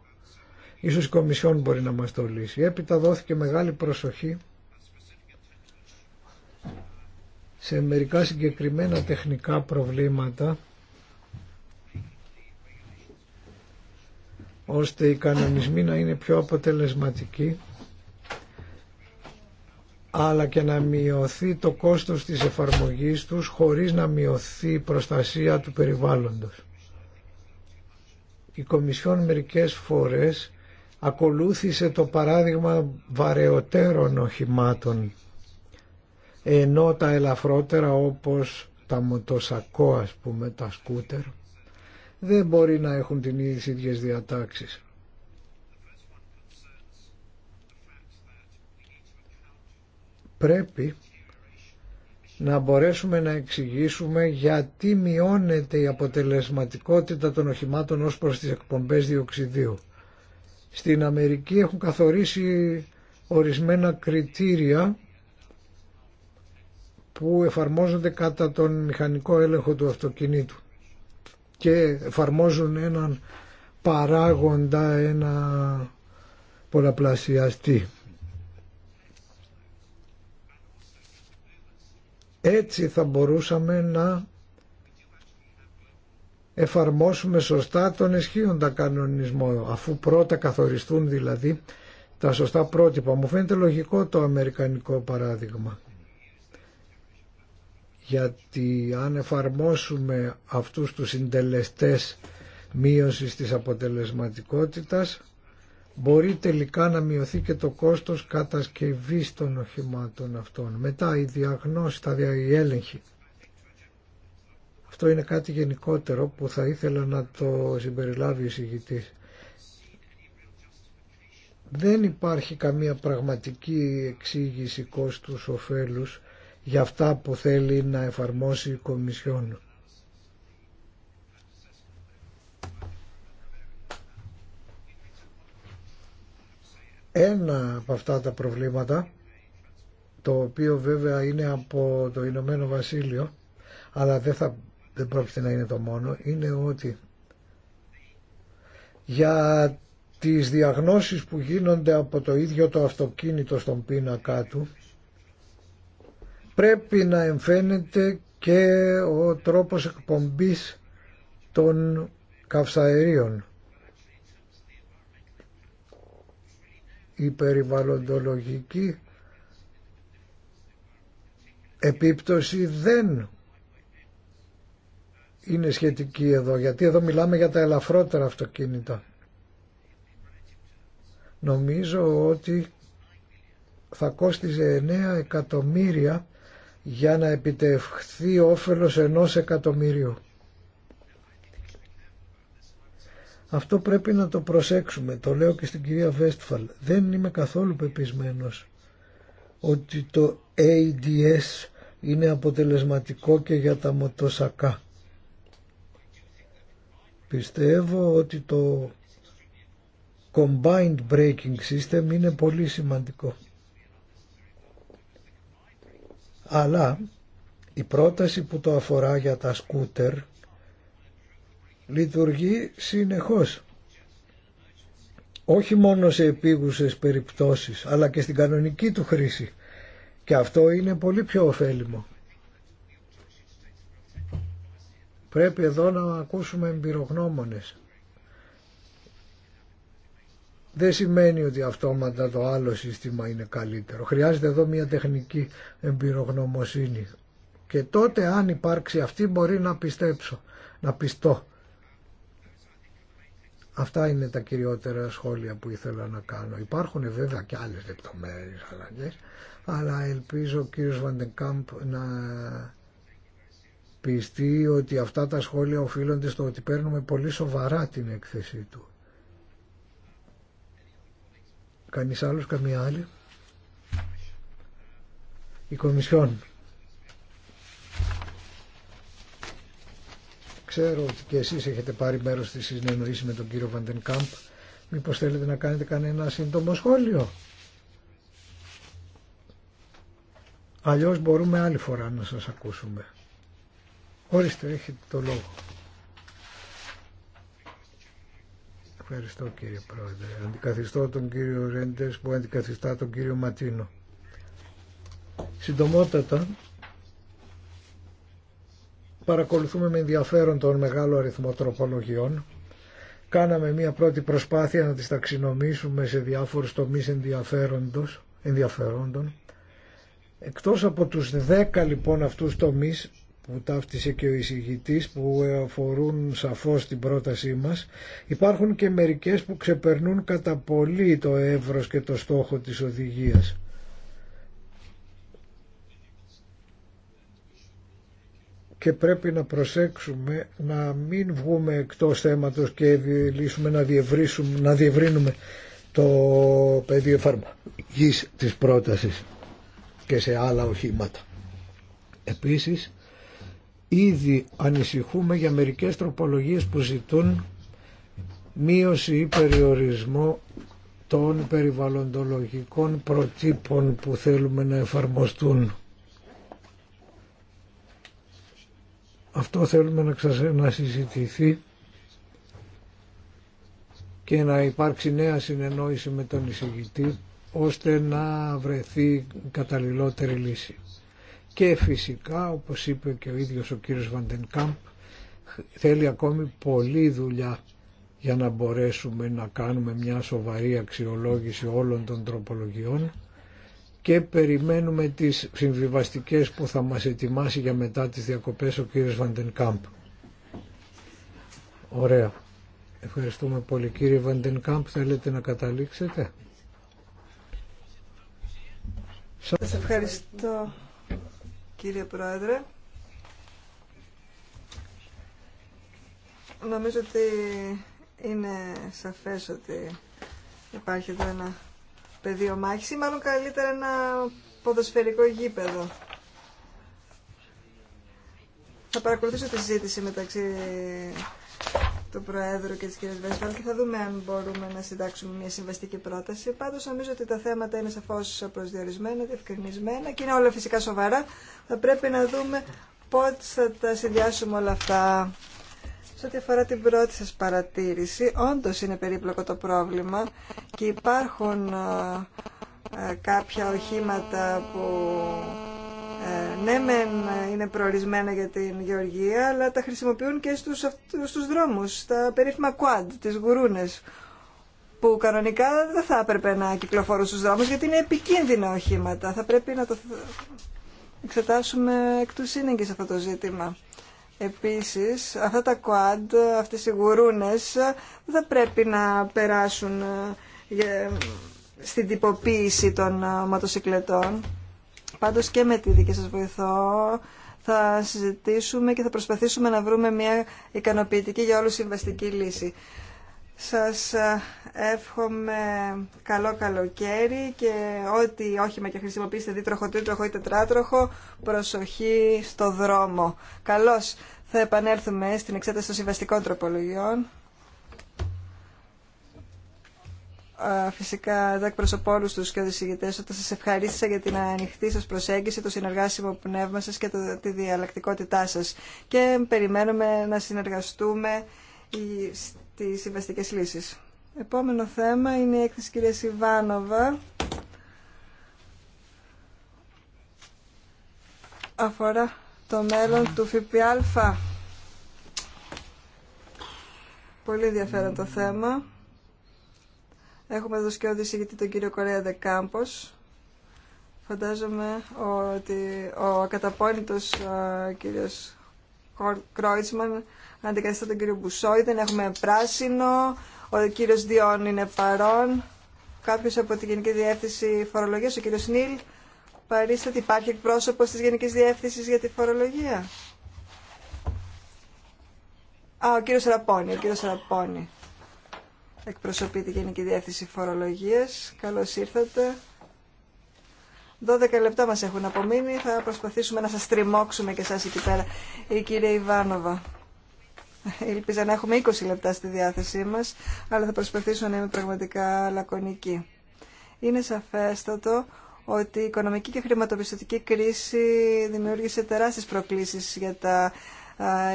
Ίσως η Κομισιόν μπορεί να μας το λύσει. Έπειτα δόθηκε μεγάλη προσοχή σε μερικά συγκεκριμένα τεχνικά προβλήματα ώστε οι κανονισμοί να είναι πιο αποτελεσματικοί αλλά και να μειωθεί το κόστος της εφαρμογής τους χωρίς να μειωθεί η προστασία του περιβάλλοντος. Η Κομισιόν μερικές φορές ακολούθησε το παράδειγμα βαρεωτέρων οχημάτων ενώ τα ελαφρότερα όπως τα μοτοσακό ας πούμε τα σκούτερ δεν μπορεί να έχουν την ίδιες διατάξεις. Πρέπει να μπορέσουμε να εξηγήσουμε γιατί μειώνεται η αποτελεσματικότητα των οχημάτων ως προς τις εκπομπές διοξιδίου. Στην Αμερική έχουν καθορίσει ορισμένα κριτήρια που εφαρμόζονται κατά τον μηχανικό έλεγχο του αυτοκινήτου και εφαρμόζουν έναν παράγοντα, ένα πολλαπλασιαστή. Έτσι θα μπορούσαμε να εφαρμόσουμε σωστά τον ισχύοντα κανονισμό αφού πρώτα καθοριστούν δηλαδή τα σωστά πρότυπα. Μου φαίνεται λογικό το αμερικανικό παράδειγμα γιατί αν εφαρμόσουμε αυτούς τους συντελεστές μείωσης της αποτελεσματικότητας μπορεί τελικά να μειωθεί και το κόστος κατασκευής των οχημάτων αυτών. Μετά η διαγνώση, τα έλεγχη αυτό είναι κάτι γενικότερο που θα ήθελα να το συμπεριλάβει ο εισηγητής. Δεν υπάρχει καμία πραγματική εξήγηση κόστους ωφέλους για αυτά που θέλει να εφαρμόσει η Κομισιόν. Ένα από αυτά τα προβλήματα, το οποίο βέβαια είναι από το Ηνωμένο Βασίλειο, αλλά δεν θα δεν πρόκειται να είναι το μόνο, είναι ότι για τις διαγνώσεις που γίνονται από το ίδιο το αυτοκίνητο στον πίνακά του πρέπει να εμφαίνεται και ο τρόπος εκπομπής των καυσαερίων. Η περιβαλλοντολογική επίπτωση δεν είναι σχετική εδώ, γιατί εδώ μιλάμε για τα ελαφρότερα αυτοκίνητα. Νομίζω ότι θα κόστιζε 9 εκατομμύρια για να επιτευχθεί όφελος ενός εκατομμύριου. Αυτό πρέπει να το προσέξουμε, το λέω και στην κυρία Βέστφαλ. Δεν είμαι καθόλου πεπισμένος ότι το ADS είναι αποτελεσματικό και για τα μοτοσακά. Πιστεύω ότι το combined braking system είναι πολύ σημαντικό. Αλλά η πρόταση που το αφορά για τα σκούτερ λειτουργεί συνεχώς. Όχι μόνο σε επίγουσες περιπτώσεις, αλλά και στην κανονική του χρήση. Και αυτό είναι πολύ πιο ωφέλιμο. Πρέπει εδώ να ακούσουμε εμπειρογνώμονες. Δεν σημαίνει ότι αυτόματα το άλλο σύστημα είναι καλύτερο. Χρειάζεται εδώ μια τεχνική εμπειρογνωμοσύνη. Και τότε αν υπάρξει αυτή μπορεί να πιστέψω, να πιστώ. Αυτά είναι τα κυριότερα σχόλια που ήθελα να κάνω. Υπάρχουν βέβαια και άλλες λεπτομέρειες αλλαγές, αλλά ελπίζω ο κύριος Βαντεκάμπ να πιστεί ότι αυτά τα σχόλια οφείλονται στο ότι παίρνουμε πολύ σοβαρά την έκθεσή του. Κανείς άλλος, καμία άλλη. Η Κομισιόν. Ξέρω ότι και εσείς έχετε πάρει μέρος στη συνεννοήση με τον κύριο Βαντενκάμπ. Μήπως θέλετε να κάνετε κανένα σύντομο σχόλιο. Αλλιώς μπορούμε άλλη φορά να σας ακούσουμε. Ορίστε, έχετε το λόγο. Ευχαριστώ κύριε Πρόεδρε. Αντικαθιστώ τον κύριο Ρέντες που αντικαθιστά τον κύριο Ματίνο. Συντομότατα παρακολουθούμε με ενδιαφέρον τον μεγάλο αριθμό τροπολογιών. Κάναμε μια πρώτη προσπάθεια να τις ταξινομήσουμε σε διάφορους τομείς ενδιαφέροντος, ενδιαφέροντων. Εκτός από τους δέκα λοιπόν αυτούς τομείς που ταύτισε και ο εισηγητής που αφορούν σαφώς την πρότασή μας. Υπάρχουν και μερικές που ξεπερνούν κατά πολύ το εύρος και το στόχο της οδηγίας. Και πρέπει να προσέξουμε να μην βγούμε εκτός θέματος και λύσουμε να, να διευρύνουμε το πεδίο εφαρμογής της πρότασης και σε άλλα οχήματα. Επίσης, Ήδη ανησυχούμε για μερικές τροπολογίες που ζητούν μείωση ή περιορισμό των περιβαλλοντολογικών προτύπων που θέλουμε να εφαρμοστούν. Αυτό θέλουμε να, να συζητηθεί και να υπάρξει νέα συνεννόηση με τον εισηγητή ώστε να βρεθεί καταλληλότερη λύση και φυσικά όπως είπε και ο ίδιος ο κύριος Βαντενκάμπ θέλει ακόμη πολλή δουλειά για να μπορέσουμε να κάνουμε μια σοβαρή αξιολόγηση όλων των τροπολογιών και περιμένουμε τις συμβιβαστικές που θα μας ετοιμάσει για μετά τις διακοπές ο κύριος Βαντενκάμπ. Ωραία. Ευχαριστούμε πολύ κύριε Βαντενκάμπ. Θέλετε να καταλήξετε. Σας ευχαριστώ κύριε Πρόεδρε. Νομίζω ότι είναι σαφές ότι υπάρχει εδώ ένα πεδίο μάχης ή μάλλον καλύτερα ένα ποδοσφαιρικό γήπεδο. Θα παρακολουθήσω τη συζήτηση μεταξύ του Προέδρου και τη κυρία Βέσφαλ και θα δούμε αν μπορούμε να συντάξουμε μια συμβαστική πρόταση. Πάντως νομίζω ότι τα θέματα είναι σαφώς προσδιορισμένα, διευκρινισμένα και είναι όλα φυσικά σοβαρά. Θα πρέπει να δούμε πότε θα τα συνδυάσουμε όλα αυτά. Σε ό,τι αφορά την πρώτη σας παρατήρηση, όντως είναι περίπλοκο το πρόβλημα και υπάρχουν ε, ε, κάποια οχήματα που ε, ναι ε, είναι προορισμένα για την γεωργία, αλλά τα χρησιμοποιούν και στους, στους δρόμους, στα περίφημα quad, τις γουρούνες, που κανονικά δεν θα έπρεπε να κυκλοφορούν στους δρόμους, γιατί είναι επικίνδυνα οχήματα. Θα πρέπει να το εξετάσουμε εκ του σε αυτό το ζήτημα. Επίσης, αυτά τα quad, αυτές οι γουρούνες, δεν θα πρέπει να περάσουν ε, στην τυποποίηση των μοτοσυκλετών Πάντως και με τη δική σας βοηθό θα συζητήσουμε και θα προσπαθήσουμε να βρούμε μια ικανοποιητική για όλους συμβαστική λύση. Σας ε, εύχομαι καλό καλοκαίρι και ό,τι όχημα και χρησιμοποιήσετε δίτροχο, τρίτροχο ή τετράτροχο, προσοχή στο δρόμο. Καλώς θα επανέλθουμε στην εξέταση των συμβαστικών τροπολογιών. φυσικά τα εκπροσωπώ τους και οδησηγητές ότι σας ευχαρίστησα για την ανοιχτή σας προσέγγιση, το συνεργάσιμο πνεύμα σας και το, τη διαλλακτικότητά σας. Και περιμένουμε να συνεργαστούμε στις συμβαστικές λύσεις. Επόμενο θέμα είναι η έκθεση κυρία Ιβάνοβα. Αφορά το μέλλον του ΦΠΑ. Πολύ ενδιαφέρον το θέμα. Έχουμε εδώ και γιατί τον κύριο Κορέα Δεκάμπος. Φαντάζομαι ότι ο ακαταπώνητος ε, κύριος Κρόιτσμαν αντικαθιστά τον κύριο Μπουσόη. Δεν έχουμε πράσινο. Ο κύριος Διόν είναι παρόν. Κάποιος από τη Γενική Διεύθυνση Φορολογίας, ο κύριος Νίλ. Παρίσταται υπάρχει εκπρόσωπος της Γενικής Διεύθυνσης για τη φορολογία. Α, ο κύριος Ραπώνη, ο κύριος Ραπώνη εκπροσωπεί τη Γενική Διεύθυνση Φορολογίας. Καλώς ήρθατε. 12 λεπτά μας έχουν απομείνει. Θα προσπαθήσουμε να σας τριμώξουμε και εσάς εκεί πέρα. Η κυρία Ιβάνοβα. Ελπίζα να έχουμε 20 λεπτά στη διάθεσή μας, αλλά θα προσπαθήσω να είμαι πραγματικά λακωνική. Είναι σαφέστατο ότι η οικονομική και χρηματοπιστωτική κρίση δημιούργησε τεράστιες προκλήσεις για τα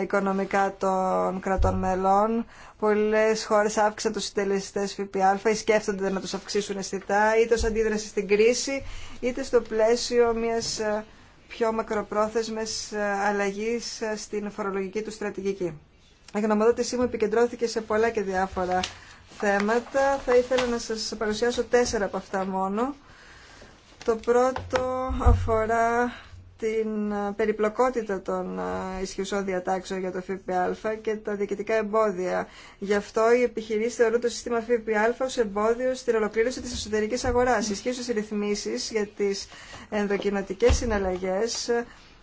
οικονομικά των κρατών μελών. Πολλέ χώρες αύξησαν του συντελεστέ ΦΠΑ ή σκέφτονται να του αυξήσουν αισθητά, είτε ω αντίδραση στην κρίση, είτε στο πλαίσιο μια πιο μακροπρόθεσμες αλλαγή στην φορολογική του στρατηγική. Η γνωμοδότησή μου επικεντρώθηκε σε πολλά και διάφορα θέματα. Θα ήθελα να σα παρουσιάσω τέσσερα από αυτά μόνο. Το πρώτο αφορά την ε, περιπλοκότητα των ε, ισχυουσών διατάξεων για το ΦΠΑ και τα διοικητικά εμπόδια. Γι' αυτό οι επιχειρήσει θεωρούν το σύστημα ΦΠΑ ω εμπόδιο στην ολοκλήρωση τη εσωτερική αγορά. Ισχύουσε ρυθμίσει για τι ενδοκινοτικέ συναλλαγέ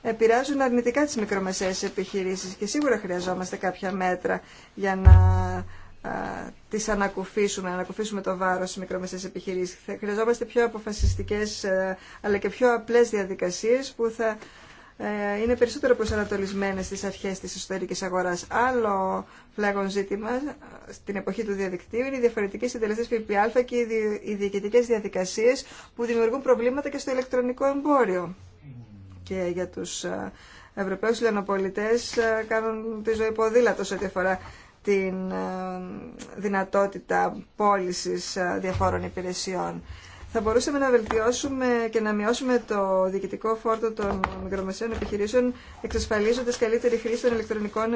ε, επηρεάζουν αρνητικά τι μικρομεσαίες επιχειρήσει και σίγουρα χρειαζόμαστε κάποια μέτρα για να τις ανακουφίσουμε, να ανακουφίσουμε το βάρος στις μικρομεσαίες επιχειρήσεις. Χρειαζόμαστε πιο αποφασιστικές ε, αλλά και πιο απλές διαδικασίες που θα ε, είναι περισσότερο προσανατολισμένες στις αρχές της εσωτερικής αγοράς. Άλλο φλέγον ζήτημα ε, στην εποχή του διαδικτύου είναι οι διαφορετικέ συντελεστές ΦΠΑ και οι διοικητικές διαδικασίες που δημιουργούν προβλήματα και στο ηλεκτρονικό εμπόριο. Και για τους Ευρωπαίους λιανοπολιτές κάνουν τη ζωή σε ό,τι αφορά την ε, δυνατότητα πώλησης ε, διαφόρων υπηρεσιών. Θα μπορούσαμε να βελτιώσουμε και να μειώσουμε το διοικητικό φόρτο των μικρομεσαίων επιχειρήσεων εξασφαλίζοντας καλύτερη χρήση των ηλεκτρονικών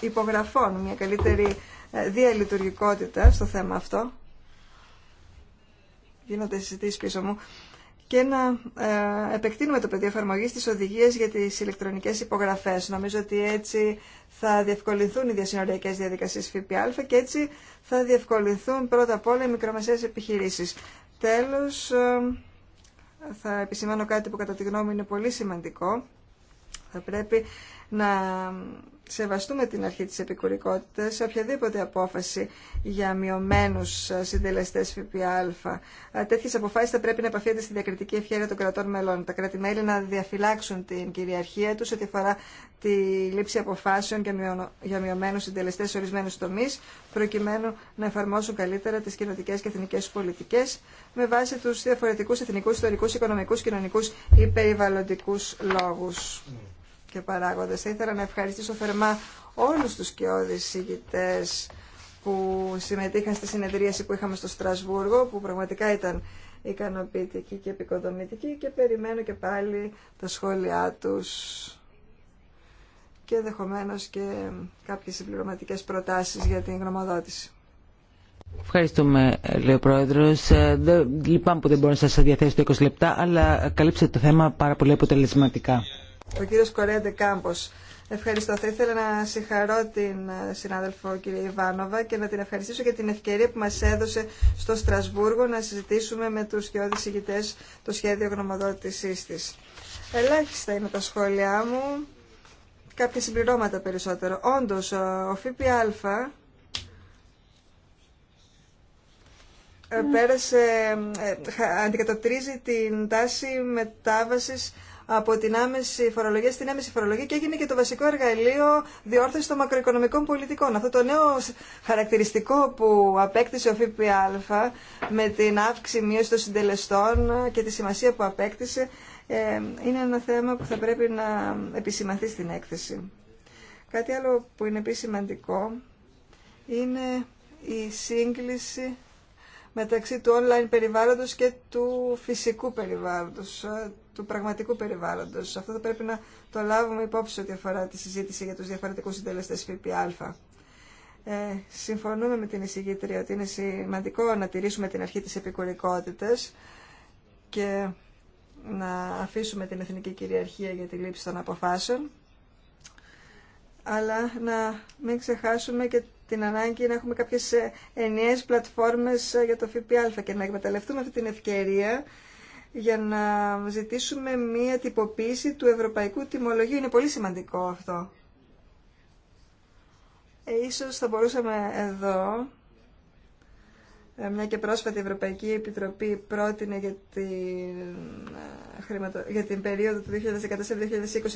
υπογραφών, μια καλύτερη ε, διαλειτουργικότητα στο θέμα αυτό. Γίνονται συζητήσει πίσω μου και να ε, επεκτείνουμε το πεδίο εφαρμογή τη οδηγία για τι ηλεκτρονικέ υπογραφέ. Νομίζω ότι έτσι θα διευκολυνθούν οι διασυνοριακέ διαδικασίε ΦΠΑ και έτσι θα διευκολυνθούν πρώτα απ' όλα οι μικρομεσαίε επιχειρήσει. Τέλο, ε, θα επισημάνω κάτι που κατά τη γνώμη είναι πολύ σημαντικό. Θα πρέπει να σεβαστούμε την αρχή της επικουρικότητας σε οποιαδήποτε απόφαση για μειωμένου συντελεστέ ΦΠΑ. Τετοιε αποφάσει θα πρέπει να επαφείται στη διακριτική ευχαίρεια των κρατών μελών. Τα κράτη-μέλη να διαφυλάξουν την κυριαρχία τους ό,τι αφορά τη λήψη αποφάσεων για μειωμένου συντελεστέ σε ορισμένου τομεί, προκειμένου να εφαρμόσουν καλύτερα τι κοινωτικές και εθνικέ πολιτικέ με βάση του διαφορετικού εθνικού, ιστορικού οικονομικού, κοινωνικού ή περιβαλλοντικού λόγου. Mm και παράγοντες. Θα ήθελα να ευχαριστήσω θερμά όλους τους κοιόδης συγκητές που συμμετείχαν στη συνεδρίαση που είχαμε στο Στρασβούργο, που πραγματικά ήταν ικανοποιητική και επικοδομητική και περιμένω και πάλι τα σχόλιά τους και δεχομένω και κάποιες συμπληρωματικέ προτάσεις για την γνωμοδότηση. Ευχαριστούμε, λέει ο Πρόεδρο. Ε, λυπάμαι που δεν μπορώ να σα διαθέσω 20 λεπτά, αλλά καλύψετε το θέμα πάρα πολύ αποτελεσματικά. Ο κύριο Κορέντε Κάμπο. Ευχαριστώ. Θα ήθελα να συγχαρώ την ε, συνάδελφο κυρία Ιβάνοβα και να την ευχαριστήσω για την ευκαιρία που μας έδωσε στο Στρασβούργο να συζητήσουμε με τους σκιώδεις ηγητές το σχέδιο γνωμοδότησής της. Ελάχιστα είναι τα σχόλιά μου, κάποια συμπληρώματα περισσότερο. Όντως, ο ΦΠΑ ε, πέρασε, ε, αντικατοπτρίζει την τάση μετάβασης από την άμεση φορολογία στην άμεση φορολογία και έγινε και το βασικό εργαλείο διόρθωση των μακροοικονομικών πολιτικών. Αυτό το νέο χαρακτηριστικό που απέκτησε ο ΦΠΑ με την αύξηση μείωση των συντελεστών και τη σημασία που απέκτησε ε, είναι ένα θέμα που θα πρέπει να επισημαθεί στην έκθεση. Κάτι άλλο που είναι επίσης σημαντικό είναι η σύγκληση μεταξύ του online περιβάλλοντος και του φυσικού περιβάλλοντος, ε, του πραγματικού περιβάλλοντος. Αυτό θα πρέπει να το λάβουμε υπόψη ό,τι αφορά τη συζήτηση για τους διαφορετικούς συντελεστές ΦΠΑ. Ε, συμφωνούμε με την εισηγήτρια ότι είναι σημαντικό να τηρήσουμε την αρχή της επικουρικότητας και να αφήσουμε την εθνική κυριαρχία για τη λήψη των αποφάσεων αλλά να μην ξεχάσουμε και την ανάγκη να έχουμε κάποιες ε, ενιαίες πλατφόρμες ε, για το ΦΠΑ και να εκμεταλλευτούμε αυτή την ευκαιρία για να ζητήσουμε μία τυποποίηση του ευρωπαϊκού τιμολογίου. Είναι πολύ σημαντικό αυτό. Ε, ίσως θα μπορούσαμε εδώ, ε, μια και πρόσφατη Ευρωπαϊκή Επιτροπή πρότεινε για την, για την περίοδο του 2014-2020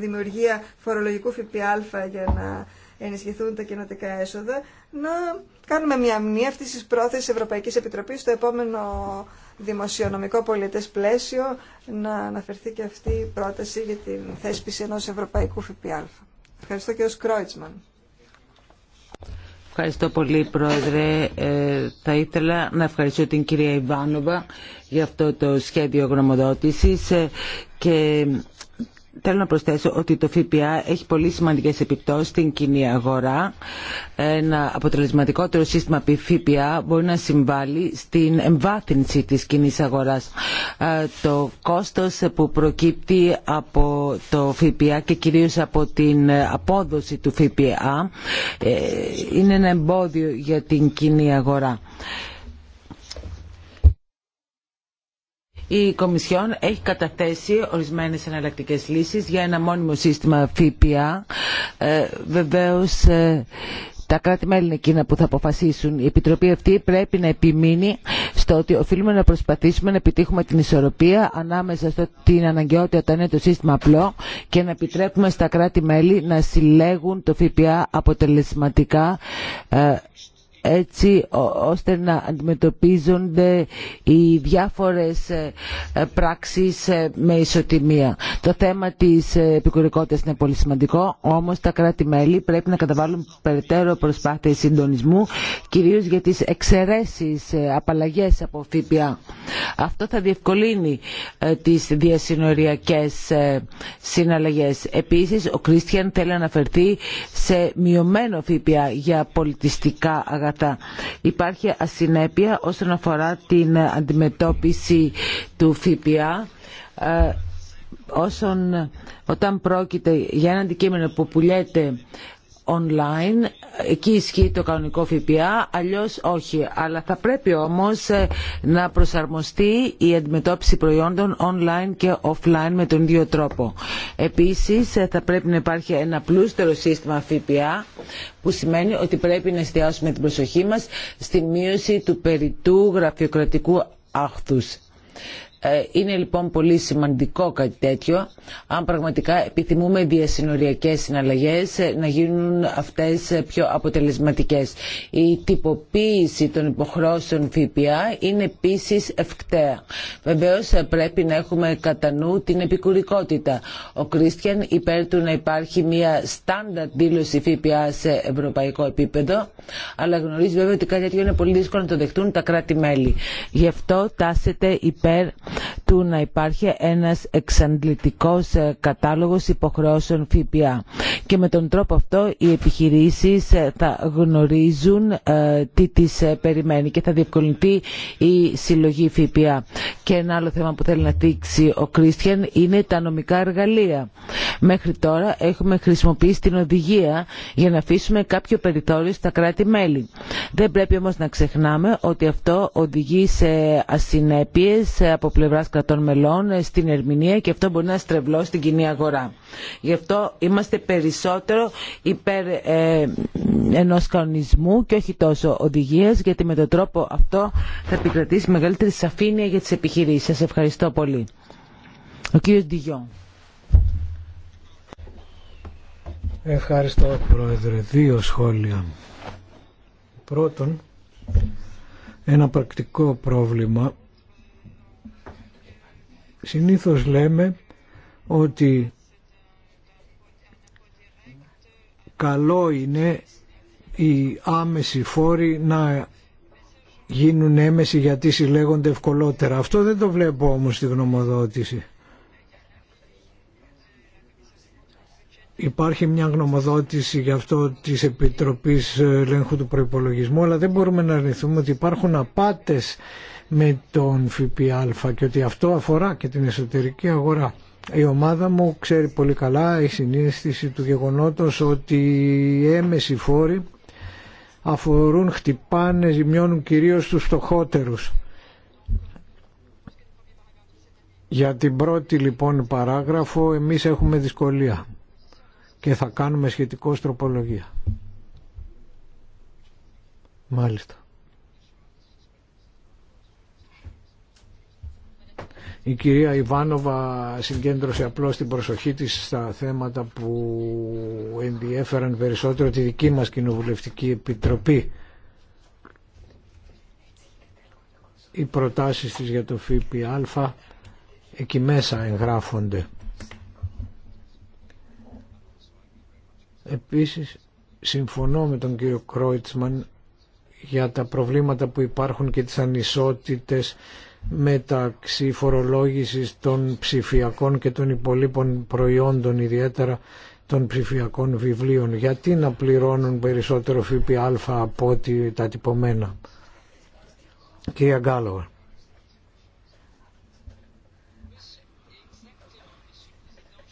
δημιουργία φορολογικού ΦΠΑ για να ενισχυθούν τα κοινοτικά έσοδα, να κάνουμε μια μνή αυτή τη πρόθεση Ευρωπαϊκή Επιτροπή στο επόμενο δημοσιονομικό πολιτέ πλαίσιο να αναφερθεί και αυτή η πρόταση για την θέσπιση ενό ευρωπαϊκού ΦΠΑ. Ευχαριστώ κύριο Κρόιτσμαν. Ευχαριστώ πολύ Πρόεδρε. Ε, θα ήθελα να ευχαριστώ την κυρία Ιβάνοβα για αυτό το σχέδιο γνωμοδότησης ε, και Θέλω να προσθέσω ότι το ΦΠΑ έχει πολύ σημαντικές επιπτώσεις στην κοινή αγορά. Ένα αποτελεσματικότερο σύστημα ΦΠΑ μπορεί να συμβάλλει στην εμβάθυνση της κοινή αγοράς. Ε, το κόστος που προκύπτει από το ΦΠΑ και κυρίως από την απόδοση του ΦΠΑ ε, είναι ένα εμπόδιο για την κοινή αγορά. Η Κομισιόν έχει καταθέσει ορισμένες εναλλακτικές λύσεις για ένα μόνιμο σύστημα ΦΠΑ. Ε, βεβαίως ε, τα κράτη-μέλη είναι εκείνα που θα αποφασίσουν. Η Επιτροπή αυτή πρέπει να επιμείνει στο ότι οφείλουμε να προσπαθήσουμε να επιτύχουμε την ισορροπία ανάμεσα στην αναγκαιότητα όταν είναι το σύστημα απλό και να επιτρέπουμε στα κράτη-μέλη να συλλέγουν το ΦΠΑ αποτελεσματικά ε, έτσι ώστε να αντιμετωπίζονται οι διάφορες ε, ε, πράξεις ε, με ισοτιμία. Το θέμα της επικουρικότητας είναι πολύ σημαντικό, όμως τα κράτη-μέλη πρέπει να καταβάλουν περαιτέρω προσπάθειες συντονισμού, κυρίως για τις εξαιρέσεις, απαλλαγές από ΦΠΑ. Αυτό θα διευκολύνει τις διασυνοριακές συναλλαγές. Επίσης, ο Κρίστιαν θέλει να αναφερθεί σε μειωμένο ΦΠΑ για πολιτιστικά αγαθά Υπάρχει ασυνέπεια όσον αφορά την αντιμετώπιση του ΦΠΑ ε, όσον, όταν πρόκειται για ένα αντικείμενο που πουλιέται online, εκεί ισχύει το κανονικό ΦΠΑ, αλλιώς όχι. Αλλά θα πρέπει όμως ε, να προσαρμοστεί η αντιμετώπιση προϊόντων online και offline με τον ίδιο τρόπο. Επίσης ε, θα πρέπει να υπάρχει ένα πλούστερο σύστημα ΦΠΑ που σημαίνει ότι πρέπει να εστιάσουμε την προσοχή μας στη μείωση του περιτού γραφειοκρατικού άχθους. Ε, είναι λοιπόν πολύ σημαντικό κάτι τέτοιο αν πραγματικά επιθυμούμε διασυνοριακές συναλλαγές ε, να γίνουν αυτές ε, πιο αποτελεσματικές. Η τυποποίηση των υποχρώσεων ΦΠΑ είναι επίσης ευκταία. Βεβαίως πρέπει να έχουμε κατά νου την επικουρικότητα. Ο Κρίστιαν υπέρ του να υπάρχει μια στάνταρ δήλωση ΦΠΑ σε ευρωπαϊκό επίπεδο αλλά γνωρίζει βέβαια ότι κάτι τέτοιο είναι πολύ δύσκολο να το δεχτούν τα κράτη-μέλη. Γι' αυτό τάσεται υπέρ του να υπάρχει ένας εξαντλητικός ε, κατάλογος υποχρεώσεων ΦΠΑ. Και με τον τρόπο αυτό οι επιχειρήσεις ε, θα γνωρίζουν ε, τι τις περιμένει και θα διευκολυνθεί η συλλογή ΦΠΑ. Και ένα άλλο θέμα που θέλει να δείξει ο Κρίστιαν είναι τα νομικά εργαλεία. Μέχρι τώρα έχουμε χρησιμοποιήσει την οδηγία για να αφήσουμε κάποιο περιθώριο στα κράτη-μέλη. Δεν πρέπει όμως να ξεχνάμε ότι αυτό οδηγεί σε ασυνέπειες πλευράς κρατών μελών ε, στην ερμηνεία και αυτό μπορεί να στρεβλώσει την κοινή αγορά. Γι' αυτό είμαστε περισσότερο υπέρ ε, ενός κανονισμού και όχι τόσο οδηγία, γιατί με τον τρόπο αυτό θα επικρατήσει μεγαλύτερη σαφήνεια για τις επιχειρήσεις. ευχαριστώ πολύ. Ο κύριος Ντιγιόν. Ευχαριστώ Πρόεδρε. Δύο σχόλια. Πρώτον, ένα πρακτικό πρόβλημα Συνήθως λέμε ότι καλό είναι οι άμεση φόροι να γίνουν έμεση γιατί συλλέγονται ευκολότερα. Αυτό δεν το βλέπω όμως στη γνωμοδότηση. Υπάρχει μια γνωμοδότηση γι' αυτό της Επιτροπής Ελέγχου του Προϋπολογισμού αλλά δεν μπορούμε να αρνηθούμε ότι υπάρχουν απάτες με τον ΦΠΑ και ότι αυτό αφορά και την εσωτερική αγορά. Η ομάδα μου ξέρει πολύ καλά η συνείδηση του γεγονότος ότι οι έμεση φόροι αφορούν, χτυπάνε, ζημιώνουν κυρίως τους φτωχότερους. Για την πρώτη λοιπόν παράγραφο εμείς έχουμε δυσκολία και θα κάνουμε σχετικό τροπολογία. Μάλιστα. Η κυρία Ιβάνοβα συγκέντρωσε απλώς την προσοχή της στα θέματα που ενδιέφεραν περισσότερο τη δική μας Κοινοβουλευτική Επιτροπή. Οι προτάσεις της για το ΦΠΑ εκεί μέσα εγγράφονται. Επίσης, συμφωνώ με τον κύριο Κρόιτσμαν για τα προβλήματα που υπάρχουν και τις ανισότητες μεταξύ φορολόγησης των ψηφιακών και των υπολείπων προϊόντων, ιδιαίτερα των ψηφιακών βιβλίων. Γιατί να πληρώνουν περισσότερο ΦΠΑ από ότι τα τυπωμένα. Κυρία Γκάλογα.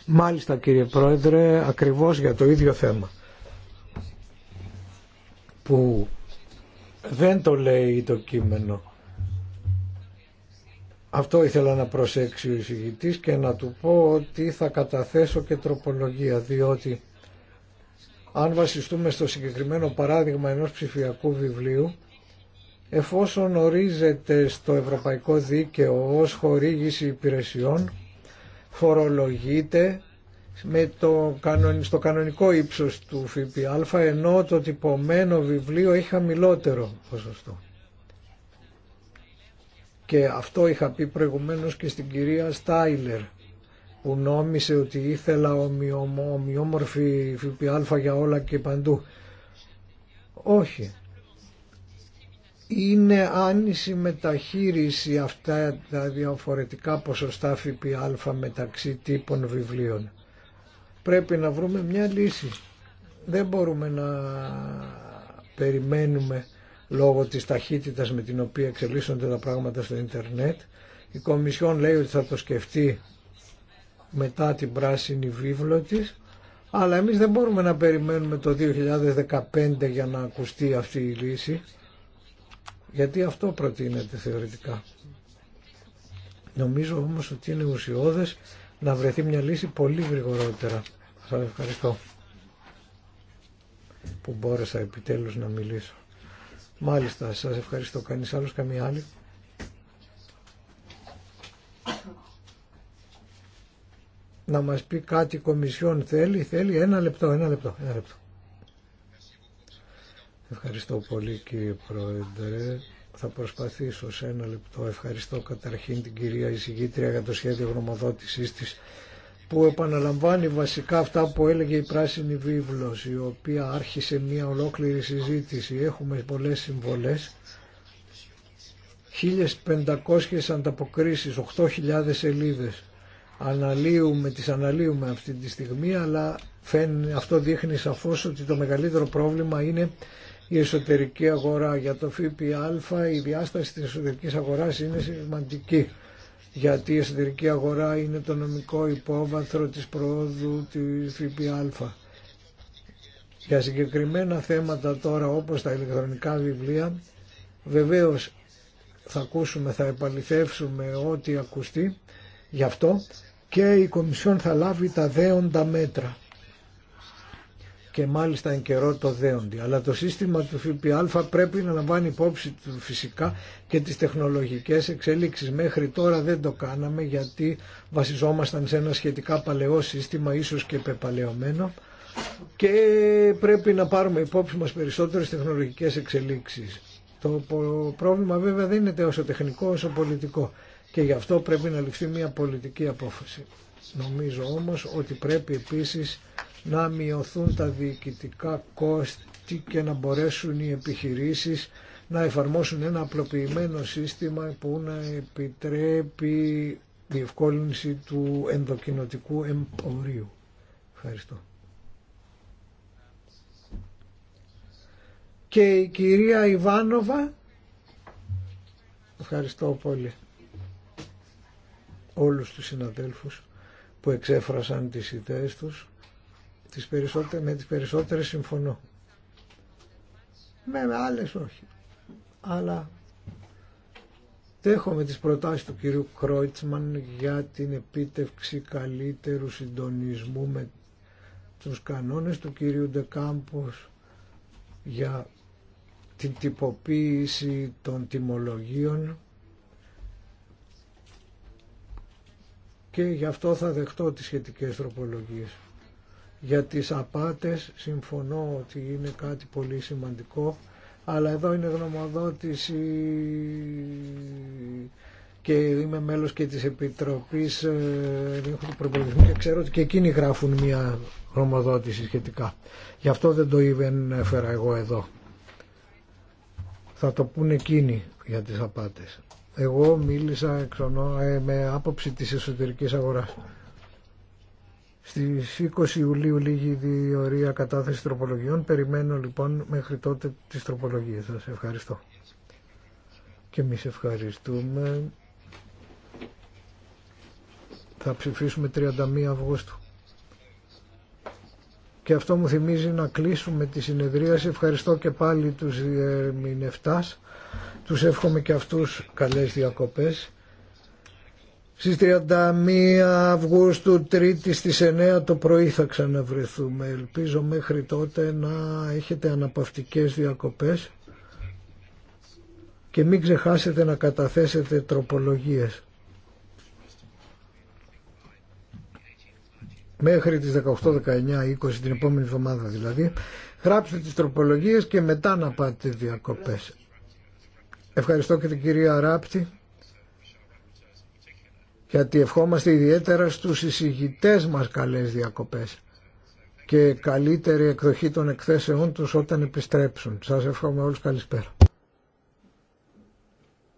Μάλιστα κύριε Πρόεδρε, ακριβώς για το ίδιο θέμα που δεν το λέει το κείμενο αυτό ήθελα να προσέξει ο εισηγητής και να του πω ότι θα καταθέσω και τροπολογία διότι αν βασιστούμε στο συγκεκριμένο παράδειγμα ενός ψηφιακού βιβλίου εφόσον ορίζεται στο Ευρωπαϊκό Δίκαιο ως χορήγηση υπηρεσιών φορολογείται με το, στο κανονικό ύψος του ΦΠΑ ενώ το τυπωμένο βιβλίο έχει χαμηλότερο ποσοστό. Και αυτό είχα πει προηγουμένως και στην κυρία Στάιλερ που νόμισε ότι ήθελα ομοιόμορφη ΦΠΑ για όλα και παντού. Όχι. Είναι άνηση μεταχείριση αυτά τα διαφορετικά ποσοστά ΦΠΑ μεταξύ τύπων βιβλίων. Πρέπει να βρούμε μια λύση. Δεν μπορούμε να περιμένουμε λόγω της ταχύτητας με την οποία εξελίσσονται τα πράγματα στο ίντερνετ. Η Κομισιόν λέει ότι θα το σκεφτεί μετά την πράσινη βίβλο της, αλλά εμείς δεν μπορούμε να περιμένουμε το 2015 για να ακουστεί αυτή η λύση, γιατί αυτό προτείνεται θεωρητικά. Νομίζω όμως ότι είναι ουσιώδες να βρεθεί μια λύση πολύ γρηγορότερα. Σας ευχαριστώ που μπόρεσα επιτέλους να μιλήσω. Μάλιστα, σας ευχαριστώ. Κανείς άλλος, καμία άλλη. Να μας πει κάτι η Κομισιόν θέλει, θέλει ένα λεπτό, ένα λεπτό, ένα λεπτό. Ευχαριστώ πολύ κύριε Πρόεδρε. Θα προσπαθήσω σε ένα λεπτό. Ευχαριστώ καταρχήν την κυρία εισηγήτρια για το σχέδιο γνωμοδότησής της που επαναλαμβάνει βασικά αυτά που έλεγε η Πράσινη Βίβλος, η οποία άρχισε μια ολόκληρη συζήτηση. Έχουμε πολλές συμβολές, 1500 ανταποκρίσεις, 8.000 σελίδες. Αναλύουμε, τις αναλύουμε αυτή τη στιγμή, αλλά αυτό δείχνει σαφώς ότι το μεγαλύτερο πρόβλημα είναι η εσωτερική αγορά. Για το ΦΠΑ η διάσταση της εσωτερικής αγοράς είναι σημαντική γιατί η εσωτερική αγορά είναι το νομικό υπόβαθρο της προόδου του ΦΠΑ. Για συγκεκριμένα θέματα τώρα όπως τα ηλεκτρονικά βιβλία βεβαίως θα ακούσουμε, θα επαληθεύσουμε ό,τι ακουστεί γι' αυτό και η Κομισιόν θα λάβει τα δέοντα μέτρα και μάλιστα εν καιρό το δέοντι. Αλλά το σύστημα του ΦΠΑ πρέπει να λαμβάνει υπόψη του φυσικά και τις τεχνολογικές εξελίξεις. Μέχρι τώρα δεν το κάναμε γιατί βασιζόμασταν σε ένα σχετικά παλαιό σύστημα, ίσως και πεπαλαιωμένο και πρέπει να πάρουμε υπόψη μας περισσότερες τεχνολογικές εξελίξεις. Το πρόβλημα βέβαια δεν είναι τόσο τεχνικό όσο πολιτικό και γι' αυτό πρέπει να ληφθεί μια πολιτική απόφαση. Νομίζω όμως ότι πρέπει επίσης να μειωθούν τα διοικητικά κόστη και να μπορέσουν οι επιχειρήσεις να εφαρμόσουν ένα απλοποιημένο σύστημα που να επιτρέπει διευκόλυνση του ενδοκινοτικού εμπορίου. Ευχαριστώ. Και η κυρία Ιβάνοβα. Ευχαριστώ πολύ όλους τους συναδέλφους που εξέφρασαν τις ιδέες τους Τις περισσότερες, με τις περισσότερες συμφωνώ. Με, με άλλες όχι. Αλλά δέχομαι τις προτάσεις του κυρίου Κρόιτσμαν για την επίτευξη καλύτερου συντονισμού με τους κανόνες του κυρίου Ντεκάμπος για την τυποποίηση των τιμολογίων και γι' αυτό θα δεχτώ τις σχετικές τροπολογίες. Για τις απάτες συμφωνώ ότι είναι κάτι πολύ σημαντικό, αλλά εδώ είναι γνωμοδότηση και είμαι μέλος και της Επιτροπής ε, Ελέγχου του Προπολιτισμού και ξέρω ότι και εκείνοι γράφουν μια γνωμοδότηση σχετικά. Γι' αυτό δεν το even έφερα εγώ εδώ. Θα το πούν εκείνοι για τις απάτες. Εγώ μίλησα ε, με άποψη της εσωτερικής αγοράς. Στις 20 Ιουλίου λίγη διορία κατάθεση τροπολογιών. Περιμένω λοιπόν μέχρι τότε τις τροπολογίες σας. Ευχαριστώ. Και εμείς ευχαριστούμε. Θα ψηφίσουμε 31 Αυγούστου. Και αυτό μου θυμίζει να κλείσουμε τη συνεδρίαση. Ευχαριστώ και πάλι τους διερμηνευτάς. Τους εύχομαι και αυτούς καλές διακοπές. Στις 31 Αυγούστου, Τρίτη στις 9 το πρωί θα ξαναβρεθούμε. Ελπίζω μέχρι τότε να έχετε αναπαυτικές διακοπές και μην ξεχάσετε να καταθέσετε τροπολογίες. Μέχρι τις 18, 19, 20 την επόμενη εβδομάδα δηλαδή. Γράψτε τις τροπολογίες και μετά να πάτε διακοπές. Ευχαριστώ και την κυρία Ράπτη γιατί ευχόμαστε ιδιαίτερα στους εισηγητές μας καλές διακοπές και καλύτερη εκδοχή των εκθέσεών τους όταν επιστρέψουν. Σας εύχομαι όλους καλησπέρα.